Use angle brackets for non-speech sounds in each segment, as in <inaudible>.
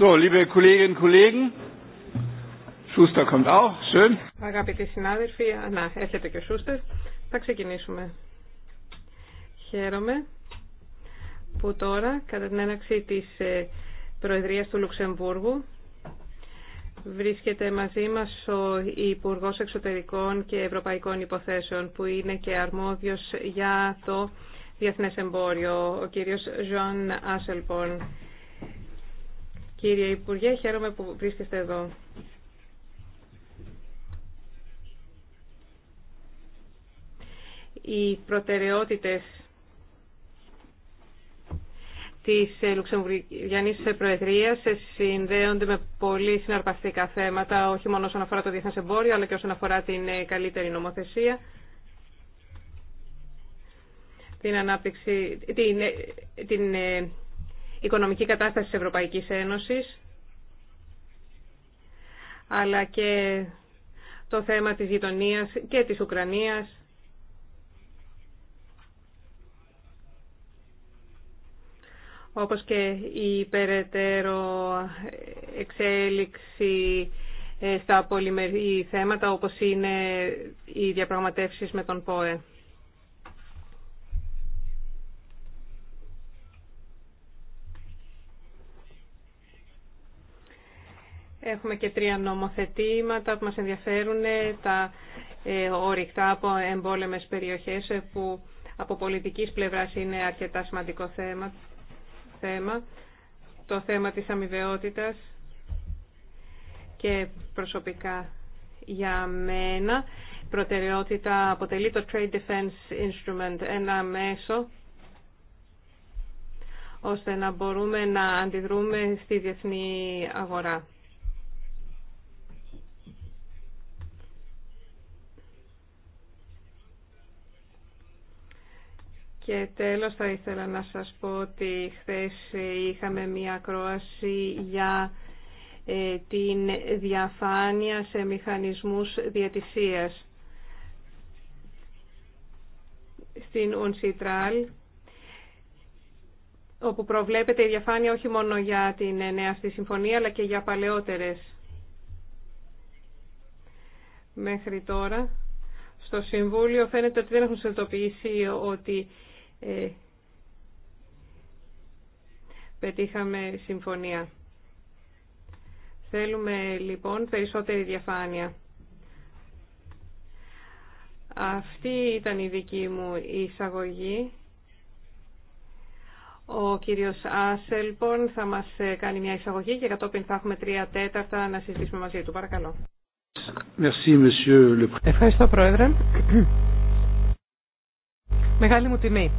Λοιπόν, liebe Kolleginnen und Kollegen, Αγαπητοί συνάδελφοι, να έρχεται και ο Σούστερ, θα ξεκινήσουμε. Χαίρομαι που τώρα, κατά την έναξη της ε, Προεδρίας του Λουξεμβούργου, Βρίσκεται μαζί μας ο Υπουργός Εξωτερικών και Ευρωπαϊκών Υποθέσεων που είναι και αρμόδιος για το διεθνές εμπόριο, ο κύριος Ζων Άσελπον. Κύριε Υπουργέ, χαίρομαι που βρίσκεστε εδώ. Οι προτεραιότητες της Λουξεμβουργιανής Προεδρίας συνδέονται με πολύ συναρπαστικά θέματα, όχι μόνο όσον αφορά το διεθνές εμπόριο, αλλά και όσον αφορά την καλύτερη νομοθεσία, την ανάπτυξη, την, την οικονομική κατάσταση της Ευρωπαϊκής Ένωσης, αλλά και το θέμα της γειτονίας και της Ουκρανίας. όπως και η περαιτέρω εξέλιξη ε, στα πολυμερή θέματα όπως είναι οι διαπραγματεύσεις με τον ΠΟΕ. Έχουμε και τρία νομοθετήματα που μας ενδιαφέρουν, τα ε, ορυκτά από εμπόλεμες περιοχές ε, που από πολιτικής πλευράς είναι αρκετά σημαντικό θέμα, το θέμα της αμοιβαιότητας και προσωπικά για μένα προτεραιότητα αποτελεί το Trade Defense Instrument, ένα μέσο ώστε να μπορούμε να αντιδρούμε στη διεθνή αγορά. Και τέλος θα ήθελα να σας πω ότι χθες ε, είχαμε μία κρόαση για ε, την διαφάνεια σε μηχανισμούς διατησίας. Στην Ουνσιτράλ, όπου προβλέπεται η διαφάνεια όχι μόνο για την νέα στη συμφωνία, αλλά και για παλαιότερες. Μέχρι τώρα, στο Συμβούλιο φαίνεται ότι δεν έχουν συνειδητοποιήσει ότι ε, πετύχαμε συμφωνία. Θέλουμε λοιπόν περισσότερη διαφάνεια. Αυτή ήταν η δική μου εισαγωγή. Ο κύριος Άσελπον θα μας ε, κάνει μια εισαγωγή και κατόπιν θα έχουμε τρία τέταρτα να συζητήσουμε μαζί του. Παρακαλώ. Ευχαριστώ Πρόεδρε. Μεγάλη μου τιμή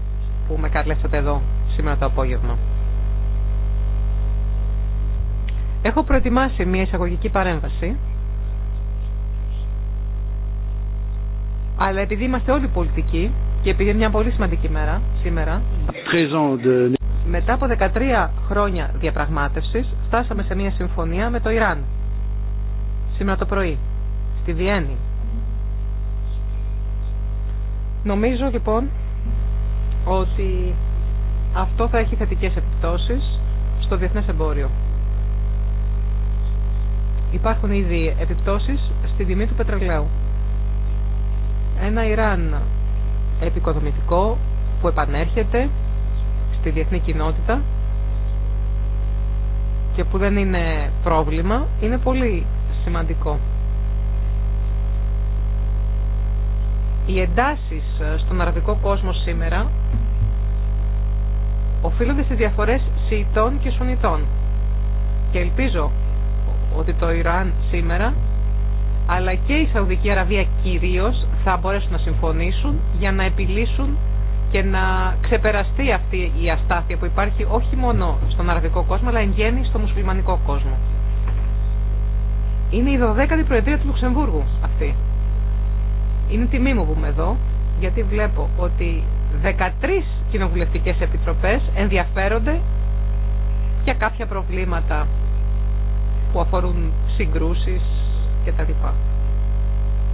που με καλέσατε εδώ σήμερα το απόγευμα. Έχω προετοιμάσει μια εισαγωγική παρέμβαση, αλλά επειδή είμαστε όλοι πολιτικοί και επειδή είναι μια πολύ σημαντική μέρα σήμερα, μετά από 13 χρόνια διαπραγμάτευσης φτάσαμε σε μια συμφωνία με το Ιράν σήμερα το πρωί στη Βιέννη. Νομίζω λοιπόν ότι αυτό θα έχει θετικές επιπτώσεις στο διεθνές εμπόριο. Υπάρχουν ήδη επιπτώσεις στη τιμή του πετρελαίου. Ένα Ιράν επικοδομητικό που επανέρχεται στη διεθνή κοινότητα και που δεν είναι πρόβλημα είναι πολύ σημαντικό. Οι εντάσεις ε, στον αραβικό κόσμο σήμερα οφείλονται στις διαφορές Σιητών και Σουνιτών. Και ελπίζω ότι το Ιράν σήμερα, αλλά και η Σαουδική Αραβία κυρίως, θα μπορέσουν να συμφωνήσουν για να επιλύσουν και να ξεπεραστεί αυτή η αστάθεια που υπάρχει όχι μόνο στον αραβικό κόσμο, αλλά εν γέννη στο μουσουλμανικό κόσμο. Είναι η 12η Προεδρία του Λουξεμβούργου αυτή. Είναι τιμή μου που είμαι εδώ, γιατί βλέπω ότι 13 κοινοβουλευτικές επιτροπές ενδιαφέρονται για κάποια προβλήματα που αφορούν συγκρούσεις κτλ.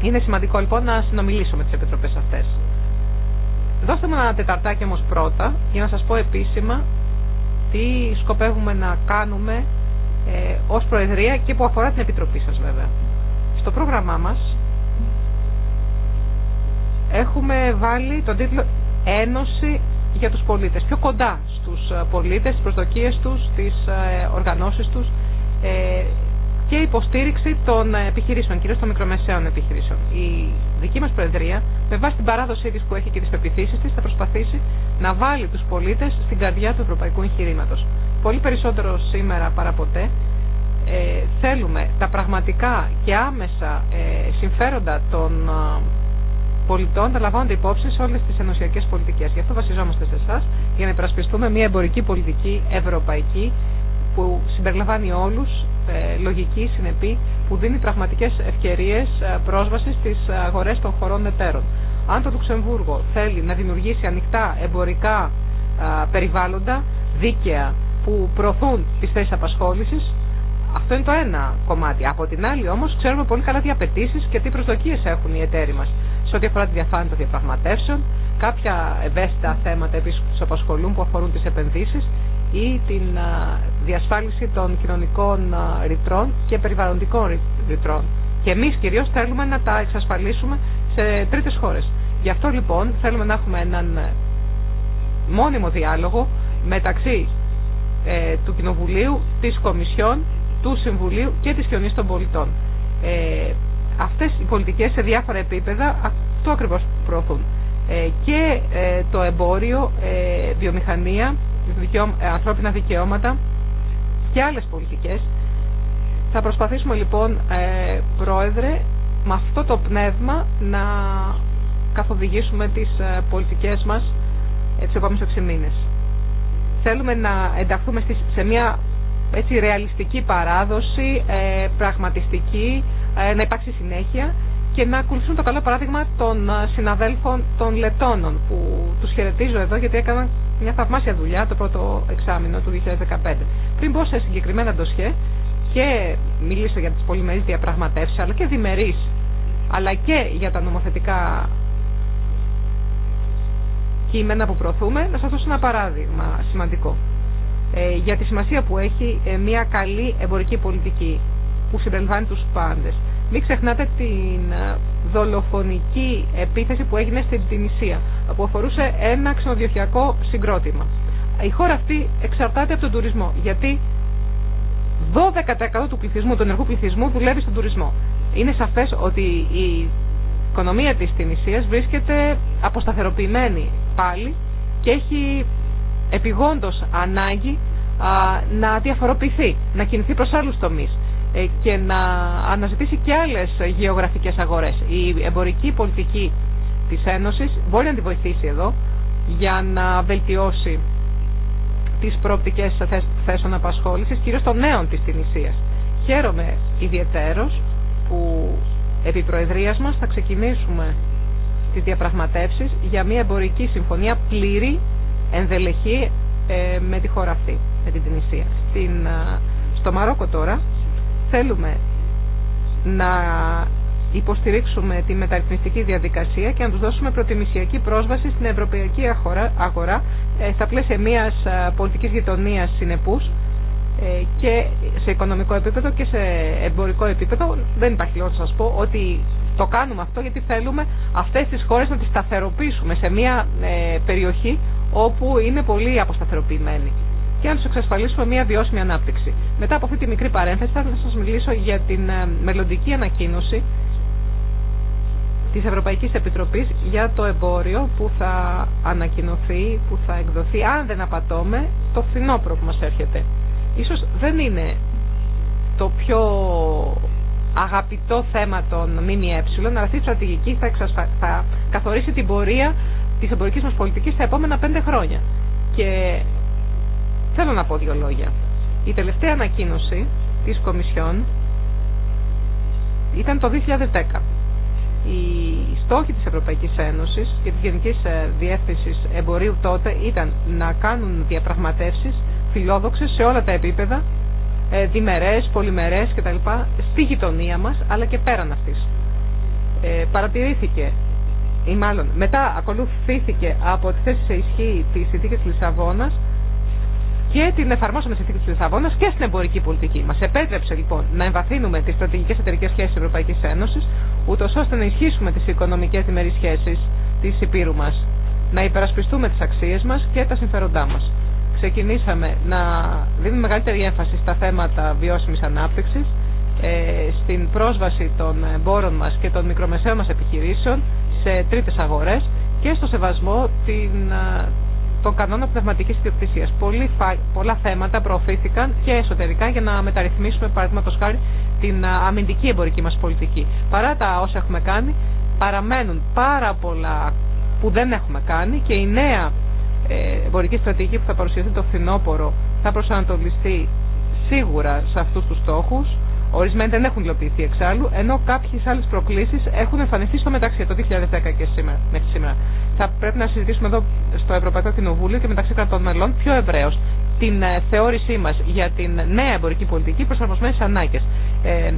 Είναι σημαντικό λοιπόν να συνομιλήσω με τις επιτροπές αυτές. Δώστε μου ένα τεταρτάκι όμως πρώτα για να σας πω επίσημα τι σκοπεύουμε να κάνουμε ε, ως Προεδρία και που αφορά την Επιτροπή σας βέβαια. Στο πρόγραμμά μας έχουμε βάλει τον τίτλο Ένωση για τους πολίτες, πιο κοντά στους ε, πολίτες, στις προσδοκίες τους, τις ε, οργανώσεις τους ε, και υποστήριξη των επιχειρήσεων, κυρίως των μικρομεσαίων επιχειρήσεων. Η δική μας Προεδρία, με βάση την παράδοσή της που έχει και τις πεπιθήσεις της, θα προσπαθήσει να βάλει τους πολίτες στην καρδιά του ευρωπαϊκού εγχειρήματο. Πολύ περισσότερο σήμερα παρά ποτέ θέλουμε τα πραγματικά και άμεσα συμφέροντα των πολιτών να λαμβάνονται υπόψη σε όλε τι ενωσιακέ πολιτικέ. Γι' αυτό βασιζόμαστε σε εσά για να υπερασπιστούμε μια εμπορική πολιτική ευρωπαϊκή που συμπεριλαμβάνει όλου, ε, λογική, συνεπή, που δίνει πραγματικέ ευκαιρίε ε, πρόσβαση στι αγορέ των χωρών εταίρων. Αν το Λουξεμβούργο θέλει να δημιουργήσει ανοιχτά εμπορικά ε, περιβάλλοντα, δίκαια, που προωθούν τι θέσει απασχόληση, αυτό είναι το ένα κομμάτι. Από την άλλη όμω ξέρουμε πολύ καλά τι απαιτήσει και τι προσδοκίε έχουν οι εταίροι μα σε ό,τι αφορά τη διαφάνεια των διαπραγματεύσεων, κάποια ευαίσθητα θέματα επίση που του απασχολούν που αφορούν τι επενδύσει ή την διασφάλιση των κοινωνικών ρητρών και περιβαλλοντικών ρητρών. Και εμεί κυρίω θέλουμε να τα εξασφαλίσουμε σε τρίτε χώρε. Γι' αυτό λοιπόν θέλουμε να έχουμε έναν μόνιμο διάλογο μεταξύ ε, του Κοινοβουλίου, της Κομισιόν, του Συμβουλίου και της Κοινωνίας των Πολιτών. Ε, αυτές οι πολιτικές σε διάφορα επίπεδα αυτό ακριβώς προωθούν. Ε, και ε, το εμπόριο, ε, βιομηχανία, ανθρώπινα δικαιώματα και άλλες πολιτικές. Θα προσπαθήσουμε λοιπόν, Πρόεδρε, με αυτό το πνεύμα να καθοδηγήσουμε τις πολιτικές μας τους επόμενους 6 Θέλουμε να ενταχθούμε σε μια έτσι ρεαλιστική παράδοση, πραγματιστική, ε, να υπάρξει συνέχεια και να ακολουθούν το καλό παράδειγμα των ε, συναδέλφων των Λετώνων που τους χαιρετίζω εδώ γιατί έκαναν μια θαυμάσια δουλειά το πρώτο εξάμεινο του 2015. Πριν μπω σε συγκεκριμένα ντοσχέ και μιλήσω για τις πολυμερείς διαπραγματεύσεις αλλά και διμερείς αλλά και για τα νομοθετικά κείμενα που προωθούμε, να σας δώσω ένα παράδειγμα σημαντικό ε, για τη σημασία που έχει μια καλή εμπορική πολιτική που συμπεριλαμβάνει τους πάντες. Μην ξεχνάτε την ε, δολοφονική επίθεση που έγινε στην Τινησία, που αφορούσε ένα ξενοδοχειακό συγκρότημα. Η χώρα αυτή εξαρτάται από τον τουρισμό, γιατί 12% του πληθυσμού, του ενεργού πληθυσμού, δουλεύει στον τουρισμό. Είναι σαφές ότι η οικονομία της Τινησίας βρίσκεται αποσταθεροποιημένη πάλι και έχει επιγόντως ανάγκη να διαφοροποιηθεί, να κινηθεί προς άλλους τομεί ε, και να αναζητήσει και άλλες γεωγραφικές αγορές. Η εμπορική πολιτική της Ένωσης μπορεί να τη βοηθήσει εδώ για να βελτιώσει τις προοπτικές θέσεων απασχόλησης, κυρίως των νέων της Τινησίας. Χαίρομαι ιδιαιτέρως που επί προεδρίας μας θα ξεκινήσουμε τις διαπραγματεύσεις για μια εμπορική συμφωνία πλήρη, ενδελεχή ε, με τη χώρα αυτή, με την Τινησία. Στην, ε, στο Μαρόκο τώρα Θέλουμε να υποστηρίξουμε τη μεταρρυθμιστική διαδικασία και να τους δώσουμε προτιμησιακή πρόσβαση στην ευρωπαϊκή αγορά ε, στα πλαίσια μιας ε, πολιτικής γειτονίας συνεπούς ε, και σε οικονομικό επίπεδο και σε εμπορικό επίπεδο. Δεν υπάρχει λόγο να σας πω ότι το κάνουμε αυτό γιατί θέλουμε αυτές τις χώρες να τις σταθεροποιήσουμε σε μια περιοχή όπου είναι πολύ αποσταθεροποιημένη και να του εξασφαλίσουμε μια βιώσιμη ανάπτυξη. Μετά από αυτή τη μικρή παρένθεση θα σα μιλήσω για την ε, μελλοντική ανακοίνωση της Ευρωπαϊκής Επιτροπής για το εμπόριο που θα ανακοινωθεί, που θα εκδοθεί, αν δεν απατώμε, το φθινόπρο που μας έρχεται. Ίσως δεν είναι το πιο αγαπητό θέμα των ΜΜΕ, αλλά αυτή η στρατηγική θα, καθορίσει την πορεία της εμπορικής μας πολιτικής στα επόμενα πέντε χρόνια. Και Θέλω να πω δύο λόγια. Η τελευταία ανακοίνωση της Κομισιόν ήταν το 2010. Οι στόχοι της Ευρωπαϊκής Ένωσης και της Γενικής ε, Διεύθυνσης Εμπορίου τότε ήταν να κάνουν διαπραγματεύσεις φιλόδοξες σε όλα τα επίπεδα, ε, διμερές, πολυμερές κτλ. στη γειτονία μας αλλά και πέραν αυτής. Ε, παρατηρήθηκε ή μάλλον μετά ακολουθήθηκε από τη θέση σε ισχύ της συνθήκης Λισαβόνας και την εφαρμόσαμε στη θήκη τη Λισαβόνα και στην εμπορική πολιτική. Μα επέτρεψε λοιπόν να εμβαθύνουμε τι στρατηγικέ εταιρικέ σχέσει τη Ευρωπαϊκή Ένωση, ούτω ώστε να ισχύσουμε τι οικονομικέ διμερεί σχέσει τη Υπήρου μα, να υπερασπιστούμε τι αξίε μα και τα συμφέροντά μα. Ξεκινήσαμε να δίνουμε μεγαλύτερη έμφαση στα θέματα βιώσιμη ανάπτυξη, ε, στην πρόσβαση των εμπόρων μα και των μικρομεσαίων μα επιχειρήσεων σε τρίτε αγορέ και στο σεβασμό την, τον κανόνα πνευματική ιδιοκτησία. Πολλά θέματα προωθήθηκαν και εσωτερικά για να μεταρρυθμίσουμε, παραδείγματο χάρη, την αμυντική εμπορική μα πολιτική. Παρά τα όσα έχουμε κάνει, παραμένουν πάρα πολλά που δεν έχουμε κάνει και η νέα ε, εμπορική στρατηγική που θα παρουσιαστεί το φθινόπωρο θα προσανατολιστεί σίγουρα σε αυτού του στόχου. Ορισμένοι δεν έχουν υλοποιηθεί εξάλλου, ενώ κάποιε άλλε προκλήσει έχουν εμφανιστεί στο μεταξύ το 2010 και σήμερα, μέχρι σήμερα. Θα πρέπει να συζητήσουμε εδώ στο Ευρωπαϊκό Κοινοβούλιο και μεταξύ κρατών μελών πιο ευρέω την ε, θεώρησή μα για την νέα εμπορική πολιτική προσαρμοσμένη στι ανάγκε. Ε,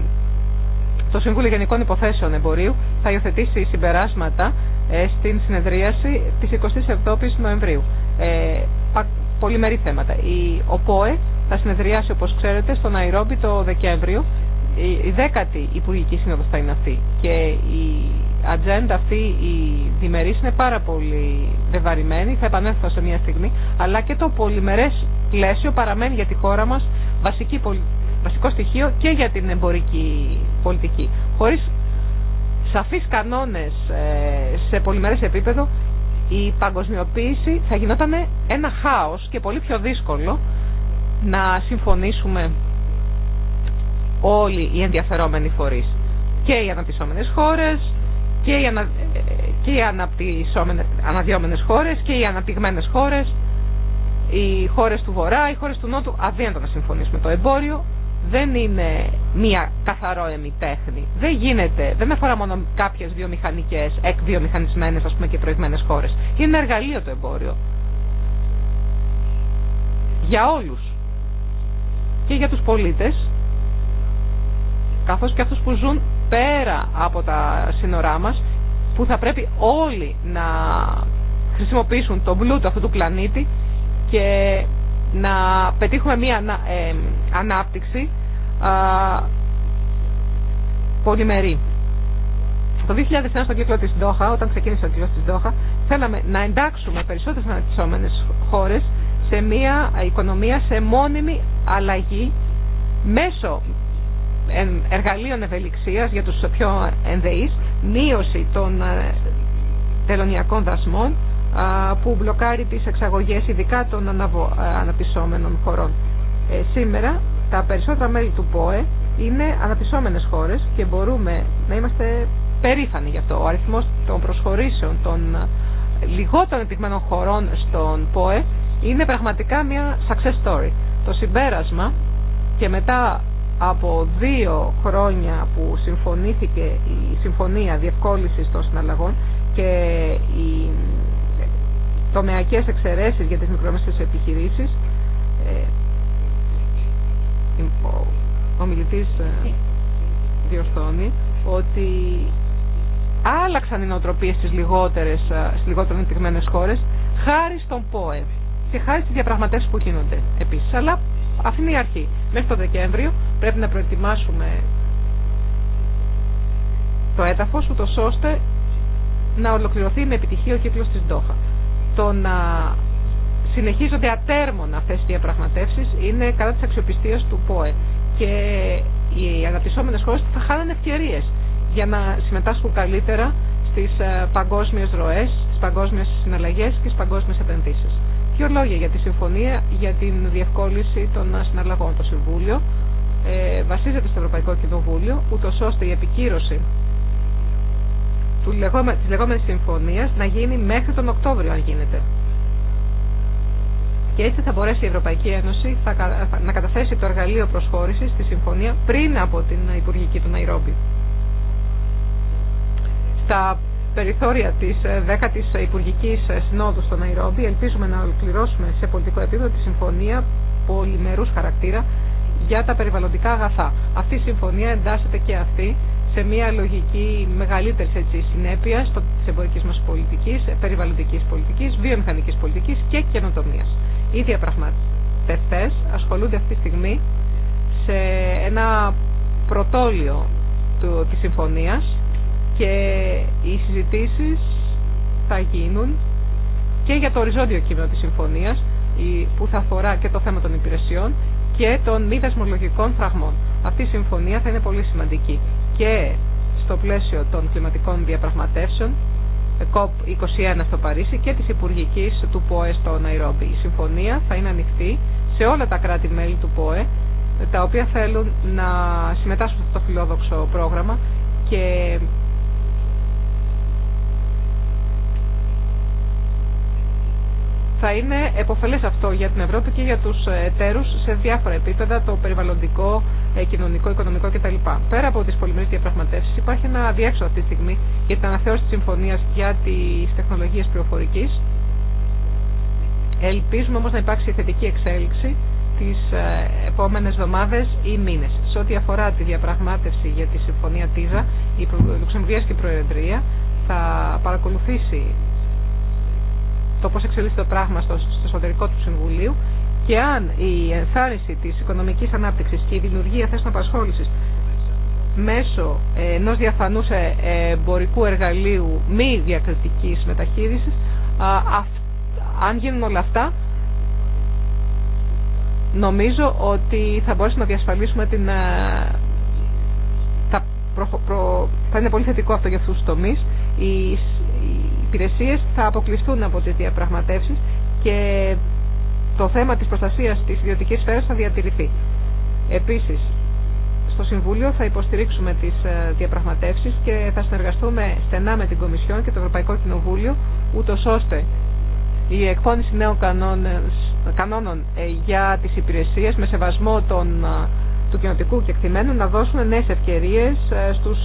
το Συμβούλιο Γενικών Υποθέσεων Εμπορίου θα υιοθετήσει συμπεράσματα ε, στην συνεδρίαση τη 27η Νοεμβρίου. Ε, πολυμερή θέματα. Η ΟΠΟΕ θα συνεδριάσει, όπως ξέρετε, στο Ναϊρόμπι το Δεκέμβριο. Η δέκατη Υπουργική Σύνοδο θα είναι αυτή. Και η ατζέντα αυτή, η διμερής, είναι πάρα πολύ βεβαρημένη. Θα επανέλθω σε μια στιγμή. Αλλά και το πολυμερές πλαίσιο παραμένει για τη χώρα μας βασικό στοιχείο και για την εμπορική πολιτική. Χωρίς σαφείς κανόνες ε, σε πολυμερές επίπεδο η παγκοσμιοποίηση θα γινόταν ένα χάος και πολύ πιο δύσκολο να συμφωνήσουμε όλοι οι ενδιαφερόμενοι φορείς και οι αναπτυσσόμενες χώρες και οι, ανα... και οι χώρες και οι αναπτυγμένες χώρες οι χώρες του Βορρά, οι χώρες του Νότου αδύνατο να συμφωνήσουμε το εμπόριο δεν είναι μία καθαρόεμη τέχνη. Δεν γίνεται, δεν αφορά μόνο κάποιες βιομηχανικέ, εκβιομηχανισμένε ας πούμε και προηγμένε χώρε. Είναι εργαλείο το εμπόριο. Για όλου. Και για τους πολίτες, καθώς και αυτού που ζουν πέρα από τα σύνορά μα, που θα πρέπει όλοι να χρησιμοποιήσουν τον πλούτο αυτού του πλανήτη και να πετύχουμε μια ανάπτυξη πολυμερή. Το 2001 στον κύκλο της Ντόχα, όταν ξεκίνησε ο κύκλος της Ντόχα, θέλαμε να εντάξουμε περισσότερες αναπτυσσόμενες χώρες σε μια οικονομία σε μόνιμη αλλαγή μέσω εργαλείων ευελιξίας για τους πιο ενδεείς, μείωση των ε, τελωνιακών δασμών, που μπλοκάρει τις εξαγωγές ειδικά των ε, αναπτυσσόμενων χωρών. Ε, σήμερα τα περισσότερα μέλη του ΠΟΕ είναι αναπτυσσόμενες χώρες και μπορούμε να είμαστε περήφανοι γι' αυτό. Ο αριθμός των προσχωρήσεων των ε, λιγότερων επιτυχμένων χωρών στον ΠΟΕ είναι πραγματικά μια success story. Το συμπέρασμα και μετά από δύο χρόνια που συμφωνήθηκε η Συμφωνία διευκόλυσης των Συναλλαγών και η τομεακές εξαιρέσεις για τις μικρομεσαίες επιχειρήσεις. Ε, ο μιλητής ε, διορθώνει ότι άλλαξαν οι νοοτροπίες στις λιγότερες, ε, στις λιγότερο ανεπτυγμένες χώρες χάρη στον ΠΟΕ και χάρη στις διαπραγματεύσεις που γίνονται επίσης. Αλλά αυτή είναι η αρχή. Μέχρι το Δεκέμβριο πρέπει να προετοιμάσουμε το έταφος ούτως ώστε να ολοκληρωθεί με επιτυχία ο κύκλος της Ντόχα το να συνεχίζονται ατέρμονα αυτές οι διαπραγματεύσεις είναι κατά της αξιοπιστίας του ΠΟΕ και οι αναπτυσσόμενες χώρες θα χάνουν ευκαιρίες για να συμμετάσχουν καλύτερα στις ε, παγκόσμιες ροές, στις παγκόσμιες συναλλαγές και στις παγκόσμιες επενδύσεις. Ποιο λόγια για τη συμφωνία για την διευκόλυνση των συναλλαγών. Το Συμβούλιο ε, βασίζεται στο Ευρωπαϊκό Κοινοβούλιο, ούτως ώστε η επικύρωση Τη λεγόμενη της λεγόμενης συμφωνίας να γίνει μέχρι τον Οκτώβριο αν γίνεται. Και έτσι θα μπορέσει η Ευρωπαϊκή Ένωση να καταθέσει το εργαλείο προσχώρησης στη συμφωνία πριν από την Υπουργική του Ναϊρόμπι. Στα περιθώρια της 10ης ε, Υπουργικής Συνόδου στο Ναϊρόμπι ελπίζουμε να ολοκληρώσουμε σε πολιτικό επίπεδο τη συμφωνία πολυμερούς χαρακτήρα για τα περιβαλλοντικά αγαθά. Αυτή η συμφωνία εντάσσεται και αυτή σε μια λογική μεγαλύτερη έτσι, συνέπεια τη εμπορική μα πολιτική, περιβαλλοντική πολιτική, βιομηχανική πολιτική και καινοτομία. Οι διαπραγματευτέ ασχολούνται αυτή τη στιγμή σε ένα πρωτόλιο τη συμφωνία και οι συζητήσει θα γίνουν και για το οριζόντιο κείμενο τη συμφωνία που θα αφορά και το θέμα των υπηρεσιών και των μη δεσμολογικών φραγμών. Αυτή η συμφωνία θα είναι πολύ σημαντική και στο πλαίσιο των κλιματικών διαπραγματεύσεων COP21 στο Παρίσι και της υπουργική του ΠΟΕ στο Ναϊρόμπι. Η συμφωνία θα είναι ανοιχτή σε όλα τα κράτη-μέλη του ΠΟΕ τα οποία θέλουν να συμμετάσχουν σε αυτό το φιλόδοξο πρόγραμμα και θα είναι επωφελές αυτό για την Ευρώπη και για τους ε, εταίρους σε διάφορα επίπεδα, το περιβαλλοντικό, ε, κοινωνικό, οικονομικό κτλ. Πέρα από τις πολυμερείς διαπραγματεύσεις υπάρχει ένα διέξοδο αυτή τη στιγμή για την αναθεώρηση της συμφωνίας για τις τεχνολογίες πληροφορικής. Ελπίζουμε όμως να υπάρξει θετική εξέλιξη τις ε, επόμενες εβδομάδες ή μήνες. Σε ό,τι αφορά τη διαπραγμάτευση για τη Συμφωνία ΤΙΖΑ, η Λουξεμβουργία και η Προεδρία θα παρακολουθήσει το πώς εξελίσσεται το πράγμα στο, στο εσωτερικό του Συμβουλίου και αν η ενθάρρυνση της οικονομικής ανάπτυξης και η δημιουργία θέσεων απασχόλησης μέσω ε, ενός διαφανούς ε, εμπορικού εργαλείου μη διακριτικής μεταχείρισης, αν γίνουν όλα αυτά, νομίζω ότι θα μπορέσουμε να διασφαλίσουμε την... Ε, θα, προ... είναι πολύ θετικό αυτό για αυτούς τους τομείς. Η υπηρεσίε θα αποκλειστούν από τι διαπραγματεύσει και το θέμα της προστασία της ιδιωτική σφαίρας θα διατηρηθεί. Επίσης, στο Συμβούλιο θα υποστηρίξουμε τι ε, διαπραγματεύσει και θα συνεργαστούμε στενά με την Κομισιόν και το Ευρωπαϊκό Κοινοβούλιο, ούτω ώστε η εκφώνηση νέων κανόνων ε, για τι υπηρεσίε με σεβασμό των, ε, του κοινοτικού κεκτημένου να δώσουν νέες ευκαιρίες στους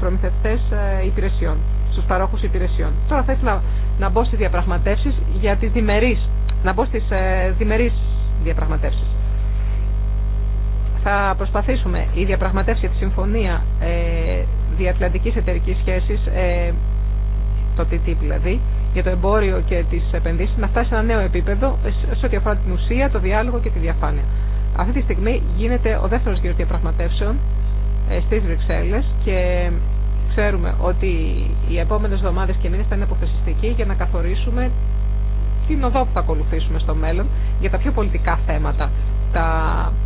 προμηθευτές υπηρεσιών στους παρόχου υπηρεσιών. Τώρα θα ήθελα να μπω στι διαπραγματεύσεις για τις διμερείς, να μπω ε, διαπραγματεύσεις. Θα προσπαθήσουμε η διαπραγματεύση για τη Συμφωνία ε, Διατλαντικής Εταιρικής Σχέσης, ε, το TTIP δηλαδή, για το εμπόριο και τι επενδύσει, να φτάσει σε ένα νέο επίπεδο ε, σε ό,τι αφορά την ουσία, το διάλογο και τη διαφάνεια. Αυτή τη στιγμή γίνεται ο δεύτερο γύρος διαπραγματεύσεων ε, στις Βρυξέλλες και Ξέρουμε ότι οι επόμενες εβδομάδε και μήνες θα είναι αποφασιστικοί για να καθορίσουμε την οδό που θα ακολουθήσουμε στο μέλλον για τα πιο πολιτικά θέματα, τα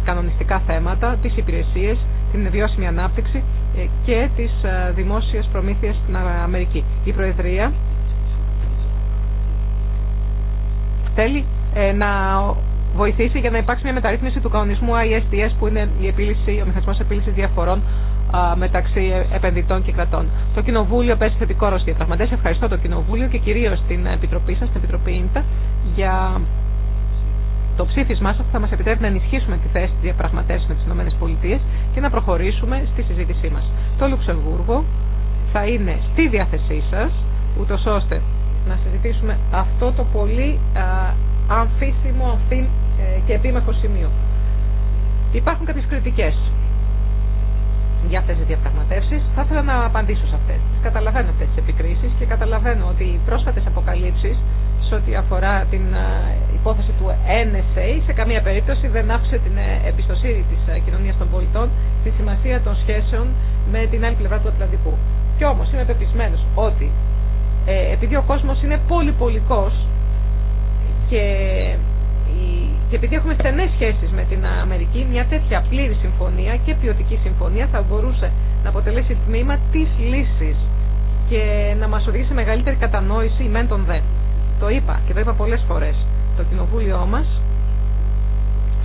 κανονιστικά θέματα, τις υπηρεσίες, την βιώσιμη ανάπτυξη ε, και τις ε, δημόσιες προμήθειες στην Αμερική. Η Προεδρία θέλει ε, να βοηθήσει για να υπάρξει μια μεταρρύθμιση του κανονισμού ISDS που είναι η ο μηχανισμός επίλυσης διαφορών μεταξύ επενδυτών και κρατών. Το Κοινοβούλιο παίζει θετικό ρόλο στι διαπραγματεύσει. Ευχαριστώ το Κοινοβούλιο και κυρίω την Επιτροπή σα, την Επιτροπή ΙΝΤΑ, για το ψήφισμά σα που θα μα επιτρέπει να ενισχύσουμε τη θέση τη διαπραγματεύση με τι ΗΠΑ και να προχωρήσουμε στη συζήτησή μα. Το Λουξεμβούργο θα είναι στη διάθεσή σα, ούτω ώστε να συζητήσουμε αυτό το πολύ αμφίσιμο, ε, και επίμαχο σημείο. Υπάρχουν κάποιες κριτικές για αυτέ τι διαπραγματεύσει, Θα ήθελα να απαντήσω σε αυτές. καταλαβαίνω αυτέ τι επικρίσεις και καταλαβαίνω ότι οι πρόσφατες αποκαλύψεις σε ό,τι αφορά την ε, υπόθεση του NSA σε καμία περίπτωση δεν άφησε την ε, εμπιστοσύνη της ε, κοινωνίας των πολιτών στη σημασία των σχέσεων με την άλλη πλευρά του Ατλαντικού. Κι όμω είμαι πεπισμένο ότι επειδή ο κόσμο είναι πολυπολικό και και επειδή έχουμε στενέ σχέσει με την Αμερική, μια τέτοια πλήρη συμφωνία και ποιοτική συμφωνία θα μπορούσε να αποτελέσει τμήμα τη λύση και να μα οδηγήσει σε μεγαλύτερη κατανόηση μεν των δε. Το είπα και το είπα πολλέ φορέ. Το κοινοβούλιο μα,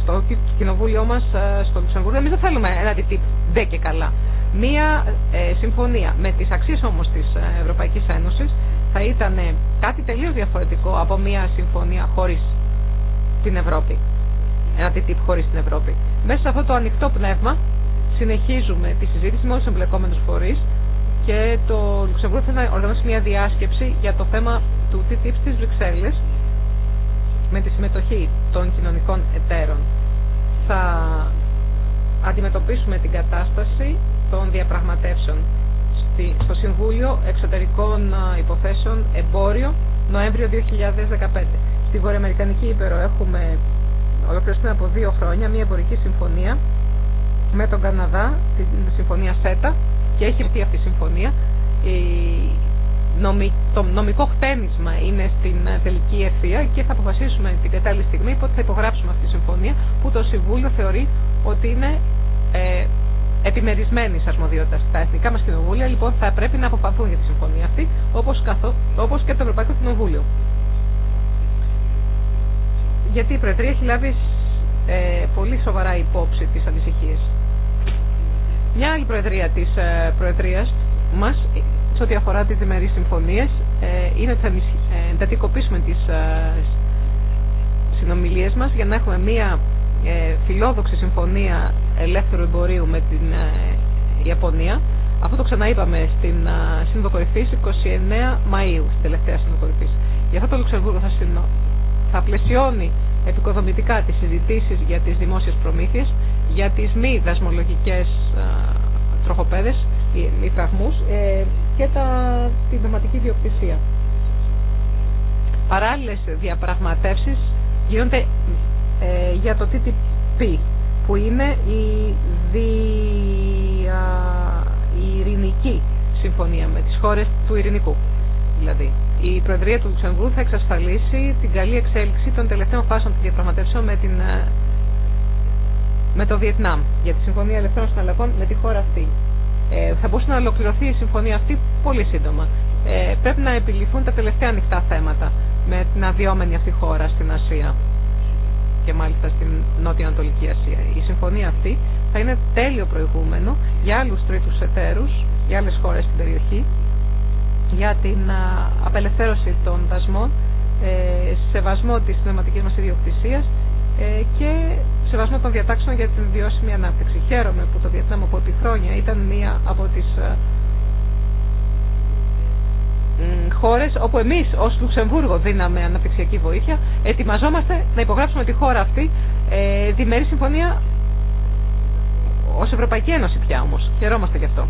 στο κοινοβούλιο μα ε, στο Λουξεμβούργο, εμεί δεν θέλουμε ένα τύπ δε και καλά. Μία ε, συμφωνία με τι αξίε όμω τη ε, Ευρωπαϊκή Ένωση θα ήταν κάτι τελείω διαφορετικό από μία συμφωνία χωρί την Ευρώπη. Ένα TTIP χωρί την Ευρώπη. Μέσα σε αυτό το ανοιχτό πνεύμα συνεχίζουμε τη συζήτηση με όλου του εμπλεκόμενου φορεί και το Λουξεμβούργο θα οργανώσει μια διάσκεψη για το θέμα του TTIP στι Βρυξέλλε με τη συμμετοχή των κοινωνικών εταίρων. Θα αντιμετωπίσουμε την κατάσταση των διαπραγματεύσεων στο Συμβούλιο Εξωτερικών Υποθέσεων Εμπόριο Νοέμβριο 2015 στη Βορειοαμερικανική Ήπερο έχουμε ολοκληρωθεί από δύο χρόνια μια εμπορική συμφωνία με τον Καναδά, τη συμφωνία ΣΕΤΑ και έχει βγει αυτή η συμφωνία. Το νομικό χτένισμα είναι στην τελική ευθεία και θα αποφασίσουμε την κατάλληλη στιγμή πότε θα υπογράψουμε αυτή τη συμφωνία που το Συμβούλιο θεωρεί ότι είναι ε, επιμερισμένη αρμοδιότητα στα εθνικά μα κοινοβούλια. Λοιπόν, θα πρέπει να αποφαθούν για τη συμφωνία αυτή όπω και το Ευρωπαϊκό Κοινοβούλιο γιατί η Προεδρία έχει λάβει ε, πολύ σοβαρά υπόψη τις ανησυχίες. Μια άλλη Προεδρία της ε, Προεδρίας μας, σε ό,τι αφορά τις διμερείς συμφωνίες, ε, είναι ότι θα ε, εντατικοποιήσουμε τις ε, συνομιλίες μας για να έχουμε μια ε, φιλόδοξη συμφωνία ελεύθερου εμπορίου με την ε, Ιαπωνία. Αυτό το ξαναείπαμε στην Σύνοδο Κορυφής 29 Μαΐου, στην τελευταία Σύνοδο Κορυφής. αυτό το Λουξεμβούργο θα θα πλαισιώνει επικοδομητικά τις συζητήσεις για τις δημόσιες προμήθειες, για τις μη δασμολογικές ε, τροχοπέδες, μη φραγμούς ε, και τα, την πνευματική διοκτησία. Παράλληλες διαπραγματεύσεις γίνονται ε, για το TTP, που είναι η, η ειρηνική συμφωνία με τις χώρες του ειρηνικού, δηλαδή η Προεδρία του Λουξεμβούργου θα εξασφαλίσει την καλή εξέλιξη των τελευταίων φάσεων των διαπραγματεύσεων με, την, ε, με το Βιετνάμ για τη Συμφωνία Ελευθέρων Συναλλαγών με τη χώρα αυτή. Ε, θα μπορούσε να ολοκληρωθεί η συμφωνία αυτή πολύ σύντομα. Ε, πρέπει να επιληθούν τα τελευταία ανοιχτά θέματα με την αδειόμενη αυτή χώρα στην Ασία και μάλιστα στην Νότια Ανατολική Ασία. Η συμφωνία αυτή θα είναι τέλειο προηγούμενο για άλλους τρίτους εταίρους, για άλλες χώρες στην περιοχή για την απελευθέρωση των δασμών, ε, σεβασμό της πνευματικής μας ιδιοκτησίας ε, και σεβασμό των διατάξεων για την βιώσιμη ανάπτυξη. Χαίρομαι που το Βιετνάμ από επί χρόνια ήταν μία από τις χώρες όπου εμείς ως Λουξεμβούργο δίναμε αναπτυξιακή βοήθεια. Ετοιμαζόμαστε να υπογράψουμε τη χώρα αυτή ε, διμερή συμφωνία ως Ευρωπαϊκή Ένωση πια όμως. Χαιρόμαστε γι' αυτό.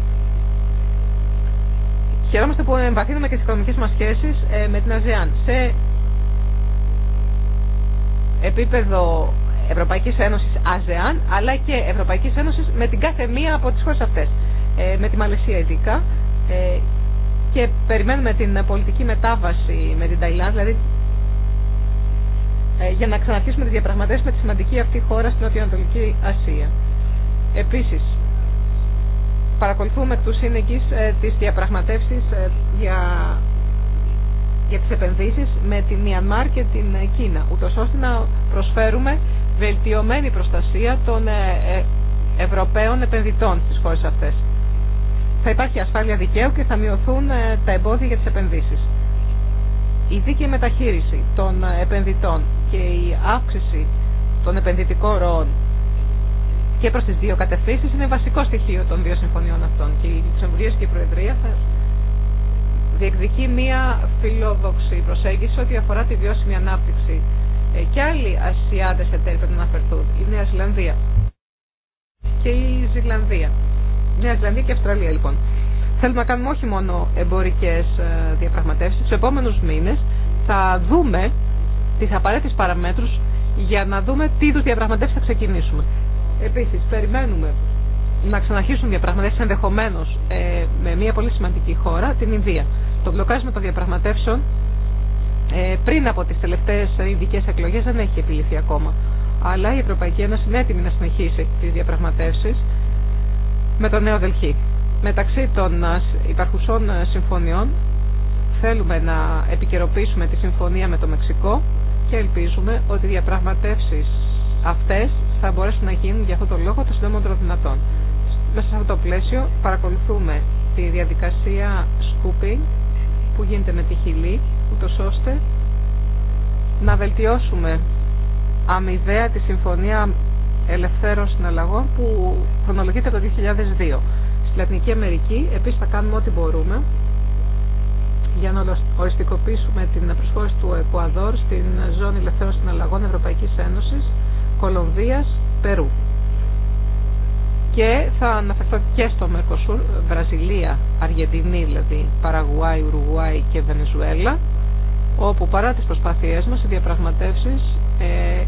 Χαιρόμαστε που εμβαθύνουμε και τι οικονομικέ μα σχέσει ε, με την ΑΖΕΑΝ. Σε επίπεδο Ευρωπαϊκή Ένωση ΑΖΕΑΝ, αλλά και Ευρωπαϊκή Ένωση με την κάθε μία από τι χώρε αυτέ. Ε, με τη Μαλαισία ειδικά. Ε, και περιμένουμε την πολιτική μετάβαση με την Ταϊλάν δηλαδή για να ξαναρχίσουμε τι διαπραγματεύσει με τη σημαντική αυτή χώρα στην Νοτιοανατολική Ασία. Επίσης, παρακολουθούμε εκ του ε, τις διαπραγματεύσεις ε, για, για τις επενδύσεις με τη Μιανμάρ και την ε, Κίνα, ούτως ώστε να προσφέρουμε βελτιωμένη προστασία των ε, Ευρωπαίων επενδυτών στις χώρες αυτές. Θα υπάρχει ασφάλεια δικαίου και θα μειωθούν τα εμπόδια για τις επενδύσεις. Η δίκαιη μεταχείριση των επενδυτών και η αύξηση των επενδυτικών ροών και προ τι δύο κατευθύνσει είναι βασικό στοιχείο των δύο συμφωνιών αυτών και η Ξεβουλία και η Προεδρία θα διεκδικεί μία φιλόδοξη προσέγγιση ό,τι αφορά τη βιώσιμη ανάπτυξη ε, και άλλοι ασιάδε εταίροι πρέπει να αναφερθούν η Νέα Ζηλανδία και η Ζηλανδία Νέα Ζηλανδία και Αυστραλία λοιπόν θέλουμε να κάνουμε όχι μόνο εμπορικέ ε, διαπραγματεύσει. Του επόμενου μήνε. θα δούμε τι απαραίτητε παραμέτρου για να δούμε τι είδου διαπραγματεύσει θα ξεκινήσουμε. Επίσης, περιμένουμε να ξαναρχίσουν διαπραγματεύσεις ενδεχομένως ε, με μια πολύ σημαντική χώρα, την Ινδία. Το μπλοκάρισμα των διαπραγματεύσεων ε, πριν από τις τελευταίες ειδικέ εκλογές δεν έχει επιληθεί ακόμα. Αλλά η Ευρωπαϊκή Ένωση είναι έτοιμη να συνεχίσει τις διαπραγματεύσεις με το νέο Δελχή. Μεταξύ των ε, υπαρχουσών ε, συμφωνιών θέλουμε να επικαιροποιήσουμε τη συμφωνία με το Μεξικό και ελπίζουμε ότι οι διαπραγματεύσεις αυτές θα μπορέσουν να γίνουν για αυτό το λόγο το συντομότερο δυνατόν. Μέσα σε αυτό το πλαίσιο παρακολουθούμε τη διαδικασία scooping που γίνεται με τη χιλή, ούτω ώστε να βελτιώσουμε αμοιβαία τη Συμφωνία Ελευθέρων Συναλλαγών που χρονολογείται το 2002. Στη Λατινική Αμερική επίσης θα κάνουμε ό,τι μπορούμε για να οριστικοποιήσουμε την προσχώρηση του Εκουαδόρ στην ζώνη ελευθέρων συναλλαγών Ευρωπαϊκής Ένωσης Κολομβίας, Περού. Και θα αναφερθώ και στο Μερκοσούρ, Βραζιλία, Αργεντινή δηλαδή, Παραγουάι Ουρουγουάη και Βενεζουέλα, όπου παρά τις προσπάθειές μας οι διαπραγματεύσεις ε,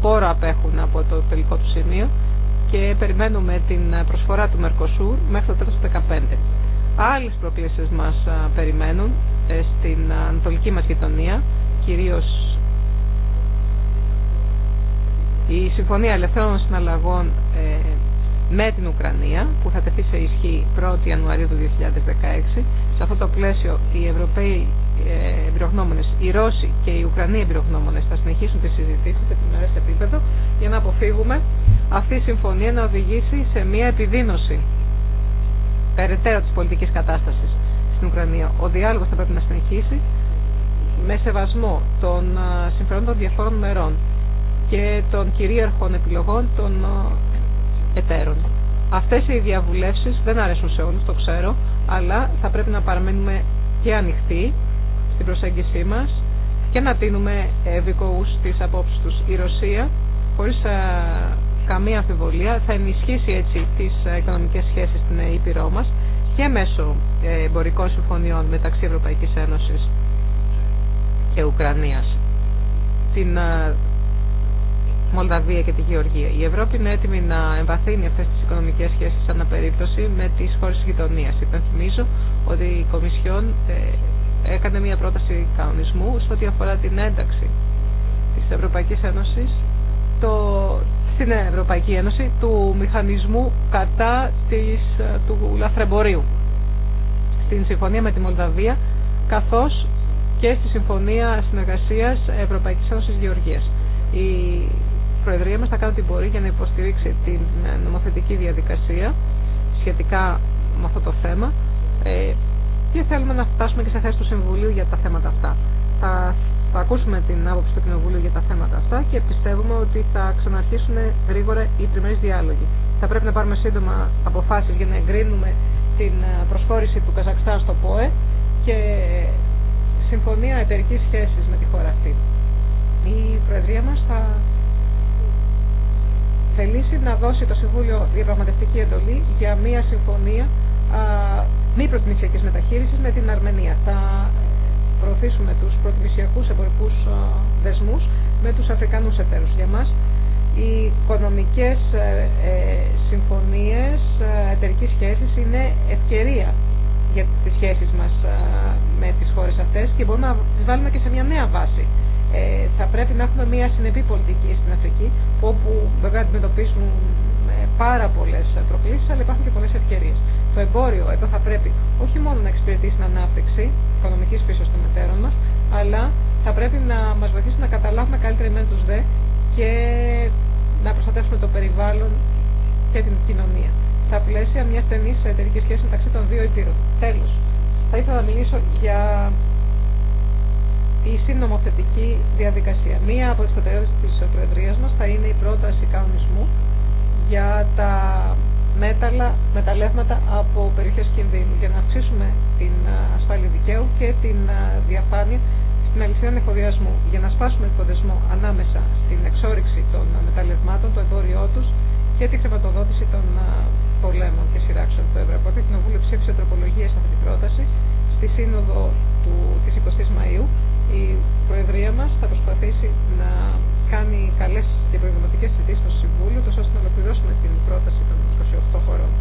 πόρα απέχουν από το τελικό του σημείο και περιμένουμε την προσφορά του Μερκοσούρ μέχρι το τέλος 2015. Άλλες προκλήσεις μας ε, περιμένουν ε, στην ε, ανατολική μας γειτονία, κυρίως η Συμφωνία Ελευθέρων Συναλλαγών ε, με την Ουκρανία, που θα τεθεί σε ισχύ 1η Ιανουαρίου του 2016, σε αυτό το πλαίσιο οι Ευρωπαίοι ε, εμπειρογνώμονε, οι Ρώσοι και οι Ουκρανοί εμπειρογνώμονε θα συνεχίσουν τι συζητήσει σε επιμερέ επίπεδο για να αποφύγουμε αυτή η συμφωνία να οδηγήσει σε μια επιδείνωση περαιτέρω τη πολιτική κατάσταση στην Ουκρανία. Ο διάλογο θα πρέπει να συνεχίσει με σεβασμό των συμφερόντων διαφόρων μερών και των κυρίαρχων επιλογών των ε, εταίρων. Αυτές οι διαβουλεύσεις δεν αρέσουν σε όλους, το ξέρω, αλλά θα πρέπει να παραμένουμε και ανοιχτοί στην προσέγγιση μας και να τίνουμε ευηκοούς τις απόψεις τους. Η Ρωσία, χωρίς ε, καμία αμφιβολία, θα ενισχύσει έτσι τις ε, οικονομικές σχέσεις στην Ήπειρό μας και μέσω εμπορικών συμφωνιών μεταξύ Ευρωπαϊκής Ένωσης και Ουκρανίας. Την Μολδαβία και τη Γεωργία. Η Ευρώπη είναι έτοιμη να εμβαθύνει αυτέ τι οικονομικέ σχέσει ανά περίπτωση με τι χώρε γειτονία. Υπενθυμίζω ότι η Κομισιόν ε, έκανε μια πρόταση κανονισμού σε ό,τι αφορά την ένταξη τη Ευρωπαϊκή Ένωση στην Ευρωπαϊκή Ένωση του μηχανισμού κατά της, ε, του λαθρεμπορίου στην συμφωνία με τη Μολδαβία καθώς και στη Συμφωνία Συνεργασίας Ευρωπαϊκής Ένωση Γεωργίας. Η Προεδρία μας θα κάνει ό,τι μπορεί για να υποστηρίξει την ε, νομοθετική διαδικασία σχετικά με αυτό το θέμα ε, και θέλουμε να φτάσουμε και σε θέση του Συμβουλίου για τα θέματα αυτά. Θα, θα ακούσουμε την άποψη του Κοινοβουλίου για τα θέματα αυτά και πιστεύουμε ότι θα ξαναρχίσουν γρήγορα οι τριμερείς διάλογοι. Θα πρέπει να πάρουμε σύντομα αποφάσεις για να εγκρίνουμε την ε, προσχώρηση του Καζακστάν στο ΠΟΕ και συμφωνία εταιρικής σχέσης με τη χώρα αυτή. Η Προεδρία μας θα θελήσει να δώσει το Συμβούλιο διαπραγματευτική εντολή για μια συμφωνία α, μη προτιμησιακής μεταχείρισης με την Αρμενία. Θα προωθήσουμε τους προτιμησιακούς εμπορικού δεσμούς με τους Αφρικανούς εταίρους. Για μας οι οικονομικές ε, ε, συμφωνίες ε, εταιρικής σχέσης είναι ευκαιρία για τις σχέσεις μας με τις χώρες αυτές και μπορούμε να τις βάλουμε και σε μια νέα βάση ε, θα πρέπει να έχουμε μια συνεπή πολιτική στην Αφρική, όπου βέβαια αντιμετωπίζουν ε, πάρα πολλέ προκλήσει, αλλά υπάρχουν και πολλέ ευκαιρίε. Το εμπόριο εδώ θα πρέπει όχι μόνο να εξυπηρετεί την ανάπτυξη οικονομική πίσω των μετέρων μα, αλλά θα πρέπει να μα βοηθήσει να καταλάβουμε καλύτερα εμένα του δε και να προστατεύσουμε το περιβάλλον και την κοινωνία. Στα πλαίσια μια στενή εταιρική σχέση μεταξύ των δύο υπήρων. Τέλο, θα ήθελα να μιλήσω για η συνομοθετική διαδικασία. Μία από τι προτεραιότητε τη Προεδρία μα θα είναι η πρόταση κανονισμού για τα μέταλλα, μεταλλεύματα από περιοχέ κινδύνου για να αυξήσουμε την ε, ασφάλεια δικαίου και την ε, διαφάνεια στην αληθινή εφοδιασμού για να σπάσουμε δεσμό ανάμεσα στην εξόριξη των μεταλλευμάτων, το εμπόριό του και τη χρηματοδότηση των ε, πολέμων και σειράξεων. Το Η Κοινοβούλη ψήφισε τροπολογίε σε αυτή την πρόταση στη σύνοδο του, 20ης Μαΐου η Προεδρία μας θα προσπαθήσει να κάνει καλές και προβληματικές συζητήσεις στο Συμβούλιο, ώστε να ολοκληρώσουμε την πρόταση των 28 χωρών.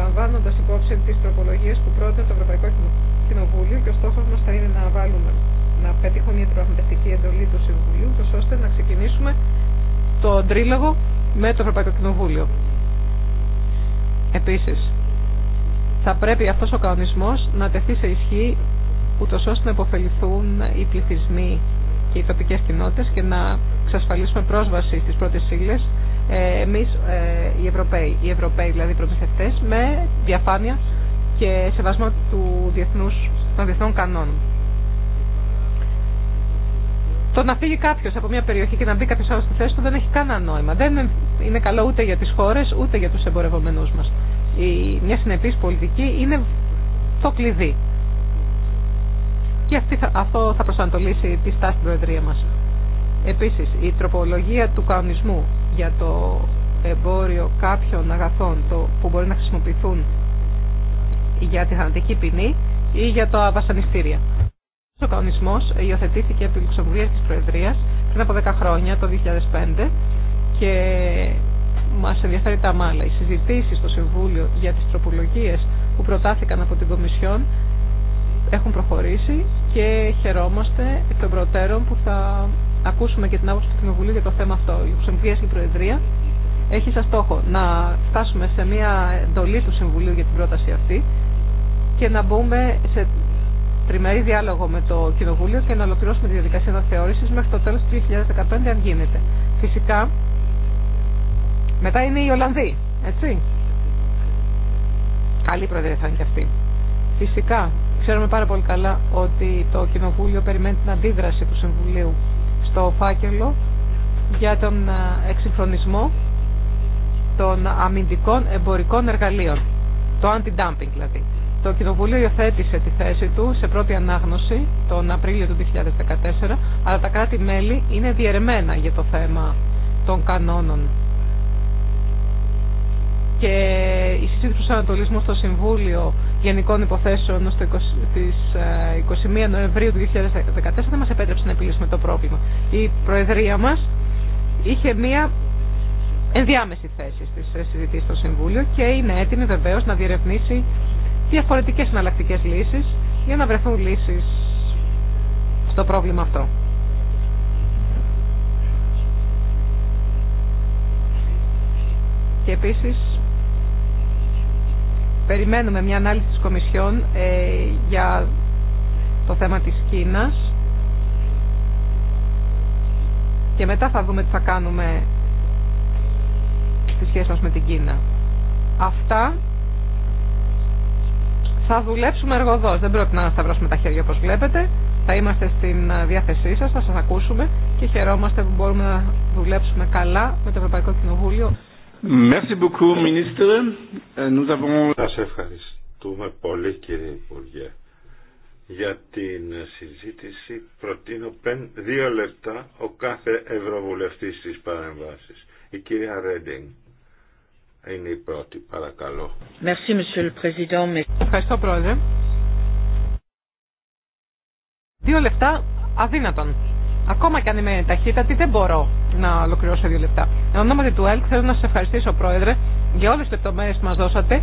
Λαμβάνοντα υπόψη τι τροπολογίε που πρότεινε το Ευρωπαϊκό Κοινοβούλιο και ο στόχο μα θα είναι να βάλουμε να πετύχουν μια πραγματευτική εντολή του Συμβουλίου, τόσο ώστε να ξεκινήσουμε το τρίλογο με το Ευρωπαϊκό Κοινοβούλιο. Επίση, θα πρέπει αυτό ο κανονισμός να τεθεί σε ισχύ ούτω ώστε να υποφεληθούν οι πληθυσμοί και οι τοπικέ κοινότητε και να εξασφαλίσουμε πρόσβαση στι πρώτε ύλες ε, Εμεί, ε, οι Ευρωπαίοι, οι Ευρωπαίοι δηλαδή οι προμηθευτέ, με διαφάνεια και σεβασμό του διεθνούς, των διεθνών κανόνων. Το να φύγει κάποιο από μια περιοχή και να μπει κάποιο άλλο στη θέση του δεν έχει κανένα νόημα. Δεν είναι καλό ούτε για τι χώρε ούτε για του εμπορευομένου μα. Μια συνεπή πολιτική είναι το κλειδί και αυτό θα προσανατολίσει τη στάση στην Προεδρία μας. Επίσης, η τροπολογία του κανονισμού για το εμπόριο κάποιων αγαθών το, που μπορεί να χρησιμοποιηθούν για τη θανατική ποινή ή για το βασανιστήρια. Ο κανονισμός υιοθετήθηκε από τη Λουξεμβουργία της Προεδρίας πριν από 10 χρόνια, το 2005, και μας ενδιαφέρει τα μάλα. Οι συζητήσεις στο Συμβούλιο για τις τροπολογίες που προτάθηκαν από την Κομισιόν έχουν προχωρήσει και χαιρόμαστε εκ των προτέρων που θα ακούσουμε και την άποψη του Κοινοβουλίου για το θέμα αυτό. Η η Προεδρία έχει σαν στόχο να φτάσουμε σε μια εντολή του Συμβουλίου για την πρόταση αυτή και να μπούμε σε τριμερή διάλογο με το Κοινοβούλιο και να ολοκληρώσουμε τη διαδικασία αναθεώρησης μέχρι το τέλος του 2015 αν γίνεται. Φυσικά, μετά είναι οι Ολλανδοί, έτσι. Καλή προεδρία θα είναι και αυτή. Φυσικά, Ξέρουμε πάρα πολύ καλά ότι το Κοινοβούλιο περιμένει την αντίδραση του Συμβουλίου στο φάκελο για τον ε, εξυγχρονισμό των αμυντικών εμπορικών εργαλείων. Το anti-dumping δηλαδή. Το Κοινοβούλιο υιοθέτησε τη θέση του σε πρώτη ανάγνωση τον Απρίλιο του 2014, αλλά τα κράτη-μέλη είναι διαιρεμένα για το θέμα των κανόνων και η συζήτηση του Ανατολισμού στο Συμβούλιο Γενικών Υποθέσεων στι 20, 21 Νοεμβρίου του 2014 δεν μας επέτρεψε να επιλύσουμε το πρόβλημα. Η Προεδρία μας είχε μία ενδιάμεση θέση στις συζητήσεις στο Συμβούλιο και είναι έτοιμη βεβαίως να διερευνήσει διαφορετικές συναλλακτικές λύσεις για να βρεθούν λύσεις στο πρόβλημα αυτό. Και επίσης περιμένουμε μια ανάλυση της Κομισιόν ε, για το θέμα της Κίνας και μετά θα δούμε τι θα κάνουμε στη σχέση μας με την Κίνα. Αυτά θα δουλέψουμε εργοδός. Δεν πρόκειται να σταυρώσουμε τα χέρια όπως βλέπετε. Θα είμαστε στην ε, διάθεσή σας, θα σας ακούσουμε και χαιρόμαστε που μπορούμε να δουλέψουμε καλά με το Ευρωπαϊκό Κοινοβούλιο. Merci euh, ευχαριστούμε πολύ, κύριε Υπουργέ. Για την συζήτηση προτείνω πεν, δύο λεπτά ο κάθε ευρωβουλευτής τη παρεμβάση. Η κυρία Ρέντινγκ είναι η πρώτη. Παρακαλώ. Ευχαριστώ, Πρόεδρε. Δύο λεπτά αδύνατον. Ακόμα και αν είμαι ταχύτατη, δεν μπορώ να ολοκληρώσω δύο λεπτά. Εν ονόματι του ΕΛΚ, θέλω να σα ευχαριστήσω, Πρόεδρε, για όλε τι λεπτομέρειε που μα δώσατε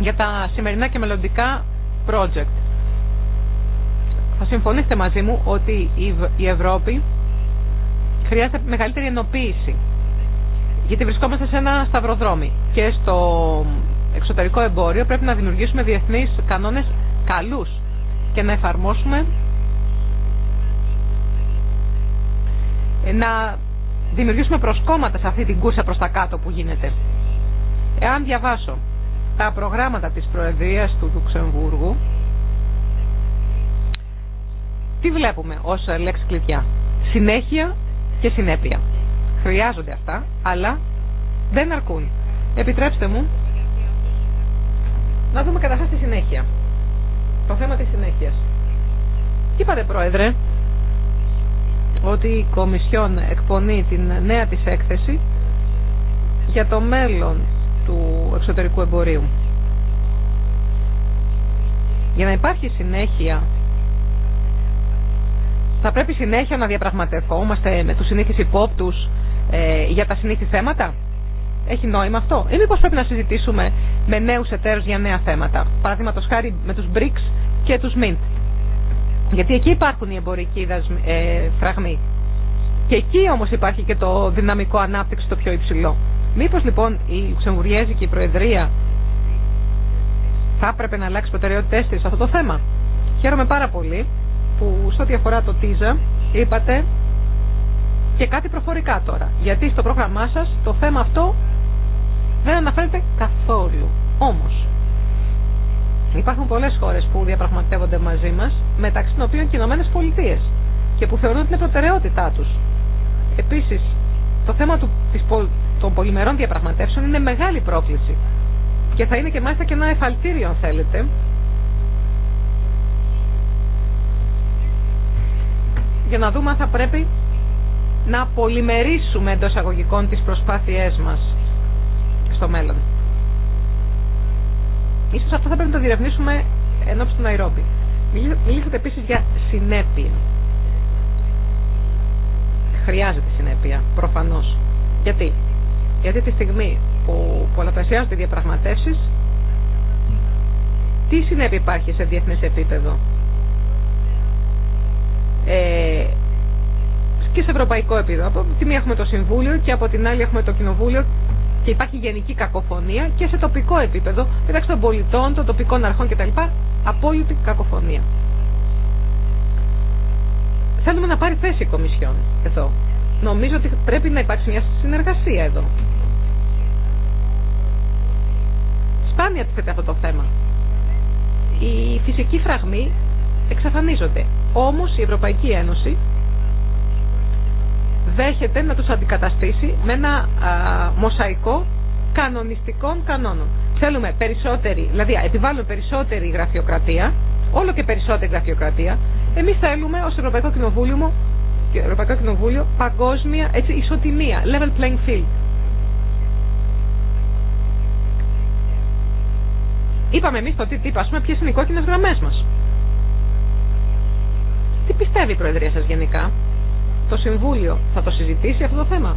για τα σημερινά και μελλοντικά project. Θα συμφωνήσετε μαζί μου ότι η Ευρώπη χρειάζεται μεγαλύτερη ενοποίηση. Γιατί βρισκόμαστε σε ένα σταυροδρόμι και στο εξωτερικό εμπόριο πρέπει να δημιουργήσουμε διεθνείς κανόνες καλούς και να εφαρμόσουμε να δημιουργήσουμε προσκόμματα σε αυτή την κούρσα προς τα κάτω που γίνεται. Εάν διαβάσω τα προγράμματα της Προεδρίας του Λουξεμβούργου, τι βλέπουμε ως λέξη κλειδιά. Συνέχεια και συνέπεια. Χρειάζονται αυτά, αλλά δεν αρκούν. Επιτρέψτε μου να δούμε καταρχάς τη συνέχεια. Το θέμα της συνέχειας. Τι είπατε, Πρόεδρε, ότι η Κομισιόν εκπονεί την νέα της έκθεση για το μέλλον του εξωτερικού εμπορίου. Για να υπάρχει συνέχεια, θα πρέπει συνέχεια να διαπραγματευόμαστε με τους συνήθεις υπόπτους ε, για τα συνήθεις θέματα. Έχει νόημα αυτό. Ή μήπω πρέπει να συζητήσουμε με νέους εταίρους για νέα θέματα. Παραδείγματο χάρη με τους BRICS και τους MINT. Γιατί εκεί υπάρχουν οι εμπορικοί ε, φραγμοί. Και εκεί όμως υπάρχει και το δυναμικό ανάπτυξη το πιο υψηλό. Μήπως λοιπόν η η Προεδρία θα έπρεπε να αλλάξει προτεραιότητε τη σε αυτό το θέμα. Χαίρομαι πάρα πολύ που σε ό,τι αφορά το ΤΙΖΑ είπατε και κάτι προφορικά τώρα. Γιατί στο πρόγραμμά σας το θέμα αυτό δεν αναφέρεται καθόλου. Όμως, Υπάρχουν πολλέ χώρε που διαπραγματεύονται μαζί μα, μεταξύ των οποίων και οι Ηνωμένε Πολιτείε, και που θεωρούν ότι είναι προτεραιότητά του. Επίση, το θέμα του, της, των πολυμερών διαπραγματεύσεων είναι μεγάλη πρόκληση. Και θα είναι και μάλιστα και ένα εφαλτήριο, αν θέλετε, για να δούμε αν θα πρέπει να πολυμερίσουμε εντό αγωγικών τις προσπάθειές μας στο μέλλον. Ίσως αυτό θα πρέπει να το διερευνήσουμε ενώπιση του Ναϊρόμπι. Μιλήσατε επίσης για συνέπεια. Χρειάζεται συνέπεια, προφανώς. Γιατί? Γιατί τη στιγμή που πολλαπλασιάζονται οι διαπραγματεύσεις, τι συνέπεια υπάρχει σε διεθνές επίπεδο. Ε, και σε ευρωπαϊκό επίπεδο. Από τη μία έχουμε το Συμβούλιο και από την άλλη έχουμε το Κοινοβούλιο και υπάρχει γενική κακοφωνία και σε τοπικό επίπεδο μεταξύ των πολιτών, των τοπικών αρχών κτλ. Απόλυτη κακοφωνία. Θέλουμε να πάρει θέση η Κομισιόν εδώ. Νομίζω ότι πρέπει να υπάρξει μια συνεργασία εδώ. Σπάνια τίθεται αυτό το θέμα. Οι φυσικοί φραγμοί εξαφανίζονται. Όμως η Ευρωπαϊκή Ένωση δέχεται να τους αντικαταστήσει με ένα μοσαϊκό κανονιστικών κανόνων. Θέλουμε περισσότερη, δηλαδή επιβάλλουμε περισσότερη γραφειοκρατία, όλο και περισσότερη γραφειοκρατία. Εμείς θέλουμε ως Ευρωπαϊκό Κοινοβούλιο, Ευρωπαϊκό Κοινοβούλιο παγκόσμια έτσι, ισοτιμία, level playing field. Είπαμε εμείς το τι ας πούμε, ποιες είναι οι κόκκινες γραμμές μας. Τι πιστεύει η Προεδρία σας γενικά το Συμβούλιο θα το συζητήσει αυτό το θέμα.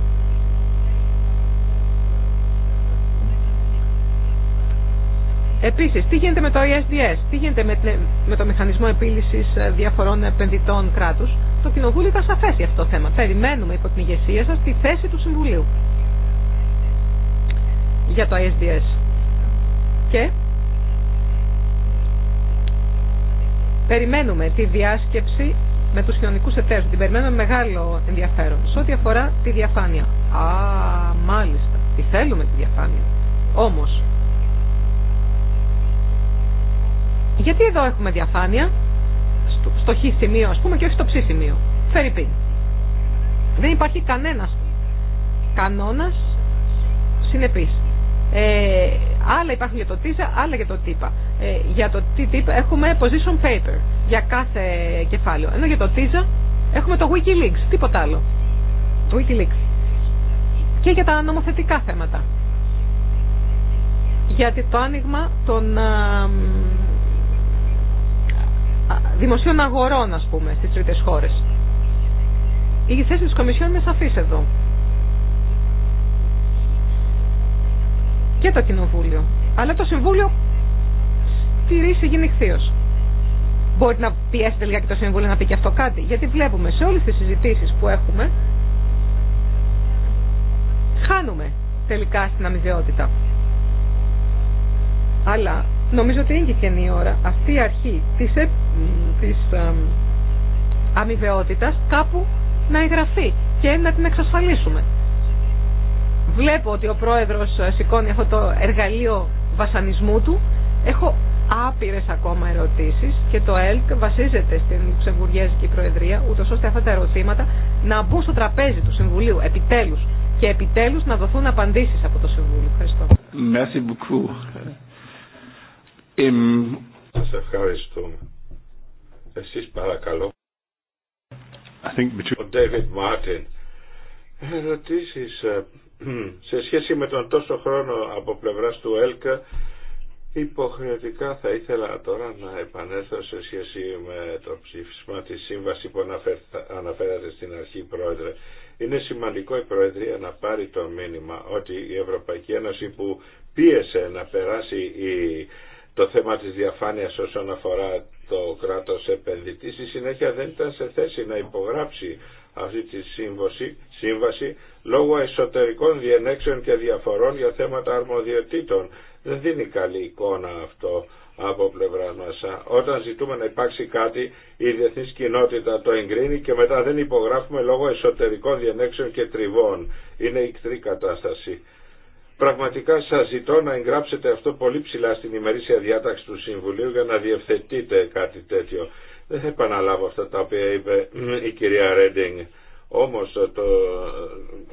Επίσης, τι γίνεται με το ISDS, τι γίνεται με το Μηχανισμό Επίλυσης ε, Διαφορών Επενδυτών Κράτους. Το Κοινοβούλιο θα σαφές για αυτό το θέμα. Περιμένουμε υπό την ηγεσία σας τη θέση του Συμβουλίου για το ISDS. Και περιμένουμε τη διάσκεψη με τους κοινωνικούς εταίρους. Την περιμένουμε μεγάλο ενδιαφέρον. Σε ό,τι αφορά τη διαφάνεια. Α, μάλιστα. Τη θέλουμε τη διαφάνεια. Όμως, γιατί εδώ έχουμε διαφάνεια στο, στο χ σημείο, ας πούμε, και όχι στο ψ σημείο. Δεν υπάρχει κανένας κανόνας συνεπής. Ε, άλλα υπάρχουν για το τίσα, άλλα για το TIPA. Ε, για το τύπα έχουμε position paper για κάθε κεφάλαιο. Ενώ για το τίσα, έχουμε το Wikileaks, τίποτα άλλο. Το Wikileaks. Και για τα νομοθετικά θέματα. Γιατί το άνοιγμα των δημοσίων αγορών, ας πούμε, στις τρίτες χώρες. Η θέση της Κομισιόν είναι σαφής εδώ. και το Κοινοβούλιο. Αλλά το Συμβούλιο στηρίζει γενικθείω. Μπορεί να πιέσετε τελικά και το Συμβούλιο να πει και αυτό κάτι. Γιατί βλέπουμε σε όλες τις συζητήσεις που έχουμε, χάνουμε τελικά στην αμοιβαιότητα. Αλλά νομίζω ότι είναι και καινή ώρα αυτή η αρχή τη ε, ε κάπου να εγγραφεί και να την εξασφαλίσουμε βλέπω ότι ο πρόεδρος ε, σηκώνει αυτό το εργαλείο βασανισμού του. Έχω άπειρες ακόμα ερωτήσεις και το ΕΛΚ βασίζεται στην Λουξεμβουργιέζικη Προεδρία ούτως ώστε αυτά τα ερωτήματα να μπουν στο τραπέζι του Συμβουλίου επιτέλους και επιτέλους να δοθούν απαντήσεις από το Συμβούλιο. Ευχαριστώ. Merci beaucoup. Σας ευχαριστούμε. παρακαλώ. Ο David Μάρτιν. Ερωτήσεις ε, σε σχέση με τον τόσο χρόνο από πλευράς του ΕΛΚΑ υποχρεωτικά θα ήθελα τώρα να επανέλθω σε σχέση με το ψήφισμα της σύμβαση που αναφέρατε στην αρχή πρόεδρε. Είναι σημαντικό η Προεδρία να πάρει το μήνυμα ότι η Ευρωπαϊκή Ένωση που πίεσε να περάσει το θέμα της διαφάνειας όσον αφορά το κράτος επενδυτή στη συνέχεια δεν ήταν σε θέση να υπογράψει αυτή τη σύμβαση, σύμβαση λόγω εσωτερικών διενέξεων και διαφορών για θέματα αρμοδιοτήτων. Δεν δίνει καλή εικόνα αυτό από πλευρά μας. Όταν ζητούμε να υπάρξει κάτι, η διεθνής κοινότητα το εγκρίνει και μετά δεν υπογράφουμε λόγω εσωτερικών διενέξεων και τριβών. Είναι ικτρή κατάσταση. Πραγματικά σας ζητώ να εγγράψετε αυτό πολύ ψηλά στην ημερήσια διάταξη του Συμβουλίου για να διευθετείτε κάτι τέτοιο. Δεν θα επαναλάβω αυτά τα οποία είπε η κυρία Ρέντινγκ όμως ε, το,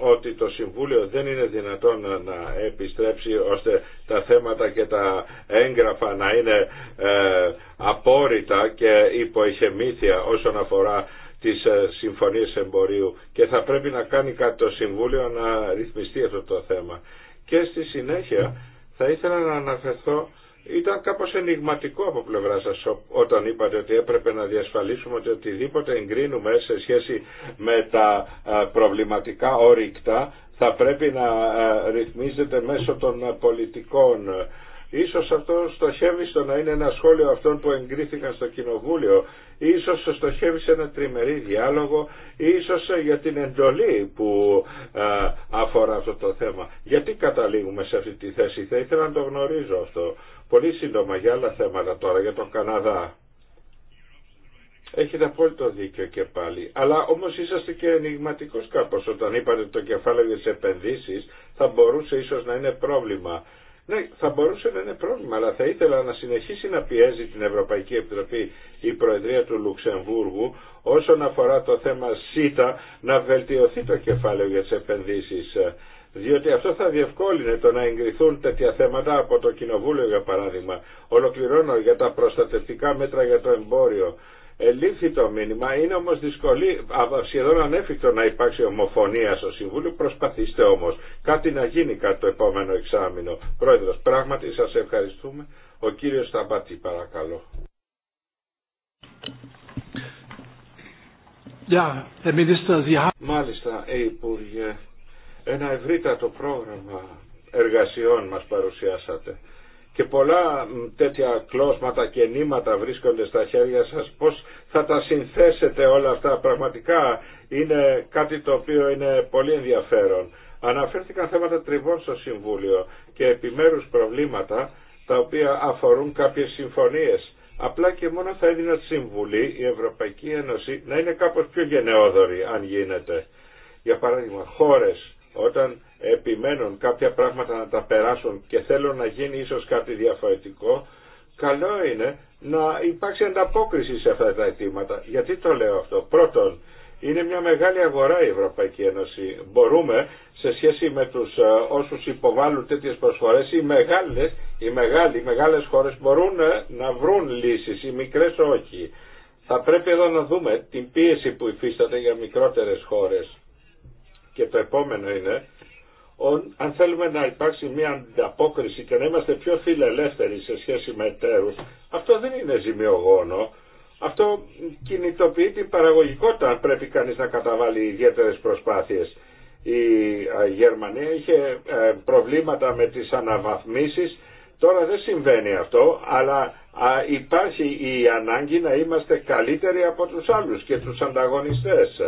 ε, ότι το Συμβούλιο δεν είναι δυνατόν να, επιστρέψει ώστε τα θέματα και τα έγγραφα να είναι ε, απόρριτα και υποεχεμήθεια όσον αφορά τις ε, συμφωνίες εμπορίου και θα πρέπει να κάνει κάτι το Συμβούλιο να ρυθμιστεί αυτό το θέμα. Και στη συνέχεια θα ήθελα να αναφερθώ ήταν κάπως ενηγματικό από πλευρά σας όταν είπατε ότι έπρεπε να διασφαλίσουμε ότι οτιδήποτε εγκρίνουμε σε σχέση με τα προβληματικά όρικτα θα πρέπει να ρυθμίζεται μέσω των πολιτικών Ίσως αυτό στοχεύει στο να είναι ένα σχόλιο αυτών που εγκρίθηκαν στο Κοινοβούλιο, ίσως στοχεύει σε ένα τριμερή διάλογο, ίσως για την εντολή που αφορά αυτό το θέμα. Γιατί καταλήγουμε σε αυτή τη θέση, θα ήθελα να το γνωρίζω αυτό. Πολύ σύντομα για άλλα θέματα τώρα, για τον Καναδά. Έχετε απόλυτο δίκιο και πάλι. Αλλά όμως είσαστε και ενηγματικός κάπως όταν είπατε το κεφάλαιο για τις επενδύσεις θα μπορούσε ίσως να είναι πρόβλημα ναι, θα μπορούσε να είναι πρόβλημα, αλλά θα ήθελα να συνεχίσει να πιέζει την Ευρωπαϊκή Επιτροπή η Προεδρία του Λουξεμβούργου όσον αφορά το θέμα ΣΥΤΑ να βελτιωθεί το κεφάλαιο για τις επενδύσεις. Διότι αυτό θα διευκόλυνε το να εγκριθούν τέτοια θέματα από το Κοινοβούλιο για παράδειγμα. Ολοκληρώνω για τα προστατευτικά μέτρα για το εμπόριο. Ελήφθη το μήνυμα, είναι όμως δυσκολή, σχεδόν ανέφικτο να υπάρξει ομοφωνία στο Συμβούλιο, προσπαθήστε όμως κάτι να γίνει κατά το επόμενο εξάμεινο. Πρόεδρος, πράγματι σας ευχαριστούμε. Ο κύριος Σταμπάτη παρακαλώ. Yeah, Μάλιστα, ε, Υπουργέ, ένα ευρύτατο πρόγραμμα εργασιών μας παρουσιάσατε και πολλά τέτοια κλώσματα και νήματα βρίσκονται στα χέρια σας, πώς θα τα συνθέσετε όλα αυτά πραγματικά είναι κάτι το οποίο είναι πολύ ενδιαφέρον. Αναφέρθηκαν θέματα τριβών στο Συμβούλιο και επιμέρους προβλήματα τα οποία αφορούν κάποιες συμφωνίες. Απλά και μόνο θα έδινα τη Συμβουλή η Ευρωπαϊκή Ένωση να είναι κάπως πιο γενναιόδορη αν γίνεται. Για παράδειγμα χώρες όταν επιμένουν κάποια πράγματα να τα περάσουν και θέλουν να γίνει ίσως κάτι διαφορετικό, καλό είναι να υπάρξει ανταπόκριση σε αυτά τα αιτήματα. Γιατί το λέω αυτό. Πρώτον, είναι μια μεγάλη αγορά η Ευρωπαϊκή Ένωση. Μπορούμε σε σχέση με τους ε, όσους υποβάλλουν τέτοιες προσφορές οι μεγάλες, οι μεγάλες χώρες μπορούν ε, να βρουν λύσεις, οι μικρές όχι. Θα πρέπει εδώ να δούμε την πίεση που υφίσταται για μικρότερες χώρες. Και το επόμενο είναι αν θέλουμε να υπάρξει μια ανταπόκριση και να είμαστε πιο φιλελεύθεροι σε σχέση με εταίρους, αυτό δεν είναι ζημιογόνο. Αυτό κινητοποιεί την παραγωγικότητα αν πρέπει κανείς να καταβάλει ιδιαίτερες προσπάθειες. Η ε, Γερμανία είχε ε, προβλήματα με τις αναβαθμίσεις, τώρα δεν συμβαίνει αυτό, αλλά υπάρχει η ανάγκη να είμαστε καλύτεροι από τους άλλους και τους ανταγωνιστές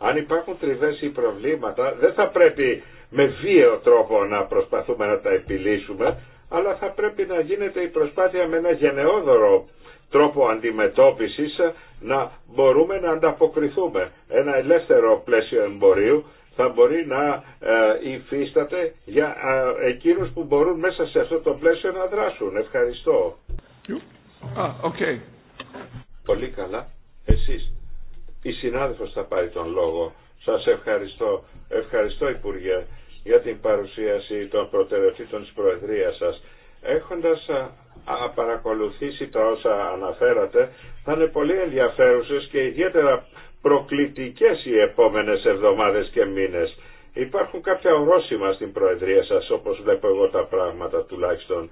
αν υπάρχουν τριβές ή προβλήματα δεν θα πρέπει με βίαιο τρόπο να προσπαθούμε να τα επιλύσουμε αλλά θα πρέπει να γίνεται η προσπάθεια με ένα γενναιόδωρο τρόπο αντιμετώπισης να μπορούμε να ανταποκριθούμε. Ένα ελεύθερο πλαίσιο εμπορίου θα μπορεί να ε, υφίσταται για ε, εκείνους που μπορούν μέσα σε αυτό το πλαίσιο να δράσουν. Ευχαριστώ. Ah, okay. Πολύ καλά. Εσείς. Η συνάδελφος θα πάρει τον λόγο. Σας ευχαριστώ. Ευχαριστώ Υπουργέ για την παρουσίαση των προτεραιοτήτων της Προεδρίας σας. Έχοντας παρακολουθήσει τα όσα αναφέρατε, θα είναι πολύ ενδιαφέρουσες και ιδιαίτερα προκλητικές οι επόμενες εβδομάδες και μήνες. Υπάρχουν κάποια ορόσημα στην Προεδρία σας, όπως βλέπω εγώ τα πράγματα τουλάχιστον.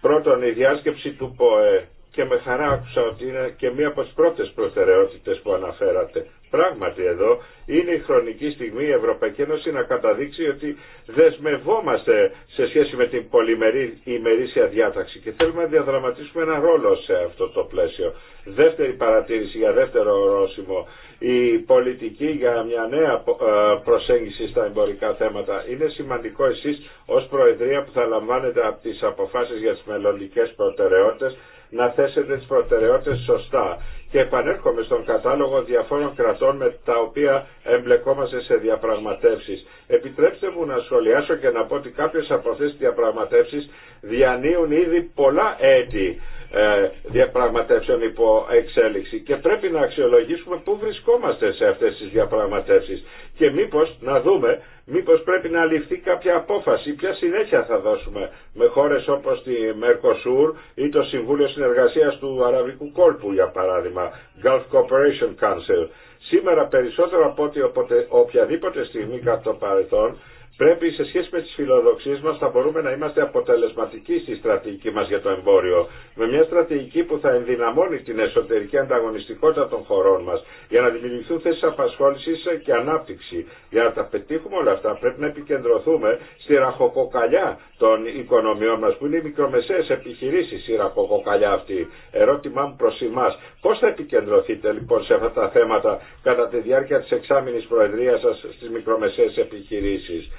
Πρώτον, η διάσκεψη του ΠΟΕ και με χαρά άκουσα ότι είναι και μία από τις πρώτες προτεραιότητες που αναφέρατε. Πράγματι εδώ είναι η χρονική στιγμή η Ευρωπαϊκή Ένωση να καταδείξει ότι δεσμευόμαστε σε σχέση με την πολυμερή ημερήσια διάταξη και θέλουμε να διαδραματίσουμε ένα ρόλο σε αυτό το πλαίσιο. Δεύτερη παρατήρηση για δεύτερο ορόσημο. Η πολιτική για μια νέα ε, προσέγγιση στα εμπορικά θέματα. Είναι σημαντικό εσείς ως Προεδρία που θα λαμβάνετε από τις αποφάσεις για τις μελλοντικές προτεραιότητε να θέσετε τις προτεραιότητες σωστά. Και επανέρχομαι στον κατάλογο διαφόρων κρατών με τα οποία εμπλεκόμαστε σε διαπραγματεύσεις. Επιτρέψτε μου να σχολιάσω και να πω ότι κάποιες από αυτές τις διαπραγματεύσεις διανύουν ήδη πολλά έτη ε, διαπραγματεύσεων υπό εξέλιξη και πρέπει να αξιολογήσουμε πού βρισκόμαστε σε αυτές τις διαπραγματεύσεις και μήπως να δούμε μήπως πρέπει να ληφθεί κάποια απόφαση ποια συνέχεια θα δώσουμε με χώρες όπως τη Mercosur ή το Συμβούλιο Συνεργασίας του Αραβικού Κόλπου για παράδειγμα Gulf Cooperation Council Σήμερα περισσότερο από ότι οποιαδήποτε στιγμή κατά το παρελθόν Πρέπει σε σχέση με τις φιλοδοξίε μα θα μπορούμε να είμαστε αποτελεσματικοί στη στρατηγική μα για το εμπόριο. Με μια στρατηγική που θα ενδυναμώνει την εσωτερική ανταγωνιστικότητα των χωρών μα για να δημιουργηθούν θέσει απασχόληση και ανάπτυξη. Για να τα πετύχουμε όλα αυτά πρέπει να επικεντρωθούμε στη ραχοκοκαλιά των οικονομιών μα που είναι οι μικρομεσαίες επιχειρήσει, η ραχοκοκαλιά αυτή. Ερώτημά μου προ εμά. Πώ θα επικεντρωθείτε λοιπόν σε αυτά τα θέματα κατά τη διάρκεια τη Προεδρία στις μικρομεσαίες επιχειρήσεις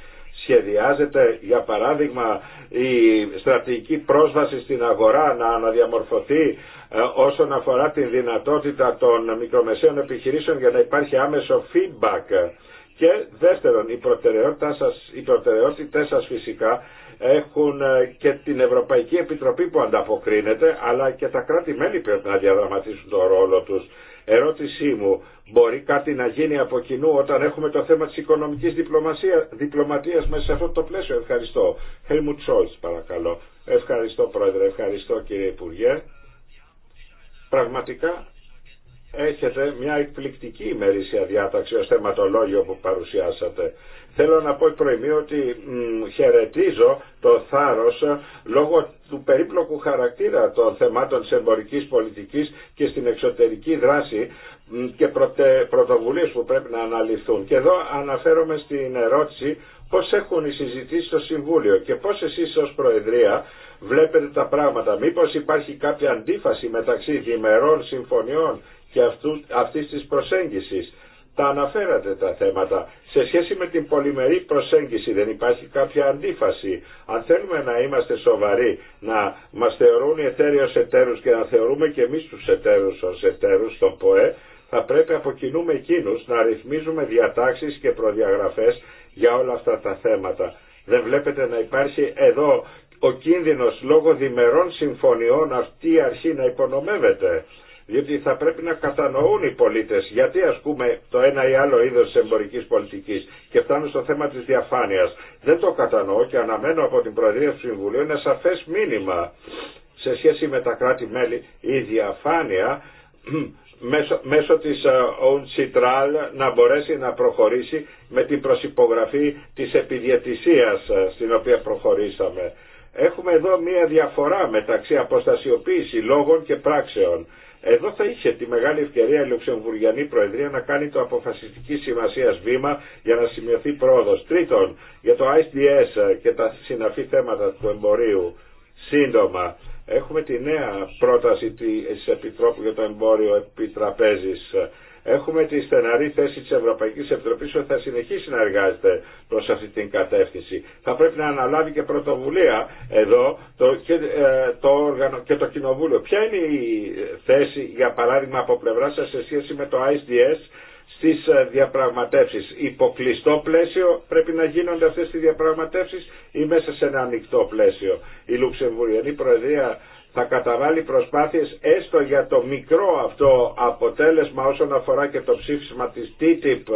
σχεδιάζεται για παράδειγμα η στρατηγική πρόσβαση στην αγορά να αναδιαμορφωθεί ε, όσον αφορά τη δυνατότητα των μικρομεσαίων επιχειρήσεων για να υπάρχει άμεσο feedback. Και δεύτερον, οι, σας, οι προτεραιότητες σας φυσικά έχουν ε, και την Ευρωπαϊκή Επιτροπή που ανταποκρίνεται, αλλά και τα κράτη-μέλη πρέπει να διαδραματίσουν τον ρόλο τους Ερώτησή μου, μπορεί κάτι να γίνει από κοινού όταν έχουμε το θέμα της οικονομικής διπλωματίας μέσα σε αυτό το πλαίσιο. Ευχαριστώ. Helmut Scholz παρακαλώ. Ευχαριστώ Πρόεδρε, ευχαριστώ κύριε Υπουργέ. Πραγματικά έχετε μια εκπληκτική ημερήσια διάταξη ως θεματολόγιο που παρουσιάσατε. Θέλω να πω προημίου ότι χαιρετίζω το θάρρος ε, λόγω του περίπλοκου χαρακτήρα των θεμάτων της εμπορικής πολιτικής και στην εξωτερική δράση και πρωτοβουλίες που πρέπει να αναλυθούν. Και εδώ αναφέρομαι στην ερώτηση πώς έχουν οι συζητήσεις στο Συμβούλιο και πώς εσείς ως Προεδρία βλέπετε τα πράγματα. Μήπως υπάρχει κάποια αντίφαση μεταξύ διμερών συμφωνιών και αυτού, αυτής της προσέγγισης τα αναφέρατε τα θέματα. Σε σχέση με την πολυμερή προσέγγιση δεν υπάρχει κάποια αντίφαση. Αν θέλουμε να είμαστε σοβαροί, να μας θεωρούν οι εταίροι ως εταίρους και να θεωρούμε και εμείς τους εταίρους ως εταίρους στον ΠΟΕ, θα πρέπει από κοινού με εκείνους να ρυθμίζουμε διατάξεις και προδιαγραφές για όλα αυτά τα θέματα. Δεν βλέπετε να υπάρχει εδώ ο κίνδυνος λόγω διμερών συμφωνιών αυτή η αρχή να υπονομεύεται. Διότι θα πρέπει να κατανοούν οι πολίτες γιατί ασκούμε το ένα ή άλλο είδος εμπορικής πολιτικής και φτάνουν στο θέμα της διαφάνειας. Δεν το κατανοώ και αναμένω από την Προεδρία του Συμβουλίου ένα σαφές μήνυμα σε σχέση με τα κράτη-μέλη η διαφάνεια <clears throat> μέσω, μέσω της ΟΝΣΙΤΡΑΛ ε, να μπορέσει να προχωρήσει με την προσυπογραφή της επιδιαιτησίας ε, στην οποία προχωρήσαμε. Έχουμε εδώ μία διαφορά μεταξύ αποστασιοποίηση λόγων και πράξεων. Εδώ θα είχε τη μεγάλη ευκαιρία η Λουξεμβουργιανή Προεδρία να κάνει το αποφασιστική σημασία βήμα για να σημειωθεί πρόοδο. Τρίτον, για το ISDS και τα συναφή θέματα του εμπορίου. Σύντομα, έχουμε τη νέα πρόταση τη Επιτρόπου για το εμπόριο Τραπέζης. Έχουμε τη στεναρή θέση της Ευρωπαϊκής Επιτροπής ότι θα συνεχίσει να εργάζεται προς αυτή την κατεύθυνση. Θα πρέπει να αναλάβει και πρωτοβουλία εδώ το, και, ε, το όργανο και το Κοινοβούλιο. Ποια είναι η θέση, για παράδειγμα, από πλευρά σας σε σχέση με το ISDS στις ε, διαπραγματεύσεις. Υποκλειστό πλαίσιο πρέπει να γίνονται αυτές οι διαπραγματεύσεις ή μέσα σε ένα ανοιχτό πλαίσιο. Η Λουξεμβουριανή Προεδρία θα καταβάλει προσπάθειες έστω για το μικρό αυτό αποτέλεσμα όσον αφορά και το ψήφισμα της TTIP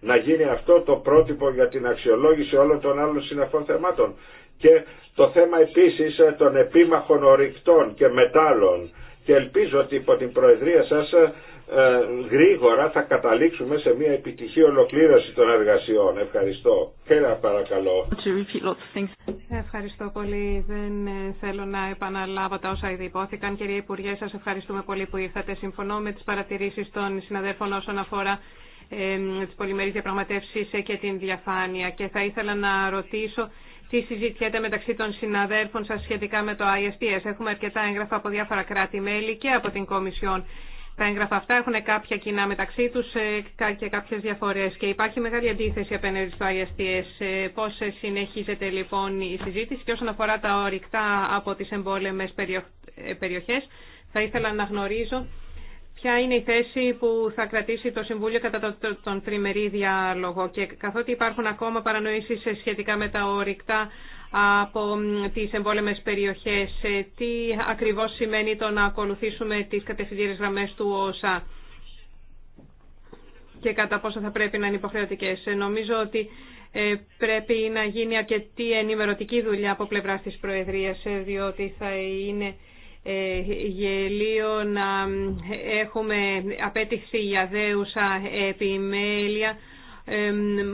να γίνει αυτό το πρότυπο για την αξιολόγηση όλων των άλλων συναφών θεμάτων. Και το θέμα επίσης των επίμαχων ορυκτών και μετάλλων. Και ελπίζω ότι υπό την Προεδρία σας ε, γρήγορα θα καταλήξουμε σε μια επιτυχή ολοκλήρωση των εργασιών. Ευχαριστώ. Χέρα παρακαλώ. Ευχαριστώ πολύ. Δεν ε, θέλω να επαναλάβω τα όσα ήδη υπόθηκαν. Κύριε Υπουργέ, σας ευχαριστούμε πολύ που ήρθατε. Συμφωνώ με τις παρατηρήσεις των συναδέλφων όσον αφορά ε, τις πολυμερείς διαπραγματεύσεις και την διαφάνεια. Και θα ήθελα να ρωτήσω τι συζητιέται μεταξύ των συναδέλφων σας σχετικά με το ISPS. Έχουμε αρκετά έγγραφα από διάφορα κράτη-μέλη και από την Κομισιόν. Τα έγγραφα αυτά έχουν κάποια κοινά μεταξύ τους ε, και κάποιες διαφορές και υπάρχει μεγάλη αντίθεση απέναντι στο ISTS. Ε, Πώ συνεχίζεται λοιπόν η συζήτηση και όσον αφορά τα ορυκτά από τις εμπόλεμε ε, περιοχές θα ήθελα να γνωρίζω ποια είναι η θέση που θα κρατήσει το Συμβούλιο κατά τον τριμερή διάλογο και καθότι υπάρχουν ακόμα παρανοήσει σχετικά με τα ορυκτά από τις εμβόλεμες περιοχές. Ε, τι ακριβώς σημαίνει το να ακολουθήσουμε τις κατευθυντήρες γραμμές του ΩΣΑ και κατά πόσο θα πρέπει να είναι υποχρεωτικές. Ε, νομίζω ότι ε, πρέπει να γίνει αρκετή ενημερωτική δουλειά από πλευρά της Προεδρίας, διότι θα είναι γελίο να έχουμε απέτηση για δέουσα επιμέλεια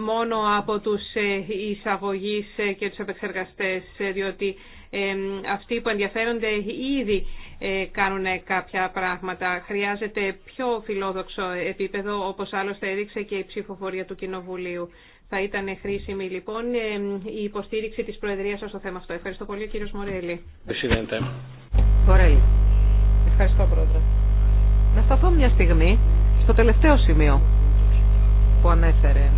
μόνο από τους ε, εισαγωγείς ε, και τους επεξεργαστές, ε, διότι αυτοί που ενδιαφέρονται ήδη κάνουν κάποια πράγματα. Χρειάζεται πιο φιλόδοξο επίπεδο, όπως άλλωστε έδειξε και η ψηφοφορία του Κοινοβουλίου. Θα ήταν χρήσιμη λοιπόν η υποστήριξη της Προεδρίας σας στο θέμα αυτό. Ευχαριστώ πολύ κύριος Μορέλη. Μορέλη. Ευχαριστώ πρόεδρε. Να σταθώ μια στιγμή στο τελευταίο σημείο που ανέφερε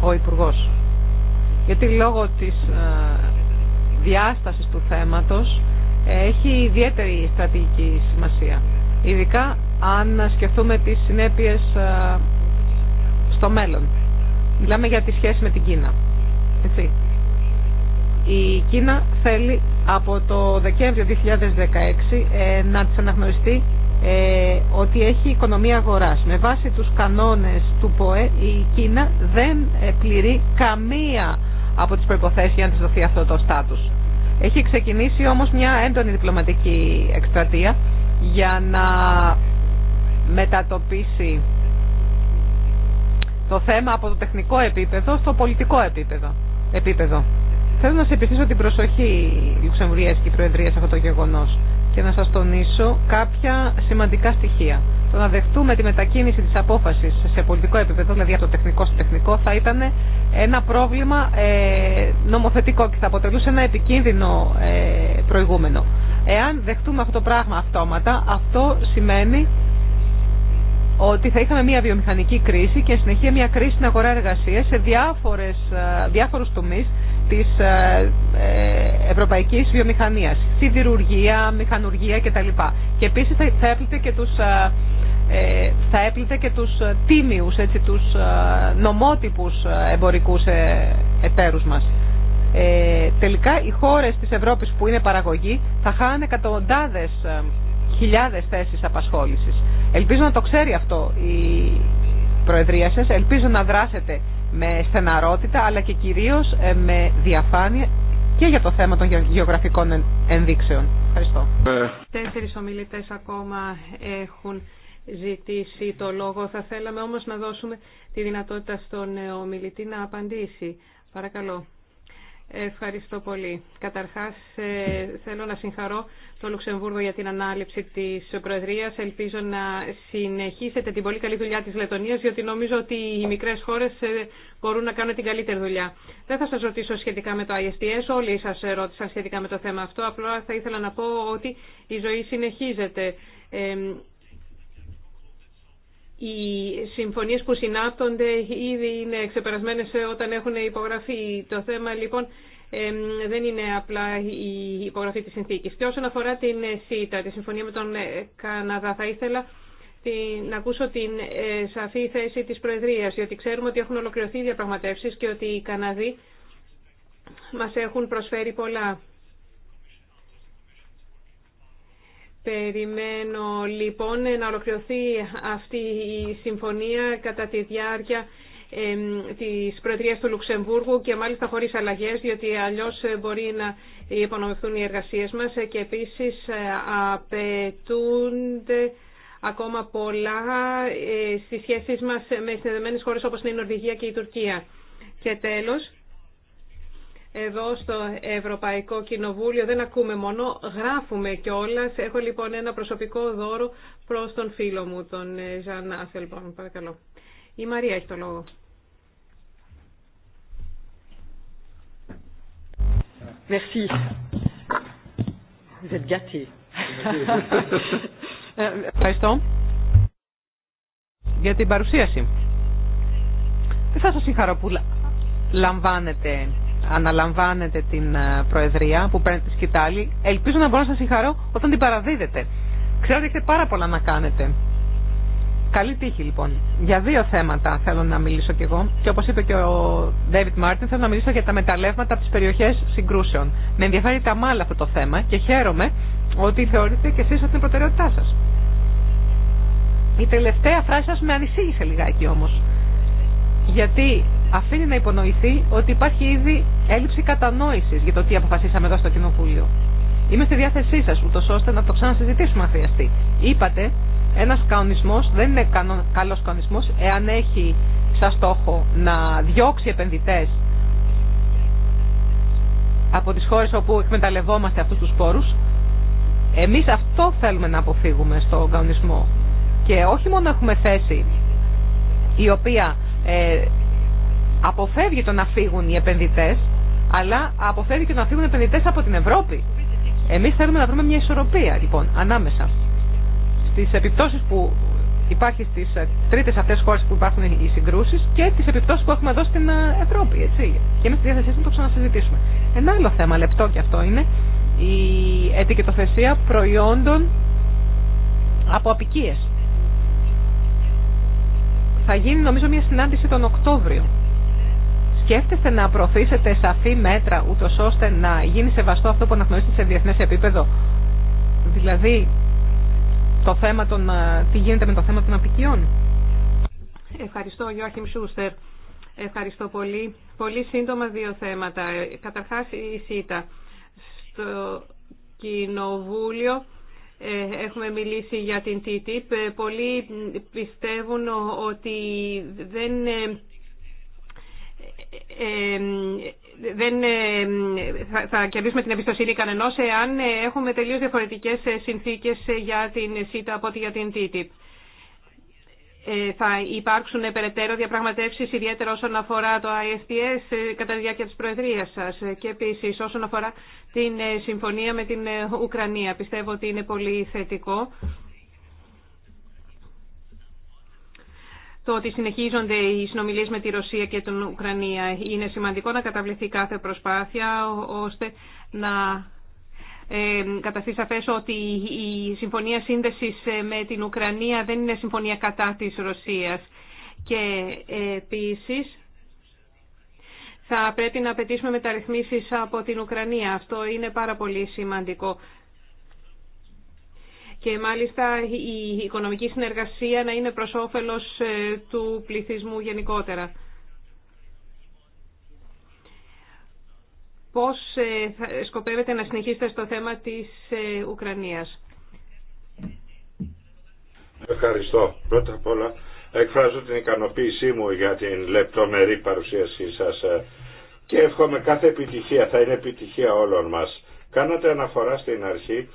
ο υπουργό. Γιατί λόγω της ε, διάστασης του θέματος ε, έχει ιδιαίτερη στρατηγική σημασία. Ειδικά αν σκεφτούμε τις συνέπειες ε, στο μέλλον. Μιλάμε για τη σχέση με την Κίνα. Έτσι. Η Κίνα θέλει από το Δεκέμβριο 2016 να της αναγνωριστεί ε, ότι έχει οικονομία αγοράς. Με βάση τους κανόνες του ΠΟΕ η Κίνα δεν ε, πληρεί καμία από τις προϋποθέσεις για να της δοθεί αυτό το στάτους. Έχει ξεκινήσει όμως μια έντονη διπλωματική εκστρατεία για να μετατοπίσει το θέμα από το τεχνικό επίπεδο στο πολιτικό επίπεδο. επίπεδο. Θέλω να σε επιστήσω την προσοχή Λουξεμβουργίας και Προεδρίας σε αυτό το γεγονός και να σας τονίσω κάποια σημαντικά στοιχεία. Το να δεχτούμε τη μετακίνηση της απόφασης σε πολιτικό επίπεδο, δηλαδή από το τεχνικό στο τεχνικό, θα ήταν ένα πρόβλημα ε, νομοθετικό και θα αποτελούσε ένα επικίνδυνο ε, προηγούμενο. Εάν δεχτούμε αυτό το πράγμα αυτόματα, αυτό σημαίνει ότι θα είχαμε μια βιομηχανική κρίση και συνεχεία μια κρίση στην αγορά εργασία σε διάφορες, ε, διάφορους τομείς της ε, ε, ευρωπαϊκής βιομηχανίας, σιδηρουργία, μηχανουργία κτλ. Και επίσης θα έπλητε και τους, ε, θα του και τους τίμιους, έτσι, τους νομότυπους εμπορικούς εταίρους μας. τελικά οι χώρες της Ευρώπης που είναι παραγωγή θα χάνουν εκατοντάδες χιλιάδες θέσεις απασχόλησης. Ελπίζω να το ξέρει αυτό η Προεδρία σας, ελπίζω να δράσετε με στεναρότητα αλλά και κυρίως ε, με διαφάνεια και για το θέμα των γεωγραφικών ενδείξεων. Ευχαριστώ. Ε. Τέσσερις ομιλητές ακόμα έχουν ζητήσει το λόγο. Θα θέλαμε όμως να δώσουμε τη δυνατότητα στον ε, ομιλητή να απαντήσει. Παρακαλώ. Ευχαριστώ πολύ. Καταρχάς θέλω να συγχαρώ το Λουξεμβούργο για την ανάληψη της Προεδρίας. Ελπίζω να συνεχίσετε την πολύ καλή δουλειά της Λετωνίας, γιατί νομίζω ότι οι μικρές χώρες μπορούν να κάνουν την καλύτερη δουλειά. Δεν θα σας ρωτήσω σχετικά με το ISTS, όλοι σας ρώτησαν σχετικά με το θέμα αυτό, Απλώς θα ήθελα να πω ότι η ζωή συνεχίζεται. Οι συμφωνίες που συνάπτονται ήδη είναι ξεπερασμένες όταν έχουν υπογραφεί. Το θέμα λοιπόν δεν είναι απλά η υπογραφή της συνθήκης. Και όσον αφορά την ΣΥΤΑ, τη συμφωνία με τον Καναδά, θα ήθελα την, να ακούσω την ε, σαφή θέση της Προεδρίας, διότι ξέρουμε ότι έχουν ολοκληρωθεί οι διαπραγματεύσεις και ότι οι Καναδοί μας έχουν προσφέρει πολλά. Περιμένω λοιπόν να ολοκληρωθεί αυτή η συμφωνία κατά τη διάρκεια ε, της Προεδρίας του Λουξεμβούργου και μάλιστα χωρίς αλλαγές, διότι αλλιώς μπορεί να υπονομευτούν οι εργασίες μας και επίσης ε, απαιτούνται ακόμα πολλά ε, στις σχέσεις μας με συνδεδεμένες χώρες όπως είναι η Νορβηγία και η Τουρκία. Και τέλος, εδώ στο Ευρωπαϊκό Κοινοβούλιο δεν ακούμε μόνο, γράφουμε κιόλα. Έχω λοιπόν ένα προσωπικό δώρο προς τον φίλο μου, τον ε, Ζαν Ασελμπον. Λοιπόν, παρακαλώ. Η Μαρία έχει το λόγο. Merci. <laughs> <laughs> Ε, ευχαριστώ για την παρουσίαση. Δεν θα σας συγχαρώ που λαμβάνετε, αναλαμβάνετε την ε, Προεδρία που παίρνετε τη σκητάλη. Ελπίζω να μπορώ να σας συγχαρώ όταν την παραδίδετε. Ξέρω ότι έχετε πάρα πολλά να κάνετε. Καλή τύχη λοιπόν. Για δύο θέματα θέλω να μιλήσω κι εγώ και όπω είπε και ο David Μάρτιν θέλω να μιλήσω για τα μεταλλεύματα από τι περιοχές συγκρούσεων. Με ενδιαφέρει τα μάλλα αυτό το θέμα και χαίρομαι ότι θεωρείτε κι εσεί ότι είναι προτεραιότητά σα. Η τελευταία φράση σα με ανησύγησε λιγάκι όμω. Γιατί αφήνει να υπονοηθεί ότι υπάρχει ήδη έλλειψη κατανόηση για το τι αποφασίσαμε εδώ στο Κοινοβούλιο. Είμαι στη διάθεσή σα, ούτω ώστε να το ξανασυζητήσουμε αν χρειαστεί. Είπατε ένας κανονισμός δεν είναι καλός κανονισμός εάν έχει σαν στόχο να διώξει επενδυτές από τις χώρες όπου εκμεταλλευόμαστε αυτούς τους πόρους. Εμείς αυτό θέλουμε να αποφύγουμε στον κανονισμό. Και όχι μόνο έχουμε θέση η οποία ε, αποφεύγει το να φύγουν οι επενδυτές, αλλά αποφεύγει και το να φύγουν οι επενδυτές από την Ευρώπη. Εμείς θέλουμε να βρούμε μια ισορροπία, λοιπόν, ανάμεσα τις επιπτώσεις που υπάρχει στις ε, τρίτες αυτές χώρες που υπάρχουν οι συγκρούσεις και τις επιπτώσεις που έχουμε εδώ στην ε, Ευρώπη, έτσι. Και είναι στη διάθεσή να το ξανασυζητήσουμε. Ένα άλλο θέμα, λεπτό και αυτό είναι, η ετικετοθεσία προϊόντων από απικίες. Θα γίνει νομίζω μια συνάντηση τον Οκτώβριο. Σκέφτεστε να προωθήσετε σαφή μέτρα ούτως ώστε να γίνει σεβαστό αυτό που αναγνωρίζετε σε διεθνές επίπεδο. Δηλαδή το θέμα των, ε, τι γίνεται με το θέμα των απικιών. Ευχαριστώ, Γιώργη Σούστερ. Ευχαριστώ πολύ. Πολύ σύντομα δύο θέματα. Καταρχάς η ΣΥΤΑ. Στο Κοινοβούλιο ε, έχουμε μιλήσει για την TTIP. Ε, πολλοί πιστεύουν ότι δεν δεν ε, θα κερδίσουμε την εμπιστοσύνη κανενός εάν ε, έχουμε τελείως διαφορετικές ε, συνθήκες για την ΣΥΤΑ από ό,τι για την TTIP. Θα υπάρξουν περαιτέρω διαπραγματεύσεις, ιδιαίτερα όσον αφορά το ISTS κατά τη διάρκεια της Προεδρίας σας και επίσης όσον αφορά την συμφωνία με την Ουκρανία. Πιστεύω ότι είναι πολύ θετικό το ότι συνεχίζονται οι συνομιλίες με τη Ρωσία και την Ουκρανία. Είναι σημαντικό να καταβληθεί κάθε προσπάθεια ώστε να ε, καταστεί ότι η συμφωνία σύνδεσης ε, με την Ουκρανία δεν είναι συμφωνία κατά της Ρωσίας. Και ε, επίσης θα πρέπει να απαιτήσουμε μεταρρυθμίσεις από την Ουκρανία. Αυτό είναι πάρα πολύ σημαντικό και μάλιστα η οικονομική συνεργασία να είναι προς όφελος ε, του πληθυσμού γενικότερα. Πώς ε, σκοπεύετε να συνεχίσετε στο θέμα της ε, Ουκρανίας. Ευχαριστώ. Πρώτα απ' όλα εκφράζω την ικανοποίησή μου για την λεπτομερή παρουσίασή σας και εύχομαι κάθε επιτυχία, θα είναι επιτυχία όλων μας Κάνατε αναφορά στην αρχή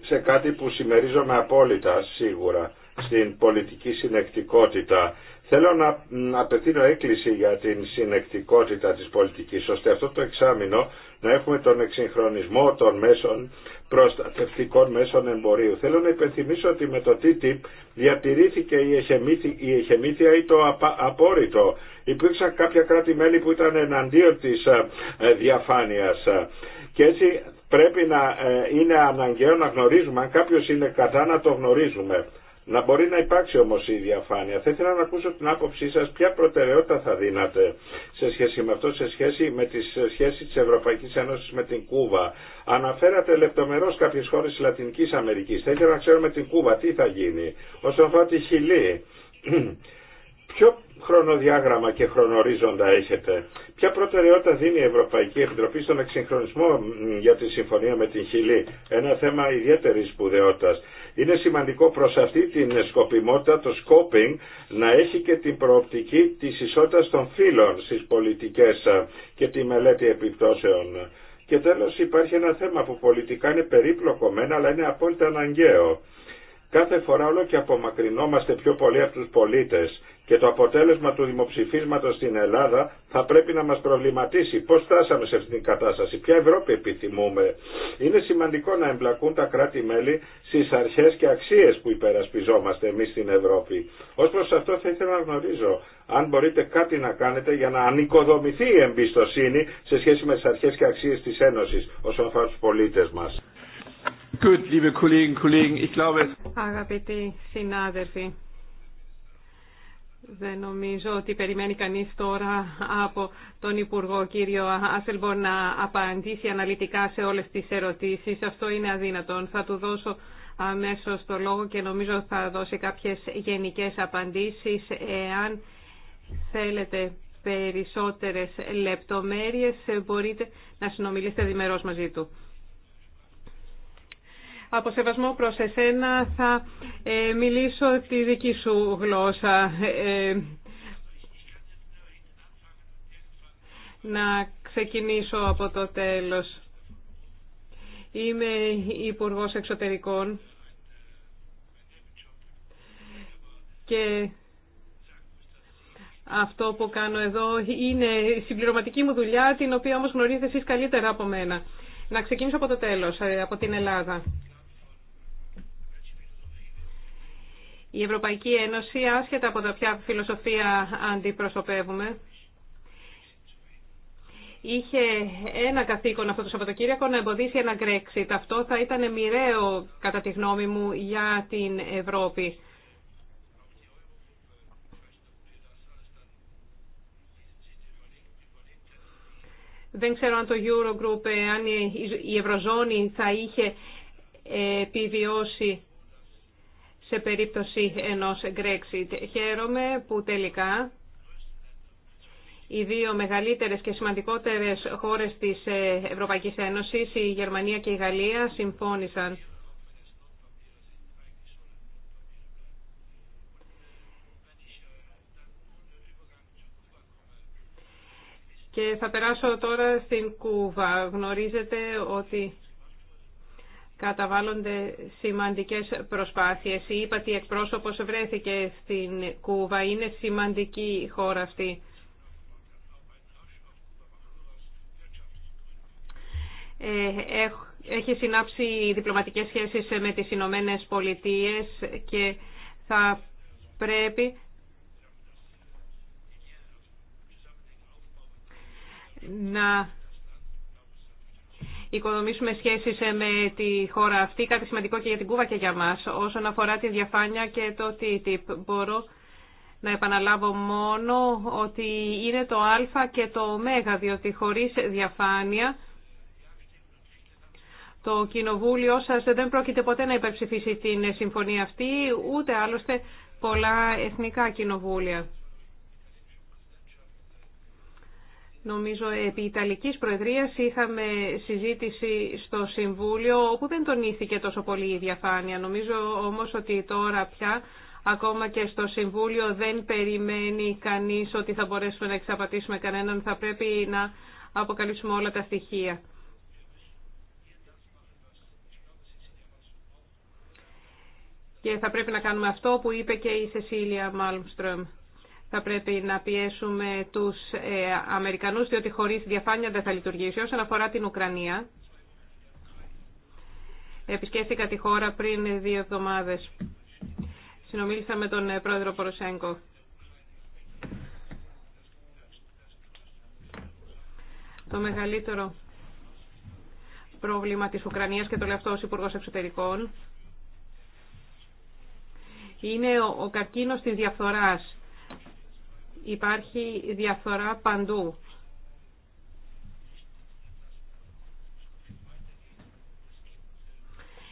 σε κάτι που συμμερίζομαι απόλυτα σίγουρα στην πολιτική συνεκτικότητα. Θέλω να, απευθύνω έκκληση για την συνεκτικότητα της πολιτικής, ώστε αυτό το εξάμεινο να έχουμε τον εξυγχρονισμό των μέσων προστατευτικών μέσων εμπορίου. Θέλω να υπενθυμίσω ότι με το TTIP διατηρήθηκε η, εχεμήθεια ή το απόρριτο. Υπήρξαν κάποια κράτη-μέλη που ήταν εναντίον της ε, διαφάνειας. Και έτσι πρέπει να ε, είναι αναγκαίο να γνωρίζουμε αν κάποιος είναι κατά να το γνωρίζουμε. Να μπορεί να υπάρξει όμως η διαφάνεια. Θα ήθελα να ακούσω την άποψή σας ποια προτεραιότητα θα δίνατε σε σχέση με αυτό, σε σχέση με τη σχέση της Ευρωπαϊκής Ένωσης με την Κούβα. Αναφέρατε λεπτομερώς κάποιες χώρες της Λατινικής Αμερικής. Θα ήθελα να ξέρουμε την Κούβα τι θα γίνει. Όσον αφορά τη Χιλή, Ποιο χρονοδιάγραμμα και χρονορίζοντα έχετε. Ποια προτεραιότητα δίνει η Ευρωπαϊκή Επιτροπή στον εξυγχρονισμό για τη συμφωνία με την Χιλή. Ένα θέμα ιδιαίτερη σπουδαιότητα. Είναι σημαντικό προ αυτή την σκοπιμότητα το σκόπινγκ να έχει και την προοπτική τη ισότητα των φύλων στι πολιτικέ ε, και τη μελέτη επιπτώσεων. Και τέλος υπάρχει ένα θέμα που πολιτικά είναι περίπλοκο μένα αλλά είναι απόλυτα αναγκαίο Κάθε φορά όλο και απομακρυνόμαστε πιο πολύ από τους πολίτες και το αποτέλεσμα του δημοψηφίσματος στην Ελλάδα θα πρέπει να μας προβληματίσει. Πώς φτάσαμε σε αυτήν την κατάσταση, ποια Ευρώπη επιθυμούμε. Είναι σημαντικό να εμπλακούν τα κράτη-μέλη στις αρχές και αξίες που υπερασπιζόμαστε εμείς στην Ευρώπη. Ως προς αυτό θα ήθελα να γνωρίζω αν μπορείτε κάτι να κάνετε για να ανοικοδομηθεί η εμπιστοσύνη σε σχέση με τις αρχές και αξίες της Ένωσης όσον αφορά τους πολίτες μας. Αγαπητοί συνάδελφοι, δεν νομίζω ότι περιμένει κανεί τώρα από τον Υπουργό κύριο Άσελμπορ να απαντήσει αναλυτικά σε όλες τι ερωτήσει. Αυτό είναι αδύνατο. Θα του δώσω αμέσω το λόγο και νομίζω θα δώσει κάποιε γενικές απαντήσει. εάν θέλετε περισσότερε λεπτομέρειε, μπορείτε να συνομιλήσετε διμερώς μαζί του από σεβασμό προς εσένα θα ε, μιλήσω τη δική σου γλώσσα. Ε, ε, να ξεκινήσω από το τέλος. Είμαι υπουργό Εξωτερικών και αυτό που κάνω εδώ είναι συμπληρωματική μου δουλειά, την οποία όμως γνωρίζετε εσείς καλύτερα από μένα. Να ξεκινήσω από το τέλος, από την Ελλάδα. Η Ευρωπαϊκή Ένωση, άσχετα από τα ποια φιλοσοφία αντιπροσωπεύουμε, είχε ένα καθήκον αυτό το Σαββατοκύριακο να εμποδίσει ένα Brexit. Αυτό θα ήταν μοιραίο, κατά τη γνώμη μου, για την Ευρώπη. Δεν ξέρω αν το Eurogroup, ε, αν η Ευρωζώνη θα είχε ε, επιβιώσει σε περίπτωση ενός Brexit. Χαίρομαι που τελικά οι δύο μεγαλύτερες και σημαντικότερες χώρες της ε, Ευρωπαϊκής Ένωσης, η Γερμανία και η Γαλλία, συμφώνησαν. Και θα περάσω τώρα στην Κούβα. Γνωρίζετε ότι καταβάλλονται σημαντικές προσπάθειες. Η ύπατη εκπρόσωπος βρέθηκε στην Κούβα. Είναι σημαντική η χώρα αυτή. Ε, έχει συνάψει διπλωματικές σχέσεις με τις Ηνωμένε Πολιτείες και θα πρέπει να οικοδομήσουμε σχέσει ε, με τη χώρα αυτή, κάτι σημαντικό και για την Κούβα και για μας. Όσον αφορά τη διαφάνεια και το TTIP, μπορώ να επαναλάβω μόνο ότι είναι το α και το ω, διότι χωρί διαφάνεια το κοινοβούλιο σα δεν πρόκειται ποτέ να υπερψηφίσει την συμφωνία αυτή, ούτε άλλωστε πολλά εθνικά κοινοβούλια. Νομίζω επί Ιταλικής Προεδρίας είχαμε συζήτηση στο Συμβούλιο όπου δεν τονίστηκε τόσο πολύ η διαφάνεια. Νομίζω όμως ότι τώρα πια ακόμα και στο Συμβούλιο δεν περιμένει κανείς ότι θα μπορέσουμε να εξαπατήσουμε κανέναν. Θα πρέπει να αποκαλύψουμε όλα τα στοιχεία. Και θα πρέπει να κάνουμε αυτό που είπε και η Σεσίλια Μάλμστρομ θα πρέπει να πιέσουμε τους ε, Αμερικανούς, διότι χωρίς διαφάνεια δεν θα λειτουργήσει. Όσον αφορά την Ουκρανία, επισκέφθηκα τη χώρα πριν δύο εβδομάδες. Συνομίλησα με τον ε, πρόεδρο Ποροσέγκο. Το μεγαλύτερο πρόβλημα της Ουκρανίας και το λέω αυτό ως Υπουργός Εξωτερικών είναι ο καρκίνος της διαφθοράς Υπάρχει διαφορά παντού.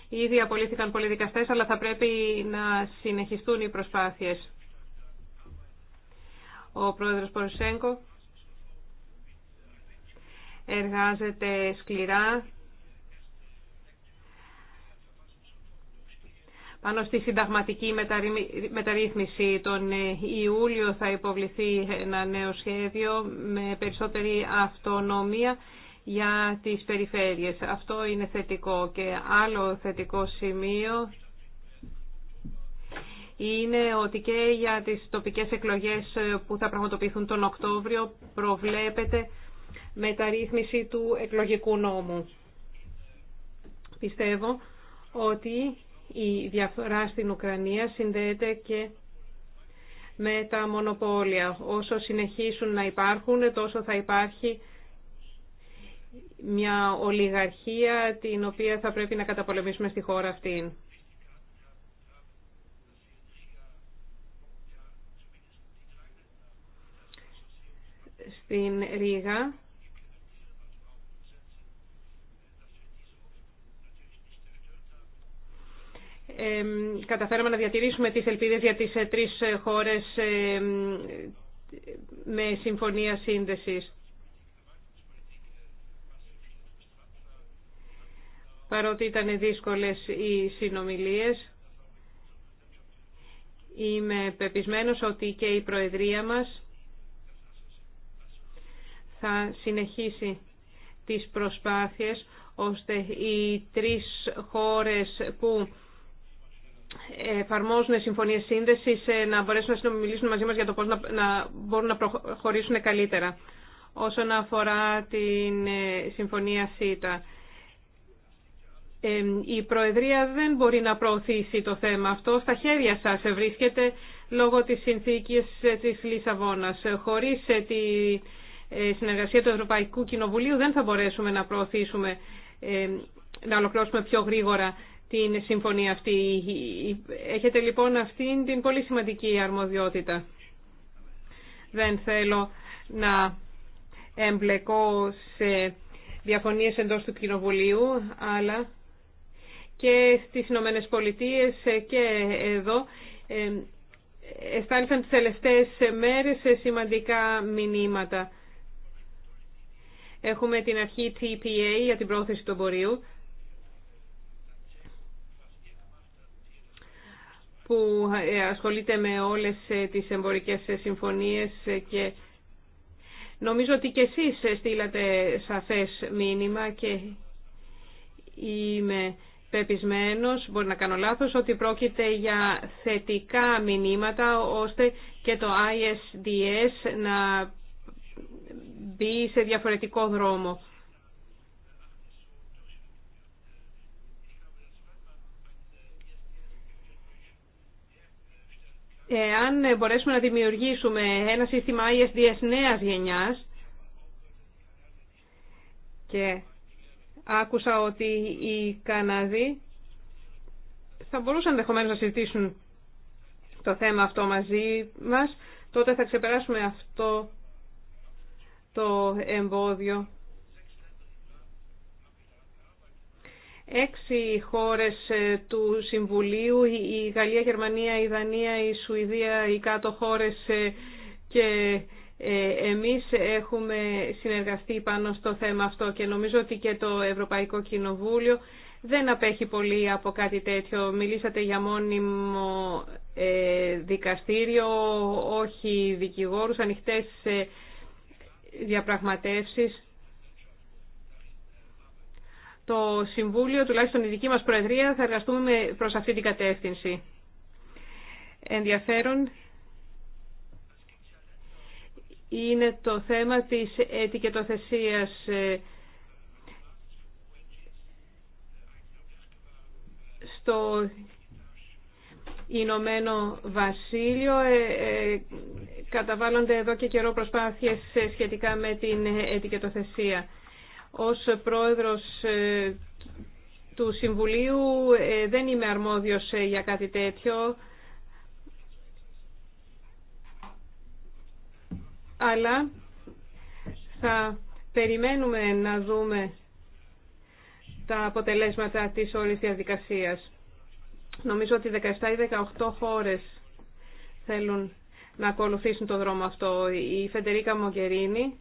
Ήδη απολύθηκαν πολλοί δικαστές, αλλά θα πρέπει να συνεχιστούν οι προσπάθειες. Ο πρόεδρος Ποροσέγκο εργάζεται σκληρά πάνω στη συνταγματική μεταρρύθμιση. Τον ε, Ιούλιο θα υποβληθεί ένα νέο σχέδιο με περισσότερη αυτονομία για τις περιφέρειες. Αυτό είναι θετικό και άλλο θετικό σημείο είναι ότι και για τις τοπικές εκλογές που θα πραγματοποιηθούν τον Οκτώβριο προβλέπεται μεταρρύθμιση του εκλογικού νόμου. Πιστεύω ότι η διαφορά στην Ουκρανία συνδέεται και με τα μονοπόλια. Όσο συνεχίσουν να υπάρχουν, τόσο θα υπάρχει μια ολιγαρχία την οποία θα πρέπει να καταπολεμήσουμε στη χώρα αυτή. Στην Ρήγα καταφέραμε να διατηρήσουμε τις ελπίδες για τις ε, τρεις ε, χώρες με συμφωνία σύνδεσης. Παρότι ήταν δύσκολες οι συνομιλίες, είμαι πεπισμένος ότι και η Προεδρία μας θα συνεχίσει τις προσπάθειες ώστε οι τρεις χώρες που εφαρμόζουν συμφωνίες σύνδεσης ε, να μπορέσουν να συνομιλήσουν μαζί μας για το πώς να, μπορούν να προχωρήσουν καλύτερα. Όσον αφορά την ε, συμφωνία ΣΥΤΑ, ε, η Προεδρία δεν μπορεί να προωθήσει το θέμα αυτό. Στα χέρια σας βρίσκεται λόγω της συνθήκης της Λισαβόνας. Χωρίς τη συνεργασία του Ευρωπαϊκού Κοινοβουλίου δεν θα μπορέσουμε να προωθήσουμε, να ολοκληρώσουμε πιο γρήγορα την συμφωνία αυτή. Έχετε λοιπόν αυτήν την πολύ σημαντική αρμοδιότητα. Δεν θέλω να εμπλεκώ σε διαφωνίες εντός του Κοινοβουλίου, αλλά και στις Ηνωμένε Πολιτείε και εδώ ε, εστάλησαν τις τελευταίες μέρες σε σημαντικά μηνύματα. Έχουμε την αρχή TPA για την πρόθεση του εμπορίου. που ε, ασχολείται με όλες ε, τις εμπορικές ε, συμφωνίες και νομίζω ότι και εσείς στείλατε σαφές μήνυμα και είμαι πεπισμένος, μπορεί να κάνω λάθος, ότι πρόκειται για θετικά μηνύματα ώστε και το ISDS να μπει σε διαφορετικό δρόμο. εάν ε, μπορέσουμε να δημιουργήσουμε ένα σύστημα ISDS νέας γενιάς και άκουσα ότι οι Καναδοί θα μπορούσαν ενδεχομένω να συζητήσουν το θέμα αυτό μαζί μας, τότε θα ξεπεράσουμε αυτό το εμπόδιο Έξι χώρες ε, του Συμβουλίου, η Γαλλία, η Γερμανία, η Δανία, η Σουηδία, οι κάτω χώρες ε, και ε, εμείς έχουμε συνεργαστεί πάνω στο θέμα αυτό και νομίζω ότι και το Ευρωπαϊκό Κοινοβούλιο δεν απέχει πολύ από κάτι τέτοιο. Μιλήσατε για μόνιμο δικαστήριο, όχι δικηγόρους, ανοιχτές διαπραγματεύσεις το Συμβούλιο, τουλάχιστον η δική μας Προεδρία, θα εργαστούμε προς αυτή την κατεύθυνση. Ενδιαφέρον είναι το θέμα της ετικετοθεσίας. Στο Ηνωμένο Βασίλειο ε, ε, καταβάλλονται εδώ και καιρό προσπάθειες ε, σχετικά με την ετικετοθεσία. Ως πρόεδρος ε, του Συμβουλίου ε, δεν είμαι αρμόδιος ε, για κάτι τέτοιο, αλλά θα περιμένουμε να δούμε τα αποτελέσματα της όλης διαδικασίας. Νομίζω ότι 17 ή 18 χώρες θέλουν να ακολουθήσουν το δρόμο αυτό. Η Φεντερίκα Μογκερίνη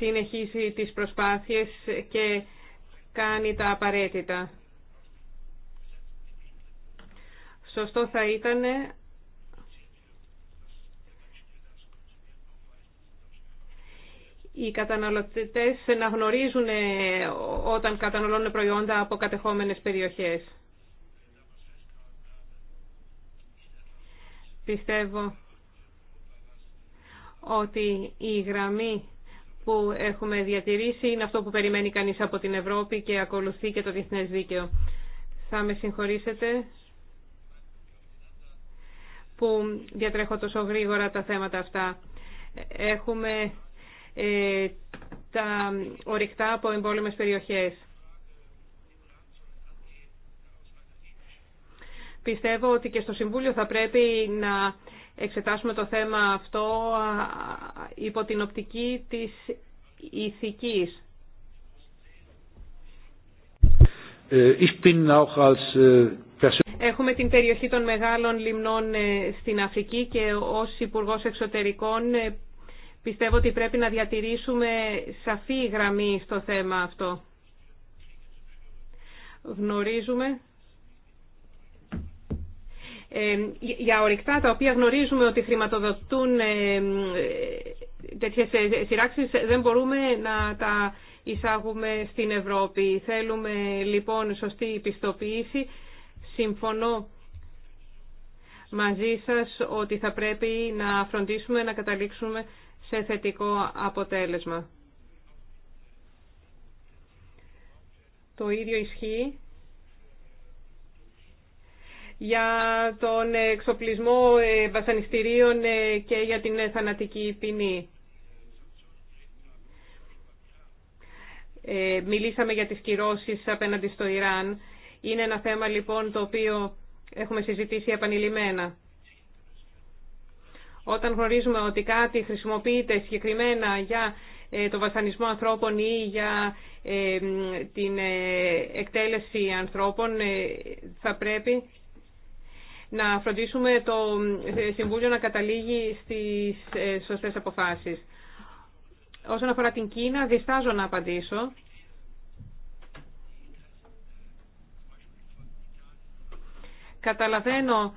συνεχίσει τις προσπάθειες και κάνει τα απαραίτητα. Σωστό θα ήταν οι καταναλωτές να γνωρίζουν ε, όταν καταναλώνουν προϊόντα από κατεχόμενες περιοχές. Πιστεύω ότι η γραμμή που έχουμε διατηρήσει είναι αυτό που περιμένει κανείς από την Ευρώπη και ακολουθεί και το διεθνές δίκαιο. Θα με συγχωρήσετε που διατρέχω τόσο γρήγορα τα θέματα αυτά. Έχουμε ε, τα ορυκτά από εμπόλεμες περιοχές. Πιστεύω ότι και στο Συμβούλιο θα πρέπει να εξετάσουμε το θέμα αυτό υπό την οπτική της ηθικής. Ε, ε, Έχουμε την περιοχή των μεγάλων λιμνών ε, στην Αφρική και ως Υπουργό Εξωτερικών πιστεύω ότι πρέπει να διατηρήσουμε σαφή γραμμή στο θέμα αυτό. Γνωρίζουμε ε, για ορυκτά τα οποία γνωρίζουμε ότι χρηματοδοτούν ε, τέτοιε. Ε, σειράξεις δεν μπορούμε να τα εισάγουμε στην Ευρώπη. Θέλουμε λοιπόν σωστή πιστοποίηση. Συμφωνώ μαζί σας ότι θα πρέπει να φροντίσουμε να καταλήξουμε σε θετικό αποτέλεσμα. Το ίδιο ισχύει για τον εξοπλισμό ε, βασανιστήριων ε, και για την ε, θανατική ποινή. Μιλήσαμε για τις κυρώσεις απέναντι στο Ιράν. Είναι ένα θέμα λοιπόν το οποίο έχουμε συζητήσει επανειλημμένα. Όταν γνωρίζουμε ότι κάτι χρησιμοποιείται συγκεκριμένα για το βασανισμό ανθρώπων ή για την εκτέλεση ανθρώπων, θα πρέπει να φροντίσουμε το Συμβούλιο να καταλήγει στις ε, σωστές αποφάσεις. Όσον αφορά την Κίνα, διστάζω να απαντήσω. Καταλαβαίνω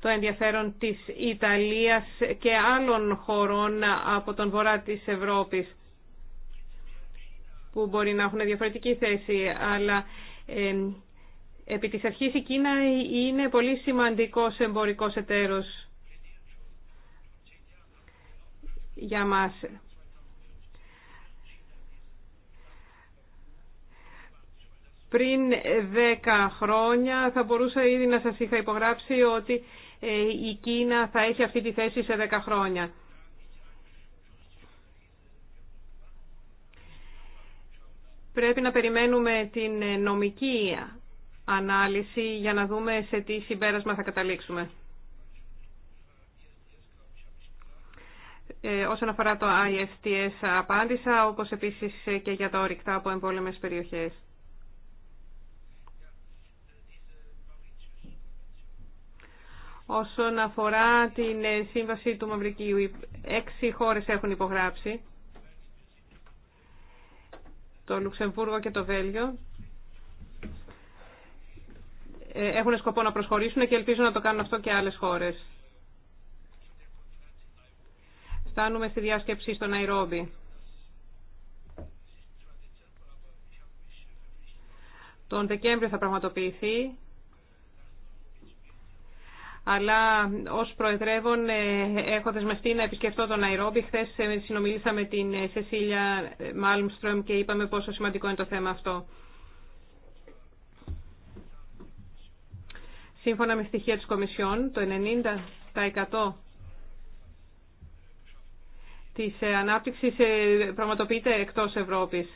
το ενδιαφέρον της Ιταλίας και άλλων χωρών από τον βορρά της Ευρώπης που μπορεί να έχουν διαφορετική θέση, αλλά ε, Επί της αρχής η Κίνα είναι πολύ σημαντικός εμπορικός εταίρος για μας. Πριν δέκα χρόνια θα μπορούσα ήδη να σας είχα υπογράψει ότι ε, η Κίνα θα έχει αυτή τη θέση σε 10 χρόνια. Πρέπει να περιμένουμε την νομική ανάλυση για να δούμε σε τι συμπέρασμα θα καταλήξουμε. Ε, όσον αφορά το ISTS απάντησα, όπως επίσης και για τα ορυκτά από εμπόλεμες περιοχές. Όσον αφορά την ε, σύμβαση του Μαυρικίου, έξι χώρες έχουν υπογράψει. Το Λουξεμβούργο και το Βέλγιο. Ε, έχουν σκοπό να προσχωρήσουν και ελπίζω να το κάνουν αυτό και άλλες χώρες. Φτάνουμε στη διάσκεψη στο Ναϊρόμπι. Τον Δεκέμβριο θα πραγματοποιηθεί, αλλά ως Προεδρεύων ε, έχω δεσμευτεί να επισκεφτώ τον Ναϊρόμπι. Χθες ε, συνομιλήσαμε την Σεσίλια Μάλμστρομ και είπαμε πόσο σημαντικό είναι το θέμα αυτό. Σύμφωνα με στοιχεία της Κομισιόν, το 90% της ε, ανάπτυξης ε, πραγματοποιείται εκτός Ευρώπης.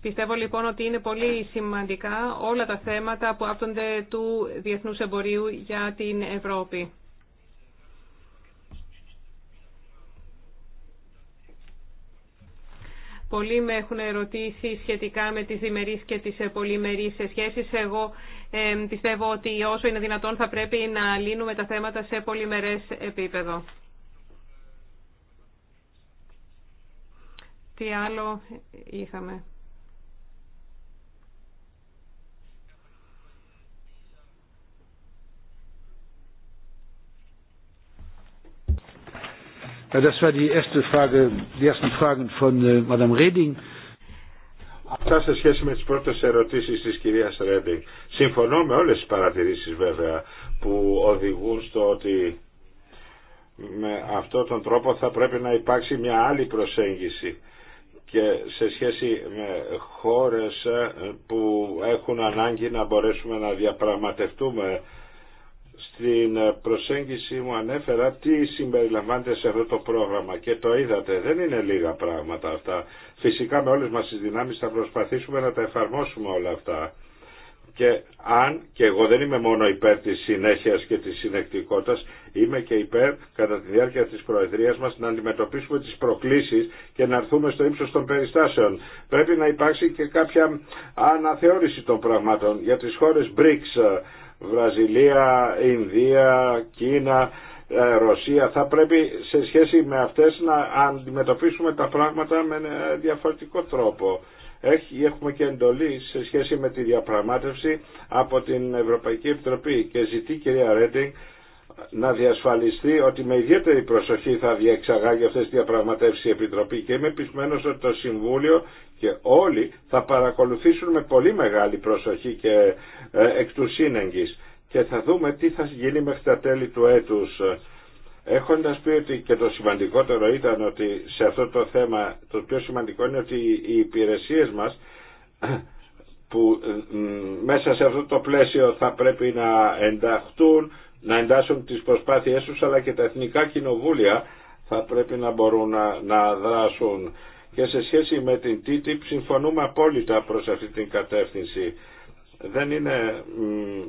Πιστεύω λοιπόν ότι είναι πολύ σημαντικά όλα τα θέματα που άπτονται του διεθνούς εμπορίου για την Ευρώπη. Πολλοί με έχουν ερωτήσει σχετικά με τις διμερείς και τις πολυμερείς σχέσεις. Εγώ πιστεύω ότι όσο είναι δυνατόν θα πρέπει να λύνουμε τα θέματα σε πολυμερές επίπεδο. Τι άλλο είχαμε. das war die erste Frage, die ersten Fragen von äh, Αυτά σε σχέση με τις πρώτες ερωτήσεις της κυρίας Ρέντινγκ. Συμφωνώ με όλες τις παρατηρήσεις βέβαια που οδηγούν στο ότι με αυτόν τον τρόπο θα πρέπει να υπάρξει μια άλλη προσέγγιση και σε σχέση με χώρες ε, που έχουν ανάγκη να μπορέσουμε να διαπραγματευτούμε στην προσέγγιση μου ανέφερα τι συμπεριλαμβάνεται σε αυτό το πρόγραμμα και το είδατε. Δεν είναι λίγα πράγματα αυτά. Φυσικά με όλες μας τις δυνάμεις θα προσπαθήσουμε να τα εφαρμόσουμε όλα αυτά. Και αν, και εγώ δεν είμαι μόνο υπέρ της συνέχειας και της συνεκτικότητας, είμαι και υπέρ κατά τη διάρκεια της Προεδρίας μας να αντιμετωπίσουμε τις προκλήσεις και να έρθουμε στο ύψος των περιστάσεων. Πρέπει να υπάρξει και κάποια αναθεώρηση των πραγμάτων για τις χώρες BRICS Βραζιλία, Ινδία, Κίνα, ε, Ρωσία θα πρέπει σε σχέση με αυτές να αντιμετωπίσουμε τα πράγματα με ένα ε, διαφορετικό τρόπο. Έχουμε και εντολή σε σχέση με τη διαπραγμάτευση από την Ευρωπαϊκή Επιτροπή και ζητεί κυρία Ρέντινγκ να διασφαλιστεί ότι με ιδιαίτερη προσοχή θα διεξαγάγει αυτές τις διαπραγματεύσεις η Επιτροπή και είμαι πεισμένος ότι το Συμβούλιο και όλοι θα παρακολουθήσουν με πολύ μεγάλη προσοχή και ε, εκ του σύνεγγης και θα δούμε τι θα γίνει μέχρι τα τέλη του έτους έχοντας πει ότι και το σημαντικότερο ήταν ότι σε αυτό το θέμα το πιο σημαντικό είναι ότι οι υπηρεσίες μας που μέσα σε αυτό το πλαίσιο θα πρέπει να ενταχτούν, να εντάσσουν τις προσπάθειές τους αλλά και τα εθνικά κοινοβούλια θα πρέπει να μπορούν να, να δράσουν και σε σχέση με την TTIP συμφωνούμε απόλυτα προς αυτή την κατεύθυνση. Δεν είναι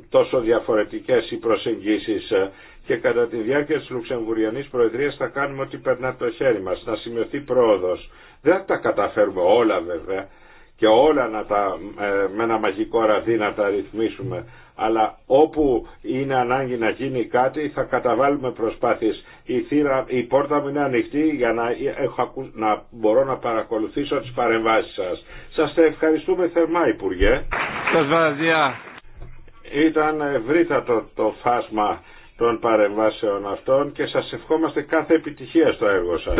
τόσο διαφορετικές οι προσεγγίσεις ε, και κατά τη διάρκεια της Λουξεμβουριανής Προεδρίας θα κάνουμε ότι περνά το χέρι μας, να σημειωθεί πρόοδος. Δεν θα τα καταφέρουμε όλα βέβαια και όλα να ε, με ένα μαγικό ραδί να τα ρυθμίσουμε αλλά όπου είναι ανάγκη να γίνει κάτι θα καταβάλουμε προσπάθειες η, η πόρτα μου είναι ανοιχτή για να, έχω, να μπορώ να παρακολουθήσω τις παρεμβάσεις σας. Σας ευχαριστούμε θερμά Υπουργέ. Σας Ήταν ευρύτατο το φάσμα των παρεμβάσεων αυτών και σας ευχόμαστε κάθε επιτυχία στο έργο σας.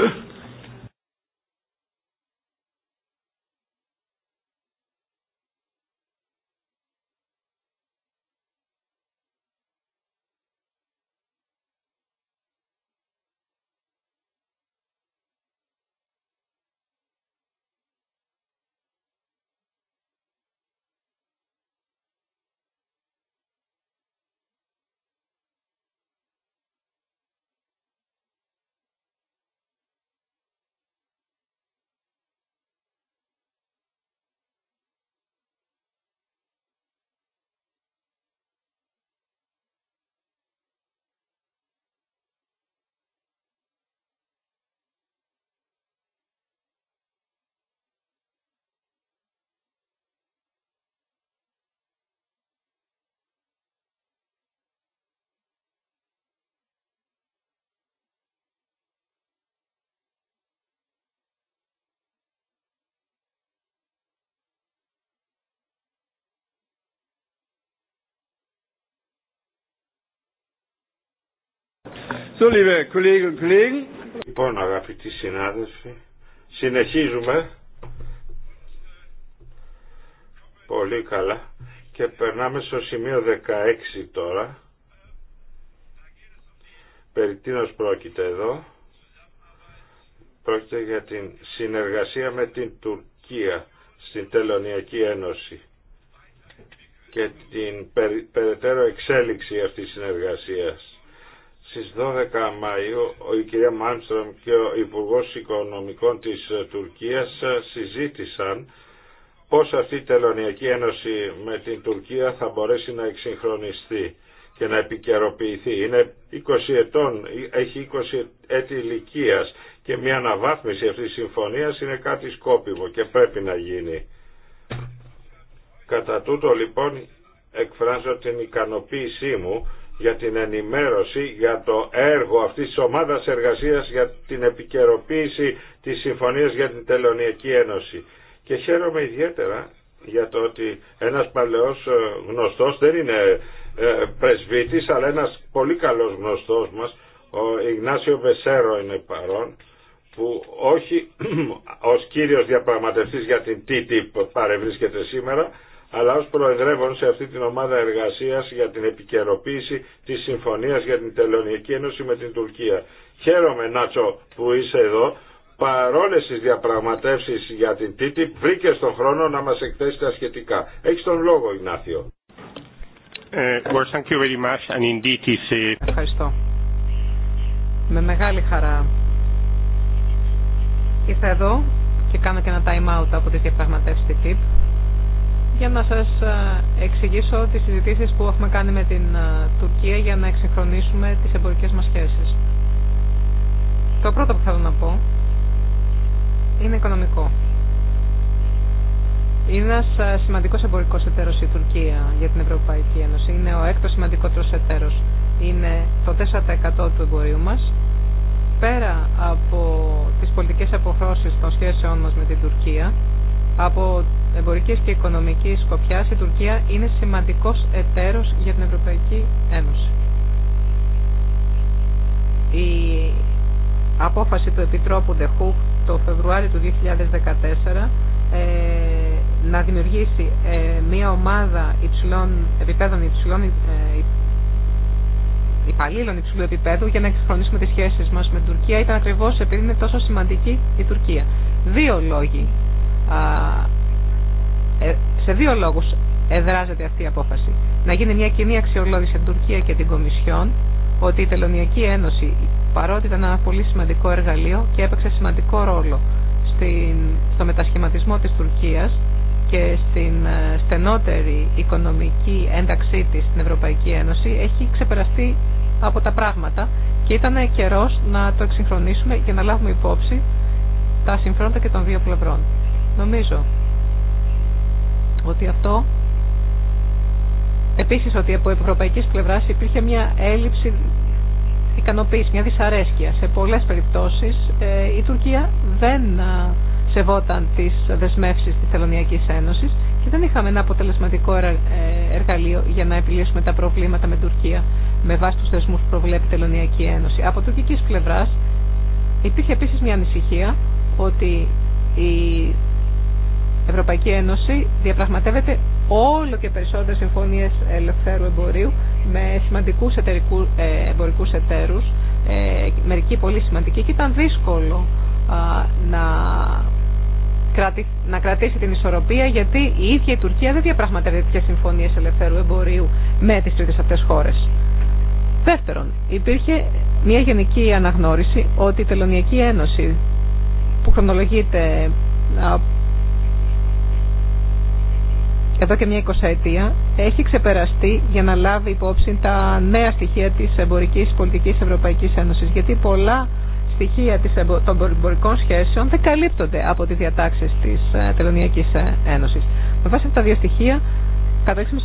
So, liebe Kolleginnen und Λοιπόν, αγαπητοί συνάδελφοι, συνεχίζουμε πολύ καλά και περνάμε στο σημείο 16 τώρα. Περί τίνος πρόκειται εδώ. Πρόκειται για την συνεργασία με την Τουρκία στην Τελωνιακή Ένωση και την περαιτέρω εξέλιξη αυτής της συνεργασίας στις 12 Μαΐου η κυρία Μάνστρομ και ο Υπουργός Οικονομικών της ε, Τουρκίας ε, συζήτησαν πώς αυτή η τελωνιακή ένωση με την Τουρκία θα μπορέσει να εξυγχρονιστεί και να επικαιροποιηθεί. Είναι 20 ετών, ε, έχει 20 έτη ηλικία και μια αναβάθμιση αυτής της συμφωνίας είναι κάτι σκόπιμο και πρέπει να γίνει. Κατά τούτο λοιπόν εκφράζω την ικανοποίησή μου για την ενημέρωση για το έργο αυτής της ομάδας εργασίας για την επικαιροποίηση της Συμφωνίας για την Τελωνιακή Ένωση. Και χαίρομαι ιδιαίτερα για το ότι ένας παλαιός ε, γνωστός δεν είναι ε, πρεσβήτης αλλά ένας πολύ καλός γνωστός μας ο Ιγνάσιο Βεσέρο είναι παρόν που όχι <clears throat> ως κύριος διαπραγματευτής για την TTIP παρευρίσκεται σήμερα αλλά ως προεδρεύων σε αυτή την ομάδα εργασίας για την επικαιροποίηση της Συμφωνίας για την Τελωνιακή Ένωση με την Τουρκία. Χαίρομαι Νάτσο που είσαι εδώ. Παρόλες τις διαπραγματεύσεις για την TTIP βρήκε τον χρόνο να μας εκθέσει τα σχετικά. Έχεις τον λόγο Ιγνάθιο. Ε, ε, Ευχαριστώ. Με μεγάλη χαρά ήρθα εδώ και κάνω και ένα time out από τις διαπραγματεύσεις TTIP για να σα ε, εξηγήσω τι συζητήσει που έχουμε κάνει με την ε, Τουρκία για να εξυγχρονίσουμε τις εμπορικές μας σχέσεις. Το πρώτο που θέλω να πω είναι οικονομικό. Είναι ένα ε, σημαντικό εμπορικό εταίρο η Τουρκία για την Ευρωπαϊκή Ένωση. Είναι ο έκτο σημαντικότερο εταίρο. Είναι το 4% του εμπορίου μα. Πέρα από τι πολιτικέ αποχρώσει των σχέσεών μα με την Τουρκία, από εμπορικής και οικονομικής σκοπιάς η Τουρκία είναι σημαντικός εταίρος για την Ευρωπαϊκή Ένωση. Η απόφαση του Επιτρόπου Δεχού το Φεβρουάριο του 2014 ε, να δημιουργήσει ε, μια ομάδα υψηλών, επιπέδων υψηλών ε, υπαλλήλων υψηλού επίπεδου για να εξυγχρονίσουμε τις σχέσεις μας με την Τουρκία ήταν ακριβώς επειδή είναι τόσο σημαντική η Τουρκία. Δύο λόγοι ε, σε δύο λόγους εδράζεται αυτή η απόφαση. Να γίνει μια κοινή αξιολόγηση από την Τουρκία και την Κομισιόν ότι η Τελωνιακή Ένωση παρότι ήταν ένα πολύ σημαντικό εργαλείο και έπαιξε σημαντικό ρόλο στην, στο μετασχηματισμό της Τουρκίας και στην ε, στενότερη οικονομική ένταξή της στην Ευρωπαϊκή Ένωση έχει ξεπεραστεί από τα πράγματα και ήταν καιρός να το εξυγχρονίσουμε και να λάβουμε υπόψη τα συμφέροντα και των δύο πλευρών. Νομίζω ότι αυτό επίσης ότι από ευρωπαϊκής πλευράς υπήρχε μια έλλειψη ικανοποίηση, μια δυσαρέσκεια. Σε πολλές περιπτώσεις ε, η Τουρκία δεν ε, σεβόταν τις δεσμεύσεις της Θελωνιακής Ένωσης και δεν είχαμε ένα αποτελεσματικό ε, εργαλείο για να επιλύσουμε τα προβλήματα με Τουρκία με βάση τους θεσμούς που προβλέπει η Θελωνιακή Ένωση. Από τουρκικής πλευράς υπήρχε επίσης μια ανησυχία ότι η Ευρωπαϊκή Ένωση διαπραγματεύεται όλο και περισσότερες συμφωνίες ελευθέρου εμπορίου με σημαντικούς εταιρικού, ε, εμπορικούς εταίρους, ε, μερικοί πολύ σημαντικοί και ήταν δύσκολο να, κρατήσει, να κρατήσει την ισορροπία γιατί η ίδια η Τουρκία δεν διαπραγματεύεται τέτοιες συμφωνίες ελευθέρου εμπορίου με τις τρίτες αυτές χώρες. Δεύτερον, υπήρχε μια γενική αναγνώριση ότι η Τελωνιακή Ένωση που χρονολογείται εδώ και μια εικοσαετία έχει ξεπεραστεί για να λάβει υπόψη τα νέα στοιχεία της εμπορικής πολιτικής Ευρωπαϊκής Ένωσης γιατί πολλά στοιχεία των εμπορικών σχέσεων δεν καλύπτονται από τις διατάξεις της ε, Τελωνιακής ε, Ένωσης. Με βάση αυτά τα δύο στοιχεία καταλήξαμε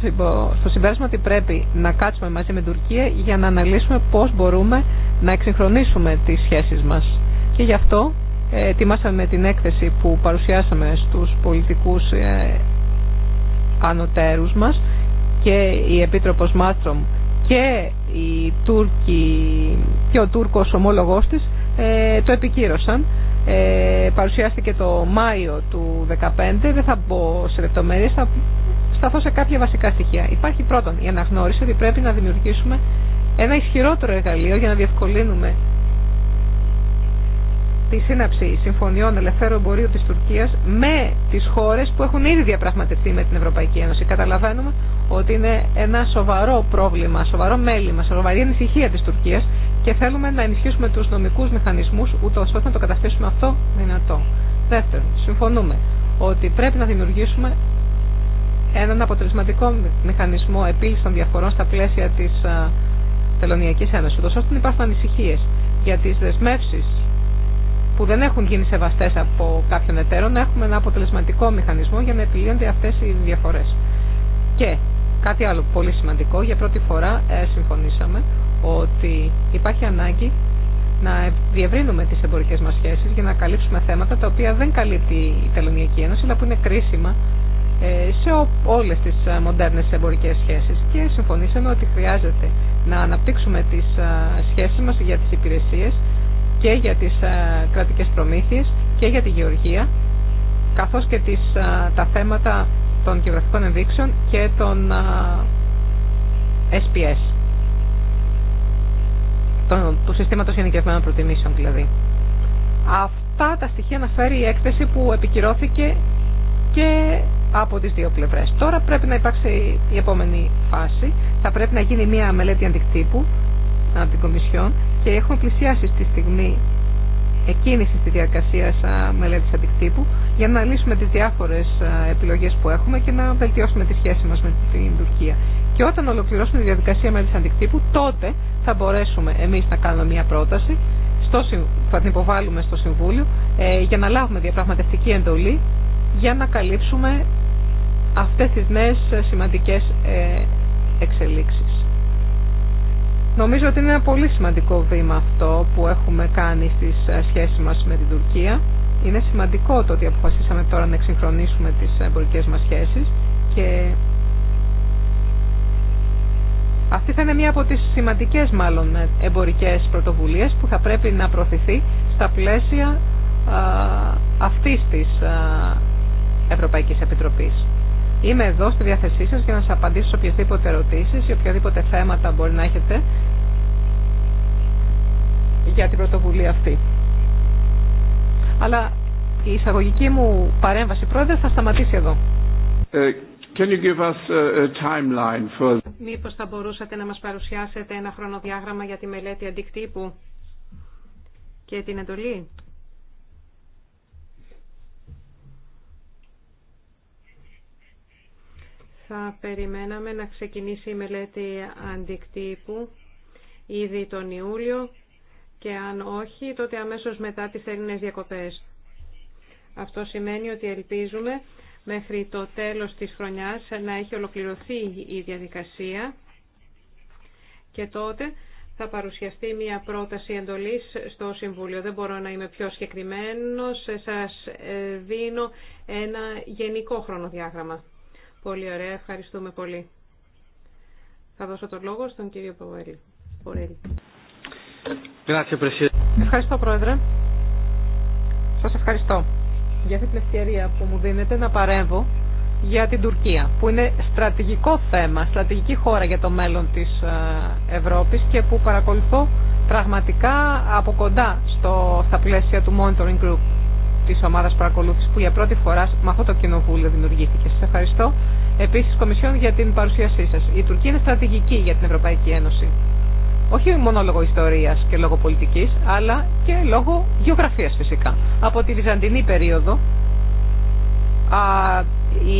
στο συμπέρασμα ότι πρέπει να κάτσουμε μαζί με την Τουρκία για να αναλύσουμε πώς μπορούμε να εξυγχρονίσουμε τις σχέσεις μας. Και γι' αυτό ε, ετοιμάσαμε την έκθεση που παρουσιάσαμε στους πολιτικούς ανωτέρους μας και η Επίτροπος Μάστρομ και, η και ο Τούρκος ομόλογός της ε, το επικύρωσαν. Ε, παρουσιάστηκε το Μάιο του 2015, δεν θα μπω σε λεπτομέρειες, θα σταθώ σε κάποια βασικά στοιχεία. Υπάρχει πρώτον η αναγνώριση ότι πρέπει να δημιουργήσουμε ένα ισχυρότερο εργαλείο για να διευκολύνουμε τη σύναψη συμφωνιών ελευθέρου εμπορίου της Τουρκίας με τις χώρες που έχουν ήδη διαπραγματευτεί με την Ευρωπαϊκή Ένωση. Καταλαβαίνουμε ότι είναι ένα σοβαρό πρόβλημα, σοβαρό μέλημα, σοβαρή ανησυχία της Τουρκίας και θέλουμε να ενισχύσουμε τους νομικούς μηχανισμούς ούτως ώστε να το καταστήσουμε αυτό δυνατό. Δεύτερον, συμφωνούμε ότι πρέπει να δημιουργήσουμε έναν αποτελεσματικό μηχανισμό επίλυση των διαφορών στα πλαίσια της Τελωνιακής Ένωσης, ούτως ώστε να υπάρχουν ανησυχίες για τις δεσμεύσεις που δεν έχουν γίνει σεβαστέ από κάποιον εταίρο να έχουμε ένα αποτελεσματικό μηχανισμό για να επιλύονται αυτέ οι διαφορέ. Και κάτι άλλο πολύ σημαντικό, για πρώτη φορά ε, συμφωνήσαμε ότι υπάρχει ανάγκη να διευρύνουμε τι εμπορικέ μα σχέσει για να καλύψουμε θέματα τα οποία δεν καλύπτει η Τελωνιακή Ένωση αλλά που είναι κρίσιμα ε, σε όλε τι ε, μοντέρνε εμπορικέ σχέσει. και συμφωνήσαμε ότι χρειάζεται να αναπτύξουμε τι σχέσει μα για τι υπηρεσίε και για τις ε, κρατικές προμήθειες και για τη γεωργία, καθώς και τις, ε, τα θέματα των γεωγραφικών ενδείξεων και των ε, SPS, το, του συστήματος γενικευμένων προτιμήσεων δηλαδή. Αυτά τα στοιχεία αναφέρει η έκθεση που επικυρώθηκε και από τις δύο πλευρές. Τώρα πρέπει να υπάρξει η επόμενη φάση. Θα πρέπει να γίνει μια μελέτη αντικτύπου από την Κομισιόν και έχουμε πλησιάσει στη στιγμή εκκίνηση στη διαδικασία μελέτη αντικτύπου για να λύσουμε τις διάφορες επιλογές που έχουμε και να βελτιώσουμε τη σχέση μας με την Τουρκία. Και όταν ολοκληρώσουμε τη διαδικασία μελέτη αντικτύπου, τότε θα μπορέσουμε εμείς να κάνουμε μια πρόταση, στο, θα την υποβάλουμε στο Συμβούλιο, ε, για να λάβουμε διαπραγματευτική εντολή για να καλύψουμε αυτές τις νέες ε, σημαντικές ε, εξελίξεις. Νομίζω ότι είναι ένα πολύ σημαντικό βήμα αυτό που έχουμε κάνει στις ε, σχέσεις μας με την Τουρκία. Είναι σημαντικό το ότι αποφασίσαμε τώρα να εξυγχρονίσουμε τις εμπορικές μας σχέσεις και αυτή θα είναι μία από τις σημαντικές μάλλον εμπορικές πρωτοβουλίες που θα πρέπει να προωθηθεί στα πλαίσια αυτής της Ευρωπαϊκής Επιτροπής. Είμαι εδώ στη διάθεσή σας για να σας απαντήσω σε οποιαδήποτε ερωτήσεις ή οποιαδήποτε θέματα μπορεί να έχετε για την πρωτοβουλία αυτή. Αλλά η εισαγωγική μου παρέμβαση πρόεδρε θα σταματήσει εδώ. Ε, can you give us a timeline for... Μήπως θα μπορούσατε να μας παρουσιάσετε ένα χρονοδιάγραμμα για τη μελέτη αντικτύπου και την εντολή. θα περιμέναμε να ξεκινήσει η μελέτη αντικτύπου ήδη τον Ιούλιο και αν όχι τότε αμέσως μετά τις Έλληνες διακοπές. Αυτό σημαίνει ότι ελπίζουμε μέχρι το τέλος της χρονιάς να έχει ολοκληρωθεί η διαδικασία και τότε θα παρουσιαστεί μια πρόταση εντολής στο Συμβούλιο. Δεν μπορώ να είμαι πιο συγκεκριμένος, σας δίνω ένα γενικό χρονοδιάγραμμα. Πολύ ωραία, ευχαριστούμε πολύ. Θα δώσω το λόγο στον κύριο Πορέλη. Ευχαριστώ, Πρόεδρε. Σας ευχαριστώ για την ευκαιρία που μου δίνετε να παρέμβω για την Τουρκία, που είναι στρατηγικό θέμα, στρατηγική χώρα για το μέλλον της ε, Ευρώπης και που παρακολουθώ πραγματικά από κοντά στο, στα πλαίσια του Monitoring Group. Τη ομάδα παρακολούθηση που για πρώτη φορά με αυτό το κοινοβούλιο δημιουργήθηκε. Σα ευχαριστώ επίσης Κομισιόν για την παρουσίασή σας. Η Τουρκία είναι στρατηγική για την Ευρωπαϊκή Ένωση. Όχι μόνο λόγω ιστορίας και λόγω πολιτικής, αλλά και λόγω γεωγραφίας φυσικά. Από τη Βυζαντινή περίοδο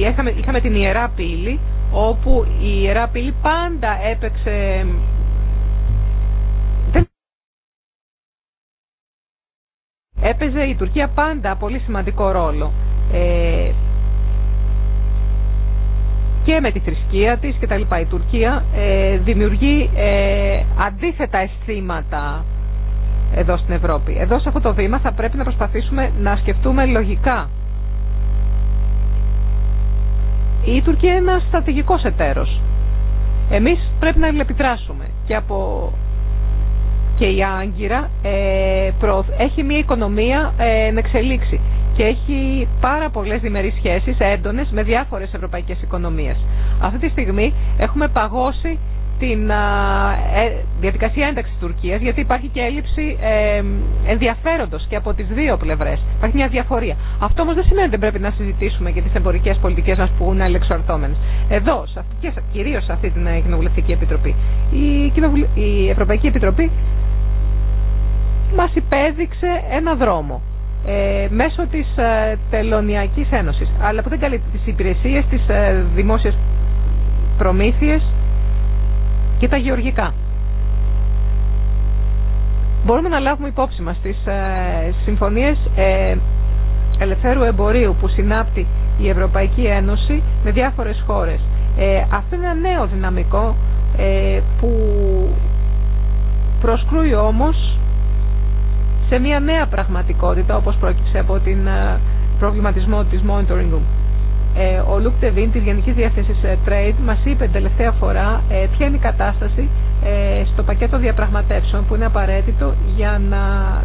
είχαμε, είχαμε την Ιερά Πύλη, όπου η Ιερά Πύλη πάντα έπαιξε έπαιζε η Τουρκία πάντα πολύ σημαντικό ρόλο. Ε, και με τη θρησκεία της και τα λοιπά. Η Τουρκία ε, δημιουργεί ε, αντίθετα αισθήματα εδώ στην Ευρώπη. Εδώ σε αυτό το βήμα θα πρέπει να προσπαθήσουμε να σκεφτούμε λογικά. Η Τουρκία είναι ένα στρατηγικός εταίρος. Εμείς πρέπει να ελεπιδράσουμε και από και η Άγκυρα ε, έχει μια οικονομία με εξελίξει και έχει πάρα πολλές διμερείς σχέσεις έντονες με διάφορες ευρωπαϊκές οικονομίες. Αυτή τη στιγμή έχουμε παγώσει την ε, διαδικασία ένταξης της Τουρκίας γιατί υπάρχει και έλλειψη ε, ενδιαφέροντος και από τις δύο πλευρές. Υπάρχει μια διαφορία. Αυτό όμως δεν σημαίνει ότι δεν πρέπει να συζητήσουμε για τις εμπορικές πολιτικές μας που είναι αλεξαρτώμενες. Εδώ, και κυρίως σε αυτή την Κοινοβουλευτική Επιτροπή, η Ευρωπαϊκή Επιτροπή μας υπέδειξε ένα δρόμο ε, μέσω της ε, Τελωνιακής Ένωσης, αλλά που δεν καλύπτει τις υπηρεσίες, τις ε, δημόσιες προμήθειες και τα γεωργικά. Μπορούμε να λάβουμε υπόψη μας τις ε, συμφωνίες ε, ελευθέρου εμπορίου που συνάπτει η Ευρωπαϊκή Ένωση με διάφορες χώρες. Αυτό είναι ένα νέο δυναμικό που προσκρούει όμως σε μια νέα πραγματικότητα όπως πρόκειψε από την ε, προβληματισμό της Monitoring Ε, ο Λουκ Τεβίν της Γενικής Διεύθυνσης ε, Trade μας είπε την τελευταία φορά ε, ποια είναι η κατάσταση στο πακέτο διαπραγματεύσεων που είναι απαραίτητο για να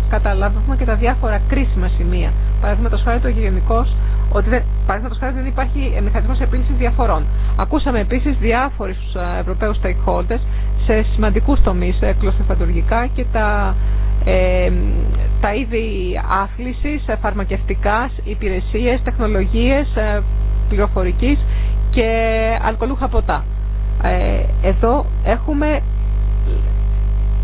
καταλάβουμε και τα διάφορα κρίσιμα σημεία. Παραδείγματος χάρη το γενικός ότι δεν, χάρη δεν υπάρχει μηχανισμός επίλυσης διαφορών. Ακούσαμε επίσης διάφορους Ευρωπαίους stakeholders σε σημαντικούς τομείς, κλωστεφαντουργικά και τα ε, τα είδη άθλησης, ε, φαρμακευτικά, υπηρεσίες, τεχνολογίες, ε, πληροφορικής και αλκοολούχα ποτά. Ε, εδώ έχουμε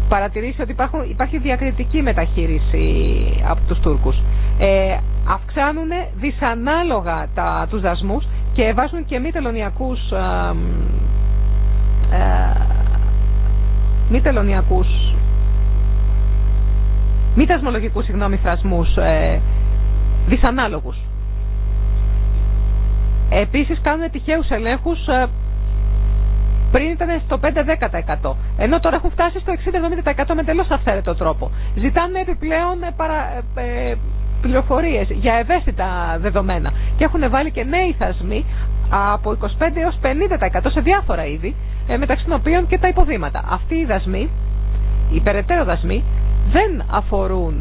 παρατηρήσει ότι υπάρχουν, υπάρχει διακριτική μεταχείριση από τους Τούρκους. Ε, αυξάνουν δυσανάλογα τα, τους δασμούς και βάζουν και μη τελωνιακούς, ε, μη θεσμολογικούς συγγνώμη θρασμούς ε, δυσανάλογους. Επίσης κάνουν τυχαίους ελέγχους ε, πριν ήταν στο 5-10%. Ενώ τώρα έχουν φτάσει στο 60-70% με τελώς αυθαίρετο τρόπο. Ζητάνε επιπλέον ε, παρα, ε, πληροφορίες για ευαίσθητα δεδομένα. Και έχουν βάλει και νέοι θασμοί από 25 έως 50% σε διάφορα είδη, μεταξύ των οποίων και τα υποδήματα. Αυτοί οι δασμοί, οι περαιτέρω δασμοί, δεν αφορούν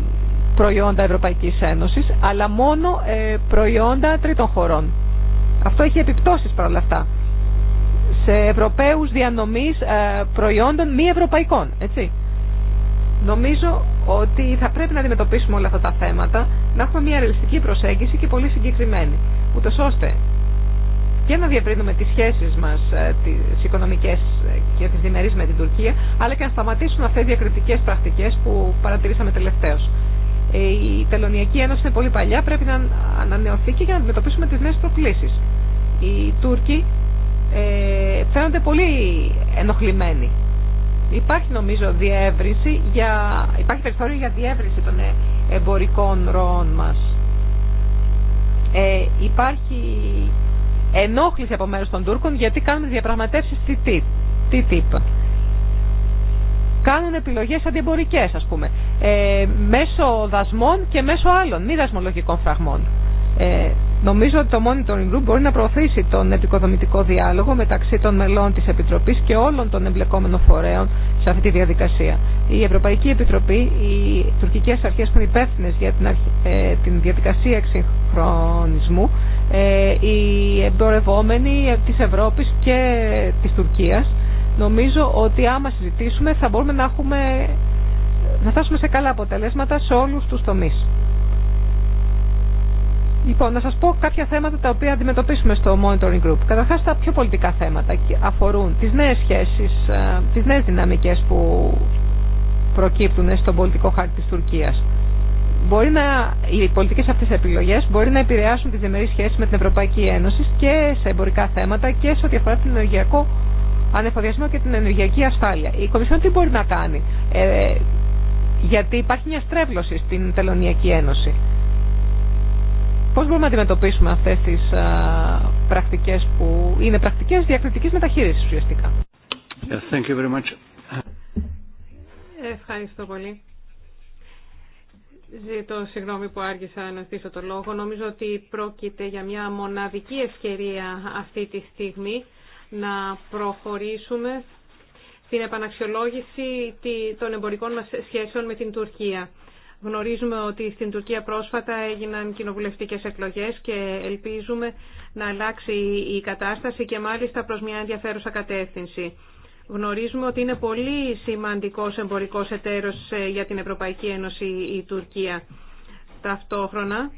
προϊόντα Ευρωπαϊκής Ένωσης, αλλά μόνο ε, προϊόντα τρίτων χωρών. Αυτό έχει επιπτώσεις παρόλα αυτά σε Ευρωπαίους διανομής ε, προϊόντων μη ευρωπαϊκών, έτσι. Νομίζω ότι θα πρέπει να αντιμετωπίσουμε όλα αυτά τα θέματα, να έχουμε μια ρεαλιστική προσέγγιση και πολύ συγκεκριμένη, ούτως ώστε και να διευρύνουμε τις σχέσεις μας, ε, τις οικονομικές ε, και τις διμερείς με την Τουρκία, αλλά και να σταματήσουν αυτές οι διακριτικές πρακτικές που παρατηρήσαμε τελευταίως. Ε, η Τελωνιακή Ένωση είναι πολύ παλιά, πρέπει να ανανεωθεί και για να αντιμετωπίσουμε τις νέες προκλήσεις. Οι Τούρκοι ε, φαίνονται πολύ ενοχλημένοι. Υπάρχει νομίζω διεύρυνση για, υπάρχει περιθώριο για διεύρυνση των εμπορικών ροών μας. Ε, υπάρχει ενόχληση από μέρους των Τούρκων γιατί κάνουν τις τι TTIP. Κάνουν επιλογές αντιεμπορικές ας πούμε, ε, μέσω δασμών και μέσω άλλων μη δασμολογικών φραγμών. Ε, νομίζω ότι το Monitoring Group μπορεί να προωθήσει τον επικοδομητικό διάλογο μεταξύ των μελών της Επιτροπής και όλων των εμπλεκόμενων φορέων σε αυτή τη διαδικασία. Η Ευρωπαϊκή Επιτροπή, οι τουρκικές αρχές που είναι υπεύθυνε για την, ε, την διαδικασία εξυγχρονισμού, ε, οι εμπορευόμενοι της Ευρώπης και της Τουρκίας, νομίζω ότι άμα συζητήσουμε θα μπορούμε να, έχουμε, να φτάσουμε σε καλά αποτελέσματα σε όλους τους τομείς. Λοιπόν, να σας πω κάποια θέματα τα οποία αντιμετωπίσουμε στο Monitoring Group. Καταρχάς τα πιο πολιτικά θέματα αφορούν τις νέες σχέσεις, ε, τις νέες δυναμικές που προκύπτουν στον πολιτικό χάρτη της Τουρκίας. Μπορεί να, οι πολιτικές αυτές επιλογές μπορεί να επηρεάσουν τις διμερείς σχέσεις με την Ευρωπαϊκή Ένωση και σε εμπορικά θέματα και σε ό,τι αφορά την ενεργειακό ανεφοδιασμό και την ενεργειακή ασφάλεια. Η Κομισιόν τι μπορεί να κάνει, ε, γιατί υπάρχει μια στρέβλωση στην Τελωνιακή Ένωση. Πώς μπορούμε να αντιμετωπίσουμε αυτές τις πρακτικές που είναι πρακτικές διακριτικής μεταχείρισης ουσιαστικά. thank you very much. Ευχαριστώ πολύ. Ζητώ συγγνώμη που άργησα να στήσω το λόγο. Νομίζω ότι πρόκειται για μια μοναδική ευκαιρία αυτή τη στιγμή να προχωρήσουμε στην επαναξιολόγηση των εμπορικών μας σχέσεων με την Τουρκία. Γνωρίζουμε ότι στην Τουρκία πρόσφατα έγιναν κοινοβουλευτικές εκλογές και ελπίζουμε να αλλάξει η κατάσταση και μάλιστα προς μια ενδιαφέρουσα κατεύθυνση. Γνωρίζουμε ότι είναι πολύ σημαντικός εμπορικός εταίρος ε, για την Ευρωπαϊκή Ένωση η Τουρκία. Ταυτόχρονα,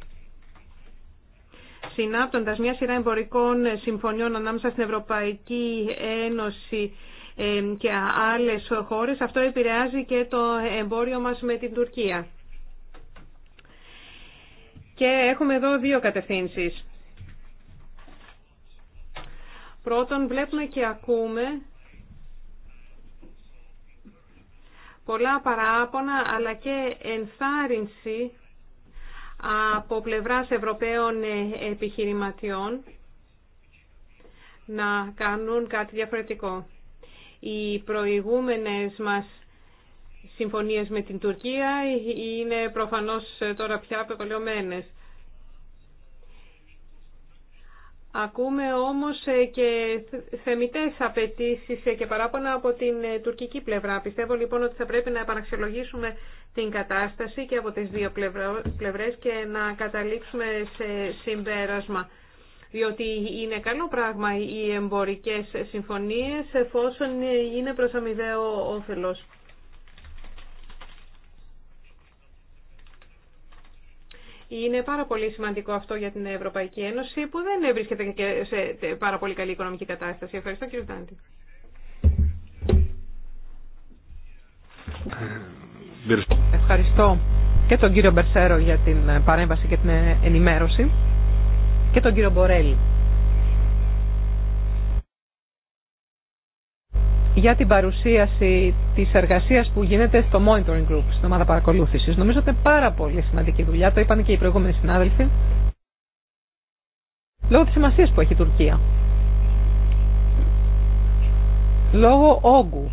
συνάπτοντας μια σειρά εμπορικών συμφωνιών ανάμεσα στην Ευρωπαϊκή Ένωση ε, και άλλες χώρες, αυτό επηρεάζει και το εμπόριο μας με την Τουρκία. Και έχουμε εδώ δύο κατευθύνσεις. Πρώτον, βλέπουμε και ακούμε πολλά παράπονα αλλά και ενθάρρυνση από πλευράς Ευρωπαίων επιχειρηματιών να κάνουν κάτι διαφορετικό. Οι προηγούμενες μας συμφωνίες με την Τουρκία είναι προφανώς τώρα πια απεκολιωμένες. Ακούμε όμως και θεμητές απαιτήσει και παράπονα από την τουρκική πλευρά. Πιστεύω λοιπόν ότι θα πρέπει να επαναξιολογήσουμε την κατάσταση και από τις δύο πλευρές και να καταλήξουμε σε συμπέρασμα. Διότι είναι καλό πράγμα οι εμπορικές συμφωνίες εφόσον είναι προς αμοιβαίο όφελος. Είναι πάρα πολύ σημαντικό αυτό για την Ευρωπαϊκή Ένωση που δεν βρίσκεται και σε πάρα πολύ καλή οικονομική κατάσταση. Ευχαριστώ κύριε Τάντη. Ευχαριστώ και τον κύριο Μπερσέρο για την παρέμβαση και την ενημέρωση και τον κύριο Μπορέλη. για την παρουσίαση της εργασίας που γίνεται στο Monitoring Group, στην ομάδα παρακολούθησης. Νομίζω ότι είναι πάρα πολύ σημαντική δουλειά, το είπαν και οι προηγούμενοι συνάδελφοι, λόγω της σημασία που έχει η Τουρκία. Λόγω όγκου,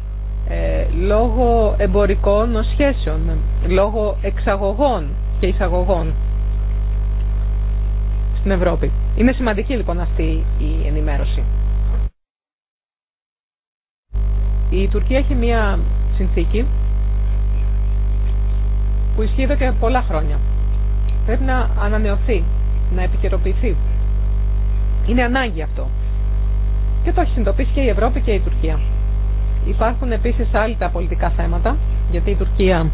ε, λόγω εμπορικών σχέσεων, λόγω εξαγωγών και εισαγωγών στην Ευρώπη. Είναι σημαντική λοιπόν αυτή η ενημέρωση. Η Τουρκία έχει μία συνθήκη που ισχύει εδώ και πολλά χρόνια. Πρέπει να ανανεωθεί, να επικαιροποιηθεί. Είναι ανάγκη αυτό. Και το έχει συνειδητοποιήσει και η Ευρώπη και η Τουρκία. Υπάρχουν επίσης άλλοι τα πολιτικά θέματα, γιατί η Τουρκία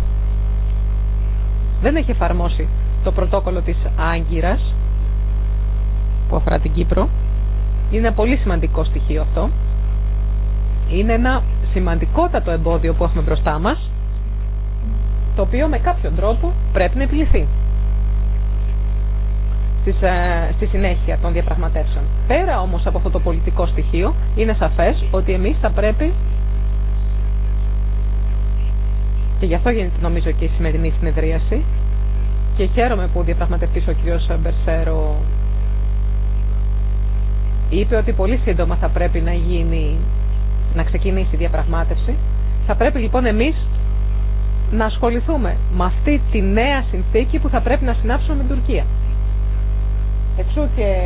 δεν έχει εφαρμόσει το πρωτόκολλο της Άγκυρας, που αφορά την Κύπρο. Είναι πολύ σημαντικό στοιχείο αυτό. Είναι ένα σημαντικότατο εμπόδιο που έχουμε μπροστά μας, το οποίο με κάποιον τρόπο πρέπει να επιληθεί ε, στη συνέχεια των διαπραγματεύσεων. Πέρα όμως από αυτό το πολιτικό στοιχείο, είναι σαφές ότι εμείς θα πρέπει, και γι' αυτό γίνεται νομίζω και η σημερινή συνεδρίαση, και χαίρομαι που διαπραγματευτής ο κ. Μπερσέρο είπε ότι πολύ σύντομα θα πρέπει να γίνει να ξεκινήσει η διαπραγμάτευση. Θα πρέπει λοιπόν εμείς να ασχοληθούμε με αυτή τη νέα συνθήκη που θα πρέπει να συνάψουμε με την Τουρκία. Εξού και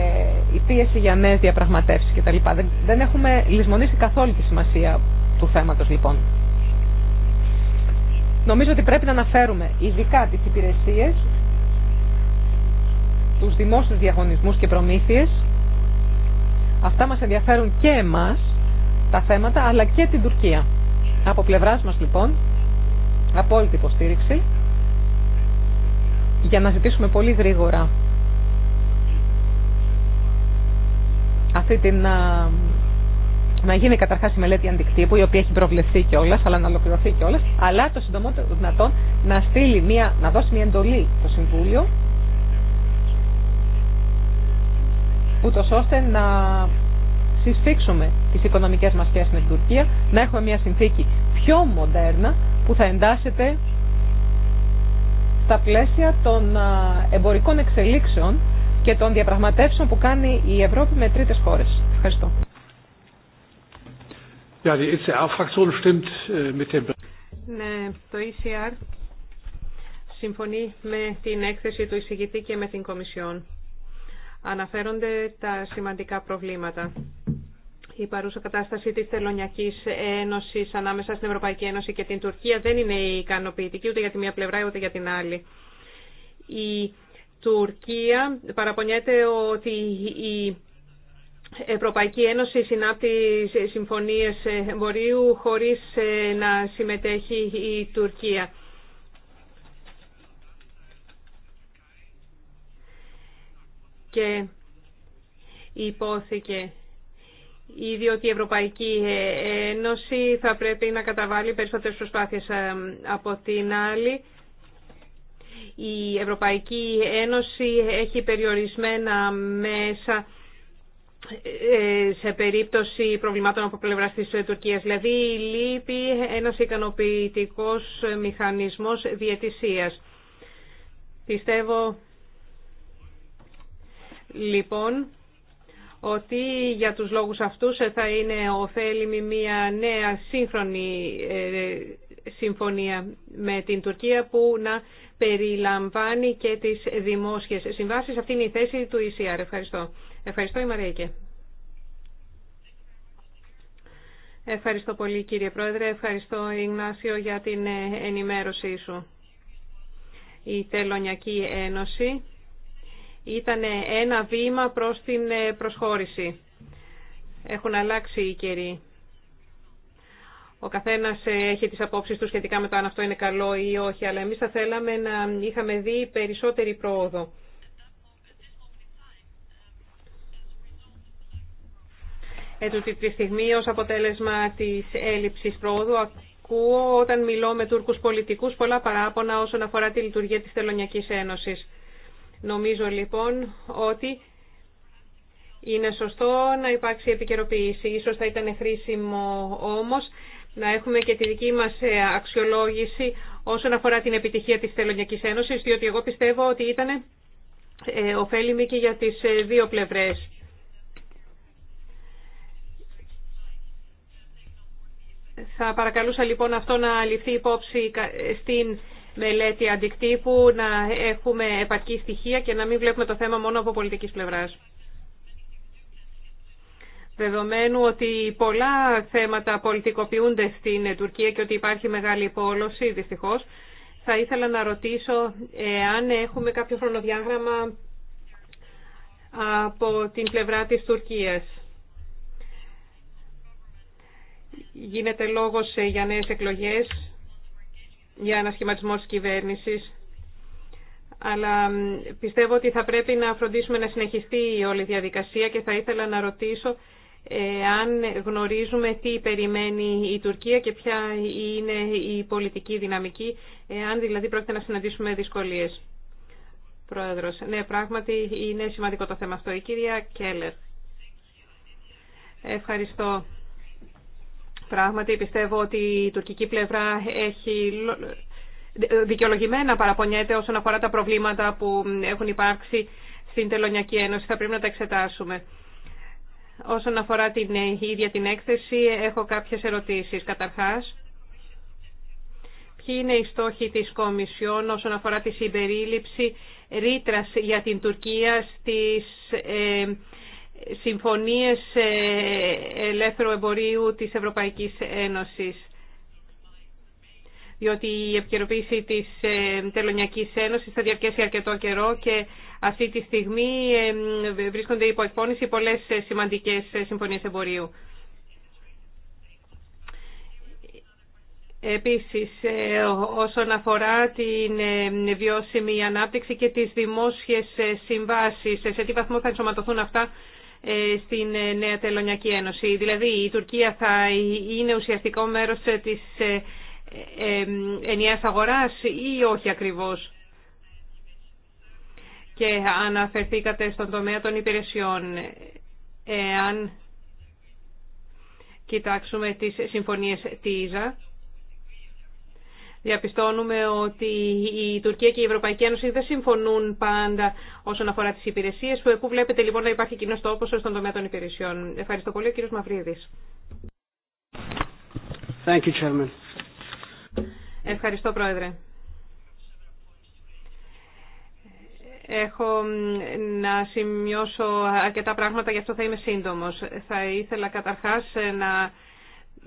η πίεση για νέε διαπραγματεύσει κτλ. Δεν έχουμε λησμονήσει καθόλου τη σημασία του θέματο λοιπόν. Νομίζω ότι πρέπει να αναφέρουμε ειδικά τι υπηρεσίε, του δημόσιου διαγωνισμού και προμήθειε. Αυτά μα ενδιαφέρουν και εμάς τα θέματα, αλλά και την Τουρκία. Από πλευρά μα λοιπόν, απόλυτη υποστήριξη, για να ζητήσουμε πολύ γρήγορα αυτή την, να, να γίνει καταρχάς η μελέτη αντικτύπου, η οποία έχει προβλεφθεί όλα αλλά να ολοκληρωθεί όλα αλλά το συντομότερο δυνατόν να, στείλει μια, να δώσει μια εντολή στο Συμβούλιο, ούτω ώστε να συσφίξουμε τις οικονομικές μας σχέσεις με την Τουρκία, να έχουμε μια συνθήκη πιο μοντέρνα που θα εντάσσεται στα πλαίσια των εμπορικών εξελίξεων και των διαπραγματεύσεων που κάνει η Ευρώπη με τρίτες χώρες. Ευχαριστώ. Äh, ναι, το ECR συμφωνεί με την έκθεση του εισηγητή και με την Κομισιόν αναφέρονται τα σημαντικά προβλήματα. Η παρούσα κατάσταση της Τελωνιακής Ένωσης ανάμεσα στην Ευρωπαϊκή Ένωση και την Τουρκία δεν είναι ικανοποιητική ούτε για τη μία πλευρά ούτε για την άλλη. Η Τουρκία παραπονιέται ότι η Ευρωπαϊκή Ένωση συνάπτει συμφωνίες εμπορίου χωρίς να συμμετέχει η Τουρκία. και υπόθηκε ήδη ότι η Ευρωπαϊκή Ένωση θα πρέπει να καταβάλει περισσότερες προσπάθειες ε, από την άλλη. Η Ευρωπαϊκή Ένωση έχει περιορισμένα μέσα ε, σε περίπτωση προβλημάτων από πλευρά τη Τουρκία. Δηλαδή, λείπει ένα ικανοποιητικό μηχανισμό διαιτησία. Πιστεύω λοιπόν ότι για τους λόγους αυτούς θα είναι ωφέλιμη μια νέα σύγχρονη ε, συμφωνία με την Τουρκία που να περιλαμβάνει και τις δημόσιες συμβάσεις. Αυτή είναι η θέση του ECR. Ευχαριστώ. Ευχαριστώ η Μαρέικε. Ευχαριστώ πολύ κύριε Πρόεδρε. Ευχαριστώ Ιγνάσιο για την ενημέρωσή σου. Η Τελωνιακή Ένωση ήταν ένα βήμα προς την ε, προσχώρηση. Έχουν αλλάξει οι καιροί. Ο καθένας ε, έχει τις απόψεις του σχετικά με το αν αυτό είναι καλό ή όχι, αλλά εμείς θα θέλαμε να είχαμε δει περισσότερη πρόοδο. Ετούτη τη στιγμή ως αποτέλεσμα της έλλειψης πρόοδου ακούω όταν μιλώ με Τούρκους πολιτικούς πολλά παράπονα όσον αφορά τη λειτουργία της Τελωνιακής Ένωσης. Νομίζω λοιπόν ότι είναι σωστό να υπάρξει επικαιροποίηση. Ίσως θα ήταν χρήσιμο όμως να έχουμε και τη δική μας ε, αξιολόγηση όσον αφορά την επιτυχία της Τελωνιακής Ένωσης, διότι εγώ πιστεύω ότι ήταν ε, ωφέλιμη και για τις ε, δύο πλευρές. Θα παρακαλούσα λοιπόν αυτό να ληφθεί υπόψη στην μελέτη αντικτύπου, να έχουμε επαρκή στοιχεία και να μην βλέπουμε το θέμα μόνο από πολιτικής πλευράς. Δεδομένου ότι πολλά θέματα πολιτικοποιούνται στην Τουρκία και ότι υπάρχει μεγάλη υπόλωση, δυστυχώς, θα ήθελα να ρωτήσω αν έχουμε κάποιο χρονοδιάγραμμα από την πλευρά της Τουρκίας. Γίνεται λόγος για νέες εκλογές για ανασχηματισμό της κυβέρνησης. Αλλά πιστεύω ότι θα πρέπει να φροντίσουμε να συνεχιστεί η όλη διαδικασία και θα ήθελα να ρωτήσω ε, αν γνωρίζουμε τι περιμένει η Τουρκία και ποια είναι η πολιτική δυναμική, ε, αν δηλαδή πρόκειται να συναντήσουμε δυσκολίες. Πρόεδρος. Ναι, πράγματι είναι σημαντικό το θέμα αυτό. Η κυρία Κέλλερ. Ευχαριστώ. Πράγματι πιστεύω ότι η τουρκική πλευρά έχει δικαιολογημένα παραπονιέται όσον αφορά τα προβλήματα που έχουν υπάρξει στην Τελωνιακή Ένωση. Θα πρέπει να τα εξετάσουμε. Όσον αφορά την ίδια την έκθεση, έχω κάποιες ερωτήσεις. Καταρχάς, ποιοι είναι οι στόχοι της Κομισιόν όσον αφορά τη συμπερίληψη ρήτρα για την Τουρκία στις ε, συμφωνίες ε, ελεύθερου εμπορίου της Ευρωπαϊκής Ένωσης. Διότι η επικαιροποίηση της ε, Τελωνιακής Ένωσης θα διαρκέσει αρκετό καιρό και αυτή τη στιγμή ε, βρίσκονται υπό εκπόνηση πολλές σημαντικές συμφωνίες εμπορίου. Επίσης, όσον αφορά την βιώσιμη ανάπτυξη και τις δημόσιες συμβάσεις, σε τι βαθμό θα ενσωματωθούν αυτά ε, στην ε, Νέα Τελωνιακή Ένωση. Δηλαδή η Τουρκία θα ε, είναι ουσιαστικό μέρος της ενιαίας αγοράς ή όχι ακριβώς. Και αναφερθήκατε στον τομέα των υπηρεσιών. Εάν κοιτάξουμε τις συμφωνίες ΤΙΖΑ, διαπιστώνουμε ότι η Τουρκία και η Ευρωπαϊκή Ένωση δεν συμφωνούν πάντα όσον αφορά τι υπηρεσίε, Πού βλέπετε λοιπόν να υπάρχει κοινό τόπο στον τομέα των υπηρεσιών. Ευχαριστώ πολύ, κύριος Μαυρίδη. Ευχαριστώ, Πρόεδρε. Έχω να σημειώσω αρκετά πράγματα, γι' αυτό θα είμαι σύντομο Θα ήθελα καταρχάς να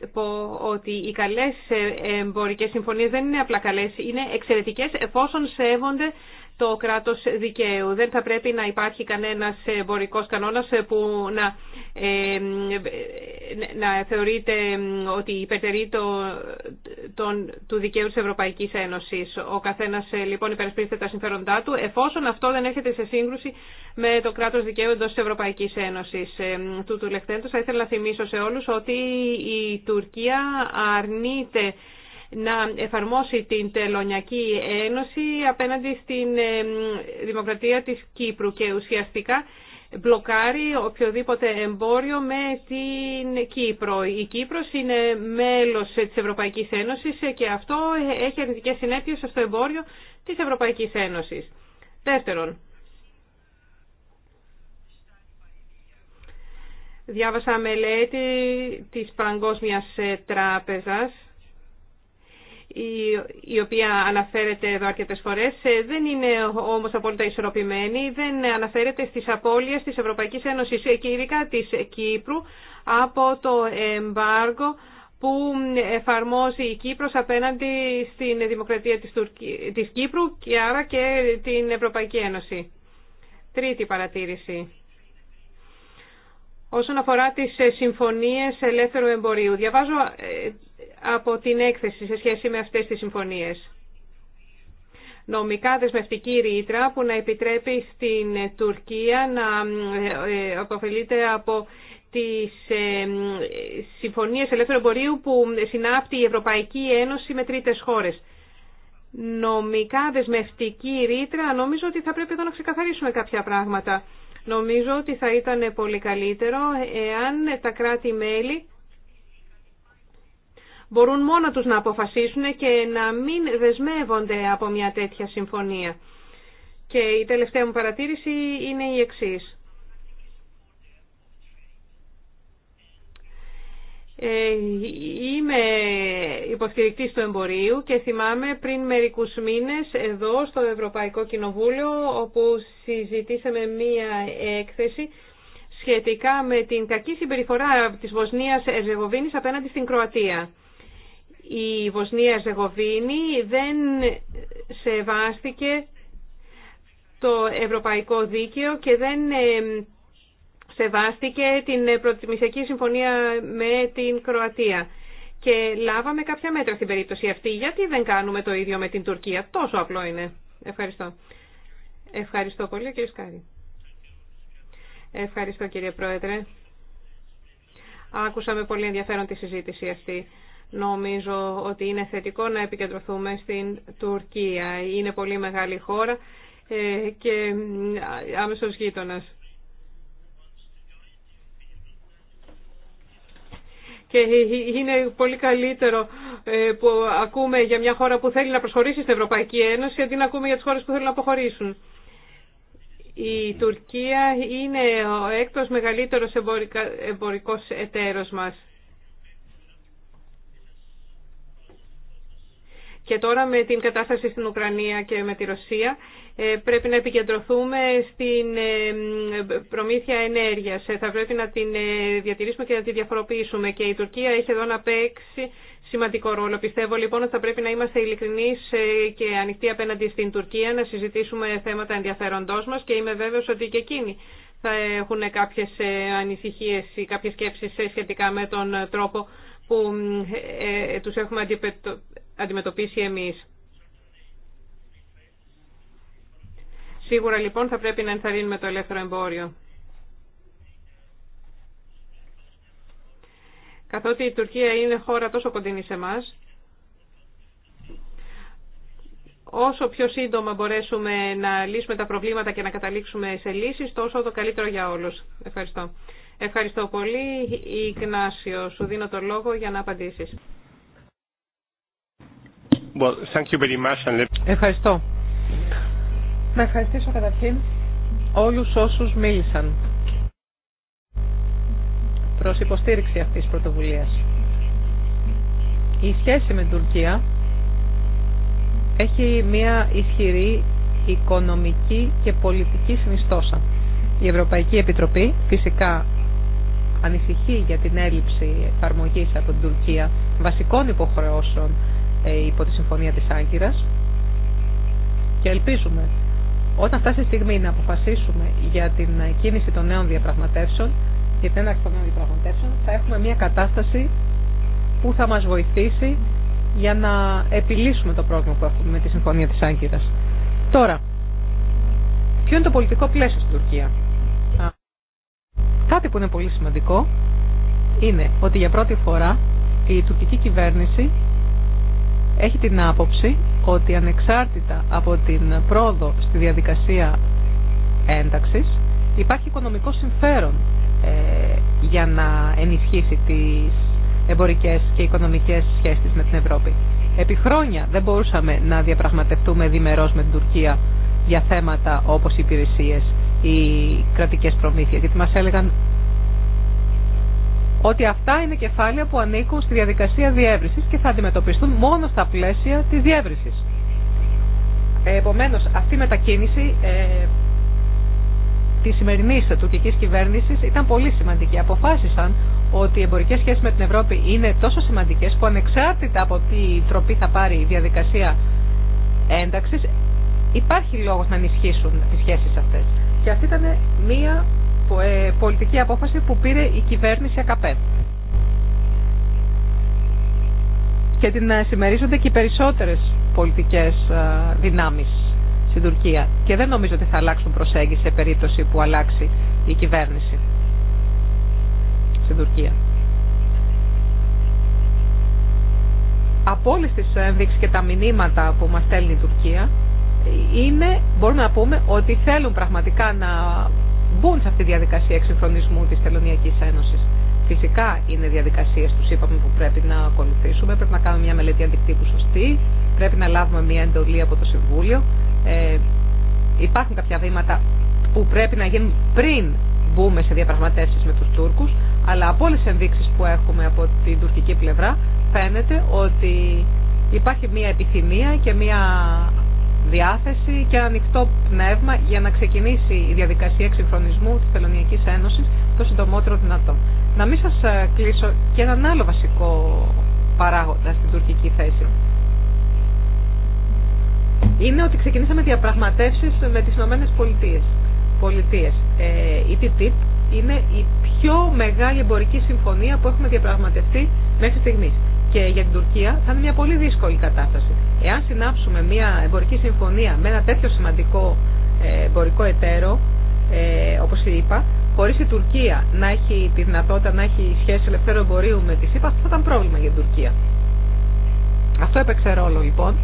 πω ότι οι καλές ε, εμπορικές συμφωνίες δεν είναι απλά καλές, είναι εξαιρετικές εφόσον σέβονται το κράτος δικαίου. Δεν θα πρέπει να υπάρχει κανένας εμπορικός κανόνας που να, ε, να θεωρείται ότι υπερτερεί το, τον, του δικαίου της Ευρωπαϊκής Ένωσης. Ο καθένας ε, λοιπόν υπερασπίζεται τα συμφέροντά του εφόσον αυτό δεν έρχεται σε σύγκρουση με το κράτος δικαίου εντός της Ευρωπαϊκής Ένωσης. Ε, του του λεχτέντος θα ήθελα να θυμίσω σε όλους ότι η Τουρκία αρνείται να εφαρμόσει την Τελωνιακή Ένωση απέναντι στην ε, Δημοκρατία της Κύπρου και ουσιαστικά μπλοκάρει οποιοδήποτε εμπόριο με την Κύπρο. Η Κύπρος είναι μέλος της Ευρωπαϊκής Ένωσης και αυτό έχει αρνητικές συνέπειες στο εμπόριο της Ευρωπαϊκής Ένωσης. Δεύτερον, διάβασα μελέτη της Παγκόσμιας Τράπεζας η οποία αναφέρεται εδώ αρκετές φορές, ε, δεν είναι όμως απόλυτα ισορροπημένη, δεν αναφέρεται στις απώλειες της Ευρωπαϊκής Ένωσης και ειδικά της Κύπρου από το εμπάργο που εφαρμόζει η Κύπρος απέναντι στην Δημοκρατία της, της Κύπρου και άρα και την Ευρωπαϊκή Ένωση. Τρίτη παρατήρηση. Όσον αφορά τις συμφωνίες ελεύθερου εμπορίου, διαβάζω ε, από την έκθεση σε σχέση με αυτές τις συμφωνίες. Νομικά δεσμευτική ρήτρα που να επιτρέπει στην Τουρκία να ε, ε, αποφελείται από τις ε, συμφωνίες ελεύθερου εμπορίου που συνάπτει η Ευρωπαϊκή Ένωση με τρίτες χώρες. Νομικά δεσμευτική ρήτρα, νομίζω ότι θα πρέπει εδώ να ξεκαθαρίσουμε κάποια πράγματα. Νομίζω ότι θα ήταν πολύ καλύτερο εάν τα κράτη-μέλη μπορούν μόνο τους να αποφασίσουν και να μην δεσμεύονται από μια τέτοια συμφωνία. Και η τελευταία μου παρατήρηση είναι η εξής. Ε, είμαι υποστηρικτής του εμπορίου και θυμάμαι πριν μερικούς μήνες εδώ στο Ευρωπαϊκό Κοινοβούλιο όπου συζητήσαμε μία έκθεση σχετικά με την κακή συμπεριφορά της Βοσνίας Ερζεγοβίνης απέναντι στην Κροατία η Βοσνία Ζεγοβίνη δεν σεβάστηκε το ευρωπαϊκό δίκαιο και δεν ε, σεβάστηκε την προτιμησιακή συμφωνία με την Κροατία. Και λάβαμε κάποια μέτρα στην περίπτωση αυτή. Γιατί δεν κάνουμε το ίδιο με την Τουρκία. Τόσο απλό είναι. Ευχαριστώ. Ευχαριστώ πολύ κύριε Σκάρη. Ευχαριστώ κύριε Πρόεδρε. Άκουσα με πολύ ενδιαφέρον τη συζήτηση αυτή. Νομίζω ότι είναι θετικό να επικεντρωθούμε στην Τουρκία. Είναι πολύ μεγάλη χώρα ε, και ε, άμεσος γείτονας. Και ε, είναι πολύ καλύτερο που ακούμε για μια χώρα που θέλει να προσχωρήσει στην Ευρωπαϊκή Ένωση αντί να ακούμε για τις χώρες που θέλουν να αποχωρήσουν. Η Τουρκία είναι ο έκτος μεγαλύτερος εμπορικός εταίρος μας. Και τώρα με την κατάσταση στην Ουκρανία και με τη Ρωσία ε, πρέπει να επικεντρωθούμε στην ε, προμήθεια ενέργειας. Ε, θα πρέπει να την διατηρήσουμε και να τη διαφοροποιήσουμε. Και η Τουρκία έχει εδώ να παίξει σημαντικό ρόλο. Πιστεύω λοιπόν ότι θα πρέπει να είμαστε ειλικρινεί και ανοιχτοί απέναντι στην Τουρκία, να συζητήσουμε θέματα ενδιαφέροντό μα και είμαι βέβαιο ότι και εκείνοι θα έχουν κάποιε ανησυχίε ή κάποιε σκέψει σχετικά με τον τρόπο που τους έχουμε αντιμετωπίσει εμείς. Σίγουρα λοιπόν θα πρέπει να ενθαρρύνουμε το ελεύθερο εμπόριο. Καθότι η Τουρκία είναι χώρα τόσο κοντινή σε μας, όσο πιο σύντομα μπορέσουμε να λύσουμε τα προβλήματα και να καταλήξουμε σε λύσεις, τόσο το καλύτερο για όλους. Ευχαριστώ. Ευχαριστώ πολύ. Η σου δίνω το λόγο για να απαντήσεις. Ευχαριστώ. Να ευχαριστήσω καταρχήν όλους όσους μίλησαν προς υποστήριξη αυτής της πρωτοβουλίας. Η σχέση με την Τουρκία έχει μια ισχυρή οικονομική και πολιτική συνιστόσα. Η Ευρωπαϊκή Επιτροπή φυσικά ανησυχεί για την έλλειψη εφαρμογής από την Τουρκία βασικών υποχρεώσεων ε, υπό τη Συμφωνία της Άγκυρας και ελπίζουμε όταν φτάσει η στιγμή να αποφασίσουμε για την κίνηση των νέων διαπραγματεύσεων και την έναρξη των νέων διαπραγματεύσεων θα έχουμε μια κατάσταση που θα μας βοηθήσει για να επιλύσουμε το πρόβλημα που έχουμε με τη Συμφωνία της Άγκυρας. Τώρα, ποιο είναι το πολιτικό πλαίσιο στην Τουρκία. Κάτι που είναι πολύ σημαντικό είναι ότι για πρώτη φορά η τουρκική κυβέρνηση έχει την άποψη ότι ανεξάρτητα από την πρόοδο στη διαδικασία ένταξης υπάρχει οικονομικό συμφέρον ε, για να ενισχύσει τις εμπορικές και οικονομικές σχέσεις με την Ευρώπη. Επί χρόνια δεν μπορούσαμε να διαπραγματευτούμε διμερώς με την Τουρκία για θέματα όπως οι υπηρεσίες, ή κρατικές προμήθειες, γιατί μας έλεγαν ότι αυτά είναι κεφάλαια που ανήκουν στη διαδικασία διεύρυνση και θα αντιμετωπιστούν μόνο στα πλαίσια της διεύρυνσης. Ε, επομένως, αυτή η μετακίνηση ε, τη σημερινή τουρκική κυβέρνηση ήταν πολύ σημαντική. Αποφάσισαν ότι οι εμπορικέ σχέσει με την Ευρώπη είναι τόσο σημαντικέ που ανεξάρτητα από τι τροπή θα πάρει η διαδικασία ένταξη, υπάρχει λόγο να ενισχύσουν τι σχέσει αυτέ. Και αυτή ήταν μία ε, πολιτική απόφαση που πήρε η κυβέρνηση ΑΚΑΠΕ. Και την ε, συμμερίζονται και οι περισσότερες πολιτικές ε, δυνάμεις στην Τουρκία. Και δεν νομίζω ότι θα αλλάξουν προσέγγιση σε περίπτωση που αλλάξει η κυβέρνηση στην Τουρκία. Από όλε τι ένδειξει και τα μηνύματα που μα στέλνει η Τουρκία, είναι, μπορούμε να πούμε ότι θέλουν πραγματικά να μπουν σε αυτή τη διαδικασία εξυγχρονισμού της Τελωνιακής Ένωσης. Φυσικά είναι διαδικασίε του είπαμε που πρέπει να ακολουθήσουμε. Πρέπει να κάνουμε μια μελέτη αντικτύπου σωστή. Πρέπει να λάβουμε μια εντολή από το Συμβούλιο. Ε, υπάρχουν κάποια βήματα που πρέπει να γίνουν πριν μπούμε σε διαπραγματεύσει με του Τούρκου. Αλλά από όλε τι ενδείξει που έχουμε από την τουρκική πλευρά φαίνεται ότι υπάρχει μια επιθυμία και μια διάθεση και ανοιχτό πνεύμα για να ξεκινήσει η διαδικασία εξυγχρονισμού της Θελωνιακής Ένωσης το συντομότερο δυνατό. Να μην σας ε, κλείσω και έναν άλλο βασικό παράγοντα στην τουρκική θέση. Είναι ότι ξεκινήσαμε διαπραγματεύσεις με τις Ηνωμένες Πολιτείες. Πολιτείες. Ε, η TTIP είναι η πιο μεγάλη εμπορική συμφωνία που έχουμε διαπραγματευτεί μέχρι στιγμής και για την Τουρκία θα είναι μια πολύ δύσκολη κατάσταση. Εάν συνάψουμε μια εμπορική συμφωνία με ένα τέτοιο σημαντικό ε, εμπορικό εταίρο, ε, όπω είπα, χωρί η Τουρκία να έχει τη δυνατότητα να έχει σχέση ελευθέρω εμπορίου με τη ΣΥΠΑ, αυτό θα ήταν πρόβλημα για την Τουρκία. Αυτό έπαιξε ρόλο λοιπόν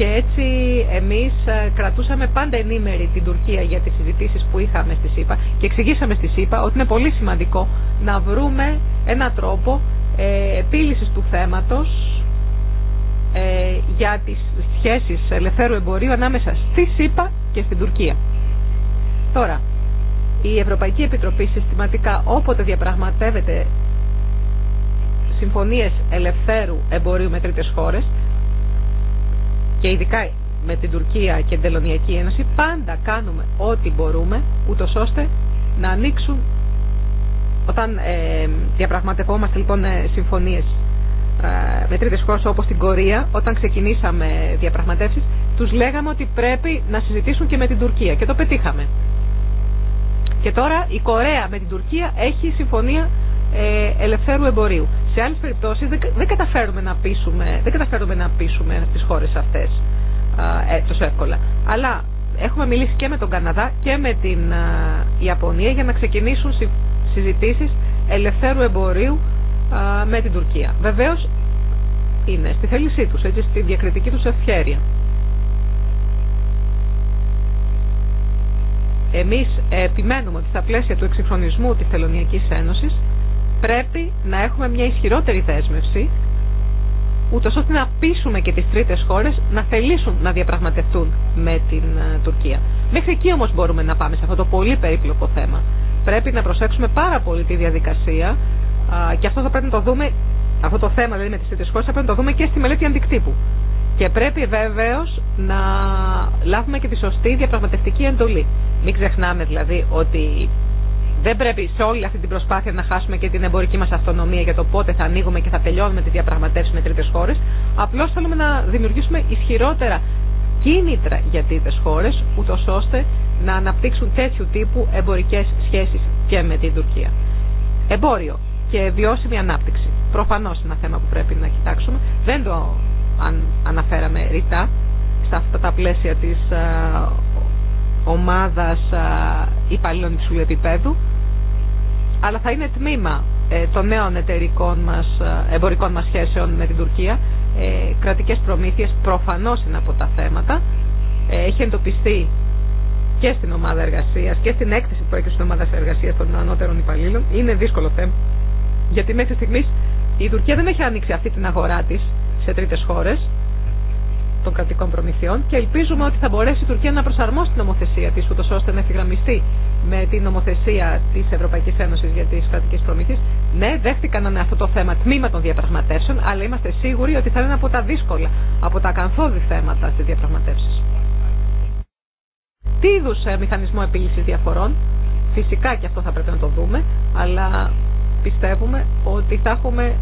και έτσι εμείς ε, κρατούσαμε πάντα ενήμερη την Τουρκία για τις συζητήσεις που είχαμε στη ΣΥΠΑ και εξηγήσαμε στη ΣΥΠΑ ότι είναι πολύ σημαντικό να βρούμε ένα τρόπο ε, επίλυσης του θέματος ε, για τις σχέσεις ελευθέρου εμπορίου ανάμεσα στη ΣΥΠΑ και στην Τουρκία. Τώρα, η Ευρωπαϊκή Επιτροπή συστηματικά όποτε διαπραγματεύεται συμφωνίες ελευθέρου εμπορίου με τρίτες χώρες και ειδικά με την Τουρκία και την Τελωνιακή Ένωση πάντα κάνουμε ό,τι μπορούμε ούτω ώστε να ανοίξουν όταν ε, διαπραγματευόμαστε λοιπόν ε, συμφωνίες ε, με τρίτες χώρες όπως την Κορία όταν ξεκινήσαμε διαπραγματεύσεις τους λέγαμε ότι πρέπει να συζητήσουν και με την Τουρκία και το πετύχαμε και τώρα η Κορέα με την Τουρκία έχει συμφωνία ε, ελευθέρου εμπορίου. Σε άλλες περιπτώσεις δεν, καταφέρουμε να πείσουμε, δεν καταφέρουμε να πείσουμε τις χώρες αυτές ε, τόσο εύκολα. Αλλά έχουμε μιλήσει και με τον Καναδά και με την Ιαπωνία για να ξεκινήσουν συζητήσεις ελευθέρου εμπορίου με την Τουρκία. Βεβαίως είναι στη θέλησή τους, έτσι, στη διακριτική του ευχέρεια. Εμείς επιμένουμε ότι στα πλαίσια του εξυγχρονισμού της Θελωνιακής Ένωσης πρέπει να έχουμε μια ισχυρότερη δέσμευση ούτως ώστε να πείσουμε και τις τρίτες χώρες να θελήσουν να διαπραγματευτούν με την ε, Τουρκία. Μέχρι εκεί όμως μπορούμε να πάμε σε αυτό το πολύ περίπλοκο θέμα. Πρέπει να προσέξουμε πάρα πολύ τη διαδικασία και αυτό θα πρέπει να το δούμε, αυτό το θέμα δηλαδή με τις τρίτες χώρες θα πρέπει να το δούμε και στη μελέτη αντικτύπου. Και πρέπει βεβαίω να λάβουμε και τη σωστή διαπραγματευτική εντολή. Μην ξεχνάμε δηλαδή ότι δεν πρέπει σε όλη αυτή την προσπάθεια να χάσουμε και την εμπορική μα αυτονομία για το πότε θα ανοίγουμε και θα τελειώνουμε τη διαπραγματεύσει με τρίτε χώρε. Απλώ θέλουμε να δημιουργήσουμε ισχυρότερα κίνητρα για τρίτε χώρε, ούτω ώστε να αναπτύξουν τέτοιου τύπου εμπορικέ σχέσει και με την Τουρκία. Εμπόριο και βιώσιμη ανάπτυξη. Προφανώ ένα θέμα που πρέπει να κοιτάξουμε. Δεν το αναφέραμε ρητά σε αυτά τα πλαίσια της ε, ομάδας υπαλλήλων υψηλού επίπεδου, αλλά θα είναι τμήμα ε, των νέων εταιρικών μας, ε, εμπορικών μας σχέσεων με την Τουρκία. Ε, κρατικές προμήθειες προφανώς είναι από τα θέματα. Ε, έχει εντοπιστεί και στην ομάδα εργασίας και στην έκθεση που έχει στην ομάδα εργασίας των ανώτερων υπαλλήλων. Είναι δύσκολο θέμα. Γιατί μέχρι στιγμής η Τουρκία δεν έχει ανοίξει αυτή την αγορά της σε τρίτες χώρες των κρατικών προμηθειών και ελπίζουμε ότι θα μπορέσει η Τουρκία να προσαρμόσει την νομοθεσία της ούτω ώστε να ευθυγραμμιστεί με την νομοθεσία τη Ευρωπαϊκή Ένωση για τι κρατικέ προμηθειέ. Ναι, δέχτηκαν με αυτό το θέμα τμήμα των διαπραγματεύσεων, αλλά είμαστε σίγουροι ότι θα είναι από τα δύσκολα, από τα ακαθόδη θέματα στι διαπραγματεύσει. Τι είδου ε, μηχανισμό επίλυση διαφορών, φυσικά και αυτό θα πρέπει να το δούμε, αλλά πιστεύουμε ότι θα έχουμε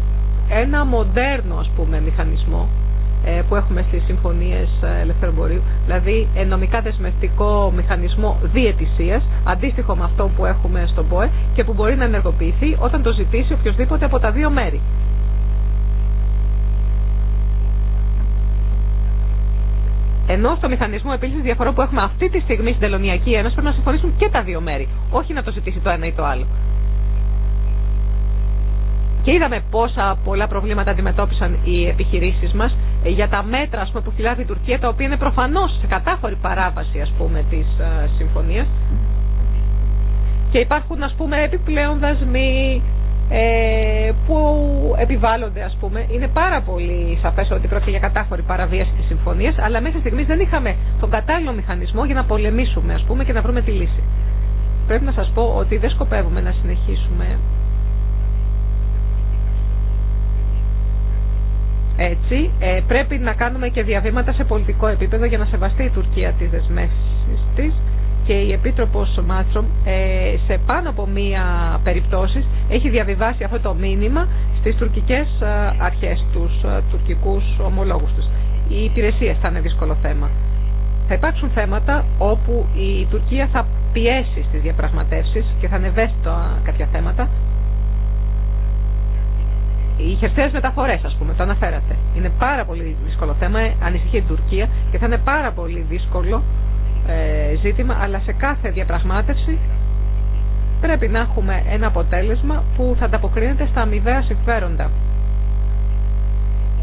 ένα μοντέρνο ας πούμε, μηχανισμό ε, που έχουμε στις συμφωνίες ε, Ελευθερομπορίου. δηλαδή ε, νομικά δεσμευτικό μηχανισμό διαιτησίας, αντίστοιχο με αυτό που έχουμε στον ΠΟΕ και που μπορεί να ενεργοποιηθεί όταν το ζητήσει οποιοδήποτε από τα δύο μέρη. Ενώ στο μηχανισμό επίλυση διαφορών που έχουμε αυτή τη στιγμή στην Τελωνιακή Ένωση πρέπει να συμφωνήσουν και τα δύο μέρη. Όχι να το ζητήσει το ένα ή το άλλο είδαμε πόσα πολλά προβλήματα αντιμετώπισαν οι επιχειρήσει μα ε, για τα μέτρα πούμε, που φυλάβει η Τουρκία, τα οποία είναι προφανώ σε κατάφορη παράβαση τη ε, συμφωνία. Και υπάρχουν ας πούμε, επιπλέον δασμοί ε, που επιβάλλονται ας πούμε. Είναι πάρα πολύ σαφές ότι πρόκειται για κατάφορη παραβίαση τη συμφωνία, αλλά μέχρι στιγμή δεν είχαμε τον κατάλληλο μηχανισμό για να πολεμήσουμε ας πούμε, και να βρούμε τη λύση. Πρέπει να σα πω ότι δεν σκοπεύουμε να συνεχίσουμε Έτσι, ε, πρέπει να κάνουμε και διαβήματα σε πολιτικό επίπεδο για να σεβαστεί η Τουρκία τις δεσμεύσεις της και η Επίτροπος Μάτσομ ε, σε πάνω από μία περιπτώσεις έχει διαβιβάσει αυτό το μήνυμα στις τουρκικές ε, αρχές, τους τουρκικούς ομολόγους τους. Οι υπηρεσίε θα είναι δύσκολο θέμα. Θα υπάρξουν θέματα όπου η Τουρκία θα πιέσει στις διαπραγματεύσεις και θα ανεβέσει κάποια θέματα οι χερσαίε μεταφορέ, α πούμε, το αναφέρατε. Είναι πάρα πολύ δύσκολο θέμα, ανησυχεί η Τουρκία και θα είναι πάρα πολύ δύσκολο ε, ζήτημα, αλλά σε κάθε διαπραγμάτευση πρέπει να έχουμε ένα αποτέλεσμα που θα ανταποκρίνεται στα αμοιβαία συμφέροντα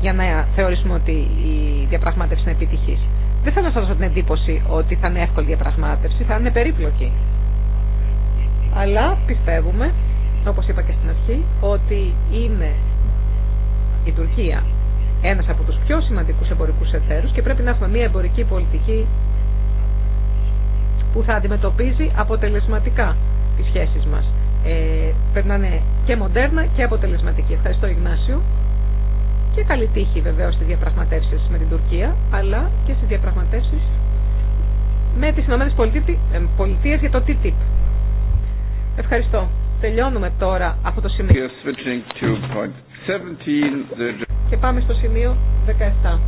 για να θεωρήσουμε ότι η διαπραγμάτευση είναι επιτυχής. Δεν θέλω να σα δώσω την εντύπωση ότι θα είναι εύκολη διαπραγμάτευση, θα είναι περίπλοκη. Αλλά πιστεύουμε, όπως είπα και στην αρχή, ότι είναι η Τουρκία ένας από τους πιο σημαντικούς εμπορικούς εταίρου και πρέπει να έχουμε μια εμπορική πολιτική που θα αντιμετωπίζει αποτελεσματικά τις σχέσεις μας. Ε, πρέπει να είναι και μοντέρνα και αποτελεσματική. Ευχαριστώ Ιγνάσιο και καλή τύχη βεβαίω στι διαπραγματεύσεις με την Τουρκία αλλά και στι διαπραγματεύσει με τις ΗΠΑ ε, Πολιτείες για το TTIP. Ευχαριστώ. Τελειώνουμε τώρα αυτό το σημείο. Και πάμε στο σημείο 17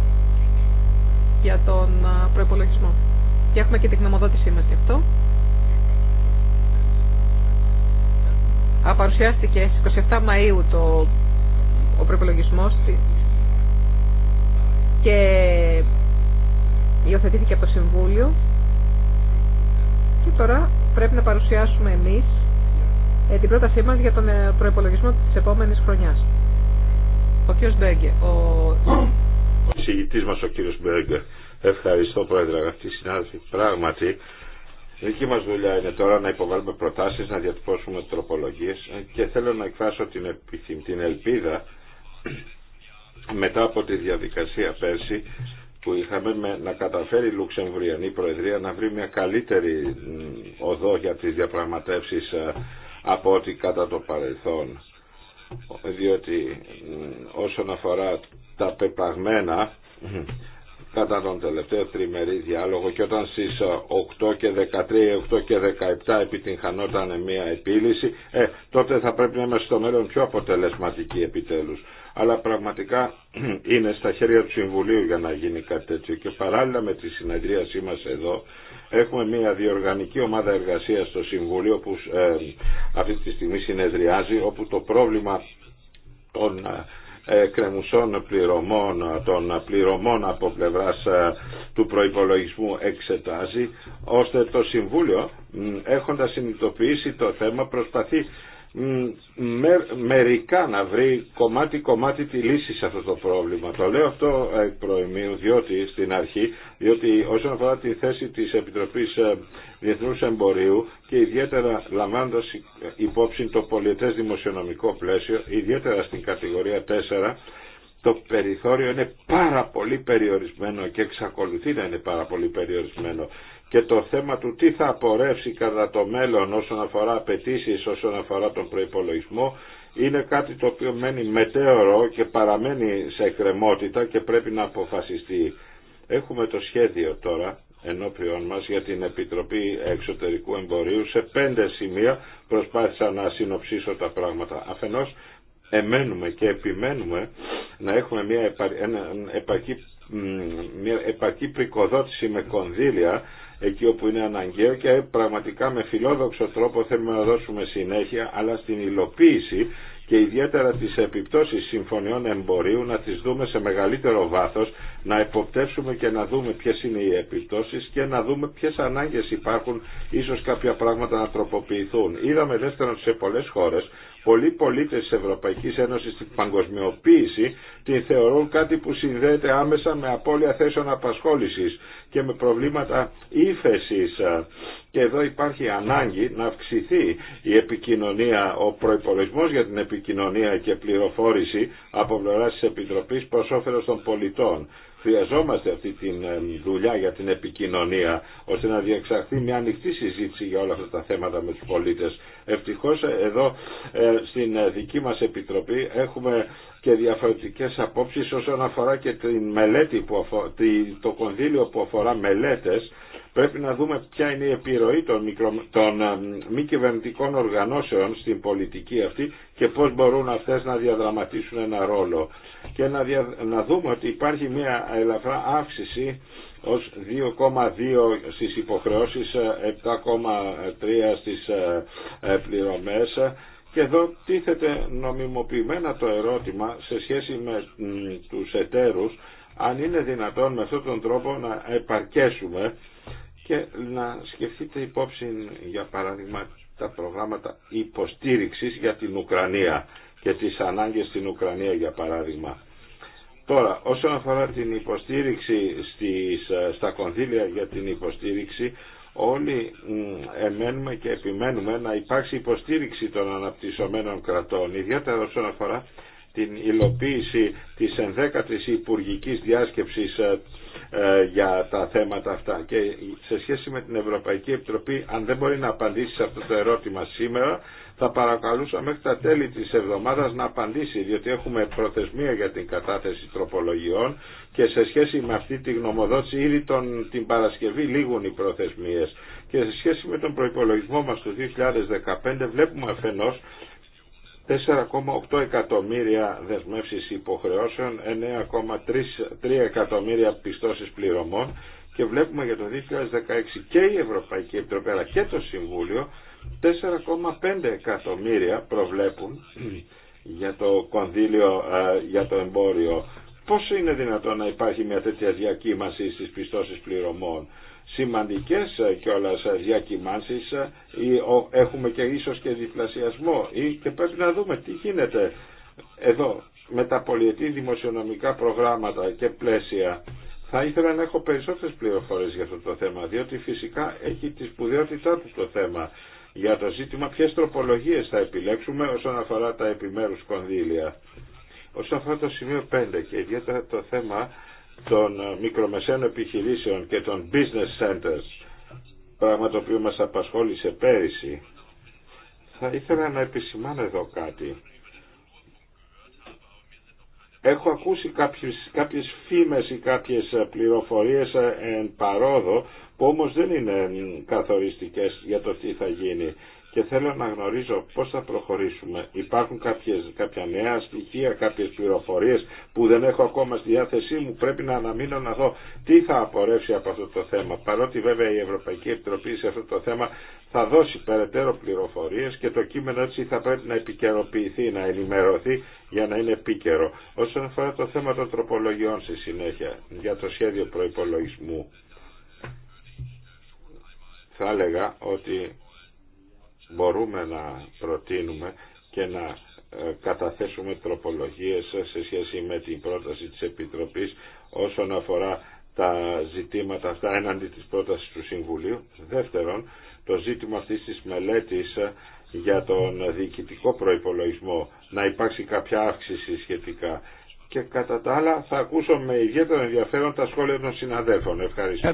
για τον προϋπολογισμό. Και έχουμε και τη γνωμοδότησή μας γι' αυτό. Απαρουσιάστηκε στις 27 Μαΐου το, ο προϋπολογισμός και υιοθετήθηκε από το Συμβούλιο και τώρα πρέπει να παρουσιάσουμε εμείς ε, την πρότασή μας για τον ε, προϋπολογισμό της επόμενης χρονιάς. Ο κύριο Μπέγκε. Ο, ο μας ο κύριος Μπέγκε. Ευχαριστώ πρόεδρε αγαπητοί συνάδελφοι. Πράγματι, η δική μας δουλειά είναι τώρα να υποβάλουμε προτάσεις, να διατυπώσουμε τροπολογίες και θέλω να εκφράσω την, επιθυμ, την ελπίδα μετά από τη διαδικασία πέρσι που είχαμε να καταφέρει η Λουξεμβριανή Προεδρία να βρει μια καλύτερη οδό για τις διαπραγματεύσεις ε, από ό,τι κατά το παρελθόν διότι όσον αφορά τα πεπραγμένα κατά τον τελευταίο τριμερή διάλογο και όταν στις 8 και 13, 8 και 17 επιτυγχανόταν μια επίλυση ε, τότε θα πρέπει να είμαστε στο μέλλον πιο αποτελεσματικοί επιτέλους αλλά πραγματικά <clears throat> είναι στα χέρια του Συμβουλίου για να γίνει κάτι τέτοιο και παράλληλα με τη συνεδρίασή μας εδώ Έχουμε μια διοργανική ομάδα εργασίας στο Συμβούλιο που ε, αυτή τη στιγμή συνεδριάζει όπου το πρόβλημα των ε, κρεμουσών πληρωμών, των πληρωμών από πλευράς ε, του προϋπολογισμού εξετάζει, ώστε το Συμβούλιο έχοντας συνειδητοποιήσει το θέμα προσπαθεί μερικά να βρει κομμάτι-κομμάτι τη λύση σε αυτό το πρόβλημα. Το λέω αυτό εκ προημίου, διότι στην αρχή, διότι όσον αφορά τη θέση της Επιτροπής ε, Διεθνούς Εμπορίου και ιδιαίτερα λαμβάνοντας ε, υπόψη το πολιετές δημοσιονομικό πλαίσιο, ιδιαίτερα στην κατηγορία 4, το περιθώριο είναι πάρα πολύ περιορισμένο και εξακολουθεί να είναι πάρα πολύ περιορισμένο και το θέμα του τι θα απορρεύσει κατά το μέλλον όσον αφορά απαιτήσει, όσον αφορά τον προϋπολογισμό είναι κάτι το οποίο μένει μετέωρο και παραμένει σε εκκρεμότητα και πρέπει να αποφασιστεί. Έχουμε το σχέδιο τώρα ενώπιον μας για την Επιτροπή Εξωτερικού Εμπορίου. Σε πέντε σημεία προσπάθησα να συνοψίσω τα πράγματα. Αφενός εμένουμε και επιμένουμε να έχουμε μια επακή μια επαρκή πρικοδότηση με κονδύλια εκεί όπου είναι αναγκαίο και πραγματικά με φιλόδοξο τρόπο θέλουμε να δώσουμε συνέχεια αλλά στην υλοποίηση και ιδιαίτερα τις επιπτώσεις συμφωνιών εμπορίου να τις δούμε σε μεγαλύτερο βάθος, να εποπτεύσουμε και να δούμε ποιες είναι οι επιπτώσεις και να δούμε ποιες ανάγκες υπάρχουν, ίσως κάποια πράγματα να τροποποιηθούν. Είδαμε δεύτερον σε πολλές χώρες πολλοί πολίτες της Ευρωπαϊκής Ένωσης στην παγκοσμιοποίηση την θεωρούν κάτι που συνδέεται άμεσα με απώλεια θέσεων απασχόλησης και με προβλήματα ύφεση. Και εδώ υπάρχει ανάγκη να αυξηθεί η επικοινωνία, ο προϋπολογισμός για την επικοινωνία και πληροφόρηση από πλευρά τη Επιτροπή προς όφελος των πολιτών. Χρειαζόμαστε αυτή τη δουλειά για την επικοινωνία ώστε να διεξαχθεί μια ανοιχτή συζήτηση για όλα αυτά τα θέματα με τους πολίτες. Ευτυχώς εδώ ε, στην ε, δική μας Επιτροπή έχουμε και διαφορετικές απόψεις όσον αφορά και την μελέτη που το κονδύλιο που αφορά μελέτες Πρέπει να δούμε ποια είναι η επιρροή των, μικρο... Ε, μη κυβερνητικών οργανώσεων στην πολιτική αυτή και πώς μπορούν αυτές να διαδραματίσουν ένα ρόλο. Και να, να δούμε ότι υπάρχει μια ελαφρά αύξηση ως 2,2 στις υποχρεώσεις, 7,3 ε, στις ε, πληρωμές και εδώ τίθεται νομιμοποιημένα το ερώτημα σε σχέση με τους εταίρους αν είναι δυνατόν με αυτόν τον τρόπο να επαρκέσουμε και να σκεφτείτε υπόψη για παράδειγμα τα προγράμματα υποστήριξης για την Ουκρανία και τις ανάγκες στην Ουκρανία για παράδειγμα. Τώρα, όσον αφορά την υποστήριξη στις, ε, στα κονδύλια για την υποστήριξη, όλοι εμένουμε και επιμένουμε να υπάρξει υποστήριξη των αναπτυσσομένων κρατών, ιδιαίτερα όσον αφορά την υλοποίηση της ενδέκατης Υπουργικής Διάσκεψης ε, ε, για τα θέματα αυτά. Και σε σχέση με την Ευρωπαϊκή Επιτροπή, αν δεν μπορεί να απαντήσει σε αυτό το ερώτημα σήμερα, θα παρακαλούσα μέχρι τα τέλη της εβδομάδας να απαντήσει, διότι έχουμε προθεσμία για την κατάθεση τροπολογιών και σε σχέση με αυτή τη γνωμοδότηση ήδη τον, την Παρασκευή λήγουν οι προθεσμίες. Και σε σχέση με τον προϋπολογισμό μας του 2015 βλέπουμε αφενός 4,8 εκατομμύρια δεσμεύσεις υποχρεώσεων, 9,3 εκατομμύρια πιστώσεις πληρωμών και βλέπουμε για το 2016 και η Ευρωπαϊκή Επιτροπή αλλά και το Συμβούλιο 4,5 εκατομμύρια προβλέπουν για το κονδύλιο ε, για το εμπόριο Πώς είναι δυνατόν να υπάρχει μια τέτοια διακύμαση στις πιστώσεις πληρωμών. Σημαντικές ε, κιόλα διακυμάνσεις ε, ή έχουμε και ίσως και διπλασιασμό ή και πρέπει να δούμε τι γίνεται εδώ με τα πολιετή δημοσιονομικά προγράμματα και πλαίσια. Θα ήθελα να έχω περισσότερες πληροφορίες για αυτό το θέμα, διότι φυσικά έχει τη σπουδαιότητά του το θέμα για το ζήτημα ποιες τροπολογίες θα επιλέξουμε όσον αφορά τα επιμέρους κονδύλια. Όσον αφορά το σημείο 5 και ιδιαίτερα το θέμα των ε, μικρομεσαίων επιχειρήσεων και των business centers, πράγμα το οποίο μας απασχόλησε πέρυσι, θα ήθελα να επισημάνω εδώ κάτι. Έχω ακούσει κάποιες, κάποιες φήμες ή κάποιες ε, πληροφορίες ε, εν παρόδο που όμως δεν είναι καθοριστικές για το τι θα γίνει και θέλω να γνωρίζω πώς θα προχωρήσουμε. Υπάρχουν κάποιες, κάποια νέα στοιχεία, κάποιες πληροφορίες που δεν έχω ακόμα στη διάθεσή μου. Πρέπει να αναμείνω να δω τι θα απορρεύσει από αυτό το θέμα. Παρότι βέβαια η Ευρωπαϊκή Επιτροπή σε αυτό το θέμα θα δώσει περαιτέρω πληροφορίες και το κείμενο έτσι θα πρέπει να επικαιροποιηθεί, να ενημερωθεί για να είναι επίκαιρο. Όσον αφορά το θέμα των τροπολογιών στη συνέχεια για το σχέδιο προϋπολογισμού θα έλεγα ότι μπορούμε να προτείνουμε και να ε, καταθέσουμε τροπολογίες σε σχέση με την πρόταση της Επιτροπής όσον αφορά τα ζητήματα αυτά έναντι της πρότασης του Συμβουλίου. Δεύτερον, το ζήτημα αυτής της μελέτης ε, για τον διοικητικό προϋπολογισμό να υπάρξει κάποια αύξηση σχετικά και κατά τα άλλα θα ακούσω με ιδιαίτερο ενδιαφέρον τα σχόλια των συναδέλφων. Ευχαριστώ.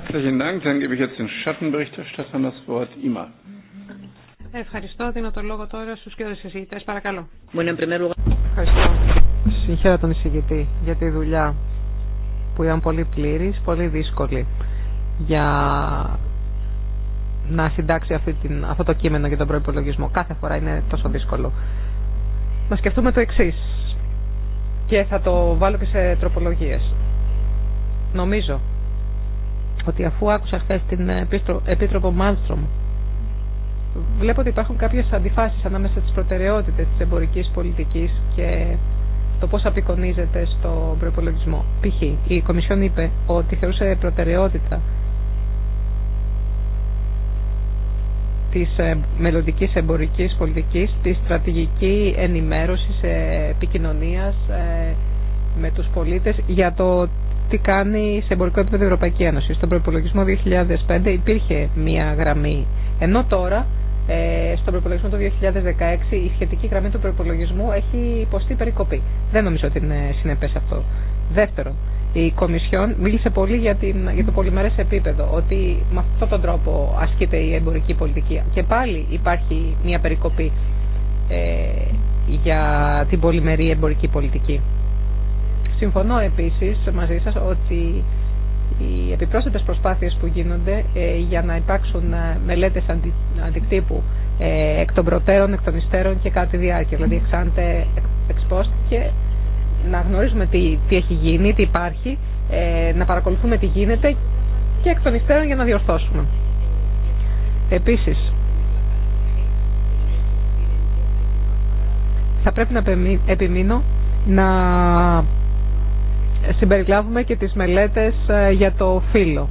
Ευχαριστώ. Δίνω το λόγο τώρα στου κύριους συζητητέ. Παρακαλώ. Ευχαριστώ. Συγχαίρω τον εισηγητή για τη δουλειά που ήταν πολύ πλήρη, πολύ δύσκολη για να συντάξει αυτή την, αυτό το κείμενο για τον προπολογισμό. Κάθε φορά είναι τόσο δύσκολο. Να σκεφτούμε το εξή και θα το βάλω και σε τροπολογίες. Νομίζω ότι αφού άκουσα χθε την Επίτροπο Μάλστρομ βλέπω ότι υπάρχουν κάποιες αντιφάσεις ανάμεσα στις προτεραιότητε τη εμπορική πολιτική και το πώς απεικονίζεται στο προπολογισμό. Π.χ. η Κομισιόν είπε ότι θεωρούσε προτεραιότητα τη ε, μελλοντική εμπορική πολιτική, τη στρατηγική ενημέρωση ε, επικοινωνίας ε, με τους πολίτες για το τι κάνει σε εμπορικό επίπεδο η Ευρωπαϊκή Ένωση. Στον προπολογισμό 2005 υπήρχε μία γραμμή, ενώ τώρα ε, στον προπολογισμό του 2016 η σχετική γραμμή του προπολογισμού έχει υποστεί περικοπή. Δεν νομίζω ότι είναι συνεπέ αυτό. Δεύτερο η Κομισιόν μίλησε πολύ για, την, για το πολυμερέ επίπεδο, ότι με αυτόν τον τρόπο ασκείται η εμπορική πολιτική. Και πάλι υπάρχει μια περικοπή ε, για την πολυμερή εμπορική πολιτική. Συμφωνώ επίσης μαζί σας ότι οι επιπρόσθετες προσπάθειες που γίνονται ε, για να υπάρξουν ε, μελέτες αντικτύπου ε, εκ των προτέρων, εκ των υστέρων και κάτι διάρκεια. Δηλαδή εξάντε εξπόστηκε να γνωρίζουμε τι, τι έχει γίνει, τι υπάρχει, να παρακολουθούμε τι γίνεται και εκ των υστέρων για να διορθώσουμε. Επίσης, θα πρέπει να επιμείνω να συμπεριλάβουμε και τις μελέτες ε, για το φύλλο.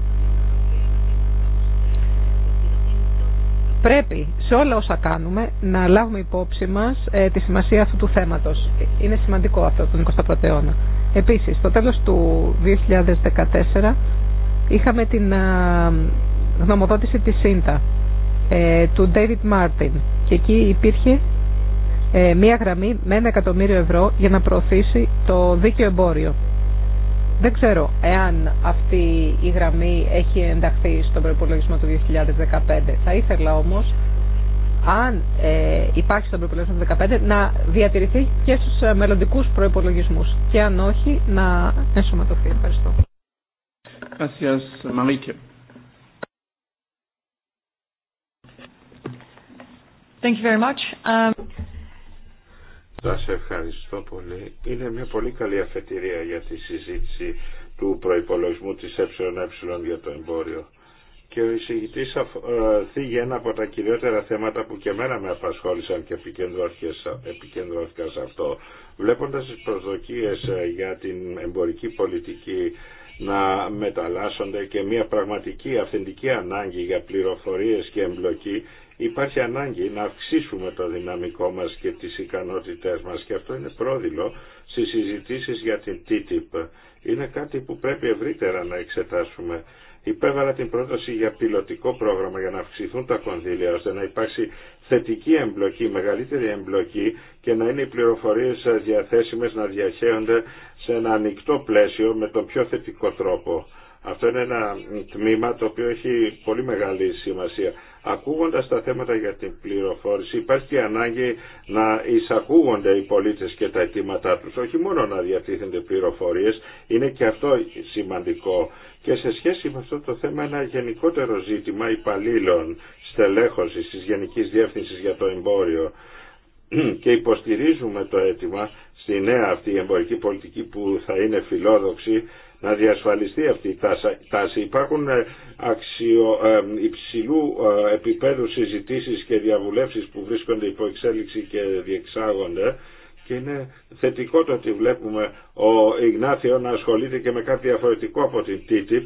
Πρέπει σε όλα όσα κάνουμε να λάβουμε υπόψη μας ε, τη σημασία αυτού του θέματος. Είναι σημαντικό αυτό τον 21ο αιώνα. Επίσης, στο τέλος του 2014 είχαμε την ε, γνωμοδότηση της ΣΥΝΤΑ του David Martin και εκεί υπήρχε μία γραμμή με ένα εκατομμύριο ευρώ για να προωθήσει το δίκαιο εμπόριο. Δεν ξέρω εάν αυτή η γραμμή έχει ενταχθεί στον προπολογισμό του 2015. Θα ήθελα όμως, αν ε, υπάρχει στον προπολογισμό του 2015, να διατηρηθεί και στους ε, μελλοντικούς προϋπολογισμούς και αν όχι, να ενσωματωθεί. Ευχαριστώ. Thank you very much. Um, Σα ευχαριστώ πολύ. Είναι μια πολύ καλή αφετηρία για τη συζήτηση του προπολογισμού της ΕΕ για το εμπόριο. Και ο εισηγητή ε, θίγει ένα από τα κυριότερα θέματα που και εμένα με απασχόλησαν και επικεντρώθηκα σε αυτό. Βλέποντας τις προσδοκίε ε, για την εμπορική πολιτική να μεταλλάσσονται και μια πραγματική αυθεντική ανάγκη για πληροφορίε και εμπλοκή υπάρχει ανάγκη να αυξήσουμε το δυναμικό μας και τις ικανότητές μας και αυτό είναι πρόδειλο στις συζητήσεις για την TTIP. Είναι κάτι που πρέπει ευρύτερα να εξετάσουμε. Υπέβαλα την πρόταση για πιλωτικό πρόγραμμα για να αυξηθούν τα κονδύλια ώστε να υπάρξει θετική εμπλοκή, μεγαλύτερη εμπλοκή και να είναι οι πληροφορίες διαθέσιμες να διαχέονται σε ένα ανοιχτό πλαίσιο με τον πιο θετικό τρόπο. Αυτό είναι ένα τμήμα το οποίο έχει πολύ μεγάλη σημασία. Ακούγοντας τα θέματα για την πληροφόρηση υπάρχει ανάγκη να εισακούγονται οι πολίτες και τα αιτήματά τους. Όχι μόνο να διατίθενται πληροφορίες, είναι και αυτό σημαντικό. Και σε σχέση με αυτό το θέμα ένα γενικότερο ζήτημα υπαλλήλων στελέχωσης τη Γενικής Διεύθυνσης για το Εμπόριο <clears throat> και υποστηρίζουμε το αίτημα στη νέα αυτή εμπορική πολιτική που θα είναι φιλόδοξη να διασφαλιστεί αυτή η τάση. Υπάρχουν ε, αξιο, ε, υψηλού ε, επίπεδου συζητήσεις και διαβουλεύσεις που βρίσκονται υπό εξέλιξη και διεξάγονται και είναι θετικό το ότι βλέπουμε ο Ιγνάθιο να ασχολείται και με κάτι διαφορετικό από την TTIP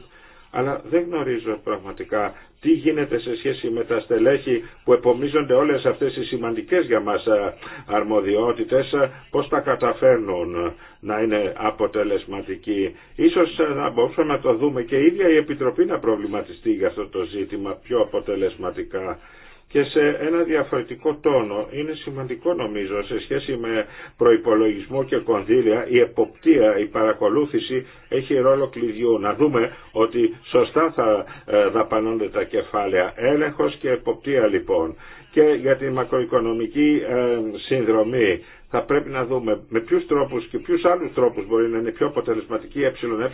αλλά δεν γνωρίζω πραγματικά τι γίνεται σε σχέση με τα στελέχη που επομίζονται όλες αυτές οι σημαντικές για μας ε, αρμοδιότητες, ε, πώς τα καταφέρνουν να είναι αποτελεσματικοί. Ίσως ε, να μπορούσαμε να το δούμε και η ίδια η Επιτροπή να προβληματιστεί για αυτό το ζήτημα πιο αποτελεσματικά και σε ένα διαφορετικό τόνο. Είναι σημαντικό νομίζω σε σχέση με προϋπολογισμό και κονδύλια η εποπτεία, η παρακολούθηση έχει ρόλο κλειδιού. Να δούμε ότι σωστά θα ε, δαπανώνται τα κεφάλαια. Έλεγχος και εποπτεία λοιπόν. Και για τη μακροοικονομική ε, συνδρομή θα πρέπει να δούμε με ποιους τρόπους και ποιους άλλους τρόπους μπορεί να είναι πιο αποτελεσματική ε,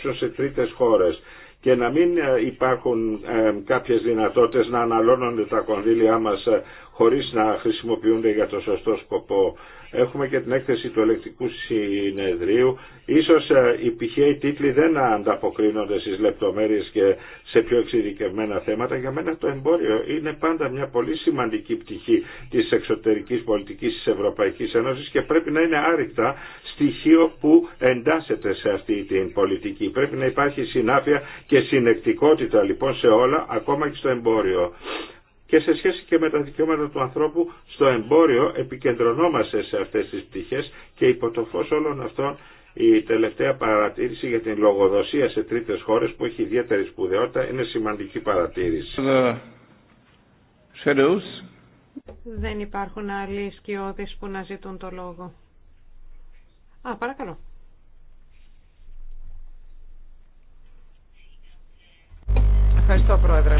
ε σε τρίτες χώρες και να μην ε, υπάρχουν ε, κάποιες δυνατότητες να αναλώνονται τα κονδύλια μας ε, χωρίς να χρησιμοποιούνται για το σωστό σκοπό. Έχουμε και την έκθεση του ελεκτικού συνεδρίου. Ίσως οι πηχαίοι τίτλοι δεν ανταποκρίνονται στις λεπτομέρειες και σε πιο εξειδικευμένα θέματα. Για μένα το εμπόριο είναι πάντα μια πολύ σημαντική πτυχή της εξωτερικής πολιτικής της Ευρωπαϊκής Ένωσης και πρέπει να είναι άρρηκτα στοιχείο που εντάσσεται σε αυτή την πολιτική. Πρέπει να υπάρχει συνάφεια και συνεκτικότητα λοιπόν σε όλα, ακόμα και στο εμπόριο. Και σε σχέση και με τα δικαιώματα του ανθρώπου, στο εμπόριο επικεντρωνόμαστε σε αυτές τις πτυχές και υπό το φως όλων αυτών η τελευταία παρατήρηση για την λογοδοσία σε τρίτες χώρες που έχει ιδιαίτερη σπουδαιότητα είναι σημαντική παρατήρηση. Δεν υπάρχουν άλλοι σκιώδεις που να ζητούν το λόγο. Α, παρακαλώ. Ευχαριστώ, Πρόεδρε.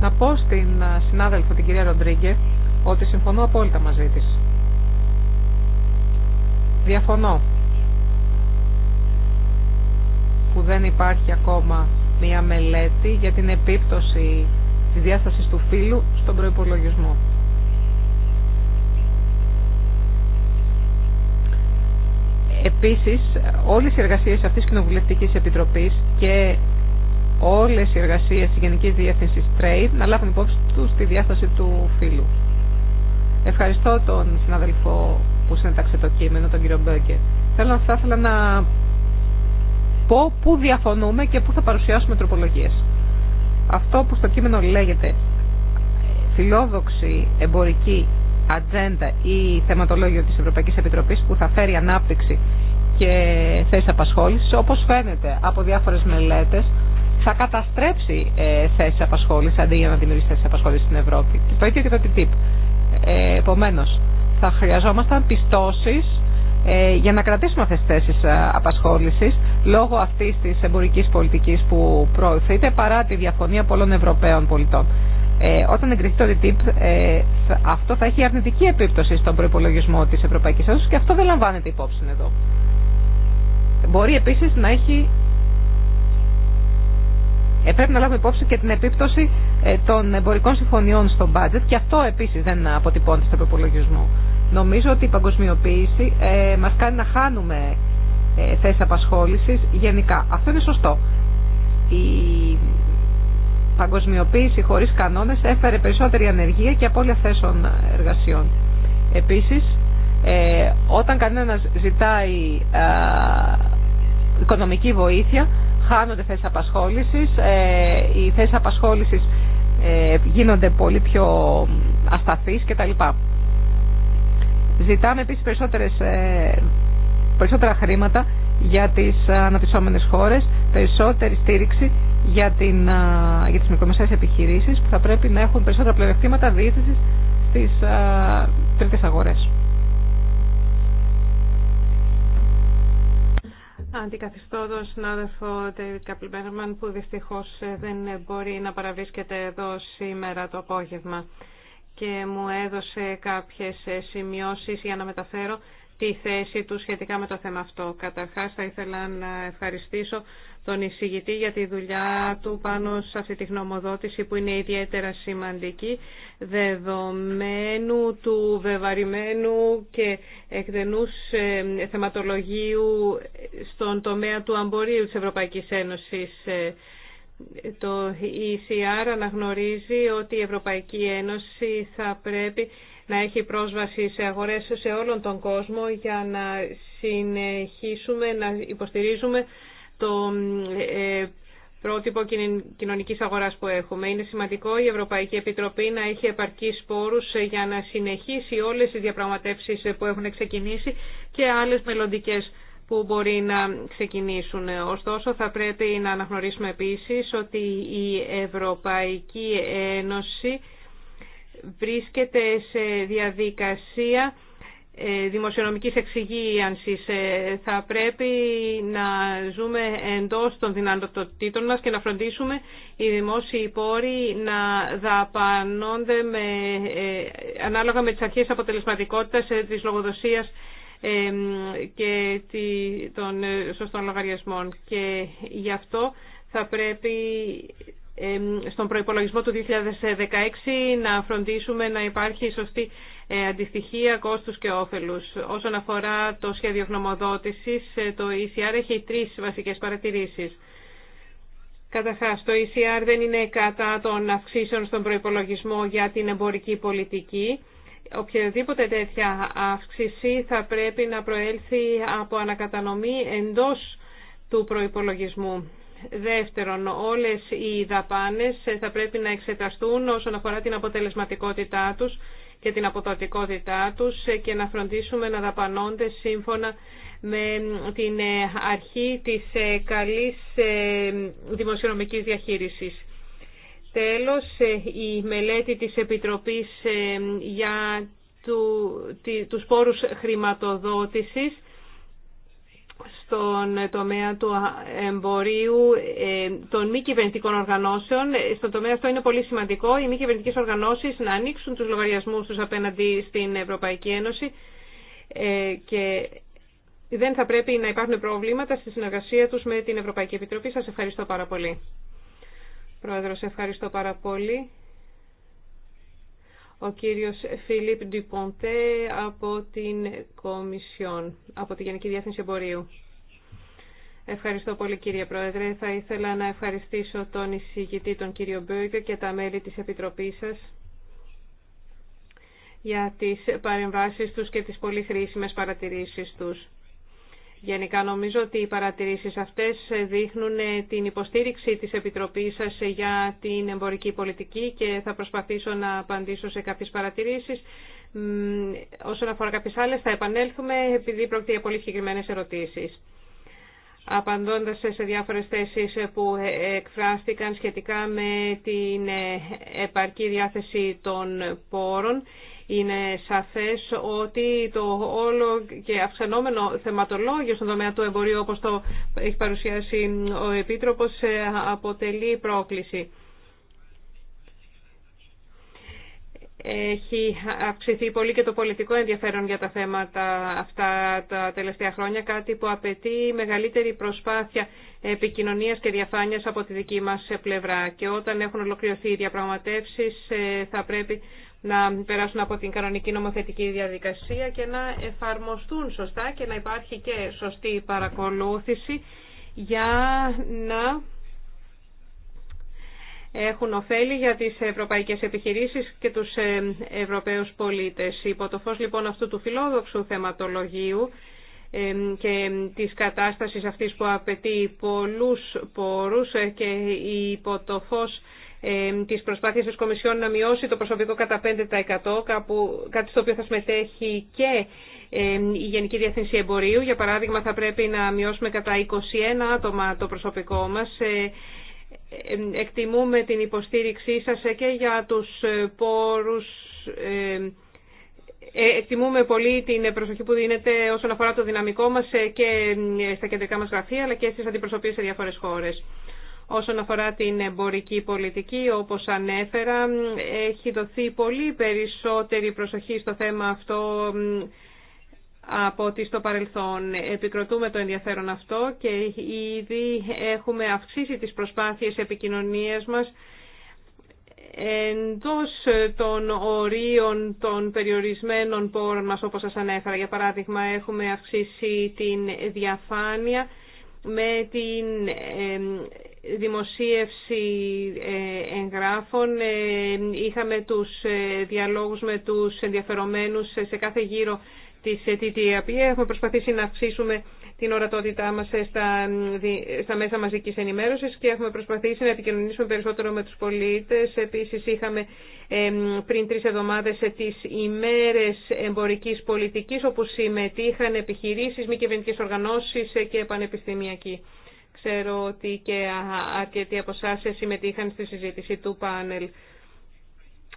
να πω στην ε, συνάδελφο την κυρία Ροντρίγκε ότι συμφωνώ απόλυτα μαζί της. Διαφωνώ που δεν υπάρχει ακόμα μία μελέτη για την επίπτωση της διάστασης του φύλου στον προϋπολογισμό. Επίσης, όλες οι εργασίες αυτής της Κοινοβουλευτικής Επιτροπής και όλες οι εργασίες της Γενική Διεύθυνση Trade να λάβουν υπόψη του τη διάσταση του φύλου. Ευχαριστώ τον συναδελφό που συνέταξε το κείμενο, τον κύριο Μπέγκε. Θέλω, να ήθελα να πω πού διαφωνούμε και πού θα παρουσιάσουμε τροπολογίες. Αυτό που στο κείμενο λέγεται φιλόδοξη εμπορική ατζέντα ή θεματολόγιο της Ευρωπαϊκής Επιτροπής που θα φέρει ανάπτυξη και θέσει απασχόληση. όπως φαίνεται από διάφορες μελέτες, θα καταστρέψει ε, θέσει απασχόληση αντί για να δημιουργήσει θέσει απασχόληση στην Ευρώπη. Το ίδιο και το TTIP. Ε, Επομένω, θα χρειαζόμασταν πιστώσει ε, για να κρατήσουμε αυτέ τι θέσει ε, απασχόληση λόγω αυτή τη εμπορική πολιτική που προωθείται παρά τη διαφωνία πολλών Ευρωπαίων πολιτών. Ε, όταν εγκριθεί το TTIP, ε, αυτό θα έχει αρνητική επίπτωση στον προπολογισμό τη Ευρωπαϊκή Ένωση και αυτό δεν λαμβάνεται υπόψη εδώ. Μπορεί επίση να έχει ε, πρέπει να λάβουμε υπόψη και την επίπτωση ε, των εμπορικών συμφωνιών στο μπάτζετ και αυτό επίσης δεν αποτυπώνεται στον προπολογισμό. Νομίζω ότι η παγκοσμιοποίηση ε, μας κάνει να χάνουμε ε, θέσεις απασχόλησης γενικά. Αυτό είναι σωστό. Η παγκοσμιοποίηση χωρίς κανόνες έφερε περισσότερη ανεργία και απώλεια θέσεων εργασιών. Επίσης, ε, όταν κανένας ζητάει οικονομική βοήθεια, χάνονται θέσεις απασχόλησης, ε, οι θέσεις απασχόλησης ε, γίνονται πολύ πιο ασταθείς κτλ. Ζητάμε επίσης περισσότερες, ε, περισσότερα χρήματα για τις αναπτυσσόμενε χώρες, περισσότερη στήριξη για, την, για τις μικρομεσαίες επιχειρήσεις που θα πρέπει να έχουν περισσότερα πλεονεκτήματα διήθησης στις τρίτες αγορές. Αντικαθιστώ τον συνάδελφο David Καπλμπέρμαν που δυστυχώς ε, δεν μπορεί να παραβρίσκεται εδώ σήμερα το απόγευμα και μου έδωσε κάποιες ε, σημειώσει για να μεταφέρω τη θέση του σχετικά με το θέμα αυτό. Καταρχάς θα ήθελα να ευχαριστήσω τον εισηγητή για τη δουλειά του πάνω σε αυτή τη γνωμοδότηση που είναι ιδιαίτερα σημαντική δεδομένου του βεβαρημένου και ε, θεματολογίου στον τομέα του αμπορίου της Ευρωπαϊκής Ένωσης. Ε, το ECR αναγνωρίζει ότι η Ευρωπαϊκή Ένωση θα πρέπει να έχει πρόσβαση σε αγορές σε όλον τον κόσμο για να συνεχίσουμε να υποστηρίζουμε το ε, ε, πρότυπο κοινωνικής αγοράς που έχουμε. Είναι σημαντικό η Ευρωπαϊκή Επιτροπή να έχει επαρκείς σπόρους ε, για να συνεχίσει όλες τις διαπραγματεύσεις που έχουν ξεκινήσει και άλλες μελλοντικές που μπορεί να ξεκινήσουν. Ωστόσο, θα πρέπει να αναγνωρίσουμε επίσης ότι η Ευρωπαϊκή Ένωση βρίσκεται σε διαδικασία ε, δημοσιονομικής εξυγίανσης. Ε, θα πρέπει να ζούμε εντός των δυνατοτήτων μας και να φροντίσουμε οι δημόσιοι πόροι να δαπανώνται με, ε, ανάλογα με τις αρχές αποτελεσματικότητας της λογοδοσίας και των σωστών λογαριασμών. Και γι' αυτό θα πρέπει στον προϋπολογισμό του 2016 να φροντίσουμε να υπάρχει σωστή ε, αντιστοιχεία κόστους και όφελους. Όσον αφορά το σχέδιο γνωμοδότησης, ε, το ECR έχει τρεις βασικές παρατηρήσεις. Καταρχά, το ECR δεν είναι κατά των αυξήσεων στον προϋπολογισμό για την εμπορική πολιτική. Οποιαδήποτε τέτοια αύξηση θα πρέπει να προέλθει από ανακατανομή εντός του προϋπολογισμού. Δεύτερον, όλες οι δαπάνες θα πρέπει να εξεταστούν όσον αφορά την αποτελεσματικότητά τους και την αποδοτικότητά τους και να φροντίσουμε να δαπανώνται σύμφωνα με την αρχή της καλής δημοσιονομικής διαχείρισης. Τέλος, η μελέτη της Επιτροπής ε, για του, τους πόρους χρηματοδότησης στον τομέα του εμπορίου ε, των μη κυβερνητικών οργανώσεων. Ε, στον τομέα αυτό είναι πολύ σημαντικό οι μη κυβερνητικέ οργανώσει να ανοίξουν του λογαριασμού του απέναντι στην Ευρωπαϊκή Ένωση ε, και δεν θα πρέπει να υπάρχουν προβλήματα στη συνεργασία τους με την Ευρωπαϊκή Επιτροπή. Σας ευχαριστώ πάρα πολύ. Πρόεδρος, ευχαριστώ πάρα πολύ ο κύριος Φίλιπ Ντυποντέ από την Κομισιόν, από τη Γενική Διεύθυνση Εμπορίου. Ευχαριστώ πολύ κύριε Πρόεδρε. Θα ήθελα να ευχαριστήσω τον εισηγητή τον κύριο Μπέγκε και τα μέλη της Επιτροπής σας για τις παρεμβάσεις τους και τις πολύ χρήσιμες παρατηρήσεις τους. Γενικά νομίζω ότι οι παρατηρήσεις αυτές δείχνουν ε, την υποστήριξη της Επιτροπής σας ε, για την εμπορική πολιτική και θα προσπαθήσω να απαντήσω σε κάποιες παρατηρήσεις. Όσον αφορά κάποιες άλλες θα επανέλθουμε επειδή πρόκειται για πολύ συγκεκριμένε ερωτήσεις. Απαντώντας σε διάφορες θέσεις ε, που εκφράστηκαν σχετικά με την επαρκή διάθεση των πόρων, είναι σαφές ότι το όλο και αυξανόμενο θεματολόγιο στον τομέα του εμπορίου όπως το έχει παρουσιάσει ο Επίτροπος ε, αποτελεί πρόκληση. Έχει αυξηθεί πολύ και το πολιτικό ενδιαφέρον για τα θέματα αυτά τα τελευταία χρόνια, κάτι που απαιτεί μεγαλύτερη προσπάθεια επικοινωνίας και διαφάνειας από τη δική μας πλευρά. Και όταν έχουν ολοκληρωθεί οι διαπραγματεύσεις ε, θα πρέπει να περάσουν από την κανονική νομοθετική διαδικασία και να εφαρμοστούν σωστά και να υπάρχει και σωστή παρακολούθηση για να έχουν ωφέλη για τις ευρωπαϊκές επιχειρήσεις και τους ε, ευρωπαίους πολίτες. Υπό το φως λοιπόν αυτού του φιλόδοξου θεματολογίου ε, και της κατάστασης αυτής που απαιτεί πολλούς πόρους ε, και υπό το φως τις προσπάθειες της Κομισιόν να μειώσει το προσωπικό κατά 5% κάτι στο οποίο θα συμμετέχει και η Γενική Διεθνήση Εμπορίου. Για παράδειγμα θα πρέπει να μειώσουμε κατά 21 άτομα το προσωπικό μας. Ε, εκτιμούμε την υποστήριξή σας ε, και για τους ε, πόρους εκτιμούμε πολύ την προσοχή που δίνεται όσον αφορά το δυναμικό μας και στα κεντρικά μας γραφεία αλλά και στις αντιπροσωπείες σε διάφορες χώρες. Όσον αφορά την εμπορική πολιτική, όπως ανέφερα, έχει δοθεί πολύ περισσότερη προσοχή στο θέμα αυτό από ότι στο παρελθόν επικροτούμε το ενδιαφέρον αυτό και ήδη έχουμε αυξήσει τις προσπάθειες επικοινωνίας μας εντός των ορίων των περιορισμένων πόρων μας όπως σας ανέφερα. Για παράδειγμα έχουμε αυξήσει την διαφάνεια με την ε, δημοσίευση ε, εγγράφων, ε, είχαμε τους ε, διαλόγους με τους ενδιαφερομένους σε κάθε γύρο της TTIP. Έχουμε προσπαθήσει να αυξήσουμε την ορατότητά μας στα, στα μέσα μαζικής ενημέρωσης και έχουμε προσπαθήσει να επικοινωνήσουμε περισσότερο με τους πολίτες. Επίσης είχαμε πριν τρεις εβδομάδες τις ημέρες εμπορικής πολιτικής όπου συμμετείχαν επιχειρήσεις, μη κυβερνητικέ οργανώσεις και πανεπιστημιακοί. Ξέρω ότι και αρκετοί από εσά συμμετείχαν στη συζήτηση του πάνελ.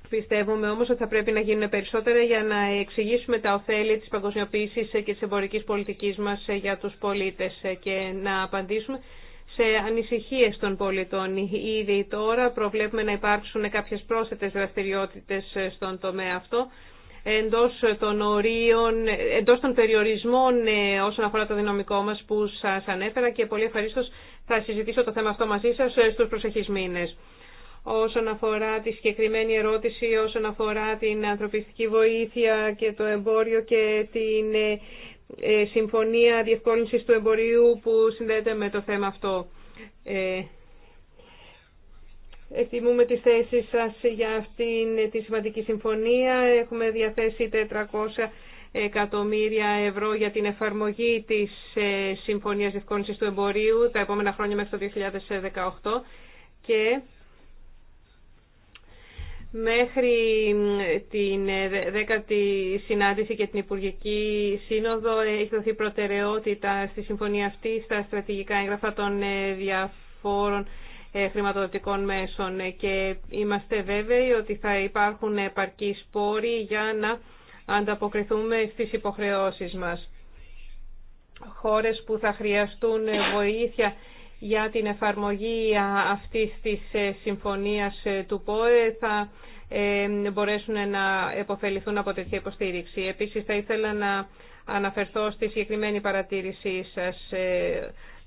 Πιστεύουμε όμως ότι θα πρέπει να γίνουν περισσότερα για να εξηγήσουμε τα ωφέλη της παγκοσμιοποίησης και τη εμπορική πολιτικής μας για τους πολίτες και να απαντήσουμε σε ανησυχίες των πολιτών. Ήδη τώρα προβλέπουμε να υπάρξουν κάποιες πρόσθετες δραστηριότητε στον τομέα αυτό εντός των ορίων, εντός των περιορισμών ε, όσον αφορά το δυναμικό μας που σας ανέφερα και πολύ ευχαριστώ θα συζητήσω το θέμα αυτό μαζί σας ε, στους προσεχείς μήνες. Όσον αφορά τη συγκεκριμένη ερώτηση, όσον αφορά την ανθρωπιστική βοήθεια και το εμπόριο και την ε, συμφωνία διευκόλυνσης του εμπορίου που συνδέεται με το θέμα αυτό. Εκτιμούμε τις θέσεις σας για αυτήν τη σημαντική συμφωνία. Έχουμε διαθέσει 400 εκατομμύρια ευρώ για την εφαρμογή της ε, Συμφωνίας Διευκόνησης του Εμπορίου τα επόμενα χρόνια μέχρι το 2018 και μέχρι την ε, δέκατη συνάντηση και την Υπουργική Σύνοδο έχει δοθεί προτεραιότητα στη συμφωνία αυτή στα στρατηγικά έγγραφα των ε, διαφόρων ε, χρηματοδοτικών μέσων ε, και είμαστε βέβαιοι ότι θα υπάρχουν επαρκή σπόροι για να ανταποκριθούμε στις υποχρεώσεις μας. Χώρες που θα χρειαστούν βοήθεια για την εφαρμογή αυτής της ε, συμφωνίας του ΠΟΕ θα μπορέσουν να επωφεληθούν από τέτοια υποστήριξη. Επίσης θα ήθελα να αναφερθώ στη συγκεκριμένη παρατήρησή σας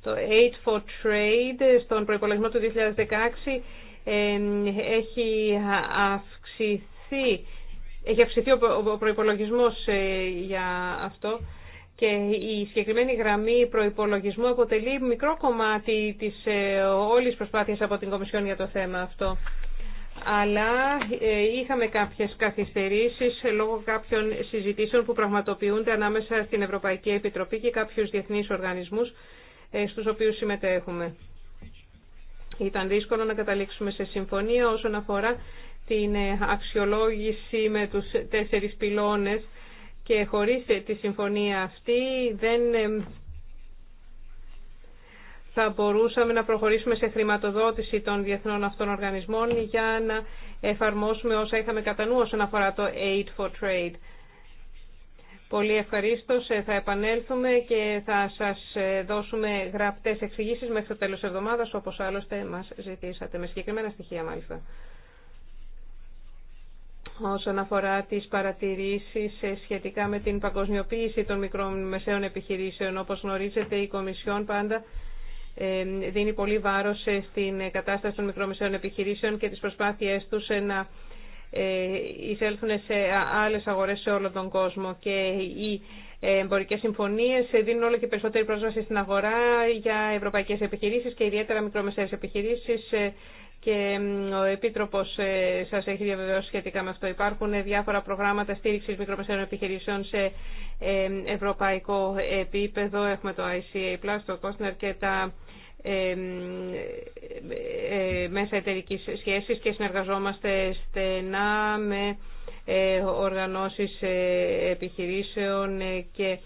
το Aid for Trade στον προϋπολογισμό του 2016 έχει αυξηθεί, έχει ο προϋπολογισμός ε, για αυτό και η συγκεκριμένη γραμμή προϋπολογισμού αποτελεί μικρό κομμάτι της ε, όλης προσπάθειας από την Κομισιόν για το θέμα αυτό. Αλλά ε, είχαμε κάποιες καθυστερήσεις λόγω κάποιων συζητήσεων που πραγματοποιούνται ανάμεσα στην Ευρωπαϊκή Επιτροπή και κάποιους διεθνείς οργανισμούς ε, στους οποίους συμμετέχουμε. Ήταν δύσκολο να καταλήξουμε σε συμφωνία όσον αφορά την ε, αξιολόγηση με τους τέσσερις πυλώνες και χωρίς ε, τη συμφωνία αυτή δεν θα μπορούσαμε να προχωρήσουμε σε χρηματοδότηση των διεθνών αυτών οργανισμών για να εφαρμόσουμε όσα είχαμε κατά νου όσον αφορά το Aid for Trade. Πολύ ευχαρίστω. Ε, θα επανέλθουμε και θα σας ε, δώσουμε γραπτές εξηγήσεις μέχρι το τέλος της εβδομάδας, όπως άλλωστε μας ζητήσατε, με συγκεκριμένα στοιχεία μάλιστα. Όσον αφορά τις παρατηρήσεις ε, σχετικά με την παγκοσμιοποίηση των μικρών μεσαίων επιχειρήσεων, όπως γνωρίζετε η Κομισιόν πάντα δίνει πολύ βάρος στην κατάσταση των μικρομεσαίων επιχειρήσεων και τις προσπάθειές τους να ε, εισέλθουν σε άλλες αγορές σε όλο τον κόσμο και οι εμπορικές συμφωνίες δίνουν όλο και περισσότερη πρόσβαση στην αγορά για ευρωπαϊκές επιχειρήσεις και ιδιαίτερα μικρομεσαίες επιχειρήσεις ε, και ο Επίτροπος ε, σας έχει διαβεβαιώσει σχετικά με αυτό. Υπάρχουν διάφορα προγράμματα στήριξης μικρομεσαίων επιχειρήσεων σε ευρωπαϊκό επίπεδο. Έχουμε το ICA+, το Κόσνερ και τα ε, μέσα εταιρική σχέσης και συνεργαζόμαστε στενά με ε, οργανώσεις ε, επιχειρήσεων και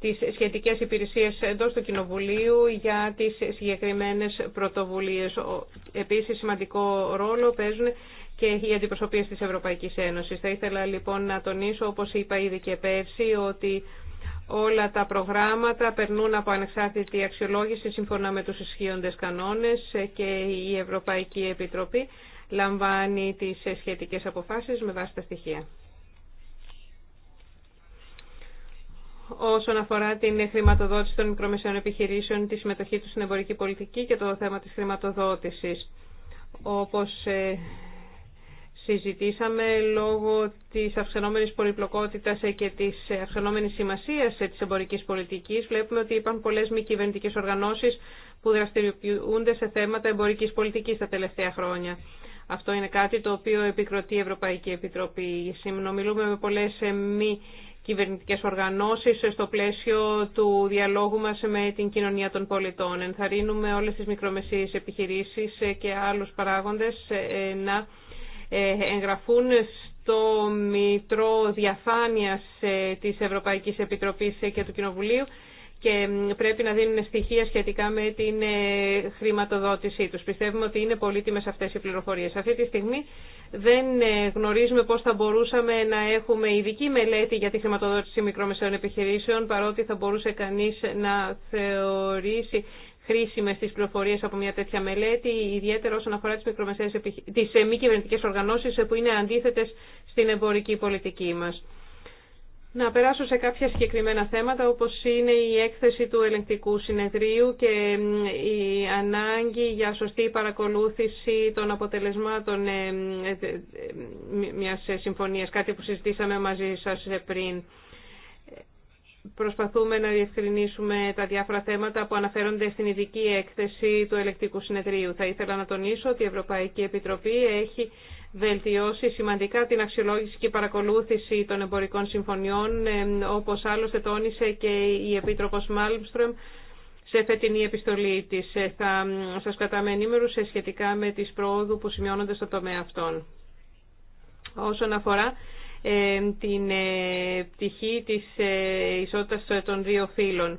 τις σχετικές υπηρεσίες εντός του Κοινοβουλίου για τις συγκεκριμένες πρωτοβουλίες. Επίσης σημαντικό ρόλο παίζουν και οι αντιπροσωπείες της Ευρωπαϊκής Ένωσης. Θα ήθελα λοιπόν να τονίσω, όπως είπα ήδη και πέρσι, ότι Όλα τα προγράμματα περνούν από ανεξάρτητη αξιολόγηση σύμφωνα με τους ισχύοντες κανόνες και η Ευρωπαϊκή Επιτροπή λαμβάνει τις σχετικές αποφάσεις με βάση τα στοιχεία. όσον αφορά την χρηματοδότηση των μικρομεσαίων επιχειρήσεων, τη συμμετοχή του στην εμπορική πολιτική και το θέμα της χρηματοδότησης. Όπως ε, συζητήσαμε λόγω της αυξανόμενης πολυπλοκότητας και της αυξανόμενης σημασίας της εμπορικής πολιτικής. Βλέπουμε ότι υπάρχουν πολλές μη κυβερνητικέ οργανώσεις που δραστηριοποιούνται σε θέματα εμπορικής πολιτικής τα τελευταία χρόνια. Αυτό είναι κάτι το οποίο επικροτεί η Ευρωπαϊκή Επιτροπή. Συνομιλούμε με πολλές μη κυβερνητικές οργανώσεις στο πλαίσιο του διαλόγου μας με την κοινωνία των πολιτών. Ενθαρρύνουμε όλες τις μικρομεσαίες επιχειρήσεις και άλλους παράγοντες να ε, εγγραφούν στο Μητρό Διαφάνειας ε, της Ευρωπαϊκής Επιτροπής ε, και του Κοινοβουλίου και πρέπει να δίνουν στοιχεία σχετικά με την χρηματοδότησή τους. Πιστεύουμε ότι είναι πολύτιμες αυτές οι πληροφορίες. Αυτή τη στιγμή δεν γνωρίζουμε πώς θα μπορούσαμε να έχουμε ειδική μελέτη για τη χρηματοδότηση μικρομεσαίων επιχειρήσεων, παρότι θα μπορούσε κανείς να θεωρήσει χρήσιμες τις πληροφορίε από μια τέτοια μελέτη, ιδιαίτερα όσον αφορά τι τις ε, μη κυβερνητικέ οργανώσει, ε, που είναι αντίθετες στην εμπορική πολιτική μας. Να περάσω σε κάποια συγκεκριμένα θέματα όπως είναι η έκθεση του ελεγκτικού συνεδρίου και η ανάγκη για σωστή παρακολούθηση των αποτελεσμάτων ε, μια συμφωνίας, κάτι που συζητήσαμε μαζί σας πριν προσπαθούμε να διευκρινίσουμε τα διάφορα θέματα που αναφέρονται στην ειδική έκθεση του Ελεκτικού Συνεδρίου. Θα ήθελα να τονίσω ότι η Ευρωπαϊκή Επιτροπή έχει βελτιώσει σημαντικά την αξιολόγηση και παρακολούθηση των εμπορικών συμφωνιών, ε, όπως άλλωστε τόνισε και η Επίτροπος Μάλμστρομ σε φετινή επιστολή της. Ε, θα σας κατάμε ενήμερους σχετικά με τις πρόοδου που σημειώνονται στο τομέα αυτών. Όσον αφορά την ε, πτυχή της ε, ισότητας ε, των δύο φύλων.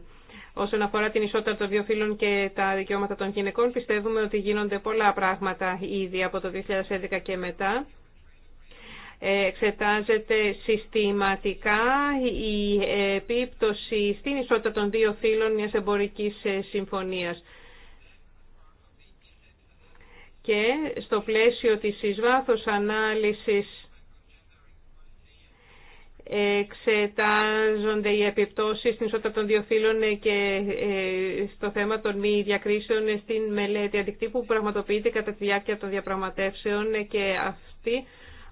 Όσον αφορά την ισότητα των δύο φύλων και τα δικαιώματα των γυναικών, πιστεύουμε ότι γίνονται πολλά πράγματα ήδη από το 2011 και μετά. Εξετάζεται συστηματικά η επίπτωση στην ισότητα των δύο φύλων μιας εμπορικής συμφωνίας. Και στο πλαίσιο της εισβάθος ανάλυσης εξετάζονται οι επιπτώσεις στην ισότητα των δύο φύλων και ε, στο θέμα των μη διακρίσεων στην μελέτη αντικτύπου που πραγματοποιείται κατά τη διάρκεια των διαπραγματεύσεων και αυτή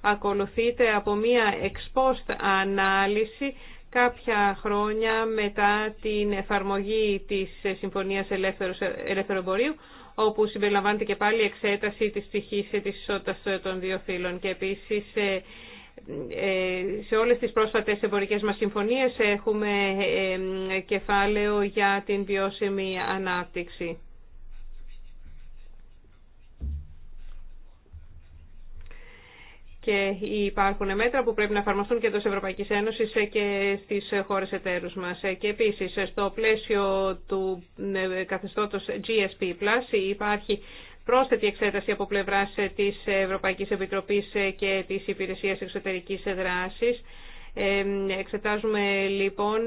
ακολουθείται από μία εξπόστ ανάλυση κάποια χρόνια μετά την εφαρμογή της Συμφωνίας Ελεύθερου Εμπορίου όπου συμπεριλαμβάνεται και πάλι εξέταση της ψυχής της ισότητας των δύο φύλων και επίσης ε, ε, σε όλες τις πρόσφατες εμπορικές μας συμφωνίες έχουμε κεφάλαιο για την βιώσιμη ανάπτυξη. Και υπάρχουν μέτρα που πρέπει να εφαρμοστούν και εντός Ευρωπαϊκή Ένωση και στις χώρες εταίρους μας. Και επίσης, στο πλαίσιο του ε, καθεστώτος GSP, υπάρχει πρόσθετη εξέταση από πλευρά ε, της Ευρωπαϊκής Επιτροπής ε, και της Υπηρεσίας Εξωτερικής Δράσης. Ε, εξετάζουμε λοιπόν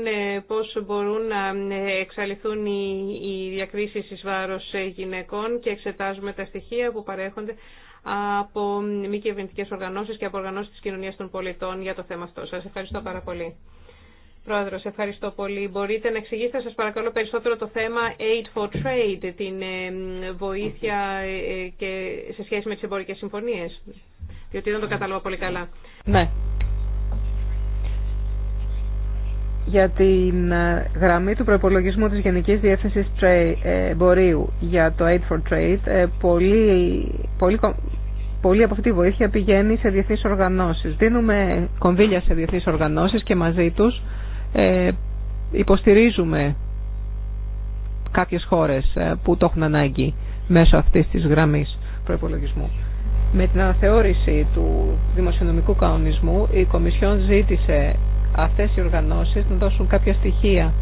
πώς μπορούν να εξαλειφθούν οι διακρίσεις εις βάρος γυναικών και εξετάζουμε τα στοιχεία που παρέχονται από μη κυβερνητικέ οργανώσεις και από οργανώσεις της κοινωνίας των πολιτών για το θέμα αυτό. Σας ευχαριστώ πάρα πολύ. Πρόεδρο. ευχαριστώ πολύ. Μπορείτε να εξηγήσετε σα παρακαλώ περισσότερο το θέμα Aid for Trade, την ε, βοήθεια ε, και σε σχέση με τι εμπορικέ συμφωνίε. διότι δεν το κατάλαβα πολύ καλά. Ναι. Για την ε, γραμμή του προπολογισμού της Γενικής Διεύθυνσης Εμπορίου για το Aid for Trade, πολύ, πολύ πολλή από αυτή τη βοήθεια πηγαίνει σε διεθνείς οργανώσεις. Δίνουμε κονδύλια σε διεθνείς οργανώσεις και μαζί τους ε, υποστηρίζουμε κάποιες χώρες ε, που το έχουν ανάγκη μέσω αυτής της γραμμής προϋπολογισμού. Με την αναθεώρηση του δημοσιονομικού κανονισμού η Κομισιόν ζήτησε αυτές οι οργανώσεις να δώσουν κάποια στοιχεία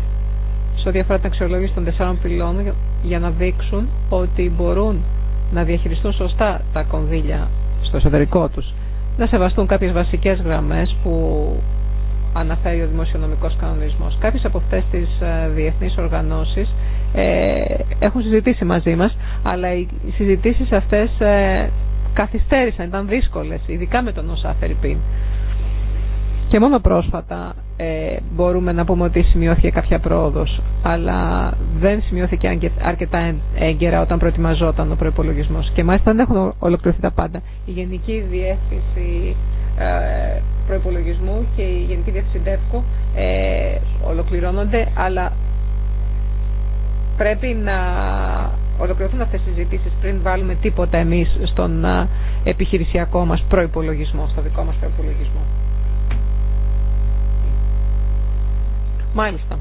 στο ό,τι αφορά την αξιολόγηση των τεσσάρων πυλών για να δείξουν ότι μπορούν να διαχειριστούν σωστά τα κονδύλια στο εσωτερικό τους, να σεβαστούν κάποιες βασικές γραμμές που αναφέρει ο δημοσιονομικός κανονισμός. Κάποιες από αυτές τις ε, διεθνείς οργανώσεις ε, έχουν συζητήσει μαζί μας, αλλά οι συζητήσεις αυτές ε, καθυστέρησαν, ήταν δύσκολες, ειδικά με τον Οσάφερ Φερρυπίν. Και μόνο πρόσφατα ε, μπορούμε να πούμε ότι σημειώθηκε κάποια πρόοδος, αλλά δεν σημειώθηκε αρκετά έγκαιρα όταν προετοιμαζόταν ο προϋπολογισμός. Και μάλιστα δεν έχουν ολοκληρωθεί τα πάντα. Η Γενική Διεύθυνση ε, Προϋπολογισμού και η Γενική Διεύθυνση ΔΕΦΚΟ ε, ολοκληρώνονται, αλλά πρέπει να ολοκληρωθούν αυτές τι συζητήσεις πριν βάλουμε τίποτα εμείς στον ε, επιχειρησιακό μας προϋπολογισμό, στο δικό μας προϋπολογισμό. Μάλιστα.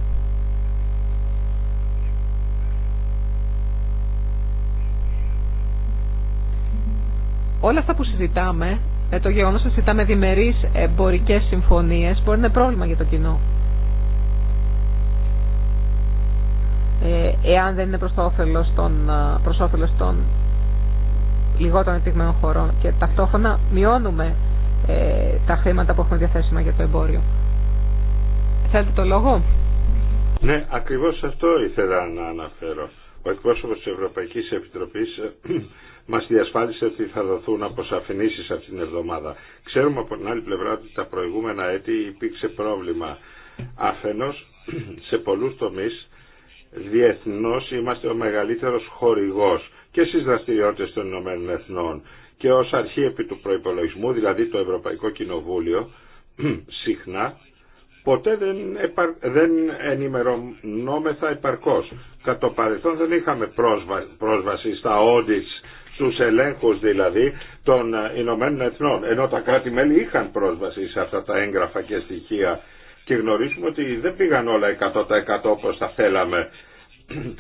Όλα αυτά που συζητάμε, ε, το γεγονός ότι συζητάμε διμερείς εμπορικές συμφωνίες, μπορεί να είναι πρόβλημα για το κοινό. Ε, εάν δεν είναι προς, το όφελος των, ε, λιγότερων επιτυγμένων χωρών και ταυτόχρονα μειώνουμε ε, τα χρήματα που έχουμε διαθέσιμα για το εμπόριο. Θέλετε το λόγο. Ναι, ακριβώς αυτό ήθελα να αναφέρω. Ο εκπρόσωπο τη Ευρωπαϊκή Επιτροπή ε, <clears throat> μας διασφάλισε ότι θα δοθούν αποσαφηνήσει αυτήν την εβδομάδα. Ξέρουμε από την άλλη πλευρά ότι τα προηγούμενα έτη υπήρξε πρόβλημα. Αφενός, <clears throat> σε πολλούς τομείς, διεθνώ είμαστε ο μεγαλύτερος χορηγός και στι δραστηριότητε των Ηνωμένων Εθνών και ως αρχή επί του προπολογισμού, δηλαδή το Ευρωπαϊκό Κοινοβούλιο, <clears throat> συχνά ποτέ δεν, επαρ... δεν ενημερωνόμεθα επαρκώς. Κατ' το παρελθόν δεν είχαμε πρόσβαση στα audits, στους ελέγχους δηλαδή των ε, Ηνωμένων Εθνών, ενώ τα κράτη-μέλη είχαν πρόσβαση σε αυτά τα έγγραφα και στοιχεία και γνωρίζουμε ότι δεν πήγαν όλα 100% όπως τα θέλαμε. <clears throat>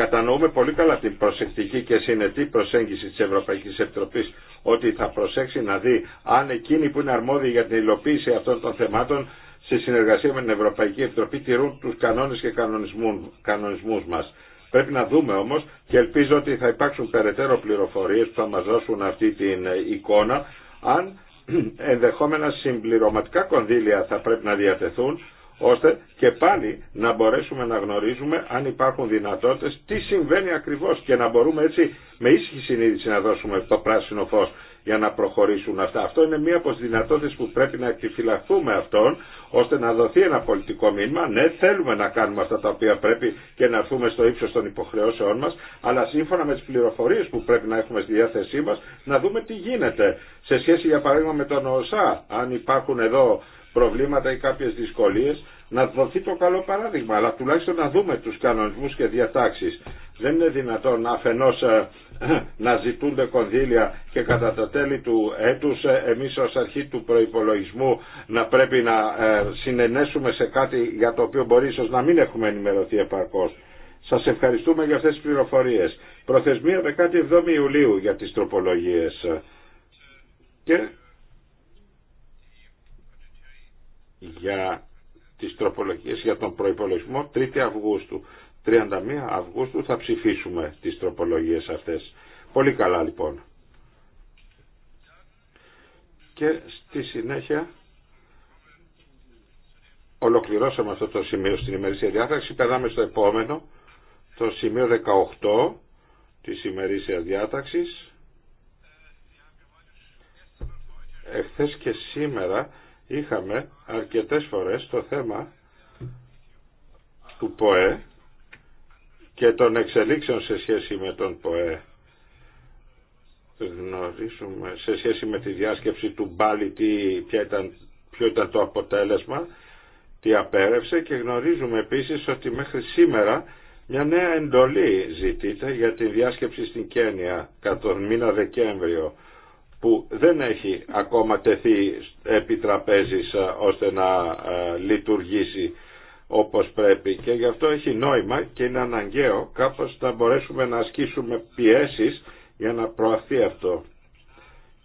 Κατανοούμε πολύ καλά την προσεκτική και συνετή προσέγγιση της Ευρωπαϊκής Επιτροπής ότι θα προσέξει να δει αν εκείνοι που είναι αρμόδιοι για την υλοποίηση αυτών των θεμάτων Στη συνεργασία με την Ευρωπαϊκή Επιτροπή τηρούν τους κανόνες και κανονισμούς μας. Πρέπει να δούμε όμως και ελπίζω ότι θα υπάρξουν περαιτέρω πληροφορίες που θα μας δώσουν αυτή την εικόνα αν <clears throat> ενδεχόμενα συμπληρωματικά κονδύλια θα πρέπει να διατεθούν ώστε και πάλι να μπορέσουμε να γνωρίζουμε αν υπάρχουν δυνατότητες τι συμβαίνει ακριβώς και να μπορούμε έτσι με ήσυχη συνείδηση να δώσουμε το πράσινο φως για να προχωρήσουν αυτά. Αυτό είναι μία από τι δυνατότητε που πρέπει να επιφυλαχθούμε αυτών ώστε να δοθεί ένα πολιτικό μήνυμα. Ναι, θέλουμε να κάνουμε αυτά τα οποία πρέπει και να έρθουμε στο ύψο των υποχρεώσεών μα, αλλά σύμφωνα με τι πληροφορίε που πρέπει να έχουμε στη διάθεσή μα, να δούμε τι γίνεται. Σε σχέση για παράδειγμα με τον ΩΣΑ. αν υπάρχουν εδώ προβλήματα ή κάποιε δυσκολίε να δοθεί το καλό παράδειγμα, αλλά τουλάχιστον να δούμε του κανονισμού και διατάξει. Δεν είναι δυνατόν αφενό ε, να ζητούνται κονδύλια και κατά το τέλη του έτους ε, εμείς ως αρχή του προϋπολογισμού να πρέπει να ε, συνενέσουμε σε κάτι για το οποίο μπορεί ίσως να μην έχουμε ενημερωθεί επαρκώς. Σας ευχαριστούμε για αυτές τις πληροφορίες. Προθεσμία 17 Ιουλίου για τις τροπολογίες. Και για τις τροπολογίες για τον προϋπολογισμό 3 Αυγούστου. 31 Αυγούστου θα ψηφίσουμε τις τροπολογίες αυτές. Πολύ καλά λοιπόν. Και στη συνέχεια ολοκληρώσαμε αυτό το σημείο στην ημερήσια διάταξη. Περνάμε στο επόμενο, το σημείο 18 της ημερήσια διάταξης. Εχθές και σήμερα είχαμε αρκετές φορές το θέμα του ΠΟΕ και των εξελίξεων σε σχέση με τον ΠΟΕ. Γνωρίζουμε σε σχέση με τη διάσκεψη του Μπάλι ήταν, ποιο ήταν το αποτέλεσμα, τι απέρευσε και γνωρίζουμε επίσης ότι μέχρι σήμερα μια νέα εντολή ζητείται για τη διάσκεψη στην Κένια κατά τον μήνα Δεκέμβριο που δεν έχει ακόμα τεθεί επί τραπέζης ε, ώστε να ε, λειτουργήσει όπως πρέπει και γι' αυτό έχει νόημα και είναι αναγκαίο κάπως να μπορέσουμε να ασκήσουμε πιέσεις για να προαθεί αυτό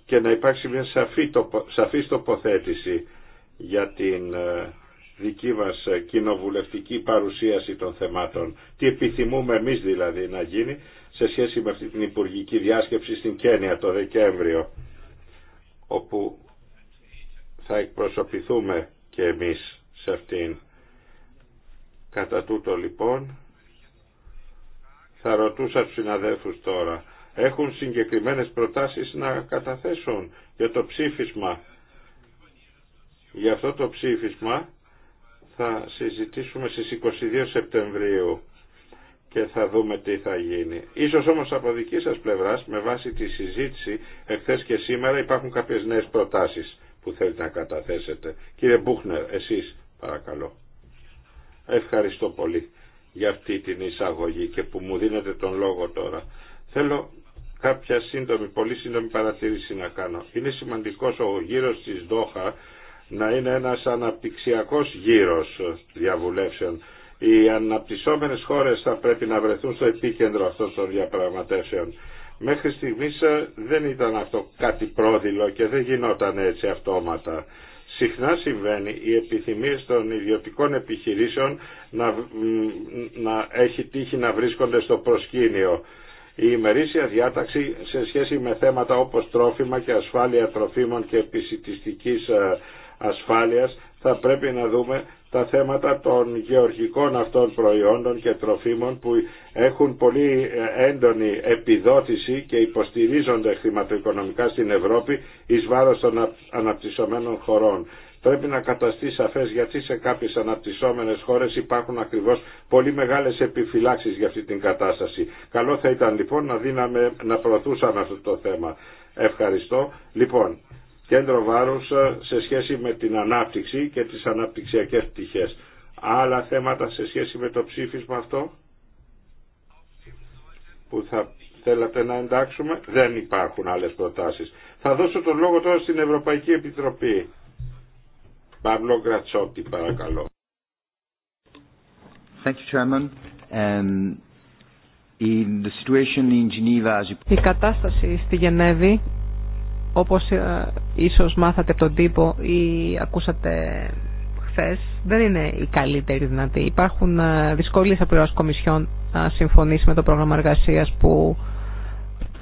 και να υπάρξει μια σαφή τοπο, τοποθέτηση για την ε, δική μας ε, κοινοβουλευτική παρουσίαση των θεμάτων. Τι επιθυμούμε εμείς δηλαδή να γίνει σε σχέση με αυτή την υπουργική διάσκεψη στην Κένια το Δεκέμβριο όπου θα εκπροσωπηθούμε και εμείς σε αυτήν. Κατά τούτο λοιπόν θα ρωτούσα τους συναδέλφους τώρα. Έχουν συγκεκριμένες προτάσεις να καταθέσουν για το ψήφισμα. Για αυτό το ψήφισμα θα συζητήσουμε στις 22 Σεπτεμβρίου και θα δούμε τι θα γίνει. Ίσως όμως από δική σας πλευράς, με βάση τη συζήτηση εχθές και σήμερα, υπάρχουν κάποιες νέες προτάσεις που θέλετε να καταθέσετε. Κύριε Μπούχνερ, εσείς παρακαλώ. Ευχαριστώ πολύ για αυτή την εισαγωγή και που μου δίνετε τον λόγο τώρα. Θέλω κάποια σύντομη, πολύ σύντομη παρατήρηση να κάνω. Είναι σημαντικός ο γύρος της Δόχα να είναι ένας αναπτυξιακός γύρος διαβουλεύσεων. Οι αναπτυσσόμενες χώρες θα πρέπει να βρεθούν στο επίκεντρο αυτών των διαπραγματεύσεων. Μέχρι στιγμής ε, δεν ήταν αυτό κάτι πρόδειλο και δεν γινόταν έτσι αυτόματα συχνά συμβαίνει η επιθυμία των ιδιωτικών επιχειρήσεων να, να έχει τύχη να βρίσκονται στο προσκήνιο. Η ημερήσια διάταξη σε σχέση με θέματα όπως τρόφιμα και ασφάλεια τροφίμων και επισητιστικής ε, ασφάλειας θα πρέπει να δούμε τα θέματα των γεωργικών αυτών προϊόντων και τροφίμων που έχουν πολύ ε, έντονη επιδότηση και υποστηρίζονται χρηματοοικονομικά στην Ευρώπη εις βάρος των αναπτυσσομένων χωρών. Πρέπει να καταστεί σαφές γιατί σε κάποιες αναπτυσσόμενες χώρες υπάρχουν ακριβώς πολύ μεγάλες επιφυλάξει για αυτή την κατάσταση. Καλό θα ήταν λοιπόν να, δίναμε, να προωθούσαμε αυτό το θέμα. Ευχαριστώ. Λοιπόν, κέντρο βάρους ε, σε σχέση με την ανάπτυξη και τις αναπτυξιακές πτυχές. Άλλα θέματα σε σχέση με το ψήφισμα αυτό που θα θέλατε να εντάξουμε. Δεν υπάρχουν άλλες προτάσεις. Θα δώσω τον λόγο τώρα στην Ευρωπαϊκή Επιτροπή. Παύλο Γκρατσότη παρακαλώ. Thank you, um, in the in Η κατάσταση στη Γενέβη όπως ε, ίσως μάθατε από τον τύπο ή ακούσατε χθες, δεν είναι η καλύτερη δυνατή. Υπάρχουν ε, δυσκολίες από πλευράς να συμφωνήσει με το πρόγραμμα εργασίας που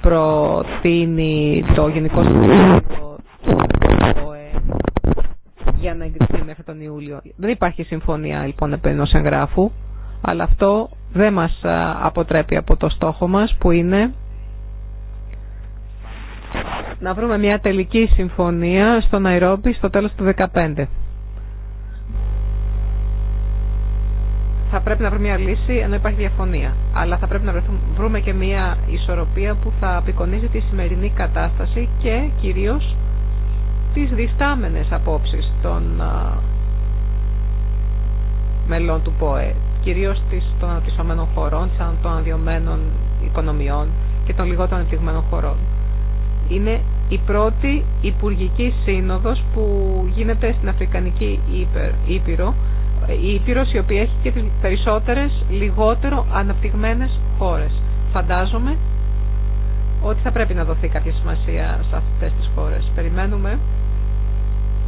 προτείνει το Γενικό Συμβούλιο για να εγκριθεί μέχρι τον Ιούλιο. Δεν υπάρχει συμφωνία λοιπόν επένδυνος εγγράφου, αλλά αυτό δεν μας ε, αποτρέπει από το στόχο μας που είναι να βρούμε μια τελική συμφωνία στο Ναϊρόμπι στο τέλος του 2015. Θα πρέπει να βρούμε μια λύση ενώ υπάρχει διαφωνία. Αλλά θα πρέπει να βρούμε και μια ισορροπία που θα απεικονίζει τη σημερινή κατάσταση και κυρίως τις διστάμενες απόψεις των μελών του ΠΟΕ, κυρίως των αναπτυσσόμενων χωρών, των αδειωμένων οικονομιών και των λιγότερων ανεπτυγμένων χωρών. Είναι η πρώτη Υπουργική Σύνοδος που γίνεται στην Αφρικανική Ήπειρο, η Ήπειρος η οποία έχει και τις περισσότερες λιγότερο αναπτυγμένες χώρες. Φαντάζομαι ότι θα πρέπει να δοθεί κάποια σημασία σε αυτές τις χώρες. Περιμένουμε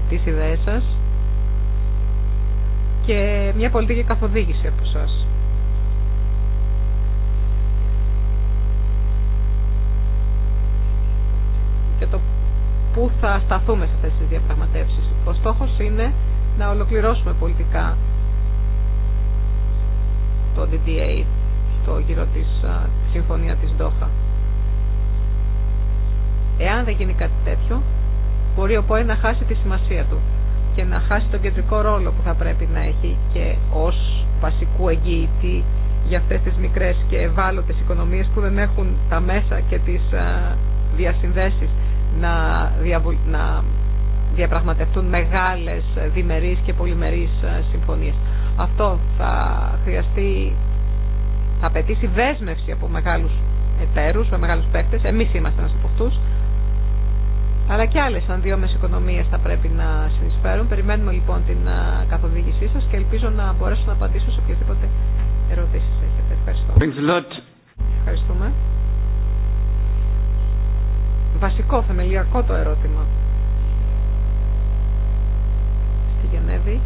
τις ιδέες σας και μια πολιτική καθοδήγηση από σας. και το πού θα σταθούμε σε αυτές τις διαπραγματεύσεις. Ο στόχος είναι να ολοκληρώσουμε πολιτικά το DDA, το γύρο της τη συμφωνία της Ντόχα. Εάν δεν γίνει κάτι τέτοιο, μπορεί ο ΠΟΕ να χάσει τη σημασία του και να χάσει τον κεντρικό ρόλο που θα πρέπει να έχει και ως βασικού εγγυητή για αυτές τις μικρές και ευάλωτες οικονομίες που δεν έχουν τα μέσα και τις διασυνδέσεις να, να διαπραγματευτούν μεγάλες ε, διμερείς και πολυμερείς ε, συμφωνίες. Αυτό θα χρειαστεί, θα απαιτήσει δέσμευση από μεγάλους εταίρους, με μεγάλους παίκτες, εμείς είμαστε ένας από αυτούς, αλλά και άλλες δύο οικονομίες θα πρέπει να συνεισφέρουν. Περιμένουμε λοιπόν την ε, καθοδήγησή σας και ελπίζω να μπορέσω να απαντήσω σε οποιοδήποτε ερωτήσεις έχετε. Ευχαριστώ. Ευχαριστούμε βασικό, θεμελιακό το ερώτημα. Στη Γενέβη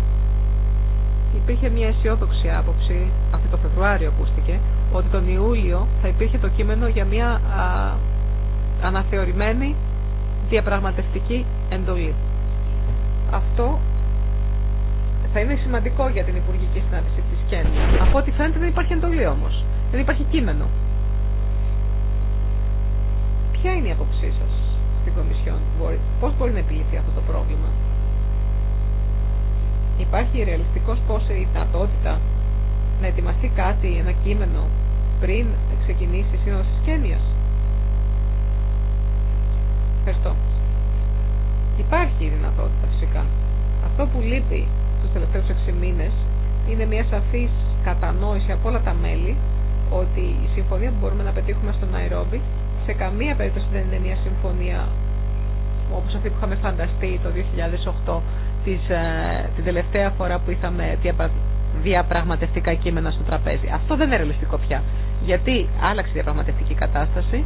υπήρχε μια αισιόδοξη άποψη, αυτή το Φεβρουάριο ακούστηκε, ότι τον Ιούλιο θα υπήρχε το κείμενο για μια αναθεωρημένη διαπραγματευτική εντολή. Αυτό θα είναι σημαντικό για την Υπουργική Συνάντηση της Κέννη. Από ό,τι φαίνεται δεν υπάρχει εντολή όμως. Δεν υπάρχει κείμενο. Ποια είναι η αποψή σα στην Κομισιόν, πώς μπορεί να επιληθεί αυτό το πρόβλημα. Υπάρχει ρεαλιστικός πόσο η δυνατότητα να ετοιμαστεί κάτι, ένα κείμενο, πριν ξεκινήσει η σύνοδος της Κένια. Ευχαριστώ. Υπάρχει η δυνατότητα φυσικά. Αυτό που λείπει τους τελευταίους 6 μήνες είναι μια σαφής κατανόηση από όλα τα μέλη ότι η συμφωνία που μπορούμε να πετύχουμε στο Ναϊρόμπι σε καμία περίπτωση δεν είναι μια συμφωνία όπως αυτή που είχαμε φανταστεί το 2008 της, ε, την τελευταία φορά που είχαμε διαπραγματευτικά κείμενα στο τραπέζι. Αυτό δεν είναι ρεαλιστικό πια. Γιατί άλλαξε η διαπραγματευτική κατάσταση.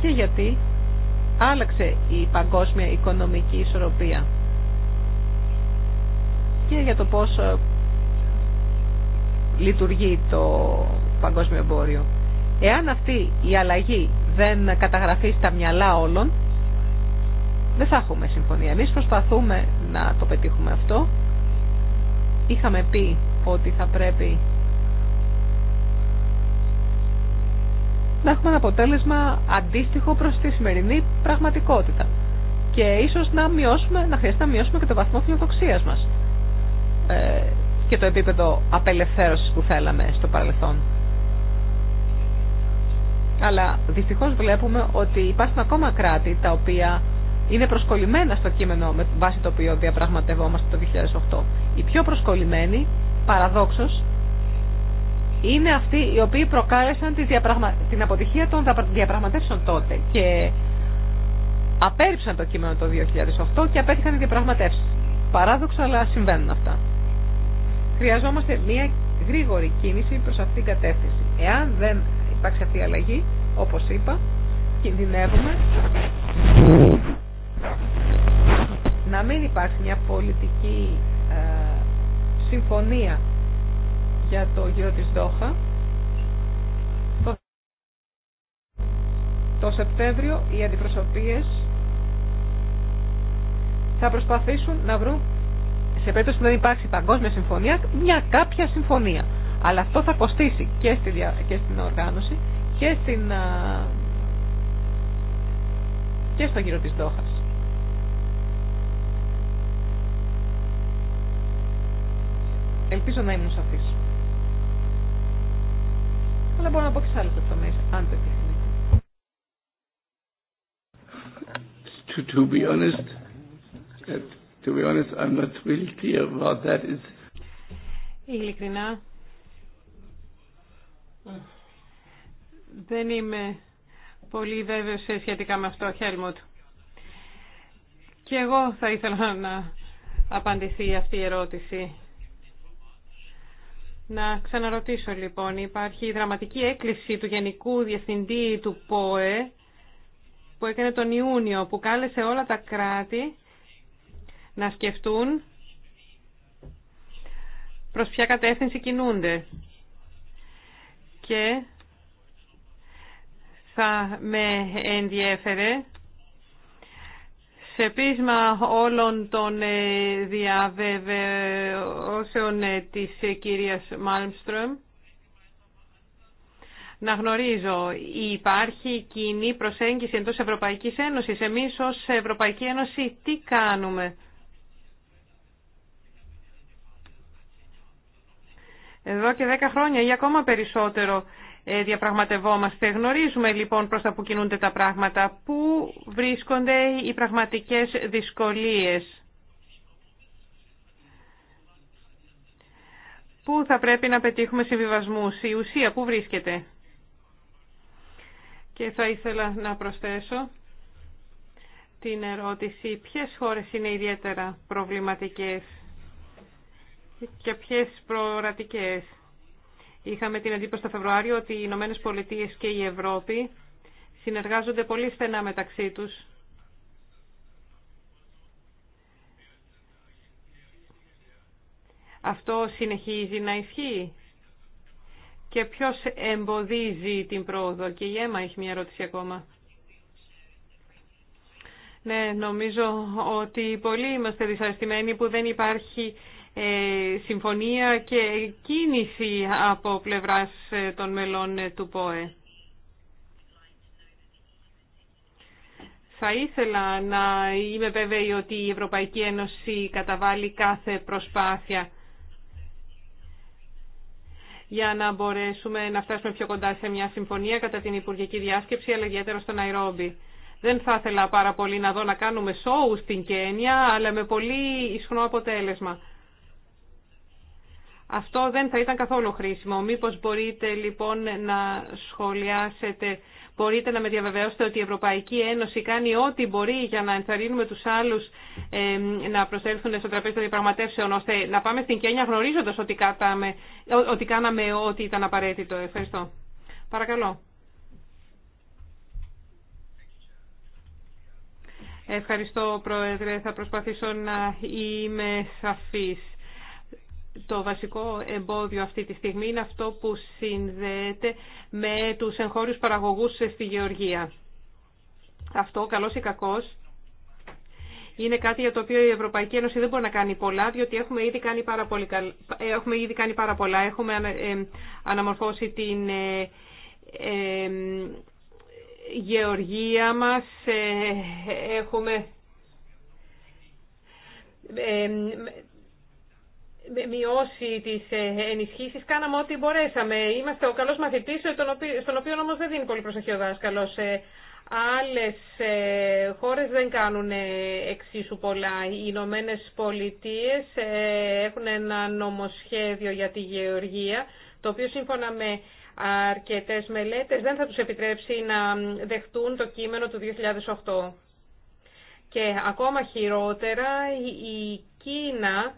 Και γιατί άλλαξε η παγκόσμια οικονομική ισορροπία. Και για το πώς ε, λειτουργεί το παγκόσμιο εμπόριο. Εάν αυτή η αλλαγή δεν καταγραφεί στα μυαλά όλων, δεν θα έχουμε συμφωνία. Εμείς προσπαθούμε να το πετύχουμε αυτό. Είχαμε πει ότι θα πρέπει να έχουμε ένα αποτέλεσμα αντίστοιχο προς τη σημερινή πραγματικότητα. Και ίσως να, μειώσουμε, να χρειαστεί να μειώσουμε και το βαθμό φιλοδοξίας μας. Ε, και το επίπεδο απελευθέρωσης που θέλαμε στο παρελθόν. Αλλά δυστυχώς βλέπουμε ότι υπάρχουν ακόμα κράτη τα οποία είναι προσκολλημένα στο κείμενο με βάση το οποίο διαπραγματευόμαστε το 2008. Οι πιο προσκολλημένοι, παραδόξως, είναι αυτοί οι οποίοι προκάλεσαν την αποτυχία των διαπραγματεύσεων τότε και απέρριψαν το κείμενο το 2008 και απέτυχαν οι διαπραγματεύσεις. Παράδοξα, αλλά συμβαίνουν αυτά. Χρειαζόμαστε μια γρήγορη κίνηση προς αυτήν την κατεύθυνση. Εάν δεν υπάρξει αυτή η αλλαγή, όπως είπα, κινδυνεύουμε να μην υπάρξει μια πολιτική ε, συμφωνία για το γύρο της Δόχα. Το, το Σεπτέμβριο οι αντιπροσωπείες θα προσπαθήσουν να βρουν σε περίπτωση που δεν υπάρξει παγκόσμια συμφωνία, μια κάποια συμφωνία. Αλλά αυτό θα κοστίσει και, στη, και στην οργάνωση και, στην, και στον κύριο της Δόχας. Ελπίζω να ήμουν σαφής. Αλλά μπορώ να πω και σε άλλες λεπτομέρειες, αν το επιθυμείτε. To, be honest, To be honest, I'm not that is. Ειλικρινά, δεν είμαι πολύ βέβαιος σχετικά με αυτό, Χέλμουτ. Και εγώ θα ήθελα να απαντηθεί αυτή η ερώτηση. Να ξαναρωτήσω λοιπόν, υπάρχει η δραματική έκκληση του Γενικού Διευθυντή του ΠΟΕ που έκανε τον Ιούνιο, που κάλεσε όλα τα κράτη να σκεφτούν προς ποια κατεύθυνση κινούνται. Και θα με ενδιέφερε σε πείσμα όλων των ε, διαβεβαιώσεων ε, της ε, κυρίας Μάλμστρομ να γνωρίζω, υπάρχει κοινή προσέγγιση εντός Ευρωπαϊκής Ένωσης. Εμείς ως Ευρωπαϊκή Ένωση τι κάνουμε. Εδώ και δέκα χρόνια ή ακόμα περισσότερο ε, διαπραγματευόμαστε. Γνωρίζουμε λοιπόν προς τα που κινούνται τα πράγματα. Πού βρίσκονται οι πραγματικές δυσκολίες. Πού θα πρέπει να πετύχουμε συμβιβασμούς. Η ουσία πού βρίσκεται. Και θα ήθελα να προσθέσω την ερώτηση ποιες χώρες είναι ιδιαίτερα προβληματικές και ποιε προορατικέ. Είχαμε την εντύπωση το Φεβρουάριο ότι οι Ηνωμένε Πολιτείε και η Ευρώπη συνεργάζονται πολύ στενά μεταξύ τους. Αυτό συνεχίζει να ισχύει. Και ποιος εμποδίζει την πρόοδο. Και η Έμα έχει μια ερώτηση ακόμα. Ναι, νομίζω ότι πολλοί είμαστε δυσαρεστημένοι που δεν υπάρχει ε, συμφωνία και κίνηση από πλευράς ε, των μελών ε, του ΠΟΕ. Θα ήθελα να είμαι βέβαιη ότι η Ευρωπαϊκή Ένωση καταβάλει κάθε προσπάθεια για να μπορέσουμε να φτάσουμε πιο κοντά σε μια συμφωνία κατά την Υπουργική Διάσκεψη, αλλά ιδιαίτερα στο Ναϊρόμπι. Δεν θα ήθελα πάρα πολύ να δω να κάνουμε σόου στην Κένια, αλλά με πολύ ισχνό αποτέλεσμα. Αυτό δεν θα ήταν καθόλου χρήσιμο. Μήπως μπορείτε λοιπόν να σχολιάσετε, μπορείτε να με διαβεβαιώσετε ότι η Ευρωπαϊκή Ένωση κάνει ό,τι μπορεί για να ενθαρρύνουμε τους άλλους να προσέλθουν στο τραπέζι των διαπραγματεύσεων, ώστε να πάμε στην Κένια γνωρίζοντας ότι, κάταμε, ότι κάναμε ό,τι ήταν απαραίτητο. Ευχαριστώ. Παρακαλώ. Ευχαριστώ, Πρόεδρε. Θα προσπαθήσω να είμαι σαφής το βασικό εμπόδιο αυτή τη στιγμή είναι αυτό που συνδέεται με τους εγχώριους παραγωγούς στη Γεωργία. Αυτό, καλός ή κακός, είναι κάτι για το οποίο η Ευρωπαϊκή Ένωση δεν μπορεί να κάνει πολλά, διότι έχουμε ήδη κάνει πάρα, ε, έχουμε ήδη κάνει πάρα πολλά. Έχουμε ε, αναμορφώσει την ε, γεωργία μας, έχουμε μειώσει τις ε, ενισχύσεις. Κάναμε ό,τι μπορέσαμε. Είμαστε ο καλός μαθητής, στον οποίο όμως δεν δίνει πολύ προσοχή ο δάσκαλος. Ε, άλλες ε, χώρες δεν κάνουν εξίσου πολλά. Οι Ηνωμένε Πολιτείε έχουν ένα νομοσχέδιο για τη γεωργία, το οποίο σύμφωνα με αρκετές μελέτες δεν θα τους επιτρέψει να δεχτούν το κείμενο του 2008. Και ακόμα χειρότερα η Κίνα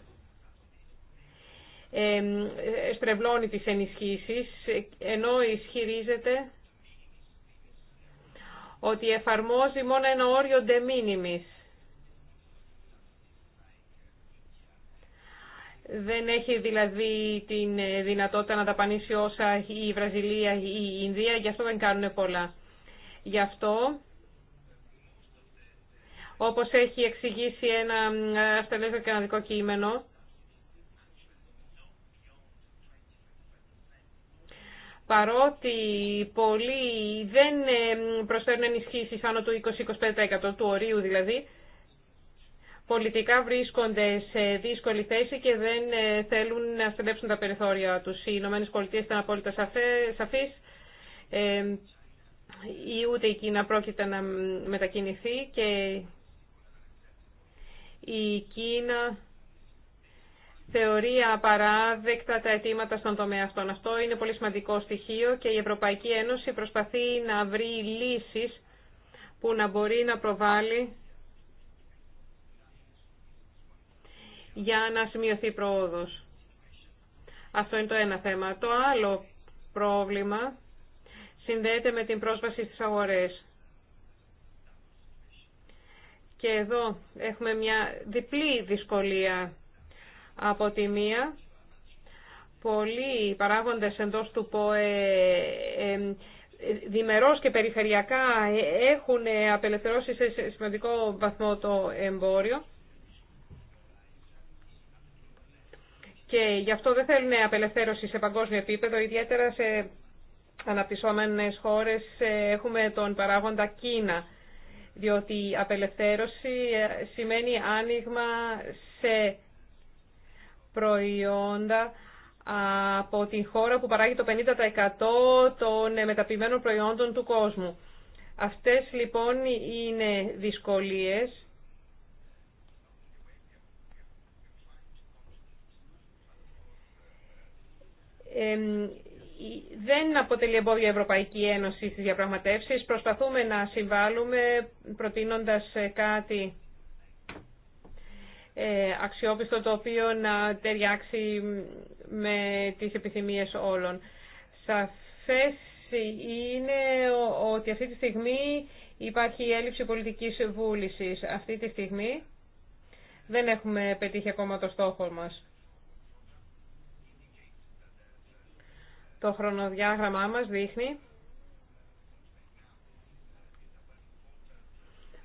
στρεβλώνει τις ενισχύσεις, ενώ ισχυρίζεται ότι εφαρμόζει μόνο ένα όριο de minimis. Δεν έχει δηλαδή την δυνατότητα να ταπανίσει όσα η Βραζιλία ή η Ινδία, γι' αυτό δεν κάνουν πολλά. Γι' αυτό, όπως έχει εξηγήσει ένα αυστραλέζο καναδικό κείμενο, παρότι πολλοί δεν ε, προσφέρουν ενισχύσει άνω του 20-25% του ορίου δηλαδή, πολιτικά βρίσκονται σε δύσκολη θέση και δεν ε, θέλουν να στελέψουν τα περιθώρια τους. Οι Ηνωμένε Πολιτείε ήταν απόλυτα σαφείς ή ε, ούτε η Κίνα πρόκειται να μετακινηθεί και η Κίνα θεωρεί απαράδεκτα τα αιτήματα στον τομέα αυτόν. Αυτό είναι πολύ σημαντικό στοιχείο και η Ευρωπαϊκή Ένωση προσπαθεί να βρει λύσεις που να μπορεί να προβάλλει για να σημειωθεί πρόοδος. Αυτό είναι το ένα θέμα. Το άλλο πρόβλημα συνδέεται με την πρόσβαση στις αγορές. Και εδώ έχουμε μια διπλή δυσκολία από τη μία, πολλοί παράγοντες εντός του ΠΟΕ ε, ε, διμερώς και περιφερειακά ε, έχουν απελευθερώσει σε σημαντικό βαθμό το εμπόριο και γι' αυτό δεν θέλουν απελευθέρωση σε παγκόσμιο επίπεδο, ιδιαίτερα σε αναπτυσσόμενες χώρες έχουμε τον παράγοντα Κίνα, διότι απελευθέρωση σημαίνει άνοιγμα σε προϊόντα από την χώρα που παράγει το 50% των μεταποιημένων προϊόντων του κόσμου. Αυτές λοιπόν είναι δυσκολίες δεν αποτελεί εμπόδιο η Ευρωπαϊκή Ένωση στις διαπραγματεύσεις. Προσπαθούμε να συμβάλλουμε προτείνοντας κάτι ε, αξιόπιστο το οποίο να ταιριάξει με τις επιθυμίες όλων. Σαφές είναι ότι αυτή τη στιγμή υπάρχει η έλλειψη πολιτικής βούλησης. Αυτή τη στιγμή δεν έχουμε πετύχει ακόμα το στόχο μας. Το χρονοδιάγραμμά μας δείχνει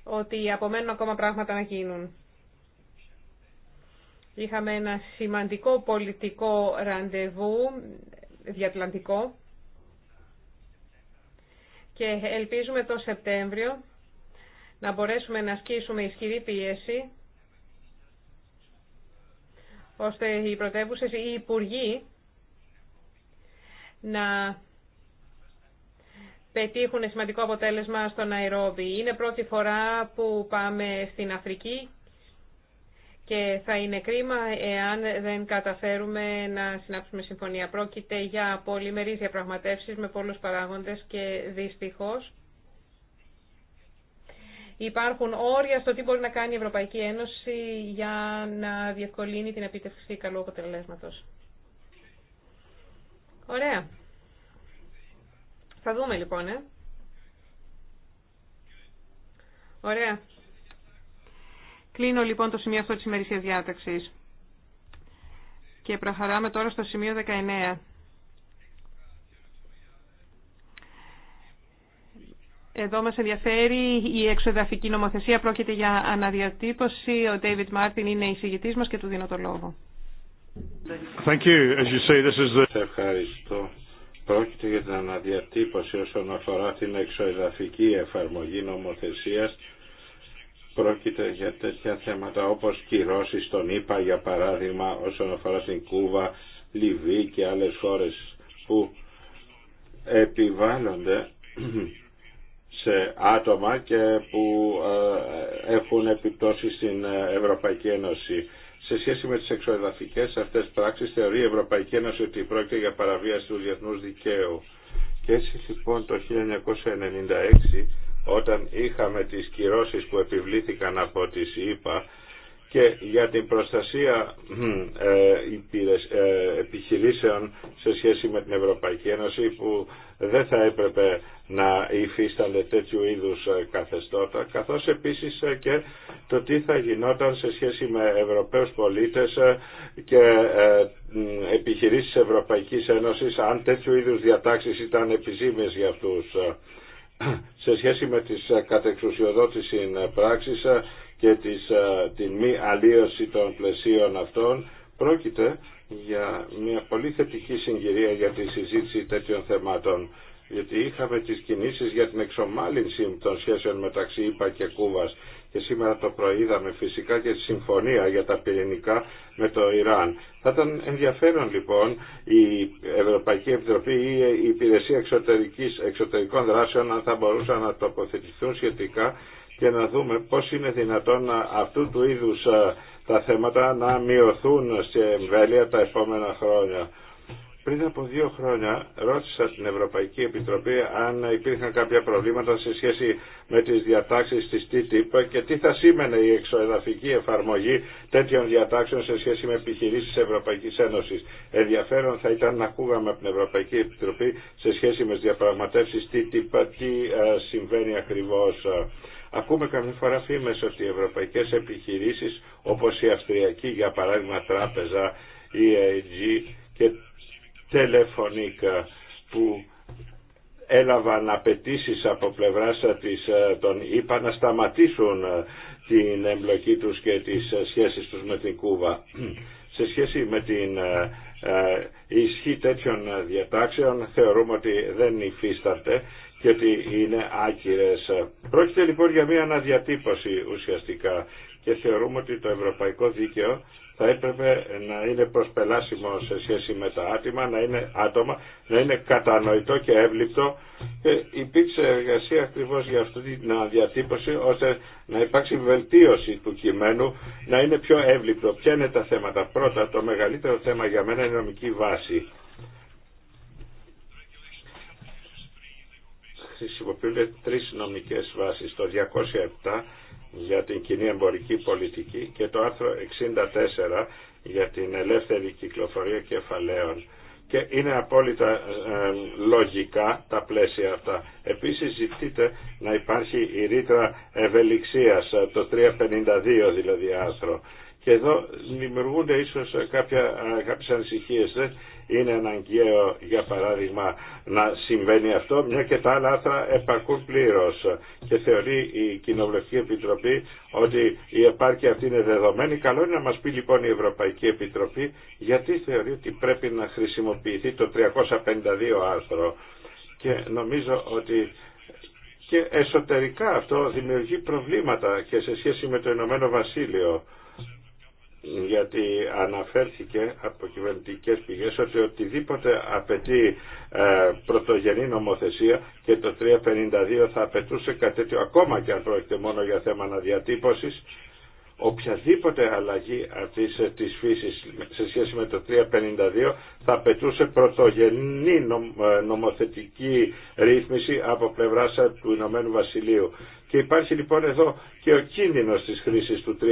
ότι απομένουν ακόμα πράγματα να γίνουν. Είχαμε ένα σημαντικό πολιτικό ραντεβού διατλαντικό και ελπίζουμε το Σεπτέμβριο να μπορέσουμε να ασκήσουμε ισχυρή πίεση ώστε οι πρωτεύουσες ή οι υπουργοί να πετύχουν σημαντικό αποτέλεσμα στο Ναϊρόμπι. Είναι πρώτη φορά που πάμε στην Αφρική και θα είναι κρίμα εάν δεν καταφέρουμε να συνάψουμε συμφωνία. Πρόκειται για πολυμερείς διαπραγματεύσεις με πολλούς παράγοντες και δυστυχώς υπάρχουν όρια στο τι μπορεί να κάνει η Ευρωπαϊκή Ένωση για να διευκολύνει την επίτευξη καλού αποτελέσματος. Ωραία. Θα δούμε λοιπόν, ε. Ωραία. Κλείνω λοιπόν το σημείο αυτό της ημερησίας διάταξης. Και προχωράμε τώρα στο σημείο 19. Εδώ μας ενδιαφέρει η εξοδαφική νομοθεσία. Πρόκειται για αναδιατύπωση. Ο David Μάρτιν είναι εισηγητής μας και του δίνω το λόγο. Thank you. As you say, this is the... Ευχαριστώ. Πρόκειται για την αναδιατύπωση όσον αφορά την εξοδαφική εφαρμογή νομοθεσίας πρόκειται για τέτοια θέματα όπως κυρώσει τον ΗΠΑ για παράδειγμα όσον αφορά στην Κούβα, Λιβύη και άλλες χώρες που επιβάλλονται σε άτομα και που ε, έχουν επιπτώσει στην Ευρωπαϊκή Ένωση. Σε σχέση με τις εξοδαφικές αυτές πράξεις θεωρεί η Ευρωπαϊκή Ένωση ότι πρόκειται για παραβίαση του διεθνούς δικαίου. Και έτσι λοιπόν το 1996 όταν είχαμε τις κυρώσεις που επιβλήθηκαν από τις ΗΠΑ και για την προστασία <clears throat> ε, ε, επιχειρήσεων σε σχέση με την Ευρωπαϊκή Ένωση που δεν θα έπρεπε να υφίστανται τέτοιου είδους ε, καθεστώτα καθώς επίσης και το τι θα γινόταν σε σχέση με Ευρωπαίους πολίτες και επιχειρήσεις Ευρωπαϊκής Ένωσης αν τέτοιου είδους διατάξεις ήταν επιζήμιες για αυτούς σε σχέση με τις ε, κατεξουσιοδότηση ε, πράξεις ε, και τις, την μη αλλίωση των πλαισίων αυτών πρόκειται για μια πολύ θετική συγκυρία για τη συζήτηση τέτοιων θεμάτων γιατί είχαμε τις κινήσεις για την εξομάλυνση των σχέσεων μεταξύ ΙΠΑ και Κούβας και σήμερα το πρωί φυσικά και τη συμφωνία για τα πυρηνικά με το Ιράν. Θα ήταν ενδιαφέρον λοιπόν η Ευρωπαϊκή Επιτροπή ή η Υπηρεσία Εξωτερικής, Εξωτερικών Δράσεων αν θα μπορούσαν να τοποθετηθούν σχετικά και να δούμε πώς είναι δυνατόν αυτού του είδους ε, τα θέματα να μειωθούν σε εμβέλεια τα επόμενα χρόνια. Πριν από δύο χρόνια ρώτησα στην Ευρωπαϊκή Επιτροπή αν υπήρχαν κάποια προβλήματα σε σχέση με τις διατάξεις της TTIP και τι θα σήμαινε η εξοεδαφική εφαρμογή τέτοιων διατάξεων σε σχέση με επιχειρήσεις Ευρωπαϊκής Ένωσης. Ενδιαφέρον θα ήταν να ακούγαμε από την Ευρωπαϊκή Επιτροπή σε σχέση με τις διαπραγματεύσεις TTIP τι ε, συμβαίνει ακριβώς. Ακούμε καμιά φορά φήμες ότι οι ευρωπαϊκές επιχειρήσεις όπως η Αυστριακή για παράδειγμα τράπεζα, η AG τηλεφωνικά που έλαβαν απαιτήσει από πλευρά της, ε, τον είπα να σταματήσουν ε, την εμπλοκή τους και τις ε, σχέσεις τους με την Κούβα. Σε σχέση με την ισχύ τέτοιων διατάξεων θεωρούμε ότι δεν υφίσταται και ότι είναι άκυρες. Πρόκειται λοιπόν για μια αναδιατύπωση ουσιαστικά και θεωρούμε ότι το ευρωπαϊκό δίκαιο θα έπρεπε να είναι προσπελάσιμο σε σχέση με τα άτομα, να είναι άτομα, να είναι κατανοητό και εύληπτο. Και ε, υπήρξε εργασία ακριβώ για αυτή την αδιατύπωση ώστε να υπάρξει βελτίωση του κειμένου, να είναι πιο εύληπτο. Ποια είναι τα θέματα. Πρώτα, το μεγαλύτερο θέμα για μένα είναι η νομική βάση. Χρησιμοποιούνται τρεις νομικές βάσεις. Το 207 για την κοινή εμπορική πολιτική και το άρθρο 64 για την ελεύθερη κυκλοφορία κεφαλαίων. Και είναι απόλυτα ε, λογικά τα πλαίσια αυτά. Επίσης ζητείτε να υπάρχει η ρήτρα ευελιξίας, ε, το 352 δηλαδή άρθρο. Και εδώ δημιουργούνται ίσως ε, κάποια, κάποιες ανησυχίες είναι αναγκαίο για παράδειγμα να συμβαίνει αυτό μια και τα άλλα άθρα επαρκούν πλήρως και θεωρεί η Κοινοβουλευτική Επιτροπή ότι η επάρκεια αυτή είναι δεδομένη. Καλό είναι να μας πει λοιπόν η Ευρωπαϊκή Επιτροπή γιατί θεωρεί ότι πρέπει να χρησιμοποιηθεί το 352 άρθρο και νομίζω ότι και εσωτερικά αυτό δημιουργεί προβλήματα και σε σχέση με το Ηνωμένο Βασίλειο γιατί αναφέρθηκε από κυβερνητικέ πηγές ότι οτιδήποτε απαιτεί ε, πρωτογενή νομοθεσία και το 352 θα απαιτούσε κάτι ακόμα και αν πρόκειται μόνο για θέμα αναδιατύπωσης οποιαδήποτε αλλαγή αυτής ε, της φύσης σε σχέση με το 352 θα απαιτούσε πρωτογενή ε, νομοθετική ρύθμιση από πλευράς ε, του Ηνωμένου Βασιλείου. Και υπάρχει λοιπόν εδώ και ο κίνδυνος της χρήσης του 352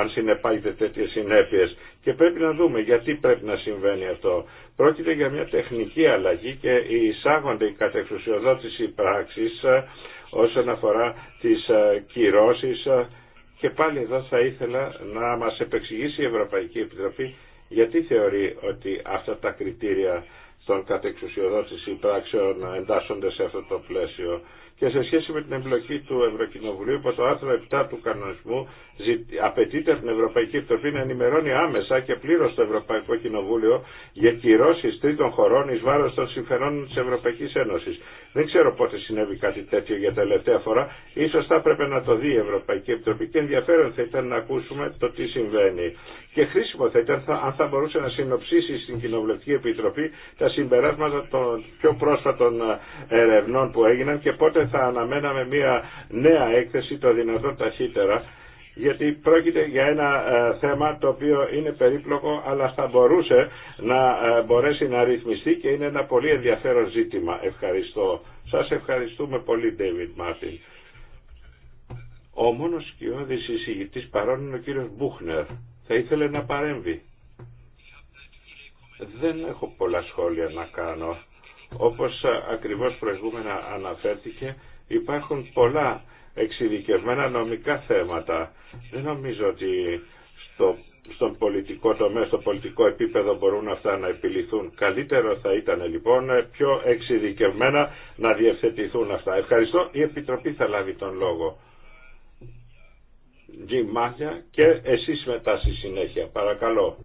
αν συνεπάγεται τέτοιες συνέπειες. Και πρέπει να δούμε γιατί πρέπει να συμβαίνει αυτό. Πρόκειται για μια τεχνική αλλαγή και εισάγονται οι κατεξουσιοδότηση πράξης όσον αφορά τις κυρώσεις και πάλι εδώ θα ήθελα να μας επεξηγήσει η Ευρωπαϊκή Επιτροπή γιατί θεωρεί ότι αυτά τα κριτήρια των κατεξουσιοδότηση πράξεων εντάσσονται σε αυτό το πλαίσιο και σε σχέση με την εμπλοκή του Ευρωκοινοβουλίου υπό το άρθρο 7 του κανονισμού απαιτείται από την Ευρωπαϊκή Επιτροπή να ενημερώνει άμεσα και πλήρω το Ευρωπαϊκό Κοινοβούλιο για κυρώσει τρίτων χωρών ει βάρο των συμφερόντων τη Ευρωπαϊκή Ένωση. Δεν ξέρω πότε συνέβη κάτι τέτοιο για τελευταία φορά. σω θα έπρεπε να το δει η Ευρωπαϊκή Επιτροπή και ενδιαφέρον θα ήταν να ακούσουμε το τι συμβαίνει. Και χρήσιμο θα ήταν θα, αν θα μπορούσε να συνοψίσει στην Κοινοβουλευτική Επιτροπή τα συμπεράσματα των πιο πρόσφατων ε, ερευνών που έγιναν και πότε θα αναμέναμε μια νέα έκθεση το δυνατόν ταχύτερα γιατί πρόκειται για ένα ε, θέμα το οποίο είναι περίπλοκο αλλά θα μπορούσε να ε, μπορέσει να ρυθμιστεί και είναι ένα πολύ ενδιαφέρον ζήτημα. Ευχαριστώ. Σας ευχαριστούμε πολύ David Martin. Ο μόνος κοιόδης εισηγητής παρόν είναι ο κύριος Μπούχνερ. Θα ήθελε να παρέμβει. Δεν έχω πολλά σχόλια να κάνω. Όπως ε, ακριβώς προηγούμενα αναφέρθηκε, υπάρχουν πολλά εξειδικευμένα νομικά θέματα δεν νομίζω ότι στο, στον πολιτικό τομέα, στο πολιτικό επίπεδο μπορούν αυτά να επιληθούν. Καλύτερο θα ήταν λοιπόν πιο εξειδικευμένα να διευθετηθούν αυτά. Ευχαριστώ. Η Επιτροπή θα λάβει τον λόγο. και εσείς μετά στη συνέχεια. Παρακαλώ.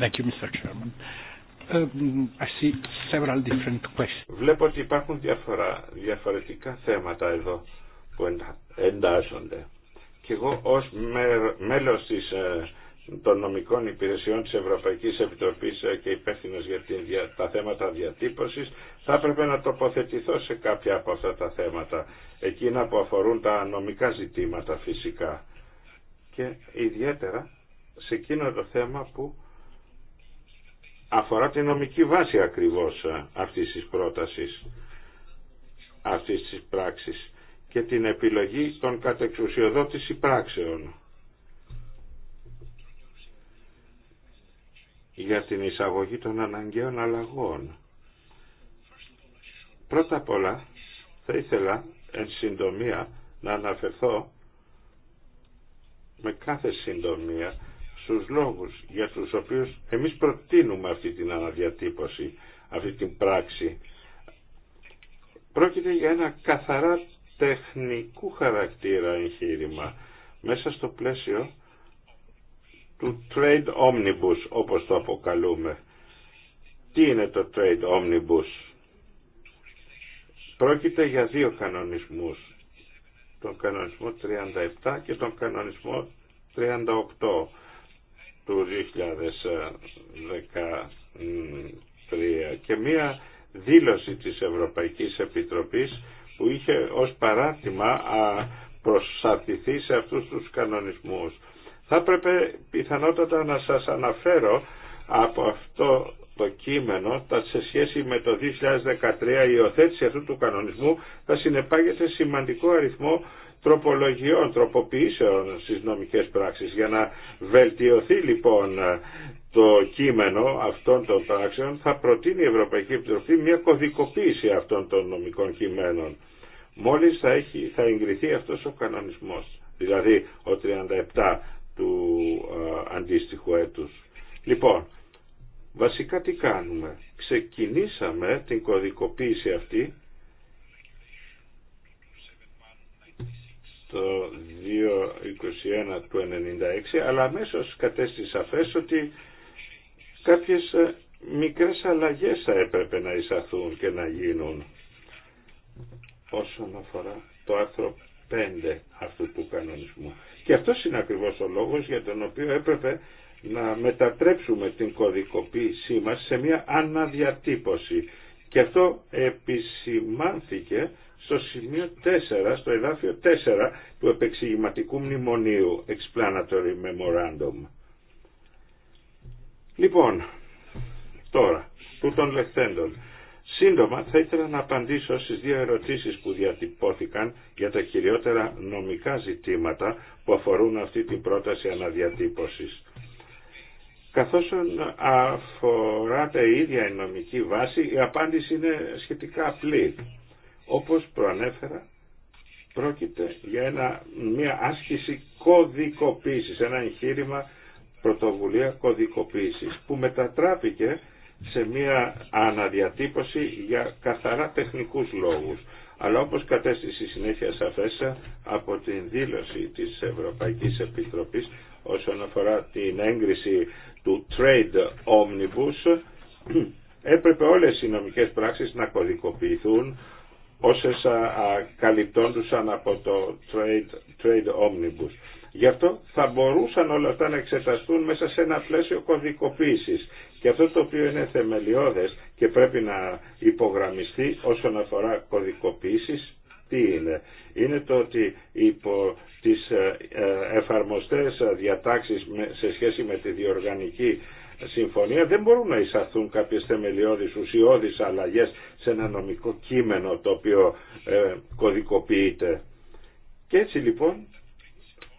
Thank you, Mr. Chairman. Um, I see several different questions. Βλέπω ότι υπάρχουν διαφορά, διαφορετικά θέματα εδώ που εντάσσονται. Και εγώ ως μέλος της, ε, των νομικών υπηρεσιών της Ευρωπαϊκής Επιτροπής ε, και υπεύθυνο για την, τα θέματα διατύπωσης θα έπρεπε να τοποθετηθώ σε κάποια από αυτά τα θέματα, εκείνα που αφορούν τα νομικά ζητήματα φυσικά και ιδιαίτερα σε εκείνο το θέμα που αφορά την νομική βάση ακριβώς αυτής της πρότασης, αυτής της πράξης και την επιλογή των κατεξουσιοδότηση πράξεων για την εισαγωγή των αναγκαίων αλλαγών. Πρώτα απ' όλα θα ήθελα εν συντομία να αναφερθώ με κάθε συντομία στους λόγους για τους οποίους εμείς προτείνουμε αυτή την αναδιατύπωση, αυτή την πράξη. Πρόκειται για ένα καθαρά τεχνικού χαρακτήρα εγχείρημα μέσα στο πλαίσιο του Trade Omnibus όπως το αποκαλούμε. Τι είναι το Trade Omnibus. Πρόκειται για δύο κανονισμούς. Τον κανονισμό 37 και τον κανονισμό 38 του 2013 και μία δήλωση της Ευρωπαϊκής Επιτροπής που είχε ως παράτημα προσαρτηθεί σε αυτούς τους κανονισμούς. Θα έπρεπε πιθανότατα να σας αναφέρω από αυτό το κείμενο τα σε σχέση με το 2013 η υιοθέτηση αυτού του κανονισμού θα συνεπάγεται σημαντικό αριθμό τροπολογιών, τροποποιήσεων στις νομικές πράξεις για να βελτιωθεί λοιπόν το κείμενο αυτών των πράξεων θα προτείνει η Ευρωπαϊκή Επιτροπή μια κωδικοποίηση αυτών των νομικών κειμένων. Μόλις θα, έχει, θα εγκριθεί αυτός ο κανονισμός, δηλαδή ο 37 του ε, αντίστοιχου έτους. Λοιπόν, βασικά τι κάνουμε. Ξεκινήσαμε την κωδικοποίηση αυτή το 2.21 του 1996 αλλά αμέσω κατέστη σαφές ότι κάποιες ε, μικρές αλλαγές θα έπρεπε να εισαχθούν και να γίνουν όσον αφορά το άρθρο 5 αυτού του κανονισμού. Και αυτό είναι ακριβώς ο λόγος για τον οποίο έπρεπε να μετατρέψουμε την κωδικοποίησή μας σε μια αναδιατύπωση. Και αυτό επισημάνθηκε στο σημείο 4, στο εδάφιο 4 του επεξηγηματικού μνημονίου Explanatory Memorandum. Λοιπόν, τώρα, των λεχθέντων. Σύντομα θα ήθελα να απαντήσω στις δύο ερωτήσεις που διατυπώθηκαν για τα κυριότερα νομικά ζητήματα που αφορούν αυτή την πρόταση αναδιατύπωσης. Καθώς αφορά τα ίδια η νομική βάση, η απάντηση είναι σχετικά απλή. Όπως προανέφερα, πρόκειται για ένα, μια άσκηση κωδικοποίησης, ένα εγχείρημα πρωτοβουλία κωδικοποίησης που μετατράπηκε σε μια αναδιατύπωση για καθαρά τεχνικούς λόγους. Αλλά όπως κατέστησε συνέχεια σαφέσα από την δήλωση της Ευρωπαϊκής Επιτροπής όσον αφορά την έγκριση του Trade Omnibus, <clears throat> έπρεπε όλες οι νομικές πράξεις να κωδικοποιηθούν όσες καλυπτόντουσαν από το Trade, trade Omnibus. Γι' αυτό θα μπορούσαν όλα αυτά να εξεταστούν μέσα σε ένα πλαίσιο κωδικοποίησης. Και αυτό το οποίο είναι θεμελιώδες και πρέπει να υπογραμμιστεί όσον αφορά κωδικοποίησης, τι είναι. Είναι το ότι υπό τις ε, ε, εφαρμοστές διατάξεις σε σχέση με τη διοργανική συμφωνία δεν μπορούν να εισαχθούν κάποιες θεμελιώδεις ουσιώδεις αλλαγές σε ένα νομικό κείμενο το οποίο ε, κωδικοποιείται. Και έτσι λοιπόν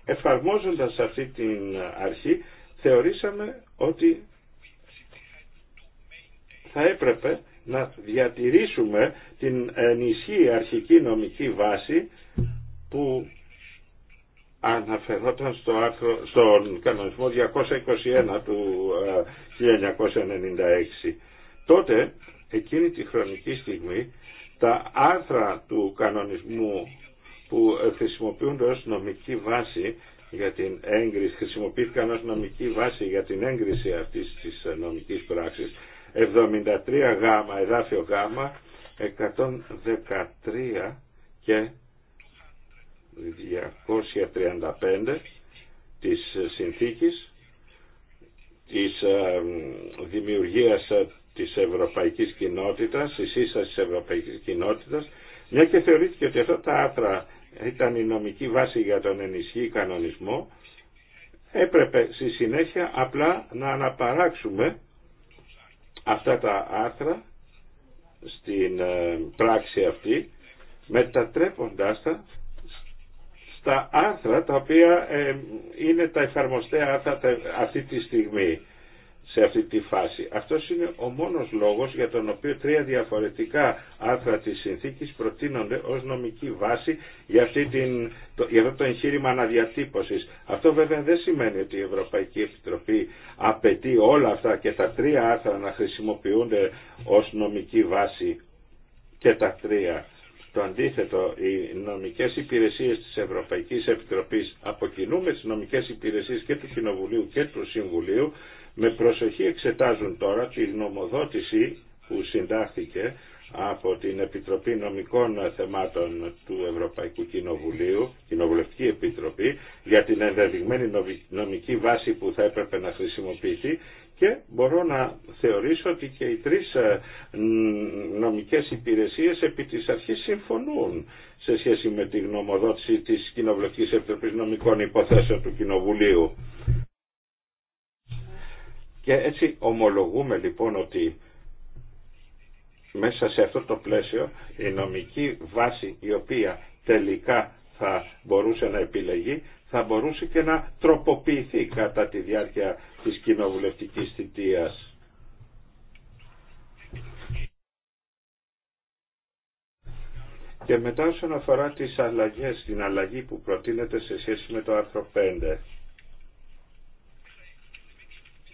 εφαρμόζοντας αυτή την αρχή θεωρήσαμε ότι θα έπρεπε να διατηρήσουμε την ενισχύ αρχική νομική βάση που αναφερόταν στο άρθρο, στον κανονισμό 221 του 1996. Ε, Τότε, εκείνη τη χρονική στιγμή, τα άρθρα του κανονισμού που χρησιμοποιούνται ως νομική βάση για την έγκριση, χρησιμοποιήθηκαν ως νομική βάση για την έγκριση αυτής της νομικής πράξης. 73 γ, εδάφιο γ, 113 και 235 της συνθήκης της ε, δημιουργίας της Ευρωπαϊκής Κοινότητας, της ίσας της Ευρωπαϊκής Κοινότητας, μια και θεωρήθηκε ότι αυτά τα άθρα ήταν η νομική βάση για τον ενισχύ κανονισμό, έπρεπε στη συνέχεια απλά να αναπαράξουμε αυτά τα άθρα στην ε, πράξη αυτή, μετατρέποντάς τα τα άρθρα τα οποία ε, είναι τα εφαρμοστέα άρθρα αυτή τη στιγμή σε αυτή τη φάση. Αυτός είναι ο μόνος λόγος για τον οποίο τρία διαφορετικά άρθρα της συνθήκης προτείνονται ως νομική βάση για, αυτή την, το, για αυτό το εγχείρημα αναδιατύπωσης. Αυτό βέβαια δεν σημαίνει ότι η Ευρωπαϊκή Επιτροπή απαιτεί όλα αυτά και τα τρία άρθρα να χρησιμοποιούνται ως νομική βάση και τα τρία. Το αντίθετο, οι νομικές υπηρεσίες της Ευρωπαϊκής Επιτροπής από με τις νομικές υπηρεσίες και του Κοινοβουλίου και του Συμβουλίου με προσοχή εξετάζουν τώρα τη νομοδότηση που συντάχθηκε από την Επιτροπή Νομικών Θεμάτων του Ευρωπαϊκού Κοινοβουλίου, Κοινοβουλευτική Επιτροπή, για την ενδεδειγμένη νομική βάση που θα έπρεπε να χρησιμοποιηθεί και μπορώ να θεωρήσω ότι και οι τρεις ε, νομικές υπηρεσίες επί της αρχής συμφωνούν σε σχέση με τη γνωμοδότηση της Κοινοβουλευτικής Επιτροπής Νομικών Υποθέσεων του Κοινοβουλίου. Και έτσι ομολογούμε λοιπόν ότι μέσα σε αυτό το πλαίσιο η νομική βάση η οποία τελικά θα μπορούσε να επιλεγεί θα μπορούσε και να τροποποιηθεί κατά τη διάρκεια της κοινοβουλευτικής θητείας. Και μετά όσον αφορά τις αλλαγές, την αλλαγή που προτείνεται σε σχέση με το άρθρο 5.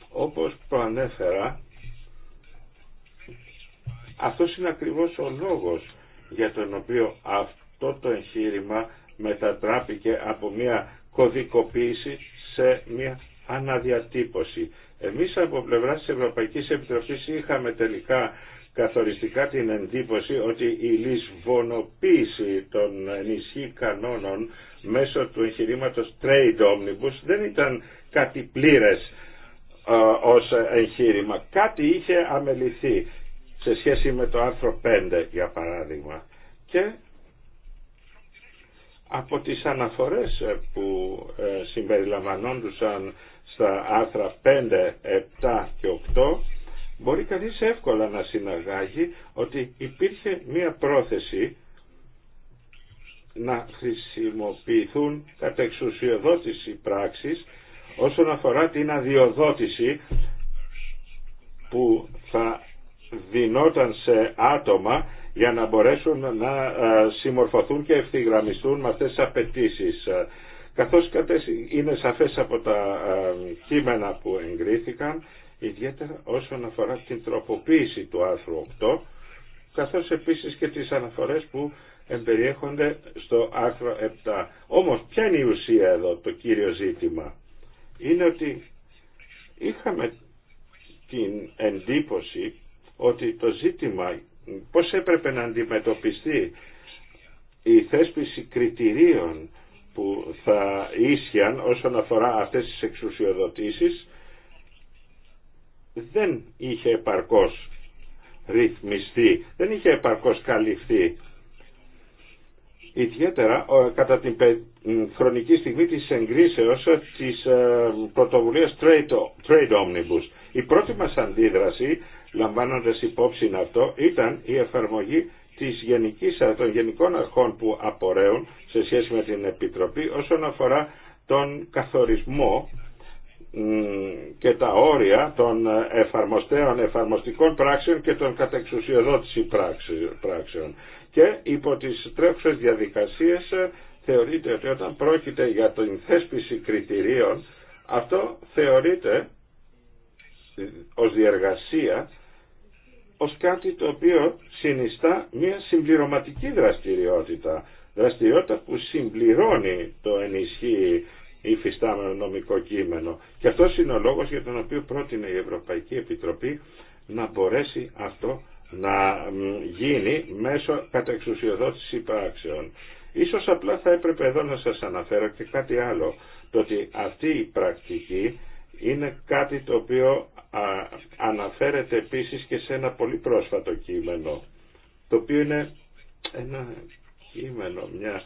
Όπως προανέφερα, αυτός είναι ακριβώς ο λόγος για τον οποίο αυτό το εγχείρημα μετατράπηκε από μια κωδικοποίηση σε μια αναδιατύπωση. Εμείς από πλευρά της Ευρωπαϊκής Επιτροπής είχαμε τελικά καθοριστικά την εντύπωση ότι η λησβονοποίηση των ενισχύ κανόνων μέσω του εγχειρήματο Trade Omnibus δεν ήταν κάτι πλήρες ε, ως εγχείρημα. Κάτι είχε αμεληθεί σε σχέση με το άρθρο 5 για παράδειγμα. Και από τις αναφορές ε, που ε, συμπεριλαμβανόντουσαν στα άρθρα 5, 7 και 8 μπορεί κανείς εύκολα να συναγάγει ότι υπήρχε μία πρόθεση να χρησιμοποιηθούν κατά εξουσιοδότηση πράξεις όσον αφορά την αδειοδότηση που θα δινόταν σε άτομα για να μπορέσουν να ε, συμμορφωθούν και ευθυγραμμιστούν με αυτές τις απαιτήσεις... Ε, καθώς είναι σαφές από τα ε, κείμενα που εγκρίθηκαν, ιδιαίτερα όσον αφορά την τροποποίηση του άρθρου 8, καθώς επίσης και τις αναφορές που εμπεριέχονται στο άρθρο 7. Όμως ποια είναι η ουσία εδώ το κύριο ζήτημα. Είναι ότι είχαμε την εντύπωση ότι το ζήτημα πώς έπρεπε να αντιμετωπιστεί η θέσπιση κριτηρίων που θα ίσιαν όσον αφορά αυτές τις εξουσιοδοτήσεις δεν είχε επαρκώς ρυθμιστεί, δεν είχε επαρκώς καλυφθεί. Ιδιαίτερα κατά την χρονική στιγμή της εγκρίσεως της ε, πρωτοβουλίας Trade Omnibus. Η πρώτη μας αντίδραση λαμβάνοντας υπόψη αυτό ήταν η εφαρμογή της γενικής, των γενικών αρχών που απορρέουν σε σχέση με την Επιτροπή όσον αφορά τον καθορισμό και τα όρια των εφαρμοστέων εφαρμοστικών πράξεων και των κατεξουσιοδότηση πράξεων. Και υπό τις τρέχουσες διαδικασίες ε, θεωρείται ότι όταν πρόκειται για την θέσπιση κριτηρίων αυτό θεωρείται ως διεργασία ως κάτι το οποίο συνιστά μια συμπληρωματική δραστηριότητα. Δραστηριότητα που συμπληρώνει το ενισχύει υφιστάμενο νομικό κείμενο. Και αυτός είναι ο λόγος για τον οποίο πρότεινε η Ευρωπαϊκή Επιτροπή να μπορέσει αυτό να γίνει μέσω κατεξουσιοδότησης υπάρξεων. Ίσως απλά θα έπρεπε εδώ να σας αναφέρω και κάτι άλλο, το ότι αυτή η πρακτική είναι κάτι το οποίο αναφέρεται επίσης και σε ένα πολύ πρόσφατο κείμενο, το οποίο είναι ένα κείμενο, μια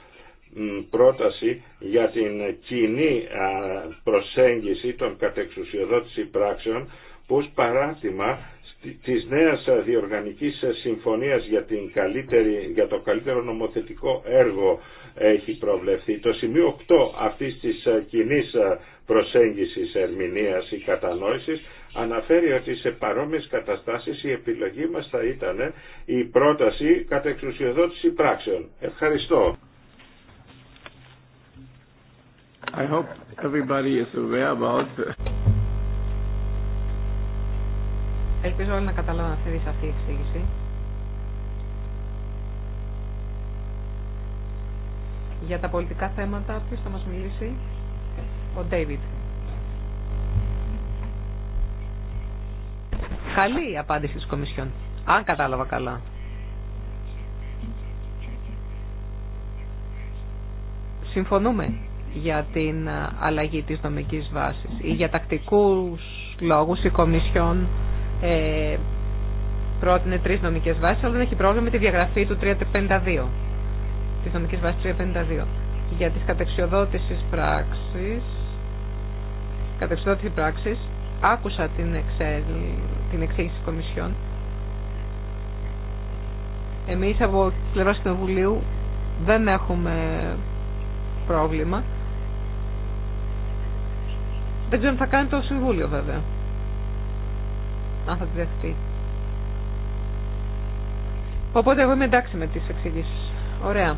πρόταση για την κοινή προσέγγιση των κατεξουσιοδότηση πράξεων, που ως παράδειγμα της νέας διοργανικής συμφωνίας για, την για το καλύτερο νομοθετικό έργο έχει προβλεφθεί. Το σημείο 8 αυτής της κοινή προσέγγισης ερμηνείας ή κατανόησης αναφέρει ότι σε παρόμοιες καταστάσεις η επιλογή μας θα ήταν η πρόταση κατά εξουσιοδότηση πράξεων. Ευχαριστώ. Ελπίζω όλοι να καταλάβουν αυτή τη σαφή εξήγηση. Για τα πολιτικά θέματα, ποιο θα μα μιλήσει, ο Ντέιβιτ. Καλή η απάντηση τη Κομισιόν, αν κατάλαβα καλά. Συμφωνούμε για την αλλαγή της νομικής βάσης ή για τακτικούς λόγους η Κομισιόν ε, πρότεινε τρει νομικέ βάσει, αλλά δεν έχει πρόβλημα με τη διαγραφή του 352. Τη νομική βάση 352. Για τι κατεξιοδότησει πράξη Κατεξιοδότηση πράξη. Άκουσα την, εξέ, την εξήγηση τη Κομισιόν. Εμεί από πλευρά Κοινοβουλίου δεν έχουμε πρόβλημα. Δεν ξέρω αν θα κάνει το Συμβούλιο βέβαια αν θα τη δεχτεί. Οπότε εγώ είμαι εντάξει με τις εξηγήσει. Ωραία.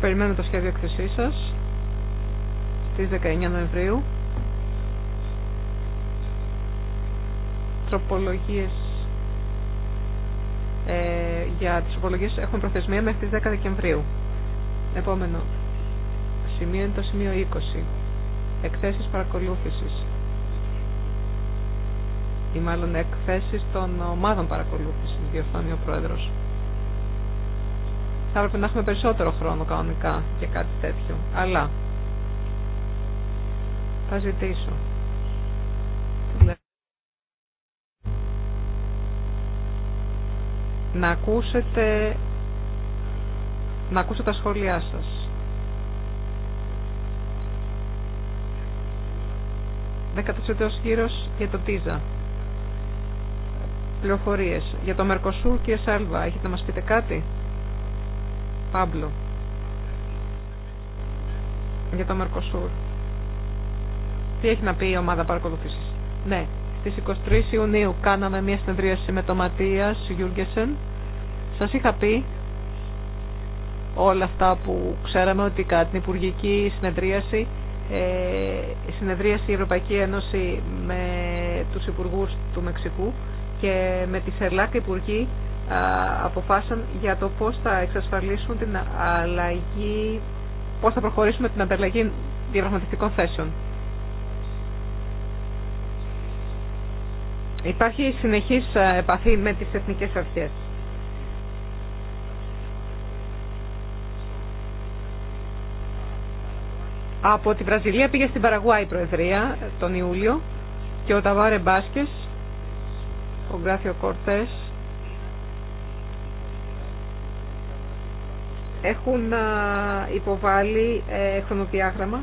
Περιμένω το σχέδιο εκθεσής σας στις 19 Νοεμβρίου. Τροπολογίες ε, για τις τροπολογίες έχουμε προθεσμία μέχρι τις 10 Δεκεμβρίου. Επόμενο σημείο είναι το σημείο 20. Εκθέσεις παρακολούθησης ή μάλλον εκθέσει των ομάδων παρακολούθηση, διορθώνει ο πρόεδρο. Θα έπρεπε να έχουμε περισσότερο χρόνο κανονικά για κάτι τέτοιο, αλλά θα ζητήσω. Να ακούσετε, να ακούσετε τα σχόλιά σας. Δεκατασιωτέος γύρος για το Τίζα. Για το Μερκοσούρ και Σάλβα, έχετε να μας πείτε κάτι. Πάμπλο. Για το Μερκοσούρ. Τι έχει να πει η ομάδα παρακολούθηση. Ναι, στι 23 Ιουνίου κάναμε μια συνεδρίαση με τον Ματία Γιούργκεσεν. Σας είχα πει όλα αυτά που ξέραμε ότι κατά την Υπουργική συνεδρίαση η ε, συνεδρίαση η Ευρωπαϊκή Ένωση με τους Υπουργούς του Μεξικού και με τη ΣΕΡΛΑΚ υπουργοί αποφάσισαν για το πώς θα εξασφαλίσουν την αλλαγή, πώς θα προχωρήσουμε την ανταλλαγή διαπραγματευτικών θέσεων. Υπάρχει συνεχής επαφή με τις εθνικές αρχές. Από τη Βραζιλία πήγε στην Παραγουάη η Προεδρία τον Ιούλιο και ο Ταβάρε Μπάσκες ο Κορτές έχουν υποβάλει ε, χρονοδιάγραμμα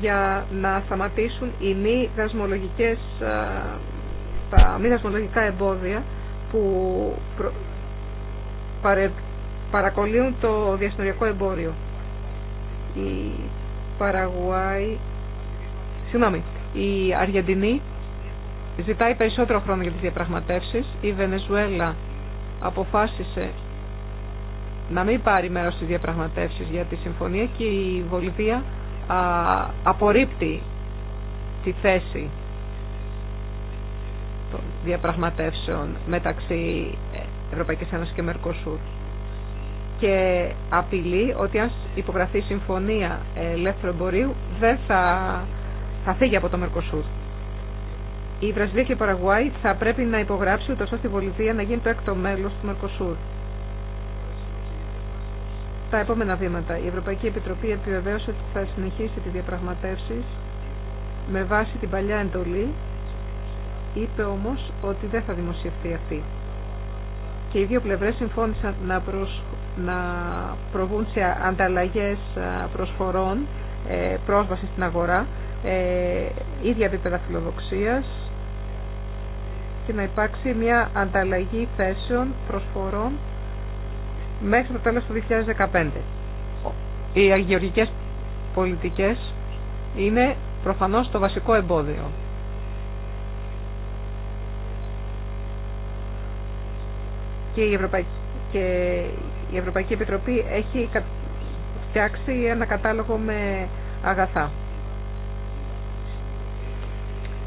για να σταματήσουν οι μη δασμολογικές, τα μη δασμολογικά εμπόδια που προ... το διασυνοριακό εμπόριο. Η Παραγουάη, συγγνώμη, η Αργεντινή ζητάει περισσότερο χρόνο για τις διαπραγματεύσεις. Η Βενεζουέλα αποφάσισε να μην πάρει μέρος στις διαπραγματεύσεις για τη συμφωνία και η Βολιβία απορρίπτει τη θέση των διαπραγματεύσεων μεταξύ Ευρωπαϊκής Ένωσης και Μερκοσούρ και απειλεί ότι αν υπογραφεί συμφωνία ελεύθερου εμπορίου δεν θα, θα φύγει από το Μερκοσούρ η Βραζιλία και η Παραγουάη θα πρέπει να υπογράψει ούτως ώστε η Βολιβία να γίνει το έκτο μέλος του Μερκοσούρ. Τα επόμενα βήματα. Η Ευρωπαϊκή Επιτροπή επιβεβαίωσε ότι θα συνεχίσει τι διαπραγματεύσει με βάση την παλιά εντολή. Είπε όμως ότι δεν θα δημοσιευτεί αυτή. Και οι δύο πλευρές συμφώνησαν να, να προβούν σε ανταλλαγές ε, προσφορών, ε, πρόσβαση στην αγορά, ε, ίδια επίπεδα φιλοδοξίας, και να υπάρξει μια ανταλλαγή θέσεων προσφορών μέχρι το τέλος του 2015. Οι αγιοργικές πολιτικές είναι προφανώς το βασικό εμπόδιο. Και η Ευρωπαϊκή, και η Ευρωπαϊκή Επιτροπή έχει φτιάξει ένα κατάλογο με αγαθά.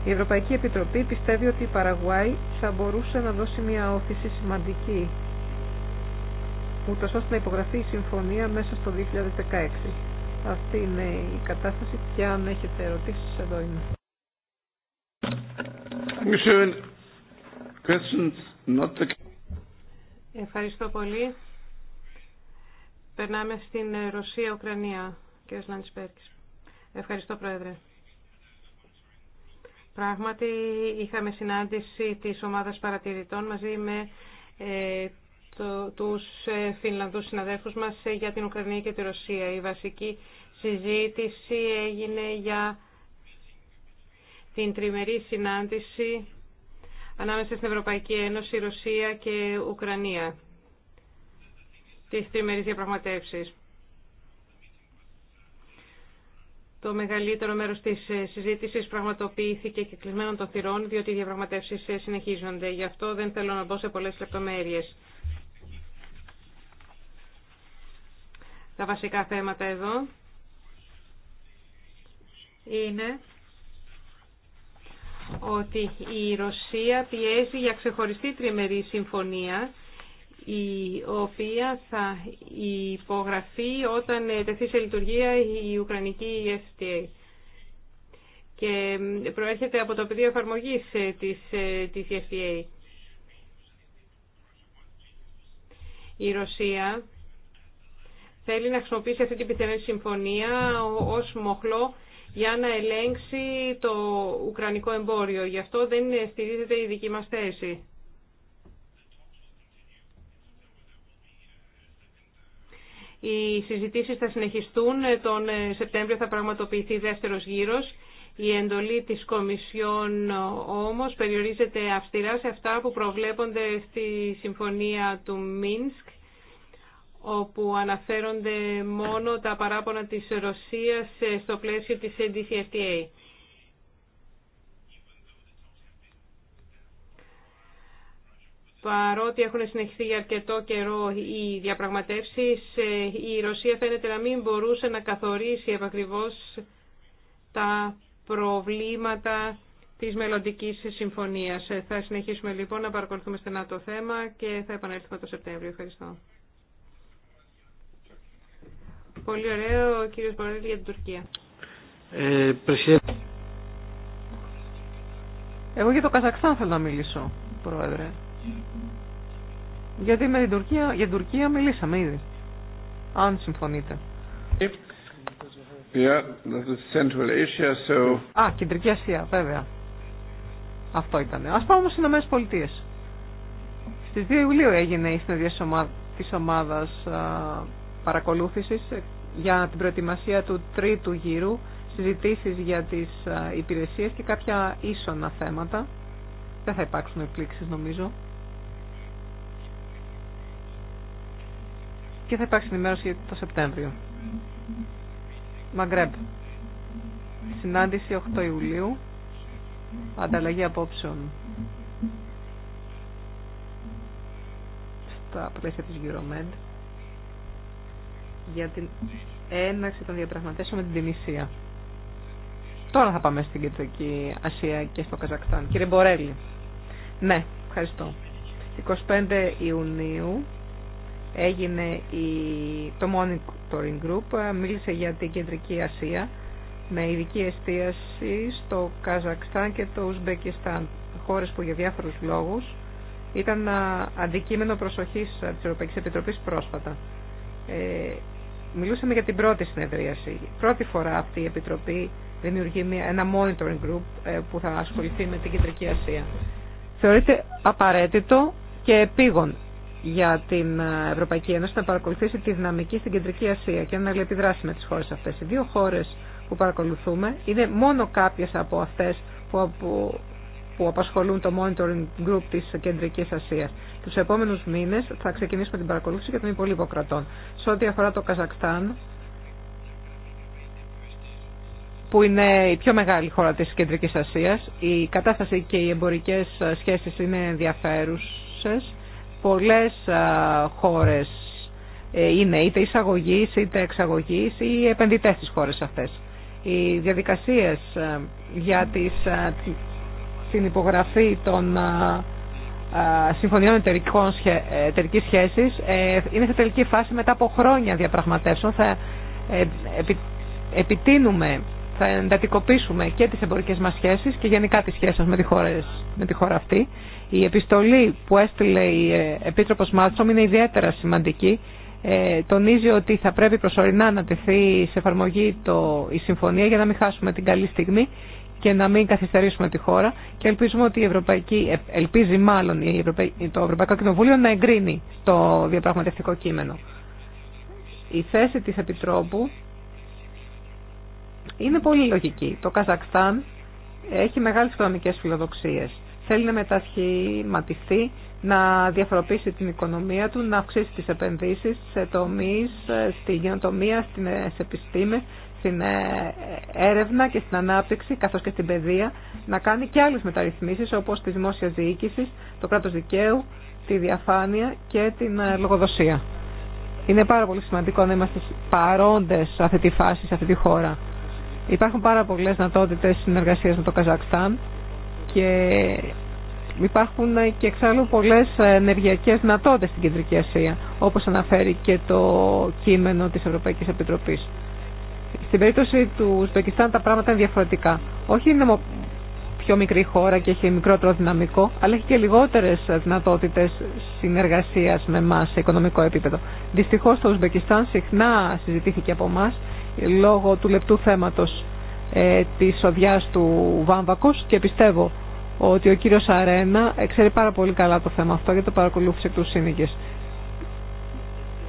Η Ευρωπαϊκή Επιτροπή πιστεύει ότι η Παραγουάη θα μπορούσε να δώσει μια όθηση σημαντική, ούτως ώστε να υπογραφεί η συμφωνία μέσα στο 2016. Αυτή είναι η κατάσταση και αν έχετε ερωτήσεις εδώ είμαι. Ευχαριστώ πολύ. Περνάμε στην Ρωσία-Ουκρανία, κύριε Λαντσπέρκης. Ευχαριστώ, Πρόεδρε. Πράγματι είχαμε συνάντηση της ομάδας παρατηρητών μαζί με ε, το, τους ε, Φινλανδούς συναδέλφους μας ε, για την Ουκρανία και τη Ρωσία. Η βασική συζήτηση έγινε για την τριμερή συνάντηση ανάμεσα στην Ευρωπαϊκή Ένωση, Ρωσία και Ουκρανία. Τις τριμερείς διαπραγματεύσεις. Το μεγαλύτερο μέρος της ε, συζήτησης πραγματοποιήθηκε και κλεισμένων των θυρών, διότι οι διαπραγματεύσεις ε, συνεχίζονται. Γι' αυτό δεν θέλω να μπω σε πολλές λεπτομέρειες. Τα βασικά θέματα εδώ είναι ότι η Ρωσία πιέζει για ξεχωριστή τριμερή συμφωνία η οποία θα υπογραφεί όταν τεθεί σε λειτουργία η Ουκρανική FTA. Και προέρχεται από το πεδίο εφαρμογής ε, της, ε, της FTA. Η Ρωσία θέλει να χρησιμοποιήσει αυτή την πιθανή συμφωνία ως μοχλό για να ελέγξει το ουκρανικό εμπόριο. Γι' αυτό δεν στηρίζεται η δική μας θέση. Οι συζητήσεις θα συνεχιστούν. Τον ε, Σεπτέμβριο θα πραγματοποιηθεί δεύτερος γύρος. Η εντολή της Κομισιόν ε, όμως περιορίζεται αυστηρά σε αυτά που προβλέπονται στη Συμφωνία του Μίνσκ όπου αναφέρονται μόνο τα παράπονα της Ρωσίας ε, στο πλαίσιο της NDCFTA. Παρότι έχουν συνεχιστεί για αρκετό καιρό οι διαπραγματεύσεις, ε, η Ρωσία φαίνεται να μην μπορούσε να καθορίσει επακριβώς τα προβλήματα της μελλοντική συμφωνίας. Ε, θα συνεχίσουμε λοιπόν να παρακολουθούμε στενά το θέμα και θα επανέλθουμε το Σεπτέμβριο. Ευχαριστώ. Πολύ ωραίο ο κύριος Μπορέλη για την Τουρκία. Ε, Εγώ για το Καζακστάν θέλω να μιλήσω, Πρόεδρε. Γιατί με την Τουρκία, για την Τουρκία μιλήσαμε ήδη. Αν συμφωνείτε. Α, Κεντρική Ασία, βέβαια. Αυτό ήταν. Ας πάμε όμως στις Ηνωμένε Πολιτείες. Στις 2 Ιουλίου έγινε η συνεδρία της ομάδας παρακολούθησης ε, για την προετοιμασία του τρίτου γύρου, συζητήσεις για τις υπηρεσίες και κάποια ίσονα θέματα. Δεν θα υπάρξουν εκπλήξεις νομίζω. και θα υπάρξει ενημέρωση το Σεπτέμβριο. Μαγκρέμπ. Συνάντηση 8 Ιουλίου. Ανταλλαγή απόψεων. Στα πλαίσια της Euromed. Για την έναρξη των διαπραγματεύσεων με την Τινησία. Τώρα θα πάμε στην Κεντρική Ασία και στο Καζακστάν. Κύριε Μπορέλη. Ναι, ευχαριστώ. 25 Ιουνίου έγινε η, το Monitoring Group, ε, μίλησε για την Κεντρική Ασία με ειδική εστίαση στο Καζακστάν και το Ουσμπεκιστάν, χώρες που για διάφορους λόγους ήταν ε, αντικείμενο προσοχής ε, της Ευρωπαϊκής Επιτροπής πρόσφατα. Ε, μιλούσαμε για την πρώτη συνεδρίαση. Πρώτη φορά αυτή η Επιτροπή δημιουργεί ένα monitoring group που θα ασχοληθεί με την Κεντρική Ασία. Θεωρείται απαραίτητο και επίγον για την Ευρωπαϊκή Ένωση να παρακολουθήσει τη δυναμική στην Κεντρική Ασία και να αλληλεπιδράσει με τις χώρες αυτές. Οι δύο χώρες που παρακολουθούμε είναι μόνο κάποιες από αυτές που, που απασχολούν το Monitoring Group της Κεντρικής Ασίας. Τους επόμενους μήνες θα ξεκινήσουμε την παρακολούθηση για των υπολείπων κρατών. Σε ό,τι αφορά το Καζακστάν, που είναι η πιο μεγάλη χώρα της Κεντρικής Ασίας, η κατάσταση και οι εμπορικές σχέσεις είναι ενδιαφέρουσε πολλές χώρες ε, είναι είτε εισαγωγή είτε εξαγωγή ή επενδυτές στις χώρες αυτές. Οι διαδικασίες για τις, την υπογραφή των συμφωνιών εταιρική σχέση ε, είναι σε τελική φάση μετά από χρόνια διαπραγματεύσεων. Θα ε, επι, επιτείνουμε, θα εντατικοποιήσουμε και τις εμπορικές μας σχέσεις και γενικά τις σχέσεις με τη με τη χώρα αυτή η επιστολή που έστειλε η ε, Επίτροπος Μάτσομ είναι ιδιαίτερα σημαντική. Ε, τονίζει ότι θα πρέπει προσωρινά να τεθεί σε εφαρμογή το, η συμφωνία για να μην χάσουμε την καλή στιγμή και να μην καθυστερήσουμε τη χώρα και ελπίζουμε ότι η Ευρωπαϊκή, ε, ελπίζει μάλλον η το Ευρωπαϊκό Κοινοβούλιο να εγκρίνει το διαπραγματευτικό κείμενο. Η θέση της Επιτρόπου είναι πολύ λογική. Το Καζακστάν έχει μεγάλες οικονομικές φιλοδοξίες θέλει να μετασχηματιστεί, να διαφοροποιήσει την οικονομία του, να αυξήσει τις επενδύσεις σε τομείς, στη ε, γενοτομία, στην ε, επιστήμες, στην ε, έρευνα και στην ανάπτυξη, καθώς και στην παιδεία, να κάνει και άλλες μεταρρυθμίσεις όπως τη δημόσια διοίκηση, το κράτος δικαίου, τη διαφάνεια και την λογοδοσία. Είναι πάρα πολύ σημαντικό να είμαστε παρόντες σε αυτή τη φάση, σε αυτή τη χώρα. Υπάρχουν πάρα πολλές δυνατότητε συνεργασίας με το Καζακστάν και υπάρχουν ε, και εξάλλου πολλές ενεργειακές δυνατότητες στην Κεντρική Ασία, όπως αναφέρει και το κείμενο της Ευρωπαϊκής Επιτροπής. Στην περίπτωση του Ουσμπεκιστάν τα πράγματα είναι διαφορετικά. Όχι είναι πιο μικρή χώρα και έχει μικρότερο δυναμικό, αλλά έχει και λιγότερες δυνατότητες συνεργασίας με εμά σε οικονομικό επίπεδο. Δυστυχώς το Ουσμπεκιστάν συχνά συζητήθηκε από εμά λόγω του λεπτού θέματος ε, της του Βάμβακος και πιστεύω ότι ο κύριος Αρένα ξέρει πάρα πολύ καλά το θέμα αυτό γιατί το παρακολούθησε εκ του σύνοικης.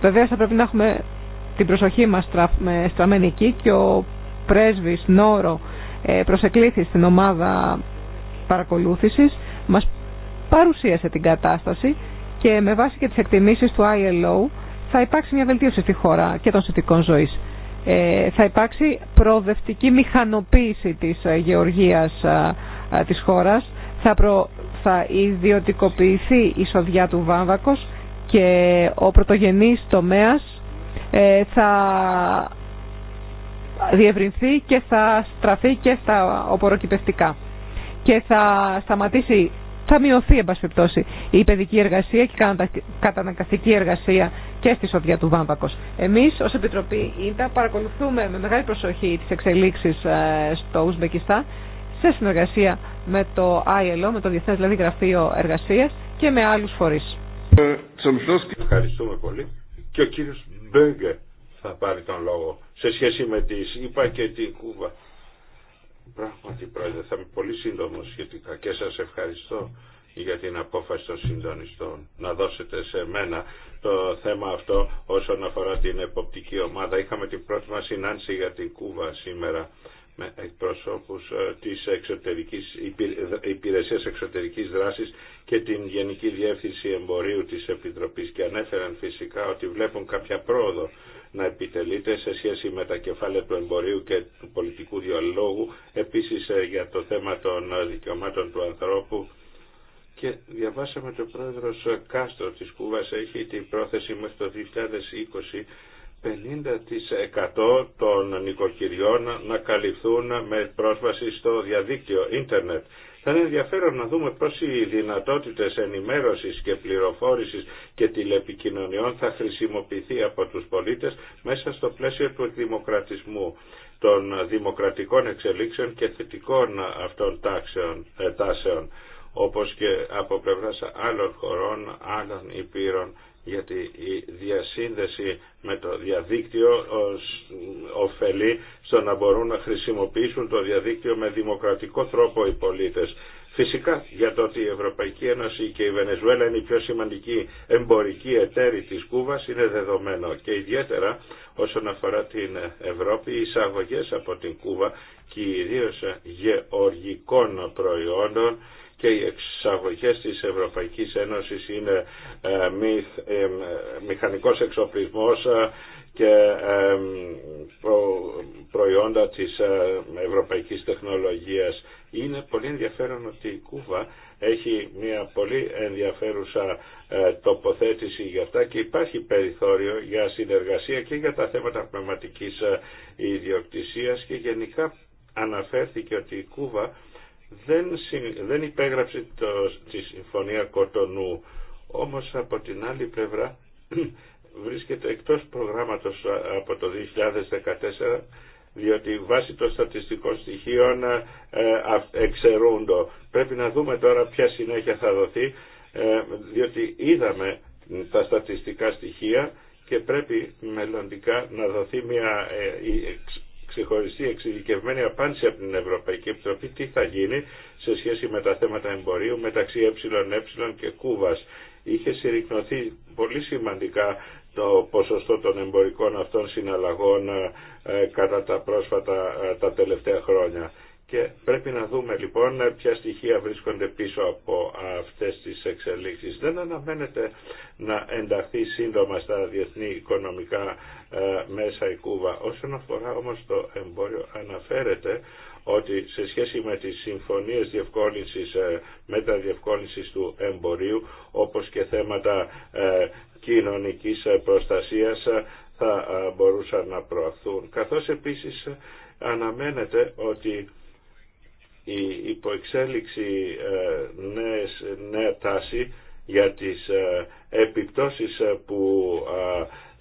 Βεβαίως θα πρέπει να έχουμε την προσοχή μας στραμμένη εκεί και ο πρέσβης Νόρο ε, προσεκλήθη στην ομάδα παρακολούθησης, μας παρουσίασε την κατάσταση και με βάση και τις εκτιμήσεις του ILO θα υπάρξει μια βελτίωση στη χώρα και των συνθηκών ζωής. Ε, θα υπάρξει προοδευτική μηχανοποίηση της ε, γεωργίας της χώρας θα, προ... ιδιωτικοποιηθεί η σοδιά του βάμβακος και ο πρωτογενής τομέας ε, θα διευρυνθεί και θα στραφεί και στα οποροκυπευτικά και θα σταματήσει, θα μειωθεί εν πάση η παιδική εργασία και η καταναγκαστική εργασία και στη σοδιά του Βάμβακος. Εμείς ως Επιτροπή ΙΝΤΑ παρακολουθούμε με μεγάλη προσοχή τις εξελίξεις ε, στο Ουσμπεκιστάν σε συνεργασία με το ILO, με το Διεθνές δηλαδή Γραφείο Εργασίας και με άλλους φορείς. Ε, Ευχαριστούμε πολύ. Και ο κύριος Μπέγκε θα πάρει τον λόγο σε σχέση με τη ΣΥΠΑ και την Κούβα. Πράγματι, Πρόεδρε, θα είμαι πολύ σύντομο σχετικά και σα ευχαριστώ για την απόφαση των συντονιστών να δώσετε σε μένα το θέμα αυτό όσον αφορά την εποπτική ομάδα. Είχαμε την πρώτη μας συνάντηση για την Κούβα σήμερα με εκπροσώπους ε, της εξωτερικής, Υπηρεσίας Εξωτερικής Δράσης και την Γενική Διεύθυνση Εμπορίου της Επιτροπής και ανέφεραν φυσικά ότι βλέπουν κάποια πρόοδο να επιτελείται σε σχέση με τα κεφάλαια του εμπορίου και του πολιτικού διαλόγου, επίσης ε, για το θέμα των δικαιωμάτων του ανθρώπου και διαβάσαμε ότι ο πρόεδρος Κάστρο της Κούβας έχει την πρόθεση μέχρι το 2020 50% των νοικοκυριών να καλυφθούν με πρόσβαση στο διαδίκτυο, ίντερνετ. Θα είναι ενδιαφέρον να δούμε πώς οι δυνατότητες ενημέρωσης και πληροφόρησης και τηλεπικοινωνιών θα χρησιμοποιηθεί από τους πολίτες μέσα στο πλαίσιο του δημοκρατισμού των δημοκρατικών εξελίξεων και θετικών αυτών τάξεων, ε, τάσεων όπως και από πλευράς άλλων χωρών, άλλων υπήρων γιατί η διασύνδεση με το διαδίκτυο ωφελεί στο να μπορούν να χρησιμοποιήσουν το διαδίκτυο με δημοκρατικό τρόπο οι πολίτες. Φυσικά για το ότι η Ευρωπαϊκή Ένωση και η Βενεζουέλα είναι η πιο σημαντική εμπορική εταίρη της Κούβας είναι δεδομένο και ιδιαίτερα όσον αφορά την Ευρώπη οι εισαγωγές από την Κούβα και ιδίως γεωργικών προϊόντων και οι εξαγωγές της Ευρωπαϊκής Ένωσης είναι ε, ε, μηχανικός εξοπλισμός ε, και προϊόντα της ευρωπαϊκής τεχνολογίας. Είναι πολύ ενδιαφέρον ότι η Κούβα έχει μια πολύ ενδιαφέρουσα τοποθέτηση για αυτά και υπάρχει περιθώριο για συνεργασία και για τα θέματα πνευματικής ιδιοκτησίας και γενικά αναφέρθηκε ότι η Κούβα δεν, δεν υπέγραψε το, τη Συμφωνία Κοτονού, όμως από την άλλη πλευρά <clears throat> βρίσκεται εκτός προγράμματος από το 2014 διότι βάσει των στατιστικών στοιχείων ε, εξαιρούντο. Πρέπει να δούμε τώρα ποια συνέχεια θα δοθεί, ε, διότι είδαμε τα στατιστικά στοιχεία και πρέπει μελλοντικά να δοθεί μια ε, ξεχωριστή εξειδικευμένη απάντηση από την Ευρωπαϊκή Επιτροπή τι θα γίνει σε σχέση με τα θέματα εμπορίου μεταξύ ΕΕ και Κούβας. Είχε συρρυκνωθεί πολύ σημαντικά το ποσοστό των εμπορικών αυτών συναλλαγών ε, ε, κατά τα πρόσφατα τα τελευταία χρόνια. Και πρέπει να δούμε λοιπόν ποια στοιχεία βρίσκονται πίσω από αυτές τις εξελίξεις. Δεν αναμένεται να ενταχθεί σύντομα στα διεθνή οικονομικά ε, μέσα η Κούβα. Όσον αφορά όμως το εμπόριο αναφέρεται ότι σε σχέση με τις συμφωνίες διευκόλυνσης, ε, μεταδιευκόλυνσης του εμπορίου, όπως και θέματα ε, κοινωνικής προστασίας θα μπορούσαν να προαχθούν. Καθώς επίσης αναμένεται ότι η υποεξέλιξη ε, νέες, νέα τάση για τις ε, επιπτώσεις ε, που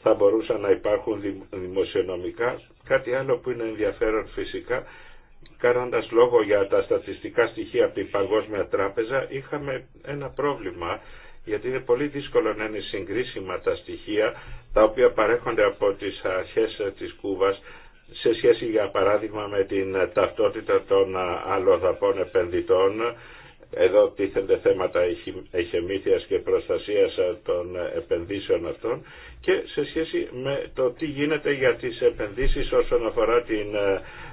θα μπορούσαν να υπάρχουν δημοσιονομικά. Κάτι άλλο που είναι ενδιαφέρον φυσικά, κάνοντας λόγο για τα στατιστικά στοιχεία από την Παγκόσμια Τράπεζα, είχαμε ένα πρόβλημα γιατί είναι πολύ δύσκολο να είναι συγκρίσιμα τα στοιχεία τα οποία παρέχονται από τις αρχές της Κούβας σε σχέση για παράδειγμα με την ταυτότητα των αλλοδαπών επενδυτών εδώ τίθενται θέματα εχεμήθειας και προστασίας των επενδύσεων αυτών και σε σχέση με το τι γίνεται για τις επενδύσεις όσον αφορά την,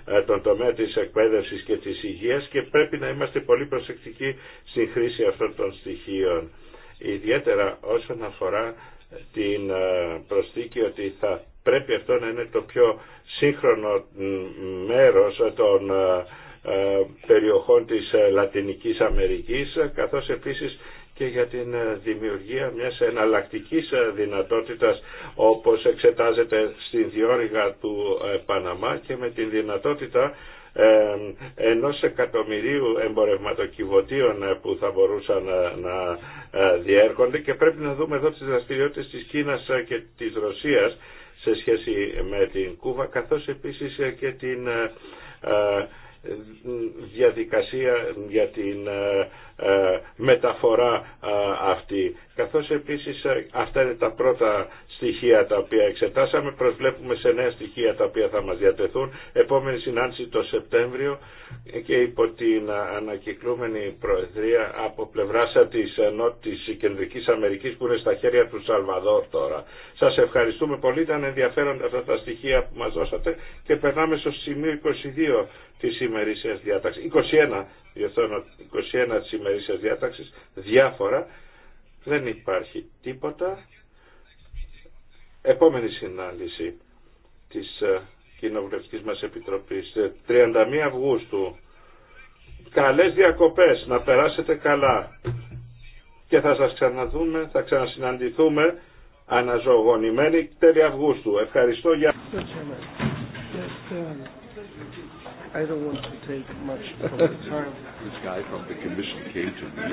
ε, τον τομέα της εκπαίδευσης και της υγείας και πρέπει να είμαστε πολύ προσεκτικοί στη χρήση αυτών των στοιχείων. Ιδιαίτερα όσον αφορά την ε, προσθήκη ότι θα πρέπει αυτό να είναι το πιο σύγχρονο μέρος των ε, ε, περιοχών της ε, Λατινικής Αμερικής καθώς επίσης και για την δημιουργία μιας εναλλακτικής δυνατότητας όπως εξετάζεται στην διόρυγα του Παναμά και με την δυνατότητα ενός εκατομμυρίου εμπορευματοκιβωτίων που θα μπορούσαν να διέρχονται και πρέπει να δούμε εδώ τις δραστηριότητες της Κίνας και της Ρωσίας σε σχέση με την Κούβα καθώς επίσης και την ε, ε, διαδικασία για την ε, μεταφορά αυτή καθώς επίσης αυτά είναι τα πρώτα στοιχεία τα οποία εξετάσαμε. Προσβλέπουμε σε νέα στοιχεία τα οποία θα μας διατεθούν. Επόμενη συνάντηση το Σεπτέμβριο και υπό την ανακυκλούμενη προεδρία από πλευρά της, ενώ, της Κεντρικής Αμερικής που είναι στα χέρια του Σαλβαδόρ τώρα. Σας ευχαριστούμε πολύ. Ήταν ενδιαφέροντα αυτά τα στοιχεία που μας δώσατε και περνάμε στο σημείο 22 της ημερήσιας διάταξης. 21, διορθώνω, 21 της ημερήσιας διάταξης. Διάφορα. Δεν υπάρχει τίποτα. Επόμενη συνάντηση της ε, Κοινοβουλευτικής μας Επιτροπής, 31 ε, Αυγούστου. Καλές διακοπές, να περάσετε καλά. Και θα σας ξαναδούμε, θα ξανασυναντηθούμε αναζωογονημένοι τέλη Αυγούστου. Ευχαριστώ για... I don't want to take much